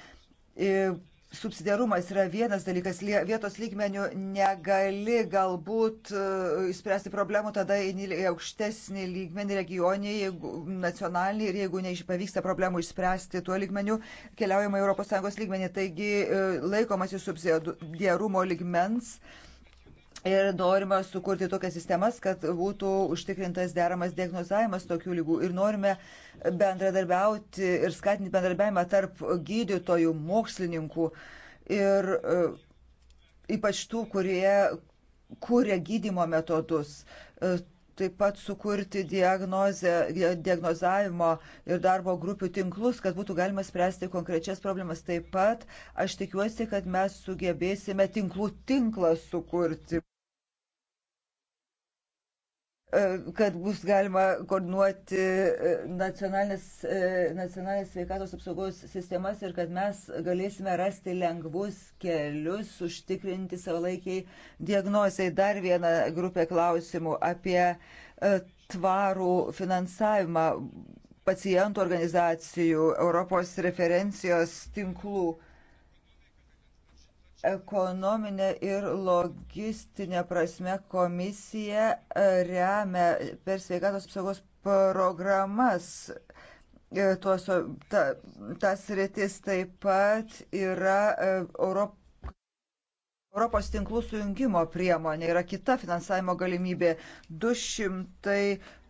subsidiarumas yra vienas dalykas, vietos lygmenių negali galbūt įspręsti e, problemų, tada eini į aukštesnį lygmenį regionį, jeigu, nacionalinį ir jeigu neišpavyksta problemų išspręsti tuo lygmeniu, keliaujama ES lygmenį. Taigi e, laikomasi subsidiarumo lygmens Ir norime sukurti tokias sistemas, kad būtų užtikrintas deramas diagnozavimas tokių lygų. Ir norime bendradarbiauti ir skatinti bendradarbiavimą tarp gydytojų, mokslininkų ir e, ypač tų, kurie kūrė gydimo metodus. E, taip pat sukurti diagnozę, e, diagnozavimo ir darbo grupių tinklus, kad būtų galima spręsti konkrečias problemas. Taip pat aš tikiuosi, kad mes sugebėsime tinklų tinklą sukurti. E, kad bus galima koordinuoti e, nacionalinės, e, nacionalinės sveikatos apsaugos sistemas ir kad mes galėsime rasti lengvus kelius, užtikrinti savalaikiai diagnozai. Dar viena grupė klausimų apie tvarų finansavimą pacientų organizacijų, Europos referencijos tinklų. Ekonominė ir logistinė prasme komisija e, remia per sveikatos apsaugos programas e, tuos, ta, tas rytis taip pat yra e, Europos. Europos tinklų sujungimo priemonė yra kita finansavimo galimybė 200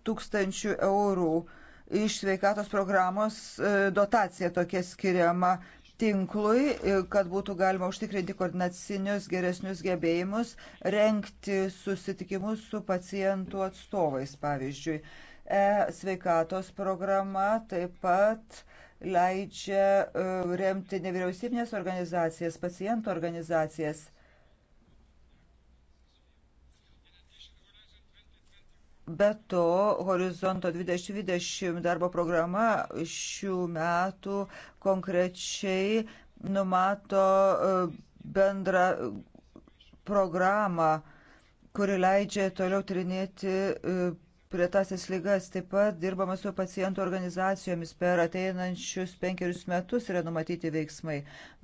tūkstančių eurų iš sveikatos programos dotacija tokia skiriama tinklui, e, kad būtų galima užtikrinti koordinacinius geresnius gebėjimus, renkti susitikimus su pacientų atstovais, pavyzdžiui. E sveikatos programa taip pat leidžia e, remti nevyriausybinės organizacijas, pacientų organizacijas Be to, Horizonto 2020 darbo programa šių metų konkrečiai numato e, bendrą programą, kuri leidžia toliau trinėti e, retasias lygas. Taip pat dirbama su pacientų organizacijomis. Per ateinančius penkerius metus yra numatyti veiksmai.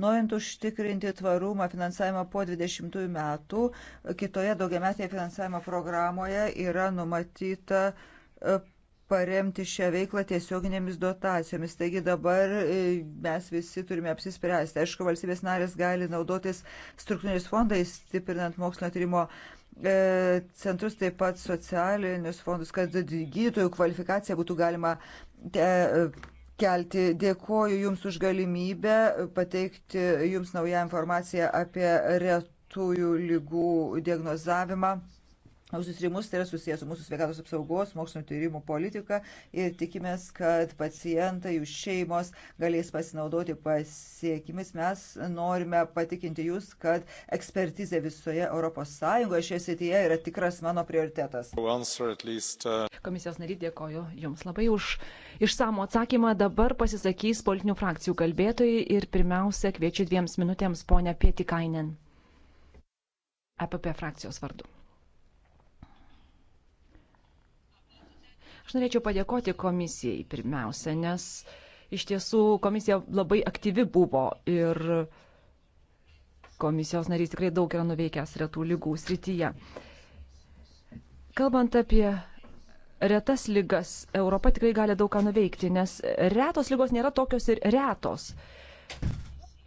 Norint užtikrinti tvarumą finansavimą po 20 metų, kitoje daugiametėje finansavimo programoje yra numatyta e, paremti šią veiklą tiesioginėmis dotacijomis. Taigi dabar e, mes visi turime apsispręsti. Aišku, valstybės narės gali naudotis struktūriniais fondais, stiprinant mokslinio tyrimo uh, E, centrus, taip pat socialinius fondus, kad gydytojų kvalifikaciją būtų galima e, kelti. Dėkoju Jums už galimybę pateikti Jums naują informaciją apie retųjų lygų diagnozavimą. Susirimus tai yra susijęs su mūsų sveikatos apsaugos, mokslinio tyrimų politika ir tikimės, kad pacientai, jų šeimos galės pasinaudoti pasiekimis. Mes norime patikinti jūs, kad ekspertizė visoje ES šioje srityje yra tikras mano prioritetas. Komisijos nariai dėkoju Jums labai už išsamų atsakymą. Dabar pasisakys politinių frakcijų kalbėtojai ir pirmiausia kviečiu dviems minutėms ponę Pietikainen. EPP frakcijos vardu. Aš norėčiau padėkoti komisijai pirmiausia, nes iš tiesų komisija labai aktyvi buvo ir komisijos narys tikrai daug yra nuveikęs retų lygų srityje. Kalbant apie retas lygas, Europa tikrai gali daug ką nuveikti, nes retos lygos nėra tokios ir retos.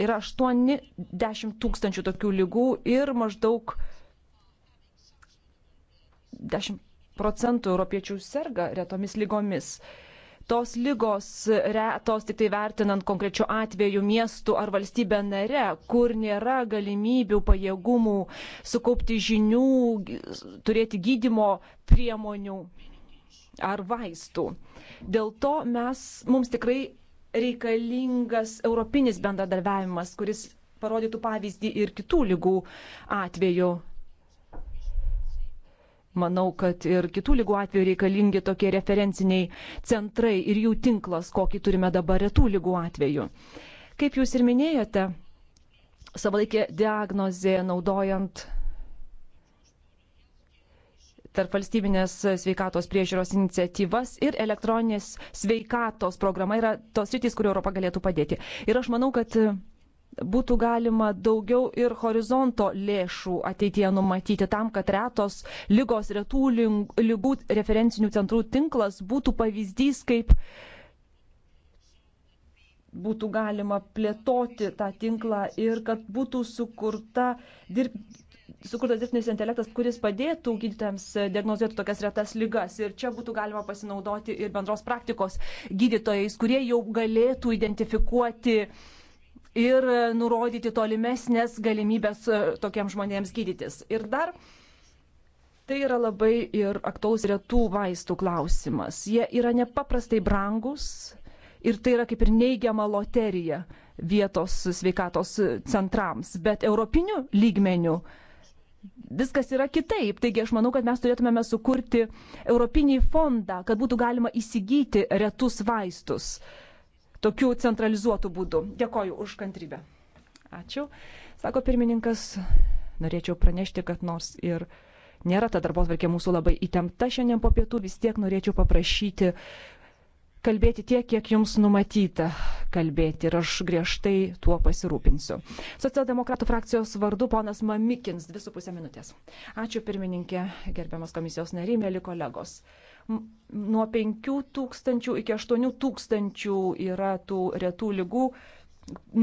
Yra 80 tūkstančių tokių lygų ir maždaug 10 procentų europiečių serga retomis lygomis. Tos lygos retos tik tai vertinant konkrečių atvejų miestų ar valstybę nare, kur nėra galimybių, pajėgumų sukaupti žinių, turėti gydimo priemonių ar vaistų. Dėl to mes, mums tikrai reikalingas europinis bendradarbiavimas, kuris parodytų pavyzdį ir kitų lygų atveju. Manau, kad ir kitų lygų atveju reikalingi tokie referenciniai centrai ir jų tinklas, kokį turime dabar retų lygų atveju. Kaip jūs ir minėjote, savalaikė diagnozė naudojant tarp valstybinės sveikatos priežiūros iniciatyvas ir elektroninės sveikatos programa yra tos rytis, kur Europa galėtų padėti. Ir aš manau, kad būtų galima daugiau ir horizonto lėšų ateityje numatyti tam, kad retos lygos retų lygų referencinių centrų tinklas būtų pavyzdys, kaip būtų galima plėtoti tą tinklą ir kad būtų sukurta dirb, sukurtas dirbtinis intelektas, kuris padėtų gydytams diagnozuoti tokias retas lygas. Ir čia būtų galima pasinaudoti ir bendros praktikos gydytojais, kurie jau galėtų identifikuoti uh, ir e, nurodyti tolimesnės galimybės e, tokiems žmonėms gydytis. Ir dar tai yra labai ir aktuaus retų vaistų klausimas. Jie yra nepaprastai brangus ir tai yra kaip ir neigiama loterija vietos sveikatos centrams. Bet europiniu lygmeniu viskas yra kitaip. Taigi aš manau, kad mes turėtumėme sukurti Europinį fondą, kad būtų galima įsigyti retus vaistus. Uh, tokiu centralizuotu būdu. Dėkoju už kantrybę. Ačiū. Sako pirmininkas, norėčiau pranešti, kad nors ir nėra ta darbo tvarkė mūsų labai įtempta šiandien po pietų, vis tiek norėčiau paprašyti kalbėti tiek, kiek jums numatyta kalbėti ir aš griežtai tuo pasirūpinsiu. Socialdemokratų frakcijos vardu ponas Mamikins, 2,5 minutės. Ačiū pirmininkė, gerbiamas komisijos nariai, mėly kolegos nuo 5 tūkstančių iki 8 tūkstančių yra tų retų lygų,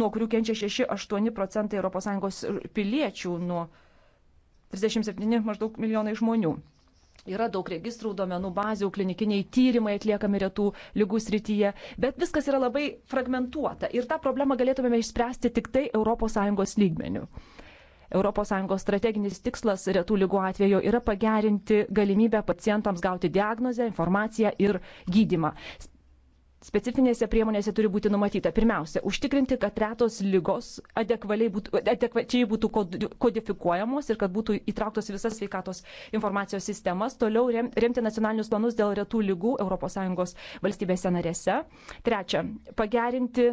nuo kurių kenčia 6-8 procentai ES piliečių, nuo 37 maždaug milijonai žmonių. Yra daug registrų, duomenų bazių, klinikiniai tyrimai atliekami retų lygų srityje, bet viskas yra labai fragmentuota ir tą problemą galėtumėme išspręsti tik tai ES lygmenių. ES strateginis tikslas retų lygų atveju yra pagerinti galimybę pacientams gauti diagnozę, informaciją ir gydimą. Specifinėse priemonėse turi būti numatyta pirmiausia, užtikrinti, kad retos lygos būtų, adekvačiai būtų kodifikuojamos ir kad būtų įtrauktos visas sveikatos informacijos sistemas, toliau remti nacionalinius planus dėl retų lygų ES valstybėse narėse. Trečia, pagerinti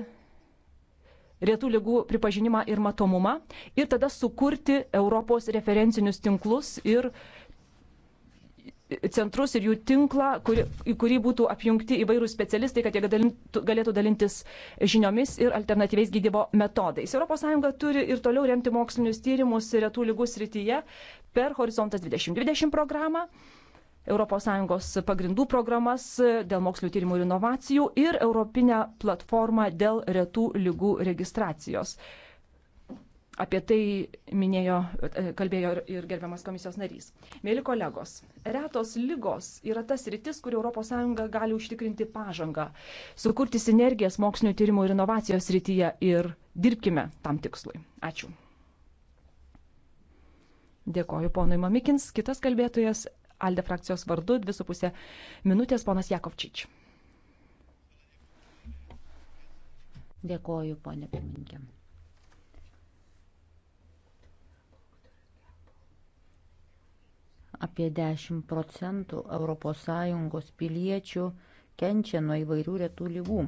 retų lygų pripažinimą ir matomumą ir tada sukurti Europos referencinius tinklus ir centrus ir jų tinklą, kuri, į kurį būtų apjungti įvairūs specialistai, kad jie dalintų, galėtų dalintis žiniomis ir alternatyviais gydymo metodais. ES turi ir toliau remti mokslinius tyrimus retų lygų srityje per Horizontas 2020 programą ES pagrindų programas dėl mokslių tyrimų ir inovacijų ir Europinę platformą dėl retų lygų registracijos. Apie tai minėjo, kalbėjo ir gerbiamas komisijos narys. Mėly kolegos, retos lygos yra tas rytis, kur ES gali užtikrinti pažangą, sukurti sinergijas mokslinio tyrimų ir inovacijos rytyje ir dirbkime tam tikslui. Ačiū. Dėkoju ponui Mamikins. Kitas kalbėtojas Alde frakcijos vardu, 2,5 minutės, ponas Jakovčič. Dėkoju, ponė pirmininkė. Apie 10 procentų ES piliečių kenčia nuo įvairių retų lygų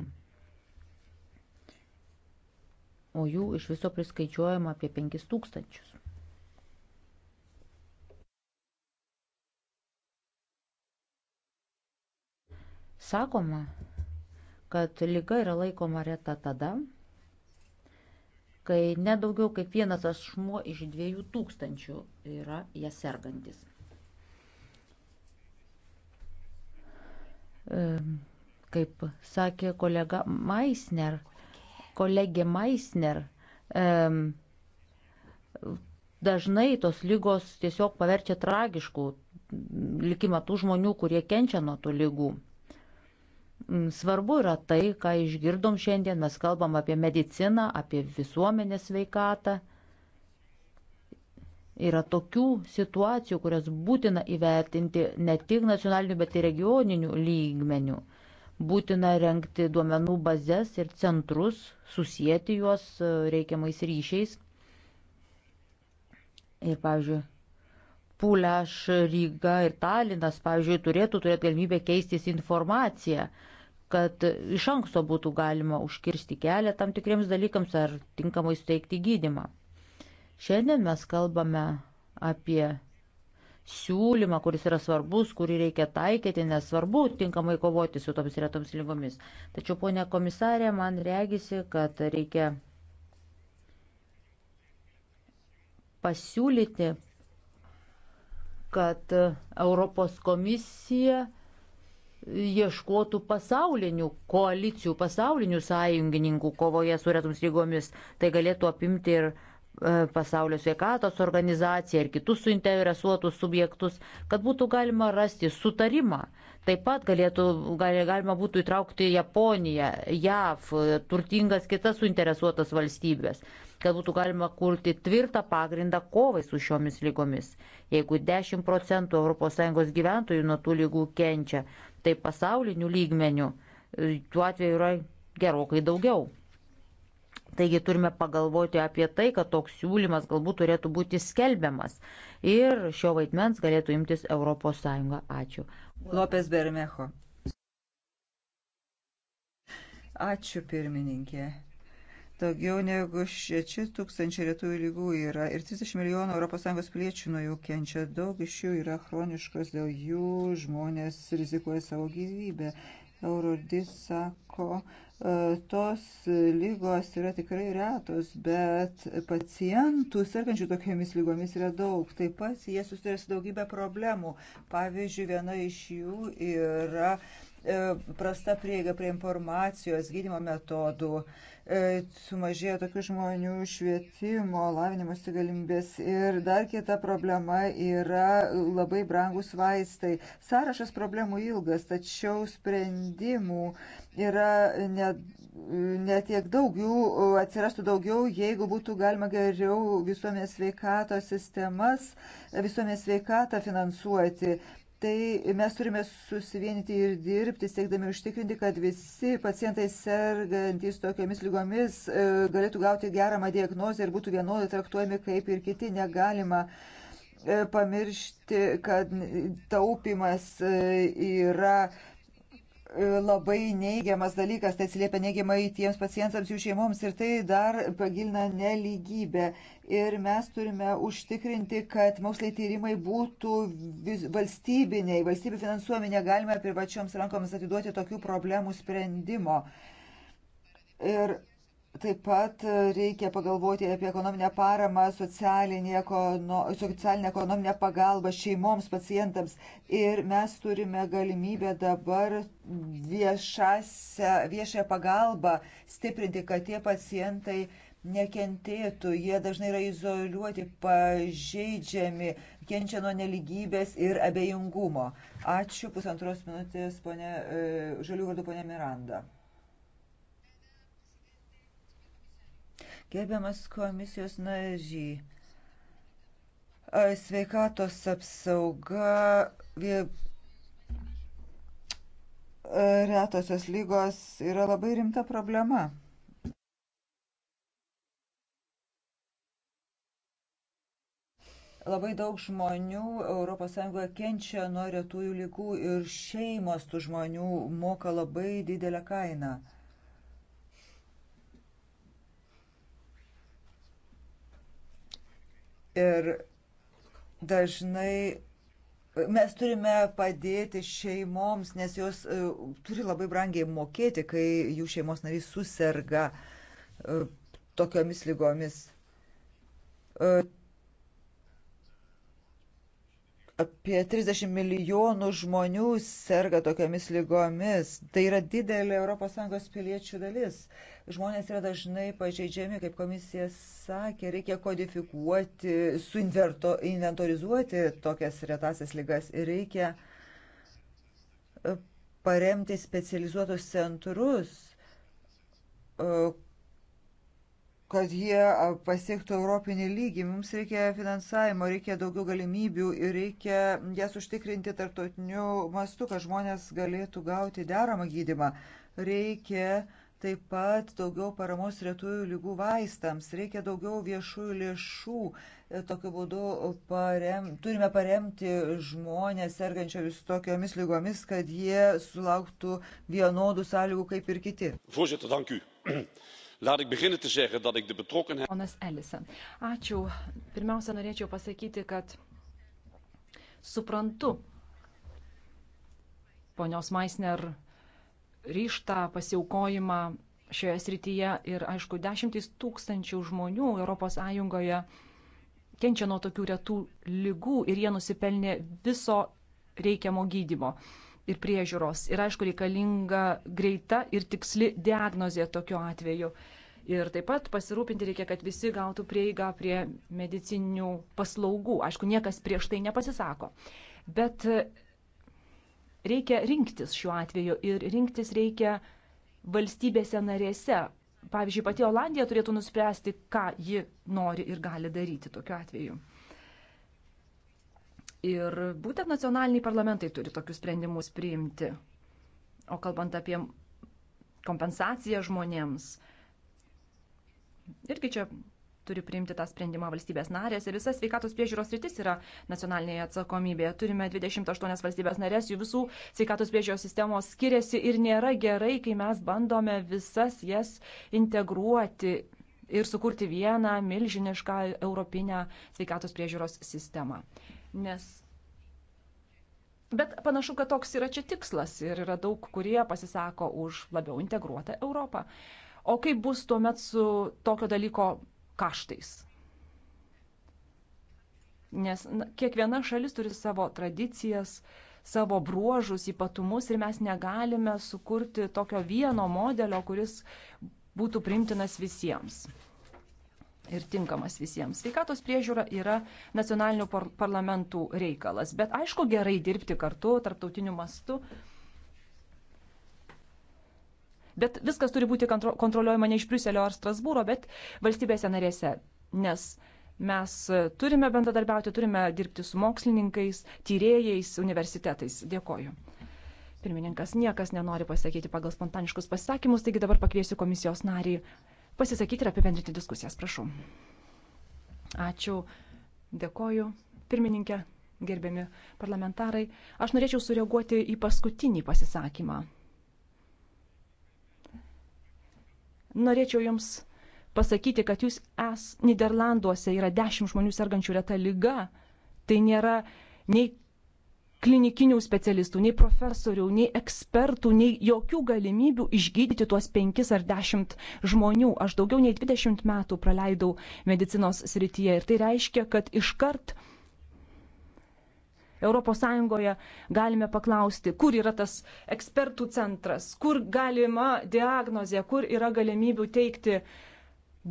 o jų iš viso priskaičiuojama apie 5 tūkstančius. Sakoma, kad lyga yra laikoma reta tada, kai nedaugiau kaip vienas asmuo iš dviejų tūkstančių yra ją sergantis. Kaip sakė kolega Meisner, kolegė Meisner, dažnai tos lygos tiesiog paverčia tragiškų likimą tų žmonių, kurie kenčia nuo tų lygų. Mm, svarbu yra tai, ką išgirdom šiandien, mes kalbam apie mediciną, apie visuomenės veikatą. Yra tokių situacijų, kurias būtina įvertinti ne tik nacionaliniu, bet ir regioniniu lygmeniu. Būtina renkti duomenų bazės ir centrus, susijęti juos e, reikiamais ryšiais. Ir, pavyzdžiui, Pūleš, Ryga ir Talinas, pavyzdžiui, turėtų turėti galimybę keistis informaciją kad iš anksto būtų galima užkirsti kelią tam tikriems dalykams ar tinkamai suteikti gydimą. Šiandien mes kalbame apie siūlymą, kuris yra svarbus, kurį reikia taikyti, nes svarbu tinkamai kovoti su toms retoms lygomis. Tačiau, ponė komisarė, man regisi, kad reikia pasiūlyti, kad Europos komisija ieškotų pasaulinių koalicijų, pasaulinių sąjungininkų kovoje su retoms lygomis. Tai galėtų apimti ir e, pasaulio sveikatos organizaciją ir kitus suinteresuotus subjektus, kad būtų galima rasti sutarimą. Taip pat galėtų, gal, galima būtų įtraukti Japoniją, JAV, turtingas kitas suinteresuotas valstybės, kad būtų galima kurti tvirtą pagrindą kovai su šiomis lygomis. Jeigu 10 procentų ES gyventojų nuo tų lygų kenčia, tai pasaulinių lygmenių e, tuo atveju yra gerokai daugiau. Taigi turime pagalvoti apie tai, kad toks siūlymas galbūt turėtų būti skelbiamas ir šio vaidmens galėtų imtis ES. Ačiū. Lopes Bermecho. Ačiū pirmininkė. Daugiau negu 6 tūkstančiai retųjų lygų yra ir 30 milijonų ES piliečių nuo jų kenčia. Daug iš jų yra chroniškos, dėl jų žmonės rizikuoja savo gyvybę. Eurodis sako, e, tos lygos yra tikrai retos, bet pacientų sergančių tokiamis lygomis yra daug. Taip pat jie susiduria su daugybė problemų. Pavyzdžiui, viena iš jų yra uh, E, prasta prieiga prie informacijos, gydimo metodų, e, sumažėjo tokių žmonių švietimo, lavinimosi galimybės. Ir dar kita problema yra labai brangus vaistai. Sąrašas problemų ilgas, tačiau sprendimų yra net. Netiek daug jų atsirastų daugiau, jeigu būtų galima geriau visuomenės sveikatos sistemas, visuomenės sveikatą finansuoti tai mes turime susivienyti ir dirbti, siekdami užtikrinti, kad visi pacientai sergantys tokiamis lygomis e, galėtų gauti geramą diagnozę ir būtų vienodai traktuojami kaip ir kiti. Negalima e, pamiršti, kad taupimas e, yra labai neigiamas dalykas, tai atsiliepia neigiamai tiems pacientams, jų šeimoms ir tai dar pagilina neligybę ir mes turime užtikrinti, kad moksliniai tyrimai būtų valstybiniai, valstybių finansuojami, negalime privačioms rankoms atiduoti tokių problemų sprendimo. Ir taip pat reikia pagalvoti apie ekonominę paramą, socialinę, ekono, socialinę ekonominę pagalbą šeimoms, pacientams. Ir mes turime galimybę dabar viešąją pagalbą stiprinti, kad tie pacientai nekentėtų, jie dažnai yra izoliuoti, pažeidžiami, kenčia nuo neligybės ir abejingumo. Ačiū pusantros minutės, ponė, e, žalių vardu ponė Miranda. Gerbiamas komisijos nary, e, sveikatos apsauga, e, retosios lygos yra labai rimta problema. Labai daug žmonių ES kenčia nuo retųjų lygų ir šeimos tų žmonių moka labai didelę kainą. Ir dažnai mes turime padėti šeimoms, nes jos e, turi labai brangiai mokėti, kai jų šeimos narys suserga e, tokiomis lygomis. E, Apie 30 milijonų žmonių serga tokiamis lygomis. Tai yra didelė ES piliečių dalis. Žmonės yra dažnai pažeidžiami, kaip komisija sakė, reikia kodifikuoti, suinventorizuoti tokias retasias lygas ir reikia e, paremti specializuotus centrus, e, kad jie pasiektų europinį lygį. Mums reikia finansavimo, reikia daugiau galimybių ir reikia jas užtikrinti tarptautiniu mastu, kad žmonės galėtų gauti deramą gydimą. Reikia taip pat daugiau paramos retųjų lygų vaistams, reikia daugiau viešųjų lėšų. E, tokiu būdu parem, turime paremti žmonės sergančiomis tokiomis lygomis, kad jie sulauktų vienodų sąlygų kaip ir kiti. Voorzitter, dank u. Laat ik beginnen te zeggen dat ik de betrokkenheid. Ponas Ellison. Ačiū. Pirmiausia, norėčiau pasakyti, kad suprantu ponios Maisner ryštą pasiaukojimą šioje srityje ir, aišku, dešimtys tūkstančių žmonių ES kenčia nuo tokių retų lygų ir jie nusipelnė viso reikiamo gydimo ir priežiūros. Ir aišku, reikalinga greita ir tiksli diagnozė tokiu atveju. Ir taip pat pasirūpinti reikia, kad visi gautų prieigą prie medicinių paslaugų. Aišku, niekas prieš tai nepasisako. Bet reikia rinktis šiuo atveju ir rinktis reikia valstybėse narėse. Pavyzdžiui, pati Olandija turėtų nuspręsti, ką ji nori ir gali daryti tokiu atveju. Ir būtent nacionaliniai parlamentai turi tokius sprendimus priimti. O kalbant apie kompensaciją žmonėms, irgi čia turi priimti tą sprendimą valstybės narės ir visas sveikatos priežiūros rytis yra nacionalinėje atsakomybėje. Turime 28 valstybės narės, jų visų sveikatos priežiūros sistemos skiriasi ir nėra gerai, kai mes bandome visas jas integruoti ir sukurti vieną milžinišką europinę sveikatos priežiūros sistemą nes Bet panašu, kad toks yra čia tikslas ir yra daug, kurie pasisako už labiau integruotą Europą. O kaip bus tuomet su tokio dalyko kaštais? Nes na, kiekviena šalis turi savo tradicijas, savo bruožus, ypatumus ir mes negalime sukurti tokio vieno modelio, kuris būtų primtinas visiems ir tinkamas visiems. Sveikatos priežiūra yra nacionalinių par parlamentų reikalas, bet aišku gerai dirbti kartu, tarptautiniu mastu. Bet viskas turi būti kontro kontroliuojama ne iš Briuselio ar Strasbūro, bet valstybėse narėse, nes mes turime bendradarbiauti, turime dirbti su mokslininkais, tyrėjais, universitetais. Dėkoju. Pirmininkas, niekas nenori pasakyti pagal spontaniškus pasisakymus, taigi dabar pakviesiu komisijos narį pasisakyti ir apibendrinti diskusijas. Prašau. Ačiū. Dėkoju. Pirmininkė, gerbiami parlamentarai. Aš norėčiau sureaguoti į paskutinį pasisakymą. Norėčiau Jums pasakyti, kad Jūs es Niderlanduose yra dešimt žmonių sergančių reta lyga. Tai nėra nei klinikinių specialistų, nei profesorių, nei ekspertų, nei jokių galimybių išgydyti tuos penkis ar dešimt žmonių. Aš daugiau nei 20 metų praleidau medicinos srityje ir tai reiškia, kad iškart ES galime paklausti, kur yra tas ekspertų centras, kur galima diagnozė, kur yra galimybių teikti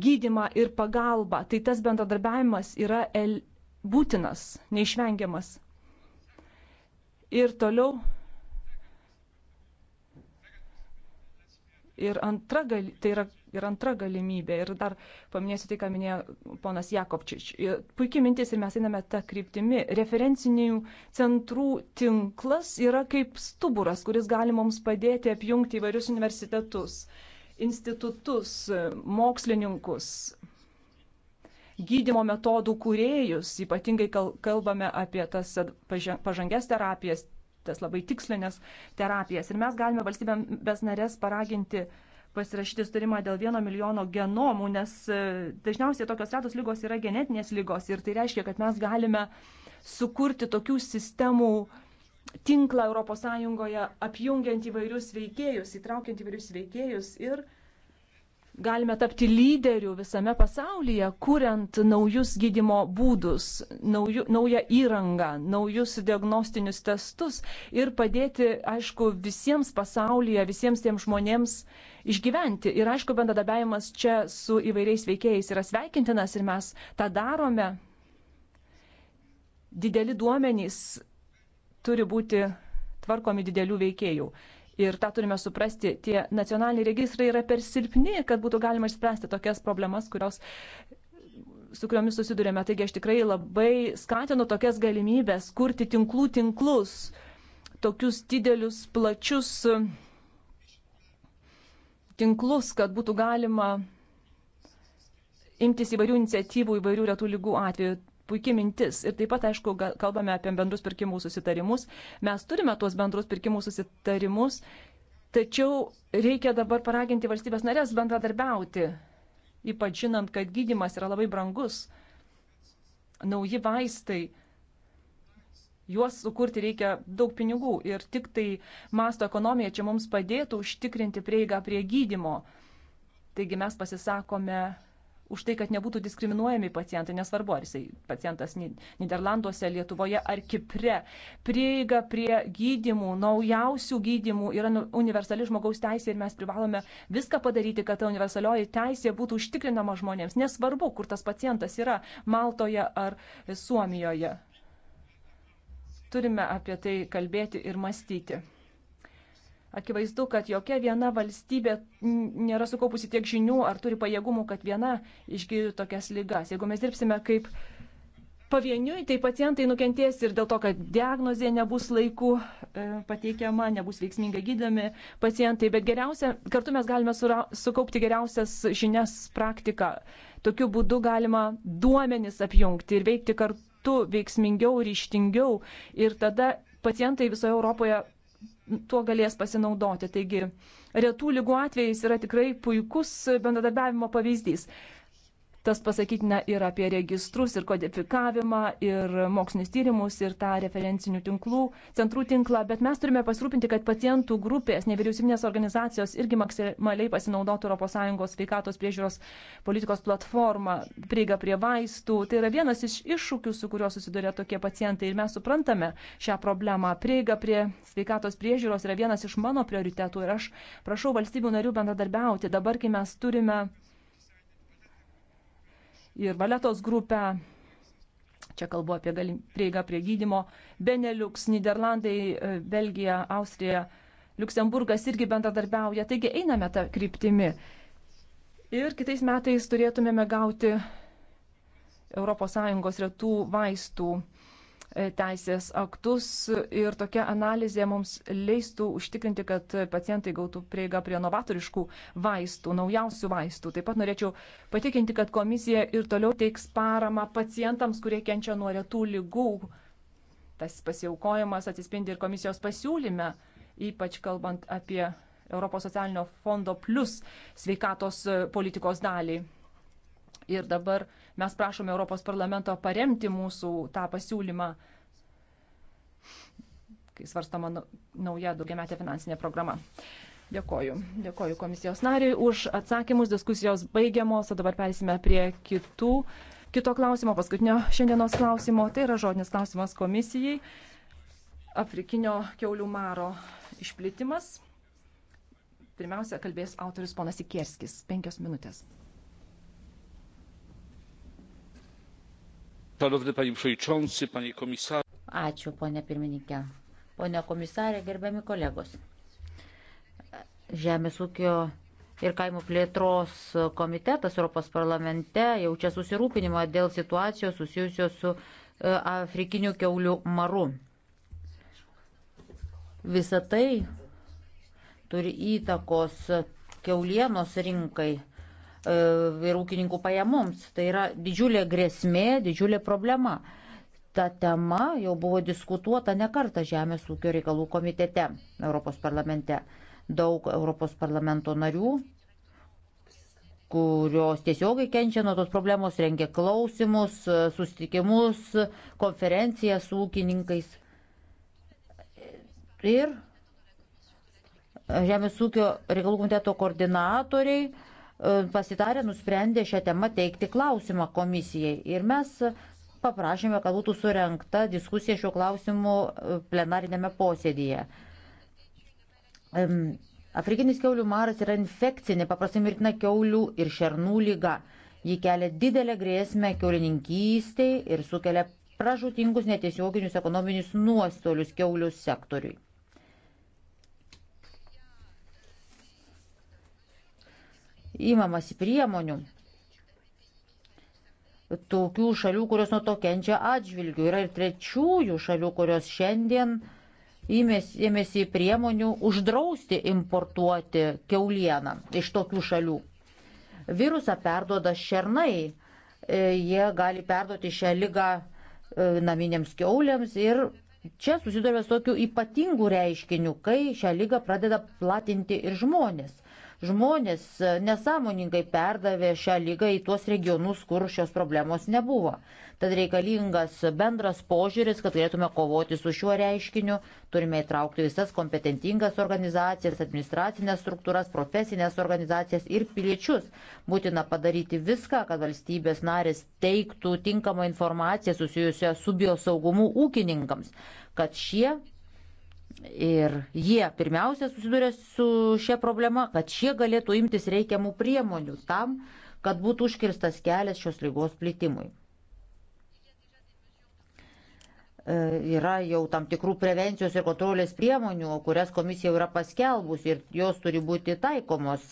gydimą ir pagalbą. Tai tas bendradarbiavimas yra el... būtinas, neišvengiamas. Ir toliau. Ir antra, gal, tai yra ir antra galimybė. Ir dar paminėsiu tai, ką minėjo ponas Jakobčič. Puikiai mintis ir mes einame tą kryptimį. Referencinių centrų tinklas yra kaip stuburas, kuris gali mums padėti apjungti įvairius universitetus, institutus, mokslininkus, gydimo metodų kūrėjus, ypatingai kalbame apie tas pažangės terapijas, tas labai tikslinės terapijas. Ir mes galime valstybės narės paraginti pasirašyti sutarimą dėl vieno milijono genomų, nes e, dažniausiai tokios retos lygos yra genetinės lygos ir tai reiškia, kad mes galime sukurti tokių sistemų tinklą ES apjungiant įvairius veikėjus, įtraukiant įvairius veikėjus ir uh, galime tapti lyderių visame pasaulyje, kuriant naujus gydimo būdus, nauju, naują įrangą, naujus diagnostinius testus ir padėti, aišku, visiems pasaulyje, visiems tiems žmonėms išgyventi. Ir, aišku, bendradabiavimas čia su įvairiais veikėjais yra sveikintinas ir mes tą darome. Dideli duomenys turi būti tvarkomi didelių veikėjų. Ir tą turime suprasti, tie nacionaliniai registrai yra per silpni, kad būtų galima išspręsti tokias problemas, kurios, su kuriomis susidurėme. Taigi aš tikrai labai skatinu tokias galimybės kurti tinklų tinklus, tokius didelius, plačius e, tinklus, kad būtų galima imtis įvairių iniciatyvų, įvairių retų lygų atveju puikiai mintis. Ir taip pat, aišku, kalbame apie bendrus pirkimų susitarimus. Mes turime tuos bendrus pirkimų susitarimus, tačiau reikia dabar paraginti valstybės narės bendradarbiauti, ypač žinant, kad gydimas yra labai brangus. Nauji vaistai juos sukurti reikia daug pinigų ir tik tai masto ekonomija čia mums padėtų užtikrinti prieigą prie gydimo. Taigi mes pasisakome už tai, kad nebūtų diskriminuojami pacientai, nesvarbu, ar jisai pacientas Niderlanduose, Lietuvoje ar Kipre. Prieiga prie gydimų, naujausių gydimų yra nu, universali žmogaus teisė ir mes privalome viską padaryti, kad ta universalioji teisė būtų užtikrinama žmonėms, nesvarbu, kur tas pacientas yra - Maltoje ar Suomijoje. Turime apie tai kalbėti ir mąstyti. Akivaizdu, kad jokia viena valstybė nėra sukaupusi tiek žinių ar turi pajėgumų, kad viena išgydytų tokias lygas. Jeigu mes dirbsime kaip pavieniui, tai pacientai nukentės ir dėl to, kad diagnozė nebus laiku e, pateikiama, nebus veiksmingai gydami pacientai, bet geriausia, kartu mes galime sura, sukaupti geriausias žinias praktiką. Tokiu būdu galima duomenis apjungti ir veikti kartu veiksmingiau, ryštingiau ir tada pacientai visoje Europoje tuo galės pasinaudoti. Taigi, retų lygų atvejais yra tikrai puikus bendradarbiavimo pavyzdys. Tas pasakytina ir apie registrus, ir kodifikavimą, ir mokslinius tyrimus, ir tą referencinių tinklų, centrų tinklą, bet mes turime pasirūpinti, kad pacientų grupės, nevyriausybinės organizacijos irgi maksimaliai pasinaudotų ES sveikatos priežiūros politikos platformą, prieiga prie vaistų. Tai yra vienas iš iššūkių, su kuriuo susiduria tokie pacientai ir mes suprantame šią problemą. Prieiga prie sveikatos priežiūros yra vienas iš mano prioritetų ir aš prašau valstybių narių bendradarbiauti dabar, kai mes turime ir valetos grupę. Čia kalbu apie prieigą prie gydimo. Beneliuks, Niderlandai, e, Belgija, Austrija, Luksemburgas irgi bendradarbiauja. Taigi einame tą kryptimį. Ir kitais metais turėtumėme gauti ES retų vaistų E, teisės aktus ir tokia analizė mums leistų užtikrinti, kad pacientai gautų prieigą prie novatoriškų vaistų, naujausių vaistų. Taip pat norėčiau patikinti, kad komisija ir toliau teiks paramą pacientams, kurie kenčia nuo retų lygų. Tas pasiaukojimas atsispindi ir komisijos pasiūlyme, ypač kalbant apie Europos socialinio fondo plus sveikatos politikos dalį. Ir dabar Mes prašome Europos parlamento paremti mūsų tą pasiūlymą, kai svarstama nauja daugiametė finansinė programa. Dėkoju. Dėkoju komisijos nariui už atsakymus. Diskusijos baigiamos, o dabar persime prie kitų, kito klausimo, paskutinio šiandienos klausimo. Tai yra žodinis klausimas komisijai. Afrikinio keulių maro išplitimas. Pirmiausia, kalbės autorius ponas Ikerskis. Penkios minutės. Ačiū, ponė pirmininkė. Pone komisarė, gerbiami kolegos. Žemės ūkio ir kaimo plėtros komitetas Europos parlamente jaučia susirūpinimą dėl situacijos susijusios su e, afrikiniu keulių maru. Visą tai turi įtakos keulienos rinkai E, ir ūkininkų pajamoms. Tai yra didžiulė grėsmė, didžiulė problema. Ta tema jau buvo diskutuota ne kartą Žemės ūkio reikalų komitete Europos parlamente. Daug Europos parlamento narių, kurios tiesiogai kenčia nuo tos problemos, rengia klausimus, e, susitikimus, konferencijas su ūkininkais. Ir Žemės ūkio reikalų komiteto koordinatoriai E, pasitarę nusprendė šią temą teikti klausimą komisijai. Ir mes paprašėme, kad būtų surenkta diskusija šiuo klausimu e, plenarinėme posėdėje. Afrikinis keulių maras yra infekcinė, paprastai mirtina keulių ir šernų lyga. Ji kelia didelę grėsmę keulininkystei ir sukelia pražutingus netiesioginius ekonominius nuostolius keulių sektoriui. įmamasi priemonių tokių šalių, kurios nuo to kenčia atžvilgių. Yra ir trečiųjų šalių, kurios šiandien ėmėsi priemonių uždrausti importuoti keulieną iš tokių šalių. Virusą perdoda šernai, e, jie gali perduoti šią lygą e, naminėms keuliams ir čia susidurime su tokiu ypatingu reiškiniu, kai šią lygą pradeda platinti ir žmonės. Žmonės e, nesąmoningai perdavė šią lygą į tuos regionus, kur šios problemos nebuvo. Tad reikalingas bendras požiūris, kad galėtume kovoti su šiuo reiškiniu, turime įtraukti visas kompetentingas organizacijas, administracinės struktūras, profesinės organizacijas ir piliečius. Būtina padaryti viską, kad valstybės narės teiktų tinkamą informaciją susijusią su biosaugumu ūkininkams, kad šie Ir jie pirmiausia susiduria su šia problema, kad šie galėtų imtis reikiamų priemonių tam, kad būtų užkirstas kelias šios lygos plitimui. E, yra jau tam tikrų prevencijos ir kontrolės priemonių, kurias komisija yra paskelbusi ir jos turi būti taikomos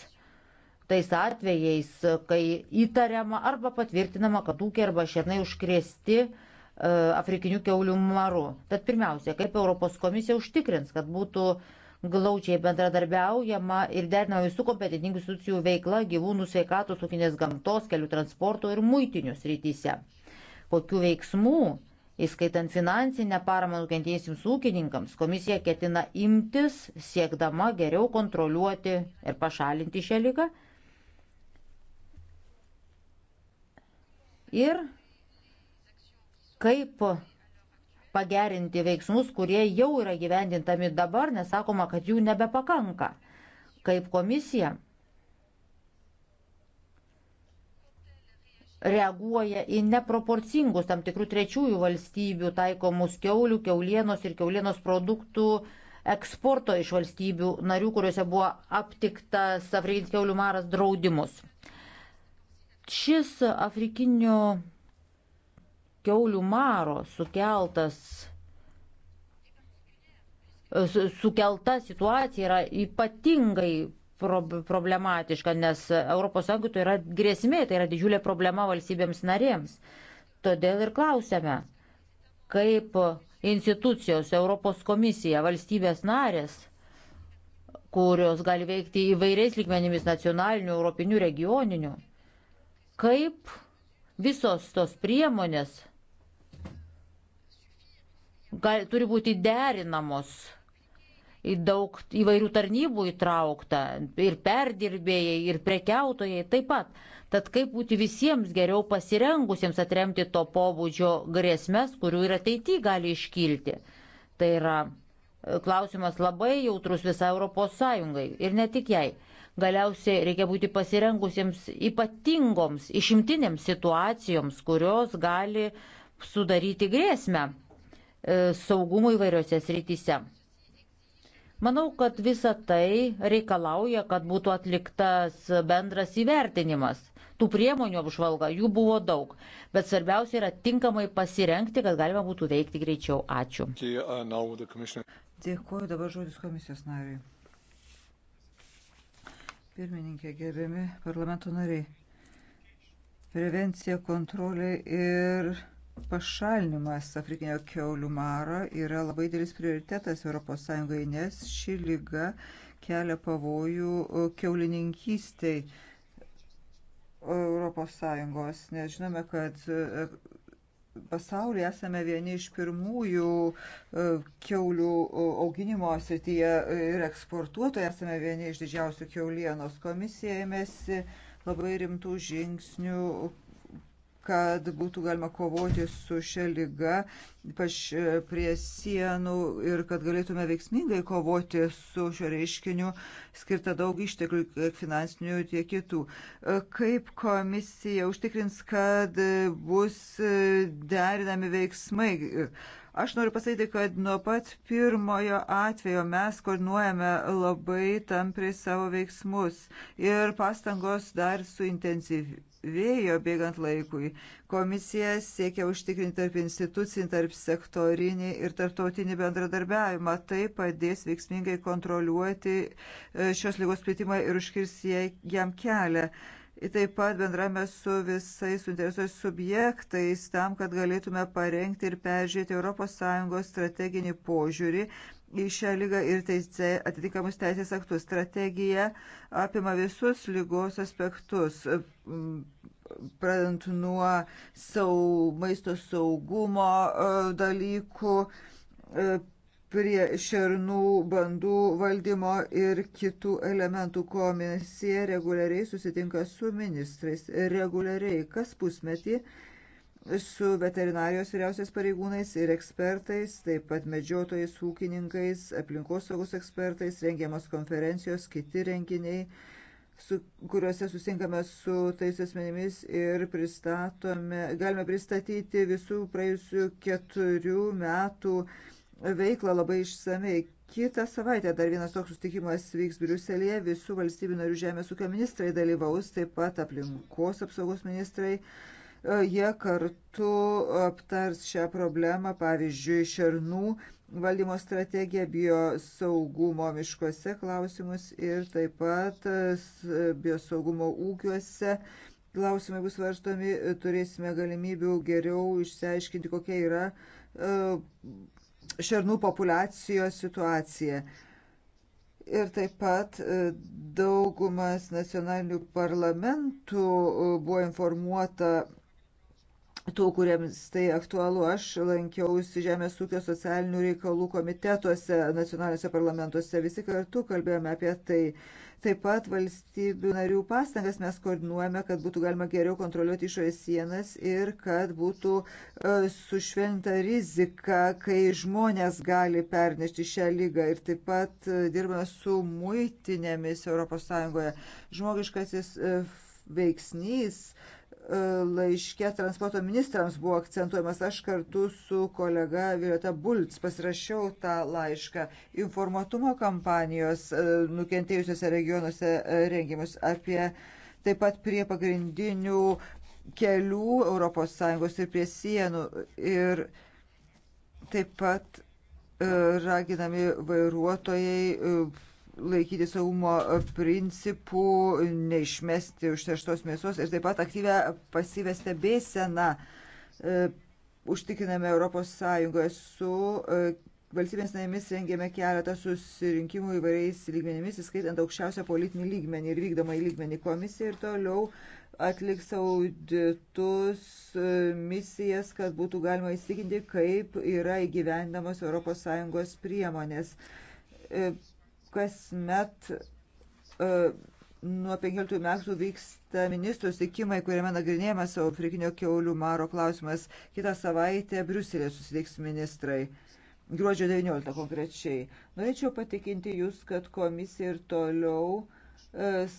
tais atvejais, kai įtariama arba patvirtinama, kad ūkiai arba šernai užkrėsti E, afrikiniu keulių maru. Tad pirmiausia, kaip Europos komisija užtikrins, kad būtų glaučiai bendradarbiaujama ir derinama visų kompetentingų institucijų veikla gyvūnų sveikatos, ūkinės gamtos, kelių transporto ir muitinių srityse. Kokių veiksmų, įskaitant finansinę paramą nukentėjusiems ūkininkams, komisija ketina imtis, siekdama geriau kontroliuoti ir pašalinti šią lygą. Ir kaip pagerinti veiksmus, kurie jau yra gyvendintami dabar, nesakoma, kad jų nebepakanka. Kaip komisija reaguoja į neproporcingus tam tikrų trečiųjų valstybių taikomus keulių, keulienos ir keulienos produktų eksporto iš valstybių narių, kuriuose buvo aptiktas afrikinis keulių maras draudimus. Šis afrikinių keulių maro sukeltas sukelta situacija yra ypatingai problematiška, nes ES tai yra grėsmė, tai yra didžiulė problema valstybėms narėms. Todėl ir klausėme, kaip institucijos, Europos komisija, valstybės narės, kurios gali veikti įvairiais lygmenimis nacionaliniu, europiniu, regioniniu, kaip Visos tos priemonės gal, turi būti derinamos į daug įvairių tarnybų įtraukta, ir perdirbėjai, ir prekiautojai taip pat. Tad kaip būti visiems geriau pasirengusiems atremti to pobūdžio grėsmės, kurių ir ateityje gali iškilti. Tai yra e, klausimas labai jautrus visai Europos Sąjungai ir ne tik jai. Galiausiai reikia būti pasirengusiems ypatingoms, išimtinėms situacijoms, kurios gali sudaryti grėsmę e, saugumui įvairiose srityse. Manau, kad visa tai reikalauja, kad būtų atliktas bendras įvertinimas. Tų priemonių apžvalga, jų buvo daug, bet svarbiausia yra tinkamai pasirenkti, kad galima būtų veikti greičiau. Ačiū. Dėkuoju dabar žodis komisijos nariui. Pirmininkė, gerbiami parlamento nariai. Prevencija, kontrolė ir pašalinimas Afrikinio keulių maro yra labai dėlis prioritetas ES, nes ši lyga kelia pavojų keulininkystiai ES, nes žinome, kad pasaulyje esame vieni iš pirmųjų e, keulių e, auginimo srityje ir eksportuotojai esame vieni iš didžiausių keulienos. Komisija ėmėsi labai rimtų žingsnių kad būtų galima kovoti su šia lyga, ypač e, prie sienų ir kad galėtume veiksmingai kovoti su šio reiškiniu, skirta daug išteklių, tiek finansinių, tiek kitų. E, kaip komisija užtikrins, kad bus e, derinami veiksmai? Aš noriu pasakyti, kad nuo pat pirmojo atvejo mes koordinuojame labai tampriai savo veiksmus ir pastangos dar suintensyvi vėjo bėgant laikui. Komisija siekia užtikrinti tarp institucinį, tarp sektorinį ir tarptautinį bendradarbiavimą. Tai padės veiksmingai kontroliuoti e, šios lygos plitimą ir užkirs jam kelią. Taip pat bendrame su visais suinteresuojais subjektais tam, kad galėtume parengti ir peržiūrėti ES strateginį požiūrį į šią lygą ir teisė, atitinkamus teisės aktus. Strategija apima visus lygos aspektus, pradant nuo sau, maisto saugumo e, dalykų e, prie šernų bandų valdymo ir kitų elementų komisija reguliariai susitinka su ministrais reguliariai kas pusmetį su veterinarijos vyriausiais pareigūnais ir ekspertais, taip pat medžiotojais, ūkininkais, aplinkosaugos ekspertais, rengiamos konferencijos, kiti renginiai, su, kuriuose susinkame su tais asmenimis ir pristatome, galime pristatyti visų praėjusių keturių metų veiklą labai išsamei. Kita savaitė dar vienas toks sustikimas vyks Briuselėje, visų valstybių narių žemės ūkio ministrai dalyvaus, taip pat aplinkos apsaugos ministrai Jie kartu aptars šią problemą, pavyzdžiui, šernų valdymo strategiją, biosaugumo miškuose klausimus ir taip pat biosaugumo ūkiuose. Klausimai bus varstomi, turėsime galimybių geriau išsiaiškinti, kokia yra e, šernų populacijos situacija. Ir taip pat e, daugumas nacionalinių parlamentų e, buvo informuota tų, kuriems tai aktualu. Aš lankiausi Žemės ūkio socialinių reikalų komitetuose, nacionaliniuose parlamentuose, visi kartu kalbėjome apie tai. Taip pat valstybių narių pastangas mes koordinuojame, kad būtų galima geriau kontroliuoti išorės sienas ir kad būtų e, sušventa rizika, kai žmonės gali pernešti šią lygą. Ir taip pat e, dirbame su muitinėmis ES. Žmogiškasis e, veiksnys laiške transporto ministrams buvo akcentuojamas. Aš kartu su kolega Violeta Bulc pasirašiau tą laišką. Informatumo kampanijos e, nukentėjusiuose regionuose e, rengimus apie taip pat prie pagrindinių kelių ES ir prie sienų. Ir taip pat e, raginami vairuotojai laikyti saugumo principų, neišmesti užterštos mėsos ir taip pat aktyvę pasyvę stebėseną e, užtikriname Europos Sąjungoje su e, valstybės narėmis rengėme keletą susirinkimų įvairiais lygmenimis, įskaitant aukščiausią politinį lygmenį ir vykdomą į lygmenį komisiją ir toliau atliks auditus, e, misijas, kad būtų galima įsitikinti, kaip yra įgyvendamos ES priemonės. E, kasmet uh, nuo 15 metų vyksta ministrų susitikimai, kuriame nagrinėjamas afrikinio keulių maro klausimas. Kitą savaitę Briuselė susitiks ministrai. Gruodžio 19 konkrečiai. Norėčiau patikinti Jūs, kad komisija ir toliau uh,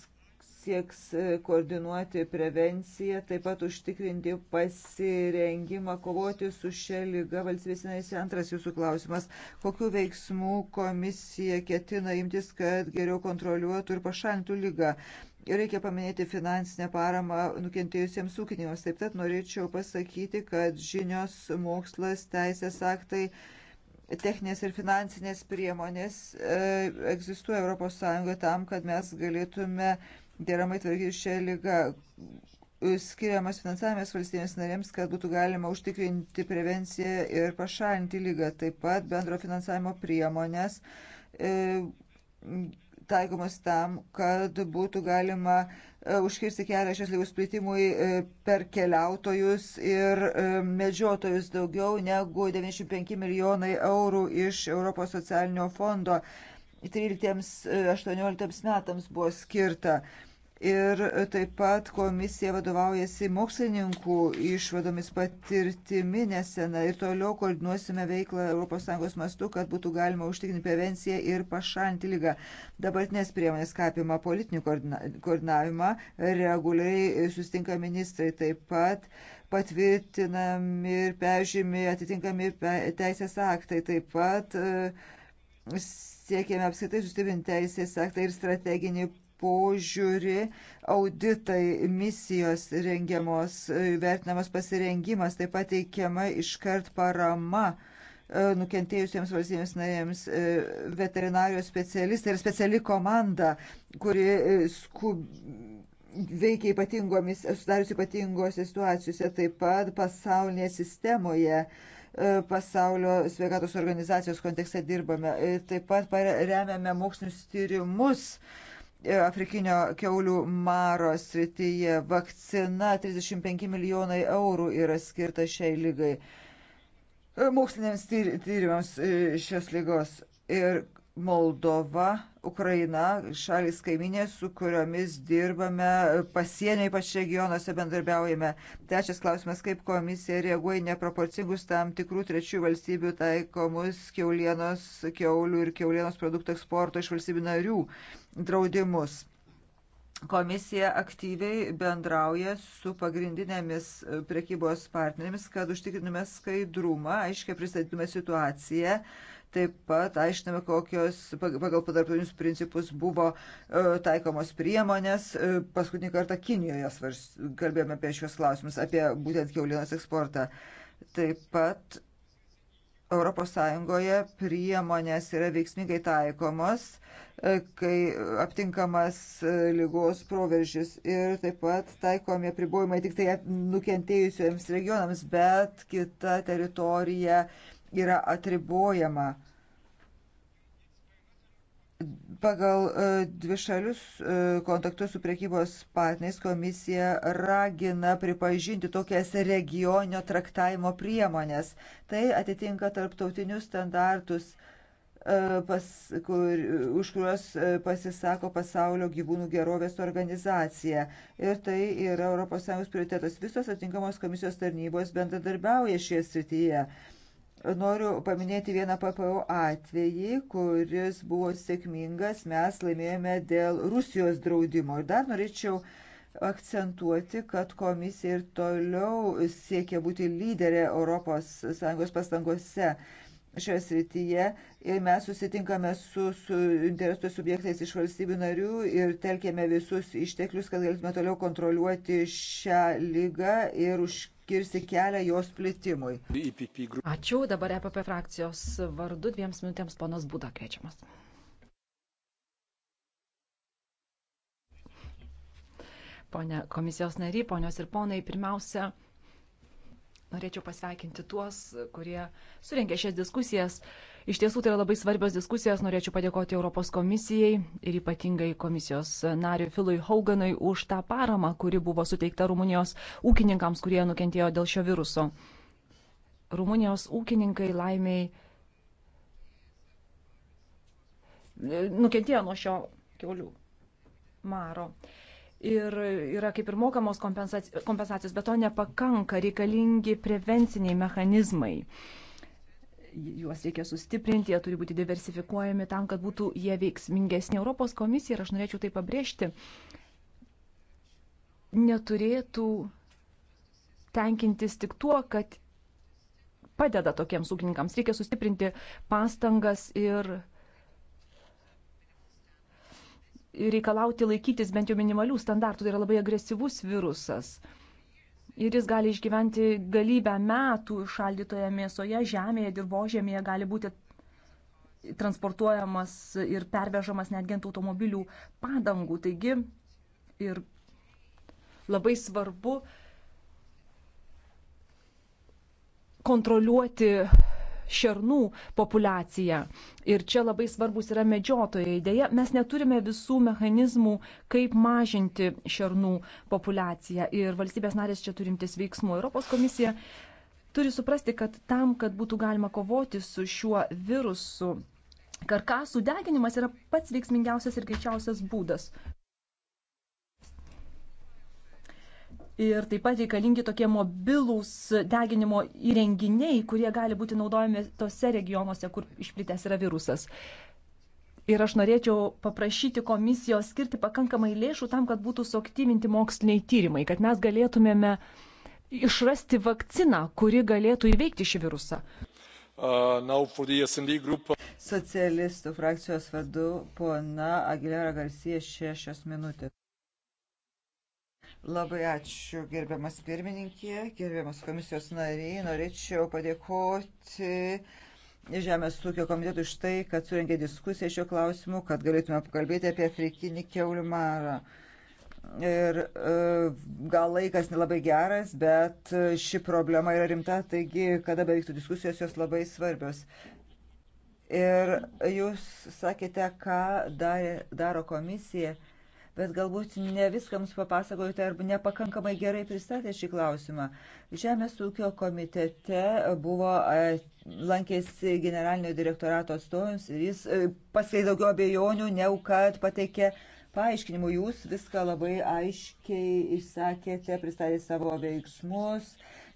sieks e, koordinuoti prevenciją, taip pat užtikrinti pasirengimą kovoti su šia lyga valstybės narėse. Antras jūsų klausimas. Kokiu veiksmu komisija ketina imtis, kad geriau kontroliuotų ir pašalintų lygą? Reikia paminėti finansinę paramą nukentėjusiems ūkininkams. Taip pat norėčiau pasakyti, kad žinios, mokslas, teisės aktai techninės ir finansinės priemonės e, egzistuoja ES tam, kad mes galėtume deramai tvarkyti šią lygą. Skiriamas finansavimas valstybėms narėms, kad būtų galima užtikrinti prevenciją ir pašalinti lygą. Taip pat bendro finansavimo priemonės e, taikomas tam, kad būtų galima e, užkirsti kelią šios lygos plitimui e, per keliautojus ir e, medžiotojus daugiau negu 95 milijonai eurų iš Europos socialinio fondo 13-18 metams buvo skirta. Ir taip pat komisija vadovaujasi mokslininkų išvadomis patirtimi nesena ir toliau koordinuosime veiklą ES mastu, kad būtų galima užtikrinti prevenciją ir pašalinti lygą. Dabartinės priemonės kapima politinį koordinavimą, reguliariai sustinka ministrai taip pat patvirtinami ir pežymi atitinkami teisės aktai. Taip pat e, siekėme apskaitai sustiprinti teisės aktą ir strateginį požiūrį, auditai, misijos rengiamos, vertinamas pasirengimas, taip pat teikiama iškart parama e, nukentėjusiems valstybėms narėms e, veterinarijos specialistai ir speciali komanda, kuri e, skub veikia ypatingomis, sudarius ypatingose situacijose, taip pat pasaulinėje sistemoje pasaulio sveikatos organizacijos kontekste dirbame. Taip pat remiame mokslinius tyrimus E, afrikinio keulių maro srityje. Vakcina 35 milijonai eurų yra skirta šiai lygai. E, moksliniams tyrimams e, šios lygos. Ir Moldova, Ukraina, šalis kaiminės, su kuriomis dirbame, pasienio ypač regionuose bendarbiaujame. Trečias klausimas, kaip komisija reaguoja neproporcingus tam tikrų trečių valstybių taikomus keulienos, keulių ir keulienos produktų eksporto iš valstybių narių draudimus. Komisija aktyviai bendrauja su pagrindinėmis prekybos partnerėmis, kad užtikrintume skaidrumą, aiškiai pristatytume situaciją Taip pat aiškiname, kokios pagal padartinius principus buvo e, taikomos priemonės. E, paskutinį kartą Kinijoje svars, kalbėjome apie šios klausimus, apie būtent keulienos eksportą. Taip pat ES priemonės yra veiksmingai taikomos, e, kai aptinkamas lygos proveržis ir taip pat taikomi apribojimai tik tai nukentėjusiems regionams, bet kita teritorija yra atribojama pagal e, dvišalius e, kontaktus su priekybos partneriais komisija ragina pripažinti tokias regioninio traktavimo priemonės. Tai atitinka tarptautinius standartus, e, pas, kur, už kuriuos pasisako pasaulio gyvūnų gerovės organizacija. Ir tai yra ES prioritetas. Visos atitinkamos komisijos tarnybos bendradarbiauja šioje srityje. Noriu paminėti vieną PPO atvejį, kuris buvo sėkmingas, mes laimėjome dėl Rusijos draudimo. Ir dar norėčiau akcentuoti, kad komisija ir toliau siekia būti lyderė ES pastangose šioje srityje ir mes susitinkame su, su interesų subjektais iš valstybių narių ir telkėme visus išteklius, kad galėtume toliau kontroliuoti šią lygą ir užkirti užkirsti kelią jos plitimui. Ačiū, dabar EPP frakcijos vardu dviems minutėms ponas Būda kviečiamas. Pone komisijos nariai, ponios ir ponai, pirmiausia, norėčiau pasveikinti tuos, kurie surengė šias diskusijas. Uh, Iš tiesų tai yra labai svarbios diskusijos. Norėčiau padėkoti Europos komisijai ir ypatingai komisijos nariui Filui Hauganui už tą paramą, kuri buvo suteikta Rumunijos ūkininkams, kurie nukentėjo dėl šio viruso. Rumunijos ūkininkai laimiai nukentėjo nuo šio keulių maro. Ir yra kaip ir mokamos kompensacijos, bet to nepakanka, reikalingi prevenciniai mechanizmai. Uh, juos reikia sustiprinti, jie turi būti diversifikuojami tam, kad būtų jie veiksmingesni. Europos komisija, ir aš norėčiau tai pabrėžti, neturėtų tenkintis tik tuo, kad padeda tokiems ūkininkams. Reikia sustiprinti pastangas ir reikalauti laikytis bent jau minimalių standartų. Tai yra labai agresyvus virusas ir jis gali išgyventi galybę metų šaldytoje mėsoje, žemėje, dirbožėmėje, gali būti transportuojamas ir pervežamas netgi ant automobilių padangų. Taigi ir labai svarbu kontroliuoti šernų populiaciją. Ir čia labai svarbus yra medžiotojai. Deja, mes neturime visų mechanizmų, kaip mažinti šernų populiaciją. Ir valstybės narės čia turimtis veiksmų. Europos komisija turi suprasti, kad tam, kad būtų galima kovoti su šiuo virusu, karkasų deginimas yra pats veiksmingiausias ir greičiausias būdas. Ir taip pat reikalingi tokie mobilūs deginimo įrenginiai, kurie gali būti naudojami tose regionuose, kur išplitęs yra virusas. Ir aš norėčiau paprašyti komisijos skirti pakankamai lėšų tam, kad būtų suaktyvinti moksliniai tyrimai, kad mes galėtumėme išrasti vakciną, kuri galėtų įveikti šį virusą. Uh, Socialistų frakcijos vadu pona Agilera Garcija šešios minutės. Labai ačiū gerbiamas pirmininkė, gerbiamas komisijos nariai. Norėčiau padėkoti Žemės ūkio komitetui už tai, kad surengė diskusiją šiuo klausimu, kad galėtume pakalbėti apie afrikinį keulių marą. Ir e, gal laikas nelabai geras, bet e, ši problema yra rimta, taigi, kada bevyktų diskusijos, jos labai svarbios. Ir jūs sakėte, ką darė, daro komisija bet galbūt ne viskams papasakojote arba nepakankamai gerai pristatė šį klausimą. Žemės ūkio komitete buvo e, lankėsi generalinio direktorato atstovams ir jis e, paskleidė daugiau abejonių, negu kad pateikė paaiškinimų. Jūs viską labai aiškiai išsakėte, pristatėte savo veiksmus,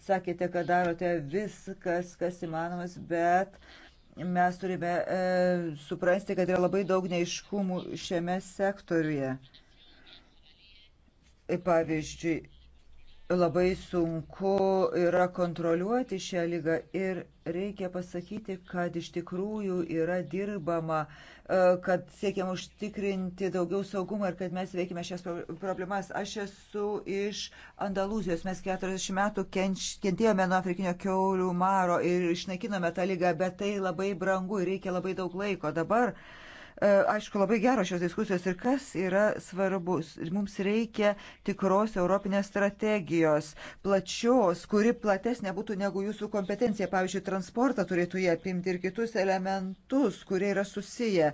sakėte, kad darote viskas, kas įmanomas, bet mes turime e, suprasti, kad yra labai daug neiškumų šiame sektoriuje. E, pavyzdžiui, labai sunku yra kontroliuoti šią lygą ir reikia pasakyti, kad iš tikrųjų yra dirbama, e, kad siekiam užtikrinti daugiau saugumą ir kad mes veikime šias problemas. Aš esu iš Andalūzijos, mes 40 metų kentėjome nuo afrikinio keulių maro ir išnaikinome tą lygą, bet tai labai brangu ir reikia labai daug laiko. Dabar uh, E, aišku, labai geros šios diskusijos ir kas yra svarbus. Mums reikia tikros europinės strategijos, plačios, kuri platesnė būtų negu jūsų kompetencija. Pavyzdžiui, transportą turėtų jie apimti ir kitus elementus, kurie yra susiję.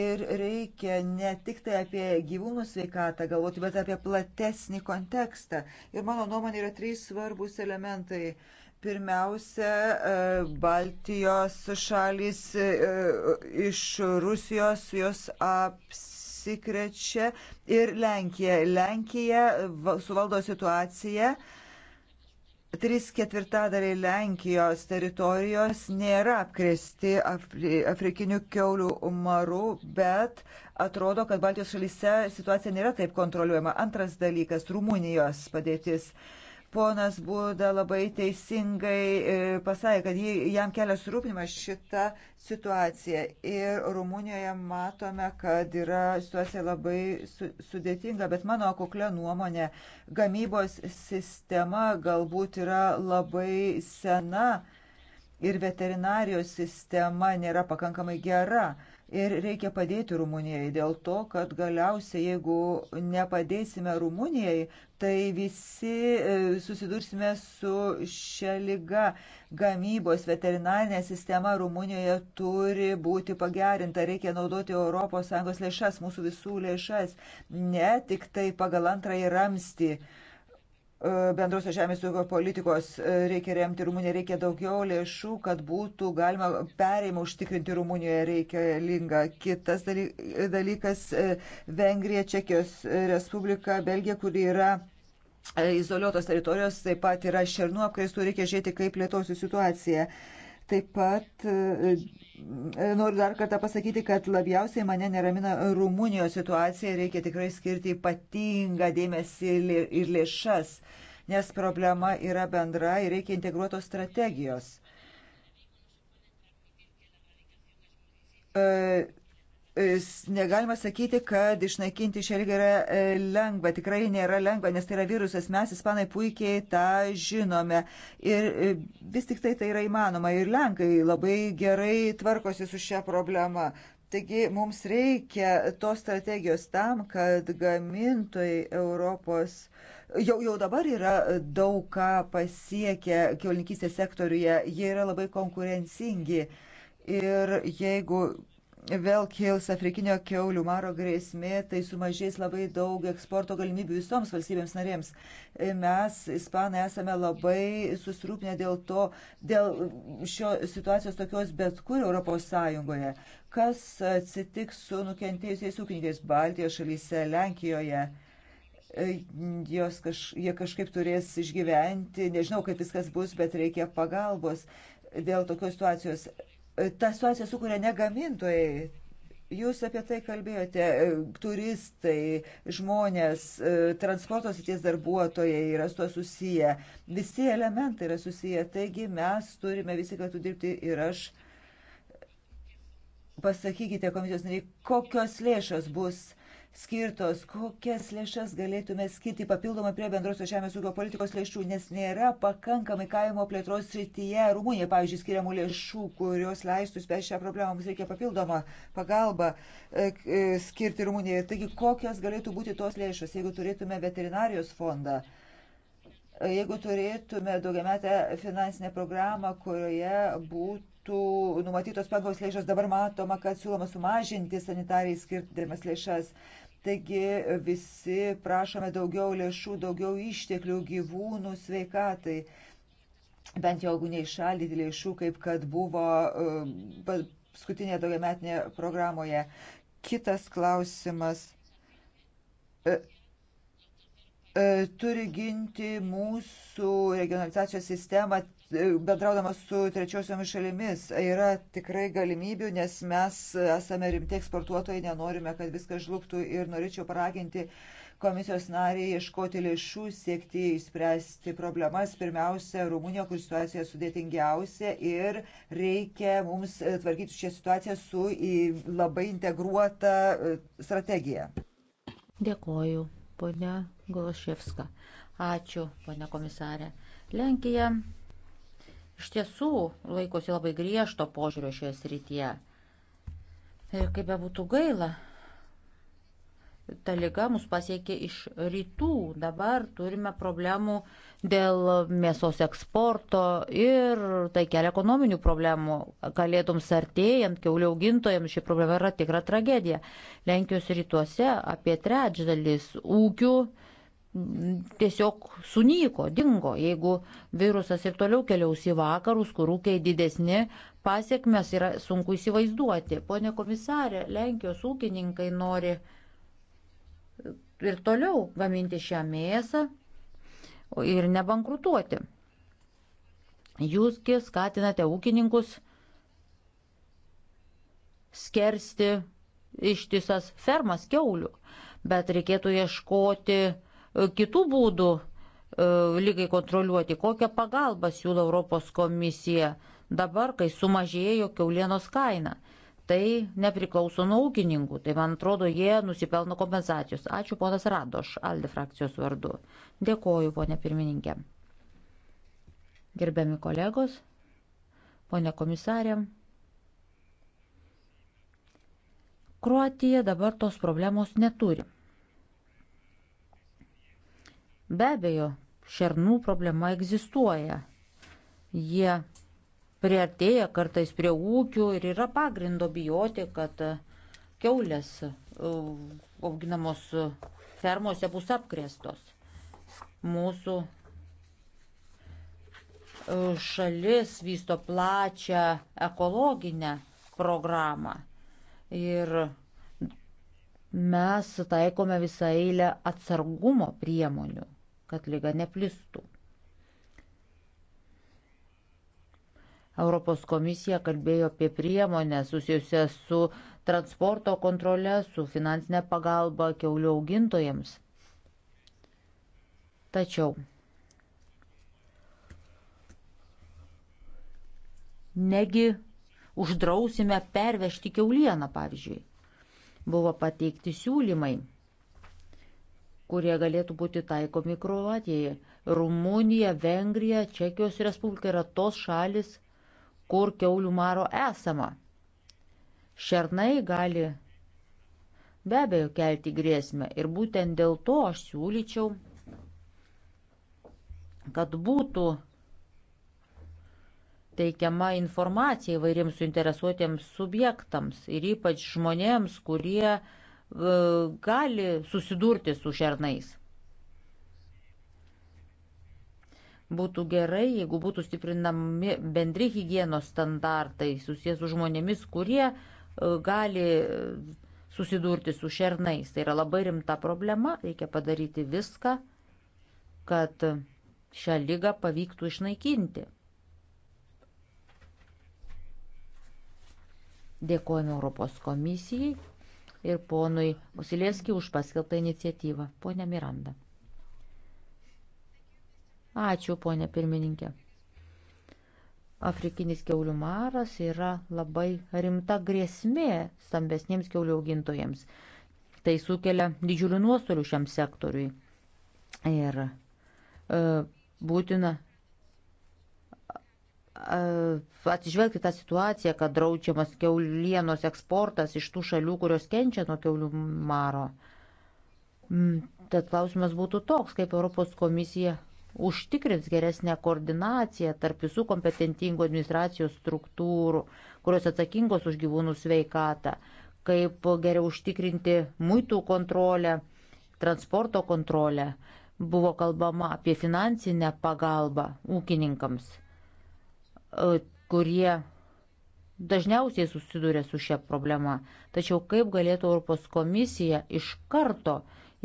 Ir reikia ne tik tai apie gyvūnų sveikatą galvoti, bet apie platesnį kontekstą. Ir mano nuomonė yra trys svarbus elementai. Uh, Pirmiausia, e, Baltijos šalys e, iš Rusijos jos apsikrečia ir Lenkija. Lenkija suvaldo situaciją. Tris ketvirtadaliai Lenkijos teritorijos nėra apkrėsti afri, afrikinių keulių maru, bet atrodo, kad Baltijos šalyse situacija nėra taip kontroliuojama. Antras dalykas - Rumunijos padėtis. Uh, Ponas Būda labai teisingai e, pasakė, kad jam kelia surūpinimą šitą situaciją. Ir Rumunijoje matome, kad yra situacija labai sudėtinga, bet mano kuklė nuomonė, gamybos sistema galbūt yra labai sena ir veterinarijos sistema nėra pakankamai gera ir reikia padėti Rumunijai dėl to, kad galiausiai, jeigu nepadėsime Rumunijai, tai visi e, susidursime su šia lyga. Gamybos veterinarinė sistema Rumunijoje turi būti pagerinta, reikia naudoti ES lėšas, mūsų visų lėšas, ne tik tai pagal antrąjį ramstį. E, bendrosios žemės ūkio politikos e, reikia remti Rumuniją, reikia daugiau lėšų, kad būtų galima perėjimą užtikrinti Rumunijoje reikalinga. Kitas dalykas e, - Vengrija, Čekijos Respublika, Belgija, kuri yra izoliuotos teritorijos, taip pat yra šernų apkaistų, reikia žiūrėti, kaip plėtosi situacija. Taip pat Noriu dar kartą pasakyti, kad labiausiai mane neramina Rumunijos situacija, reikia tikrai skirti ypatingą dėmesį ir lėšas, nes problema yra bendra ir reikia integruotos strategijos. E, Negalima sakyti, kad išnaikinti šią lygą yra e, lengva, tikrai nėra lengva, nes tai yra virusas, mes ispanai puikiai tą žinome ir e, vis tik tai tai yra įmanoma ir lenkai labai gerai tvarkosi su šią problemą. Taigi mums reikia tos strategijos tam, kad gamintojai Europos jau, jau dabar yra daug ką pasiekę kiaulininkystės sektoriuje, jie yra labai konkurencingi ir jeigu vėl kils afrikinio keulių maro grėsmė, tai sumažės labai daug eksporto galimybių visoms valstybėms narėms. E, mes, ispanai, esame labai susirūpinę dėl to, dėl šio situacijos tokios bet kur Europos Sąjungoje. Kas atsitiks su nukentėjusiais ūkininkais Baltijos šalyse, Lenkijoje? E, jos kaž, jie kažkaip turės išgyventi, nežinau, kaip viskas bus, bet reikia pagalbos dėl tokios situacijos tą situaciją sukuria ne gamintojai. Jūs apie tai kalbėjote, e, turistai, žmonės, e, transporto sities darbuotojai yra su to susiję, visi elementai yra susiję, taigi mes turime visi kartu dirbti ir aš pasakykite komisijos nariai, kokios lėšos bus skirtos, kokias lėšas galėtume skirti papildomai prie bendrosios žemės ūkio politikos lėšų, nes nėra pakankamai kaimo plėtros srityje Rumunija, pavyzdžiui, skiriamų lėšų, kurios leistų spręsti šią problemą, mums reikia papildomą pagalbą e, e, skirti Rumunijoje. Taigi, kokios galėtų būti tos lėšos, jeigu turėtume veterinarijos fondą? E, jeigu turėtume daugiametę finansinę programą, kurioje būtų numatytos pagos lėšos, dabar matoma, kad siūloma sumažinti sanitarijai skirtimas lėšas. Taigi e, visi prašome daugiau lėšų, daugiau išteklių gyvūnų sveikatai bent jau jeigu neišaldyti lėšų, kaip kad buvo e, paskutinėje daugiametinėje programoje. Kitas klausimas. E, turi ginti mūsų regionalizacijos sistemą bendraudamas su trečiosiomis šalimis yra tikrai galimybių, nes mes esame rimti eksportuotojai, nenorime, kad viskas žlugtų ir norėčiau paraginti komisijos nariai ieškoti lėšų, siekti išspręsti problemas. Pirmiausia, Rumunija, kur situacija sudėtingiausia ir reikia mums tvarkyti šią situaciją su labai integruota e, strategija. Dėkoju, ponia Gološevska. Ačiū, ponia komisarė. Lenkija iš tiesų laikosi labai griežto požiūrio šioje srityje. Ir kaip be būtų gaila, ta lyga mus pasiekė iš rytų, dabar turime problemų dėl mėsos eksporto ir tai kelia ekonominių problemų. Kalėdoms artėjant, keulių augintojams ši problema yra tikra tragedija. Lenkijos rytuose apie trečdalis ūkių tiesiog sunyko, dingo. Jeigu virusas ir toliau keliaus į vakarus, kur ūkiai didesni, pasiekmes yra sunku įsivaizduoti. Pone komisarė, Lenkijos ūkininkai nori ir toliau gaminti šią mėsą ir nebankrutuoti. Jūsgi skatinate ūkininkus skersti ištisas fermas keulių, bet reikėtų ieškoti E, kitų būdų e, lygai kontroliuoti, kokią pagalbą siūlo Europos komisija dabar, kai sumažėjo keulienos kaina. Tai nepriklauso nuo ūkininkų, tai man atrodo, jie nusipelno kompensacijos. Ačiū ponas Radoš, Aldi frakcijos vardu. Dėkoju, ponė pirmininkė. Gerbiami kolegos, ponė komisarė. Kruatija dabar tos problemos neturi. Be abejo, šernų problema egzistuoja. Jie priartėja kartais prie ūkių ir yra pagrindo bijoti, kad e, keulės e, auginamos e, fermose bus apkrėstos. Mūsų šalis vysto plačią ekologinę programą ir mes taikome visą eilę atsargumo priemonių kad lyga neplistų. Europos komisija kalbėjo apie priemonę susijusią su transporto kontrole, su finansinė pagalba keulių augintojams. Tačiau negi uždrausime pervežti keulieną, pavyzdžiui. Buvo pateikti siūlymai kurie galėtų būti taikomi Kroatijai. Rumunija, Vengrija, Čekijos Respublika yra tos šalis, kur keulių maro esama. Šernai gali be abejo kelti grėsmę ir būtent dėl to aš siūlyčiau, kad būtų teikiama informacija įvairiems suinteresuotiems subjektams ir ypač žmonėms, kurie E, gali susidurti su šernais. Būtų gerai, jeigu būtų stiprinami bendri hygienos standartai susijęs su žmonėmis, kurie e, gali susidurti su šernais. Tai yra labai rimta problema, reikia padaryti viską, kad šią lygą pavyktų išnaikinti. Dėkojame Europos komisijai ir ponui Musilieski už paskelbtą iniciatyvą. Pone Miranda. Ačiū, ponė pirmininkė. Afrikinis keulių maras yra labai rimta grėsmė stambesniems keulių augintojams. Tai sukelia didžiulių nuostolių šiam sektoriui. Ir e, būtina atsižvelgti tą situaciją, kad draudžiamas keulienos eksportas iš tų šalių, kurios kenčia nuo keulių maro. Mm, tad klausimas būtų toks, kaip Europos komisija užtikrins geresnę koordinaciją tarp visų kompetentingų administracijos struktūrų, kurios atsakingos už gyvūnų sveikatą, kaip geriau užtikrinti muitų kontrolę, transporto kontrolę. Buvo kalbama apie finansinę pagalbą ūkininkams kurie dažniausiai susiduria su šia problema. Tačiau kaip galėtų Europos komisija iš karto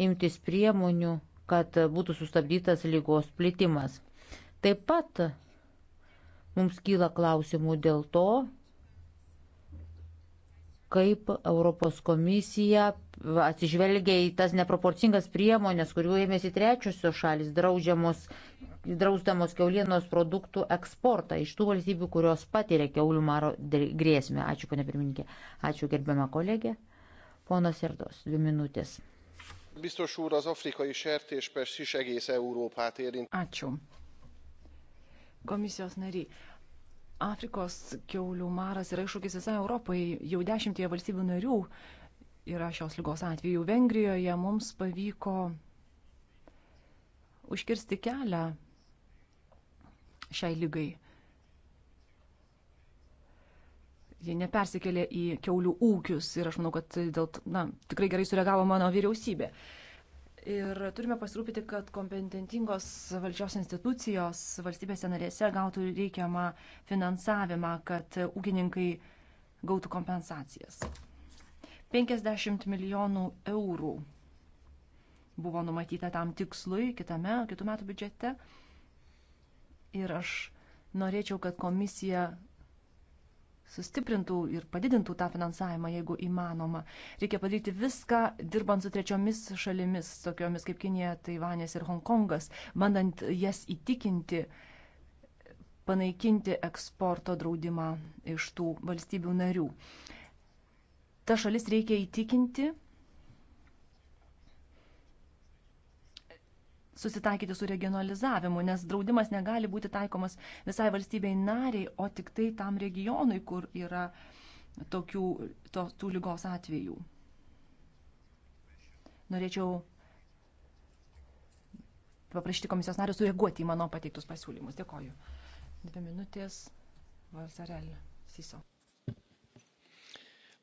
imtis priemonių, kad būtų sustabdytas lygos plitimas. Taip pat mums kyla klausimų dėl to, kaip Europos komisija atsižvelgia į tas neproporcingas priemonės, kurių ėmėsi trečiosios šalis, draudžiamos drausdamos keulienos produktų eksportą iš tų valstybių, kurios patiria keulių maro grėsmę. Ačiū, ponė pirmininkė. Ačiū, gerbiama kolegė. Ponas Erdos, dvi minutės. Biztos úr, az afrikai sertéspest is egész Európát érint. Ačiū. Komisijos nariai, Afrikos keulių maras yra iššūkis visai Europai. Jau dešimtie valstybių narių yra šios lygos atvejų. Vengrijoje mums pavyko užkirsti kelią šiai lygai. Jie nepersikėlė į keulių ūkius ir aš manau, kad dėl, na, tikrai gerai sureagavo mano vyriausybė. Ir turime pasirūpinti, kad kompetentingos valdžios institucijos valstybėse narėse gautų reikiamą finansavimą, kad ūkininkai gautų kompensacijas. 50 milijonų eurų buvo numatyta tam tikslui kitame, kitų metų biudžete. Ir aš norėčiau, kad komisija sustiprintų ir padidintų tą finansavimą, jeigu įmanoma. Reikia padaryti viską, dirbant su trečiomis šalimis, tokiomis kaip Kinija, Taivanės ir Hongkongas, bandant jas įtikinti, panaikinti eksporto draudimą iš tų valstybių narių. Ta šalis reikia įtikinti, susitaikyti su regionalizavimu, nes draudimas negali būti taikomas visai valstybei nariai, o tik tai tam regionui, kur yra tokių, to, tų lygos atvejų. Norėčiau paprašyti komisijos nario sureaguoti į mano pateiktus pasiūlymus. Dėkoju. Dvi minutės. Valsarelė. Siso.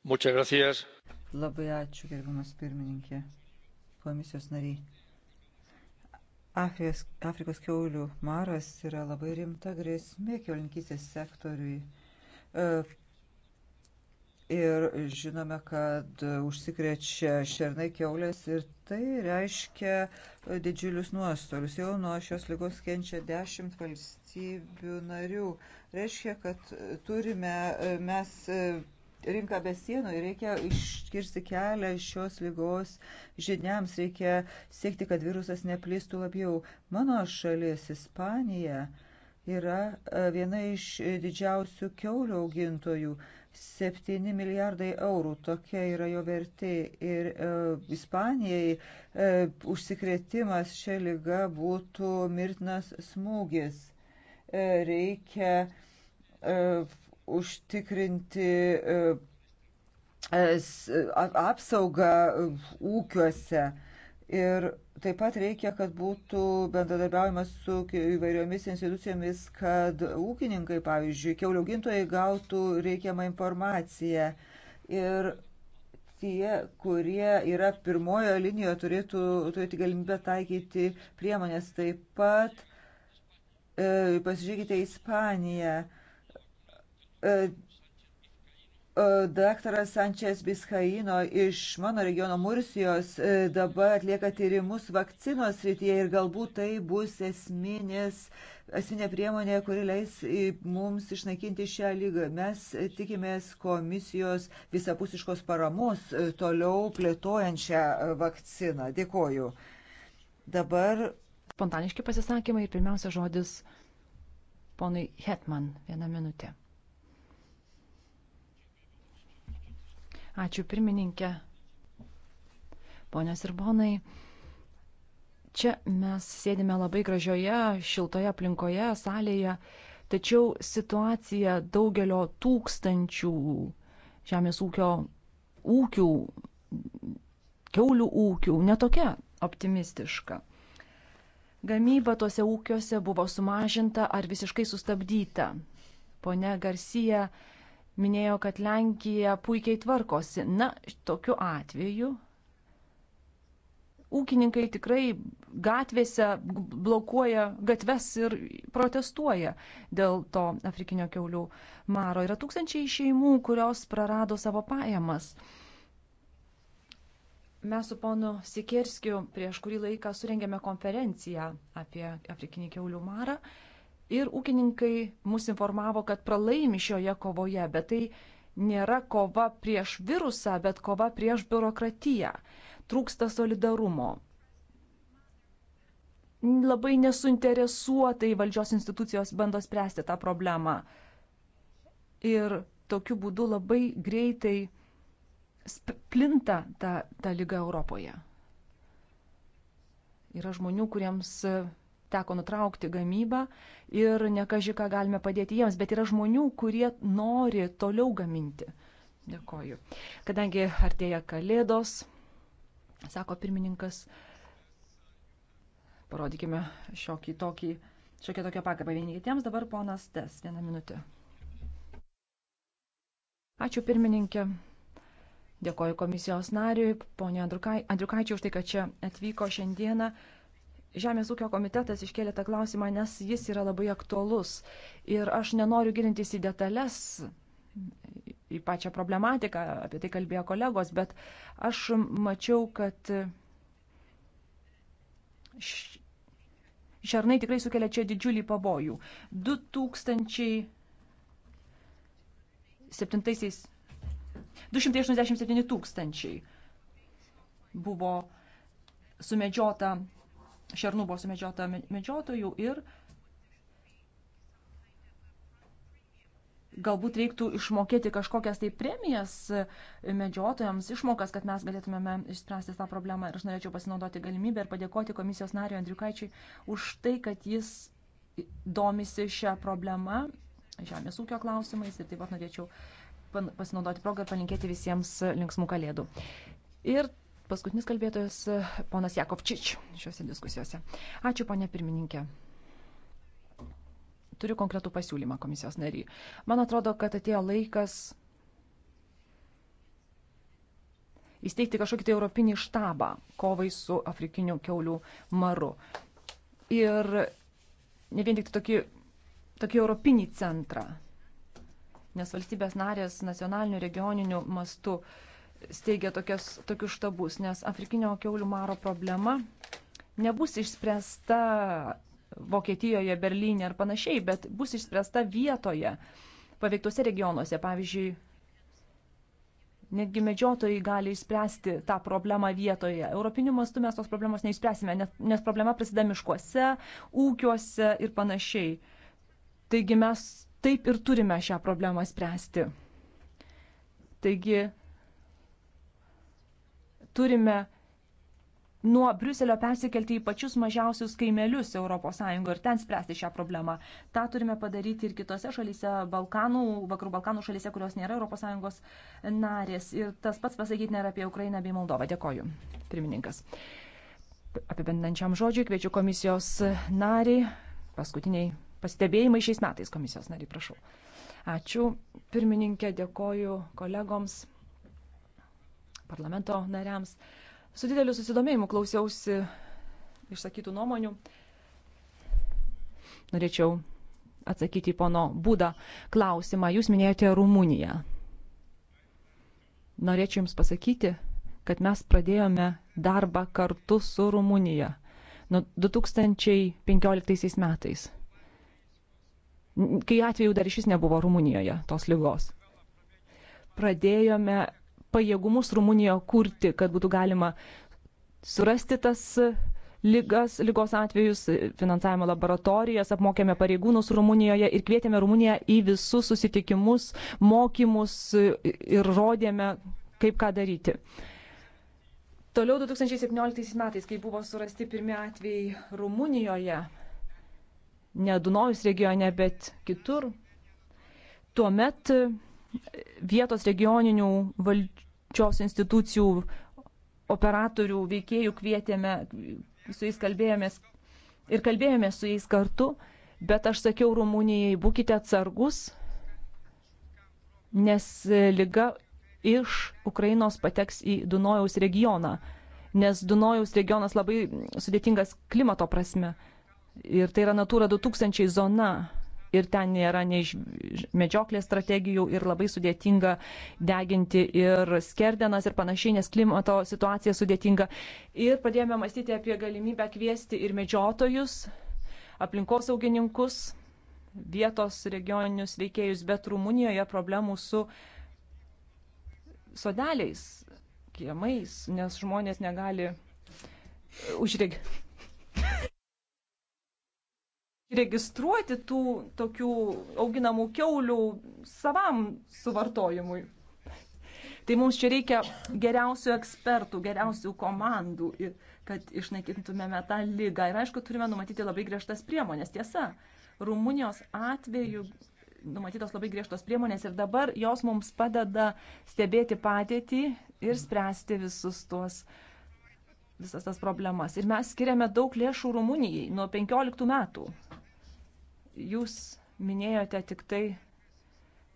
Muchas gracias. Labai ačiū, gerbiamas pirmininkė, komisijos nariai Afrikos, Afrikos keulių maras yra labai rimta grėsmė keulininkystės sektoriui. E, ir žinome, kad užsikrečia šernai keulės ir tai reiškia didžiulius nuostolius. Jau nuo šios lygos kenčia dešimt valstybių narių. Reiškia, kad turime e, mes e, rinką be sienų ir reikia iškirsti kelią šios lygos žiniams, reikia siekti, kad virusas neplistų labiau. Mano šalis, Ispanija, yra e, viena iš didžiausių keulių augintojų. 7 milijardai eurų tokia yra jo vertė ir e, Ispanijai e, užsikrėtimas šią lygą būtų mirtinas smūgis. E, reikia e, užtikrinti e, e, apsaugą e, ūkiuose. Ir taip pat reikia, kad būtų bendradarbiaujama su įvairiomis institucijomis, kad ūkininkai, pavyzdžiui, keuliaugintojai gautų reikiamą informaciją. Ir tie, kurie yra pirmojo linijoje, turėtų turėti galimybę taikyti priemonės. Taip pat e, pasižiūrėkite į Ispaniją. E, E, e, daktaras Sančias Biskaino iš mano regiono Mursijos e, dabar atlieka tyrimus vakcinos rytyje ir galbūt tai bus esminės, esminė priemonė, kuri leis mums išnaikinti šią lygą. Mes tikimės komisijos visapusiškos paramos toliau plėtojančią vakciną. Dėkoju. Dabar. Spontaniški pasisakymai ir pirmiausia žodis ponui Hetman. Vieną minutę. Ačiū pirmininkė. Ponios ir bonai, čia mes sėdime labai gražioje, šiltoje aplinkoje, salėje, tačiau situacija daugelio tūkstančių žemės ūkio ūkių, keulių ūkių netokia optimistiška. Gamyba tuose ūkiuose buvo sumažinta ar visiškai sustabdyta. Pone Garcija minėjo, kad Lenkija puikiai tvarkosi. Na, tokiu atveju ūkininkai tikrai gatvėse blokuoja gatves ir protestuoja dėl to afrikinio keulių maro. Yra tūkstančiai šeimų, kurios prarado savo pajamas. Mes su ponu Sikerskiu prieš kurį laiką surengėme konferenciją apie afrikinį keulių marą ir ūkininkai mus informavo, kad pralaimi šioje kovoje, bet tai nėra kova prieš virusą, bet kova prieš biurokratiją. Trūksta solidarumo. Labai nesuinteresuotai valdžios institucijos bando spręsti tą problemą. Ir tokiu būdu labai greitai plinta ta, ta lyga Europoje. Yra žmonių, kuriems teko nutraukti gamybą ir nekaži ką galime padėti jiems, bet yra žmonių, kurie nori toliau gaminti. Dėkoju. Kadangi artėja kalėdos, sako pirmininkas, parodykime šiokį tokį, šiokią tokią pakabą vieni kitiems, dabar ponas Tes, vieną minutę. Ačiū pirmininkė. Dėkoju komisijos nariui, ponė Andriukaičiai, už tai, kad čia atvyko šiandieną. Žemės ūkio komitetas iškėlė tą klausimą, nes jis yra labai aktuolus. Ir aš nenoriu gilintis į detalės, į pačią problematiką, apie tai kalbėjo kolegos, bet aš mačiau, kad šernai tikrai sukelia čia didžiulį pavojų. 2007 287 tūkstančiai buvo sumedžiota šernų buvo sumedžiota medžiotojų ir galbūt reiktų išmokėti kažkokias tai premijas medžiotojams, išmokas, kad mes galėtumėme išspręsti tą problemą. Ir aš norėčiau pasinaudoti galimybę ir padėkoti komisijos nariu Andriukaičiui už tai, kad jis domisi šią problemą, žemės ūkio klausimais ir taip pat norėčiau pasinaudoti progą ir palinkėti visiems linksmų kalėdų. Ir Paskutinis kalbėtojas ponas Jakovčič šiuose diskusijose. Ačiū, ponė pirmininkė. Turiu konkretų pasiūlymą komisijos nariai. Man atrodo, kad atėjo laikas įsteigti kažkokį tai europinį štabą kovai su afrikiniu keulių maru. Ir ne vien tik tokį, tokį europinį centrą, nes valstybės narės nacionaliniu regioniniu mastu uh, steigia tokias, tokius štabus, nes Afrikinio keulių maro problema nebus išspręsta Vokietijoje, Berlyne ar panašiai, bet bus išspręsta vietoje, paveiktose regionuose. Pavyzdžiui, netgi medžiotojai gali išspręsti tą problemą vietoje. Europiniu mastu mes tos problemos neišspręsime, nes problema prasideda miškuose, ūkiuose ir panašiai. Taigi mes taip ir turime šią problemą spręsti. Taigi turime nuo Briuselio persikelti į pačius mažiausius kaimelius ES ir ten spręsti šią problemą. Ta turime padaryti ir kitose šalyse, Balkanų, vakarų Balkanų šalyse, kurios nėra ES narės. Ir tas pats pasakyti nėra apie Ukrainą bei Moldovą. Dėkoju, pirmininkas. Apibendinančiam žodžiui kviečiu komisijos narį. Paskutiniai pastebėjimai šiais metais komisijos narį, prašau. Ačiū, pirmininkė, dėkoju kolegoms parlamento nariams. Su dideliu susidomėjimu klausiausi išsakytų nuomonių. Norėčiau atsakyti į pono būdą klausimą. Jūs minėjote Rumuniją. Norėčiau Jums pasakyti, kad mes pradėjome darbą kartu su Rumunija nuo 2015 metais, kai atvejų dar iš vis nebuvo Rumunijoje tos lygos. Pradėjome pajėgumus Rumunijoje kurti, kad būtų galima surasti tas lygas, lygos atvejus, finansavimo laboratorijas, apmokėme pareigūnus Rumunijoje ir kvietėme Rumuniją į visus susitikimus, mokymus ir rodėme, kaip ką daryti. Toliau 2017 metais, kai buvo surasti pirmie atvejai Rumunijoje, ne Dunojus regione, bet kitur, tuomet vietos regioninių valdžios institucijų operatorių, veikėjų kvietėme, su jais kalbėjomės ir kalbėjome su jais kartu, bet aš sakiau Rumunijai, būkite atsargus, nes e, lyga iš Ukrainos pateks į Dunojaus regioną, nes Dunojaus regionas labai sudėtingas klimato prasme ir tai yra Natūra 2000 zona ir ten nėra nei medžioklės strategijų ir labai sudėtinga deginti ir skerdenas ir panašiai, nes klimato situacija sudėtinga. Ir pradėjome mąstyti apie galimybę kviesti ir medžiotojus, aplinkosaugininkus, vietos regioninius veikėjus, bet Rumunijoje problemų su sodeliais, kiemais, nes žmonės negali užregistruoti registruoti tų tokių auginamų keulių savam suvartojimui. Tai mums čia reikia geriausių ekspertų, geriausių komandų, kad išnaikintumėme tą lygą. Ir aišku, turime numatyti labai griežtas priemonės. Tiesa, Rumunijos atveju numatytos labai griežtos priemonės ir dabar jos mums padeda stebėti patėtį ir spręsti visus tuos visas tas problemas. Ir mes skiriame daug lėšų Rumunijai nuo 15 metų Jūs minėjote tik tai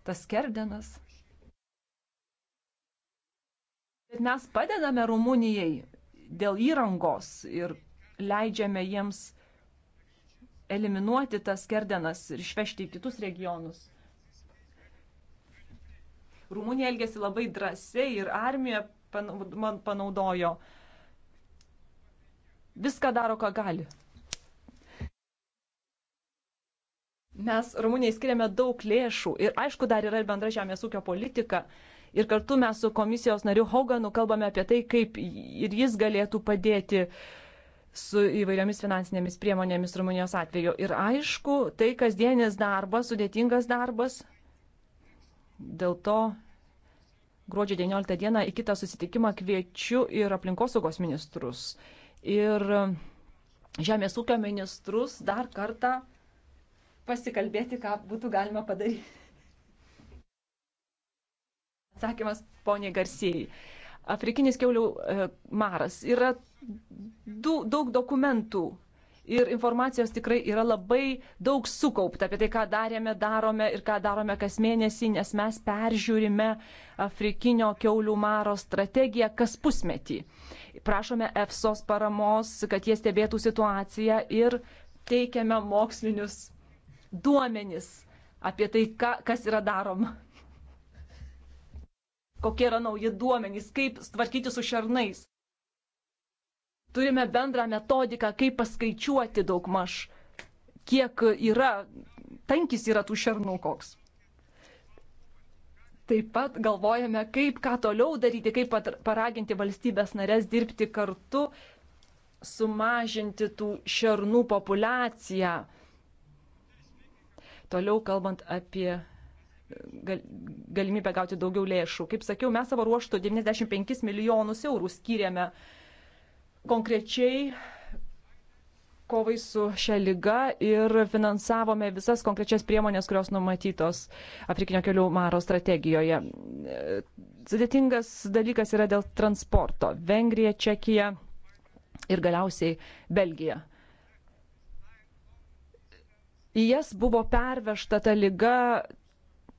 tas kerdenas. Bet mes padedame Rumunijai dėl įrangos ir leidžiame jiems eliminuoti tas kerdenas ir išvežti į kitus regionus. Rumunija elgėsi labai drąsiai ir armija panaudojo. Viską daro, ką gali. Mes Rumunijai skiriame daug lėšų ir aišku, dar yra ir bendra žemės ūkio politika. Ir kartu mes su komisijos nariu Hoganu kalbame apie tai, kaip ir jis galėtų padėti su įvairiomis finansinėmis priemonėmis Rumunijos atveju. Ir aišku, tai kasdienis darbas, sudėtingas darbas. Dėl to gruodžio 19 dieną į kitą susitikimą kviečiu ir aplinkosaugos ministrus, ir žemės ūkio ministrus dar kartą pasikalbėti, ką būtų galima padaryti. Atsakymas poniai Garsijai. Afrikinis keulių e, maras. Yra du, daug dokumentų ir informacijos tikrai yra labai daug sukaupta apie tai, ką darėme, darome ir ką darome kas mėnesį, nes mes peržiūrime Afrikinio keulių maro strategiją kas pusmetį. Prašome EFSOS paramos, kad jie stebėtų situaciją ir teikiame mokslinius duomenis apie tai, ka, kas yra daroma. Kokie yra nauji duomenys, kaip tvarkyti su šarnais. Turime bendrą metodiką, kaip paskaičiuoti daugmaž, kiek yra, tankis yra tų šarnų koks. Taip pat galvojame, kaip ką toliau daryti, kaip paraginti valstybės narės dirbti kartu, sumažinti tų šernų populaciją Toliau kalbant apie gal, galimybę gauti daugiau lėšų. Kaip sakiau, mes savo ruoštų 95 milijonus eurų skiriame konkrečiai kovai su šia lyga ir finansavome visas konkrečias priemonės, kurios numatytos Afrikinio kelių maro strategijoje. Sudėtingas dalykas yra dėl transporto. Vengrija, Čekija ir galiausiai Belgija į jas buvo pervežta ta lyga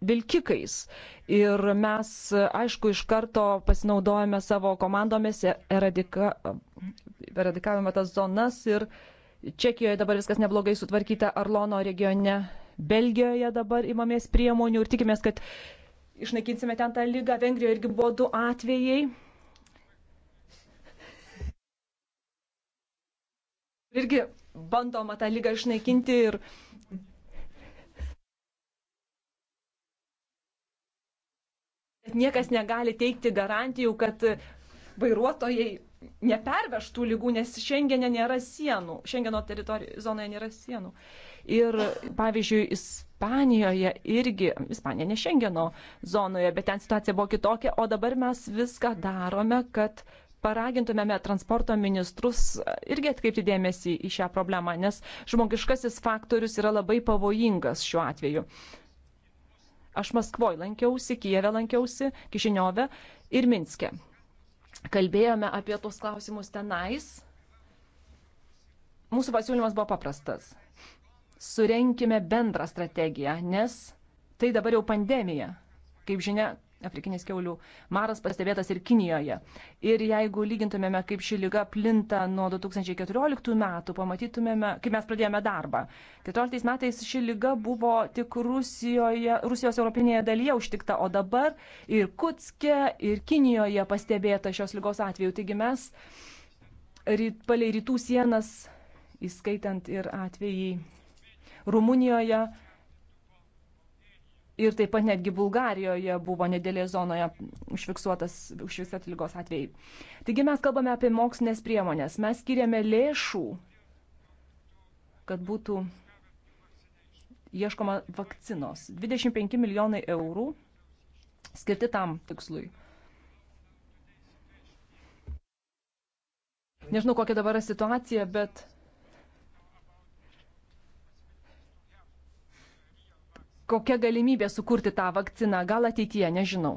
vilkikais. Ir mes, aišku, iš karto pasinaudojame savo komandomis, eradika, eradikavome tas zonas ir Čekijoje dabar viskas neblogai sutvarkyta, Arlono regione, Belgijoje dabar imamės priemonių ir tikimės, kad išnaikinsime ten tą lygą. Vengrijoje irgi buvo du atvejai. Irgi bandoma tą lygą išnaikinti ir kad niekas negali teikti garantijų, kad vairuotojai neperveštų lygų, nes šiandienė nėra sienų, šiandieno teritorijos zonoje nėra sienų. Ir pavyzdžiui, Ispanijoje irgi, Ispanija ne šiandieno zonoje, bet ten situacija buvo kitokia, o dabar mes viską darome, kad paragintumėme transporto ministrus irgi atkreipti dėmesį į šią problemą, nes žmogiškasis faktorius yra labai pavojingas šiuo atveju. Uh, Aš Maskvoje lankiausi, Kijeve lankiausi, Kišiniove ir Minske. Kalbėjome apie tos klausimus tenais. Mūsų pasiūlymas buvo paprastas. Surenkime bendrą strategiją, nes tai dabar jau pandemija. Kaip žinia, Afrikinės keulių maras pastebėtas ir Kinijoje. Ir jeigu lygintumėme, kaip ši lyga plinta nuo 2014 metų, pamatytumėme, kaip mes pradėjome darbą. 14 metais ši lyga buvo tik Rusijoje, Rusijos europinėje dalyje užtikta, o dabar ir Kutske, ir Kinijoje pastebėta šios lygos atveju. Taigi mes ryt, palei rytų sienas, įskaitant ir atvejį Rumunijoje, ir taip pat netgi Bulgarijoje buvo nedėlė zonoje užfiksuotas, užfiksuotas lygos atvejai. Taigi mes kalbame apie mokslinės priemonės. Mes skiriame lėšų, kad būtų ieškoma vakcinos. 25 milijonai eurų skirti tam tikslui. Nežinau, kokia dabar yra situacija, bet kokia galimybė sukurti tą vakciną, gal ateityje, nežinau.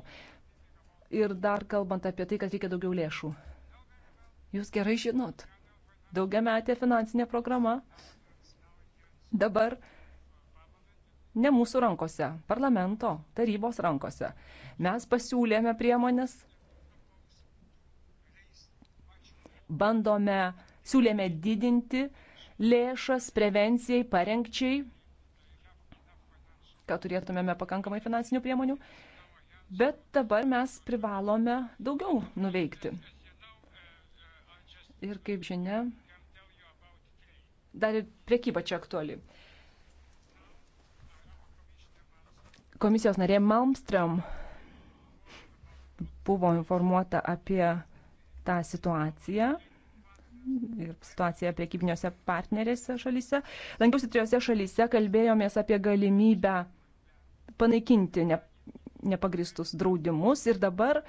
Ir dar kalbant apie tai, kad reikia daugiau lėšų. Jūs gerai žinot, daugiametė finansinė programa dabar ne mūsų rankose, parlamento, tarybos rankose. Mes pasiūlėme priemonės, bandome, siūlėme didinti lėšas prevencijai, parengčiai kad turėtumėme pakankamai finansinių priemonių, bet dabar mes privalome daugiau nuveikti. Ir kaip žinia, dar ir priekyba čia aktuali. Komisijos narė Malmström buvo informuota apie tą situaciją ir situaciją priekybiniuose partnerėse šalyse. Lankiausi trijose šalyse, kalbėjomės apie galimybę panaikinti ne, nepagristus draudimus ir dabar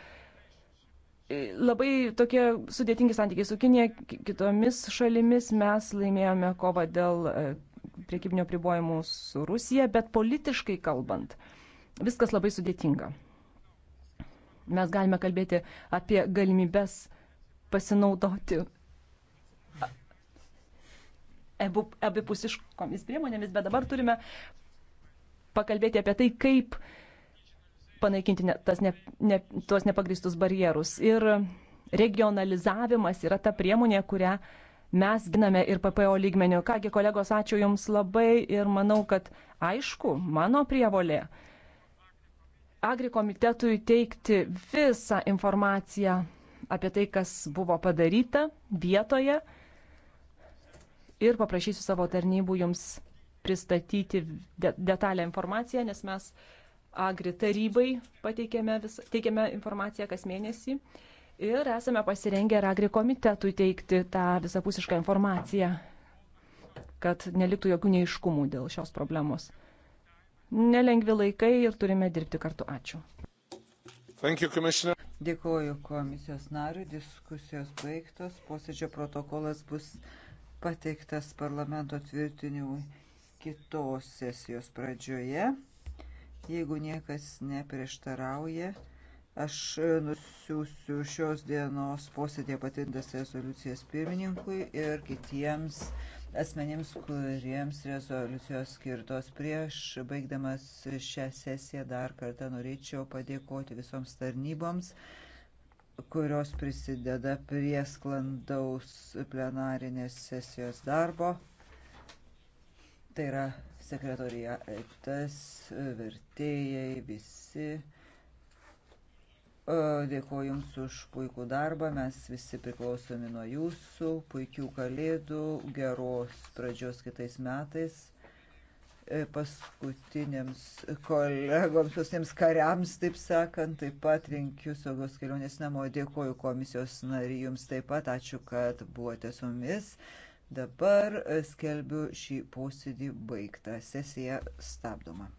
e, labai tokie sudėtingi santykiai su Kinė, kitomis šalimis mes laimėjome kovą dėl e, priekybinio pribojimų su Rusija, bet politiškai kalbant, viskas labai sudėtinga. Mes galime kalbėti apie galimybės pasinaudoti abipusiškomis priemonėmis, bet dabar turime pakalbėti apie tai, kaip panaikinti ne, tas ne, ne, tuos nepagristus barjerus. Ir regionalizavimas yra ta priemonė, kurią mes giname ir PPO lygmeniu. Kągi, kolegos, ačiū Jums labai ir manau, kad aišku, mano prievolė agrikomitetui teikti visą informaciją apie tai, kas buvo padaryta vietoje ir paprašysiu savo tarnybų Jums pristatyti detalę informaciją, nes mes Agri tarybai pateikėme vis, teikiame informaciją kas mėnesį ir esame pasirengę ir Agri komitetui teikti tą visapusišką informaciją, kad neliktų jokių neiškumų dėl šios problemos. Nelengvi laikai ir turime dirbti kartu. Ačiū. Thank you, Commissioner. Dėkuoju komisijos nariu, diskusijos baigtos, posėdžio protokolas bus pateiktas parlamento tvirtinimui kitos sesijos pradžioje. Jeigu niekas neprieštarauja, aš nusiųsiu šios dienos posėdėje patvirtintas rezoliucijas pirmininkui ir kitiems asmenims, kuriems rezoliucijos skirtos. Prieš baigdamas šią sesiją dar kartą norėčiau padėkoti visoms tarnyboms kurios prisideda prie sklandaus plenarinės sesijos darbo. Tai yra sekretorijatas, vertėjai, visi. Dėkuoju Jums už puikų darbą, mes visi priklausomi nuo Jūsų, puikių kalėdų, geros pradžios kitais metais. E, paskutiniams kolegoms, pasiems kariams, taip sakant, taip pat linkiu saugios kelionės namo. Dėkuoju komisijos nariai Jums taip pat, ačiū, kad buvote su mumis. Dabar e, skelbiu šį posėdį baigtą. Sesija stabdoma.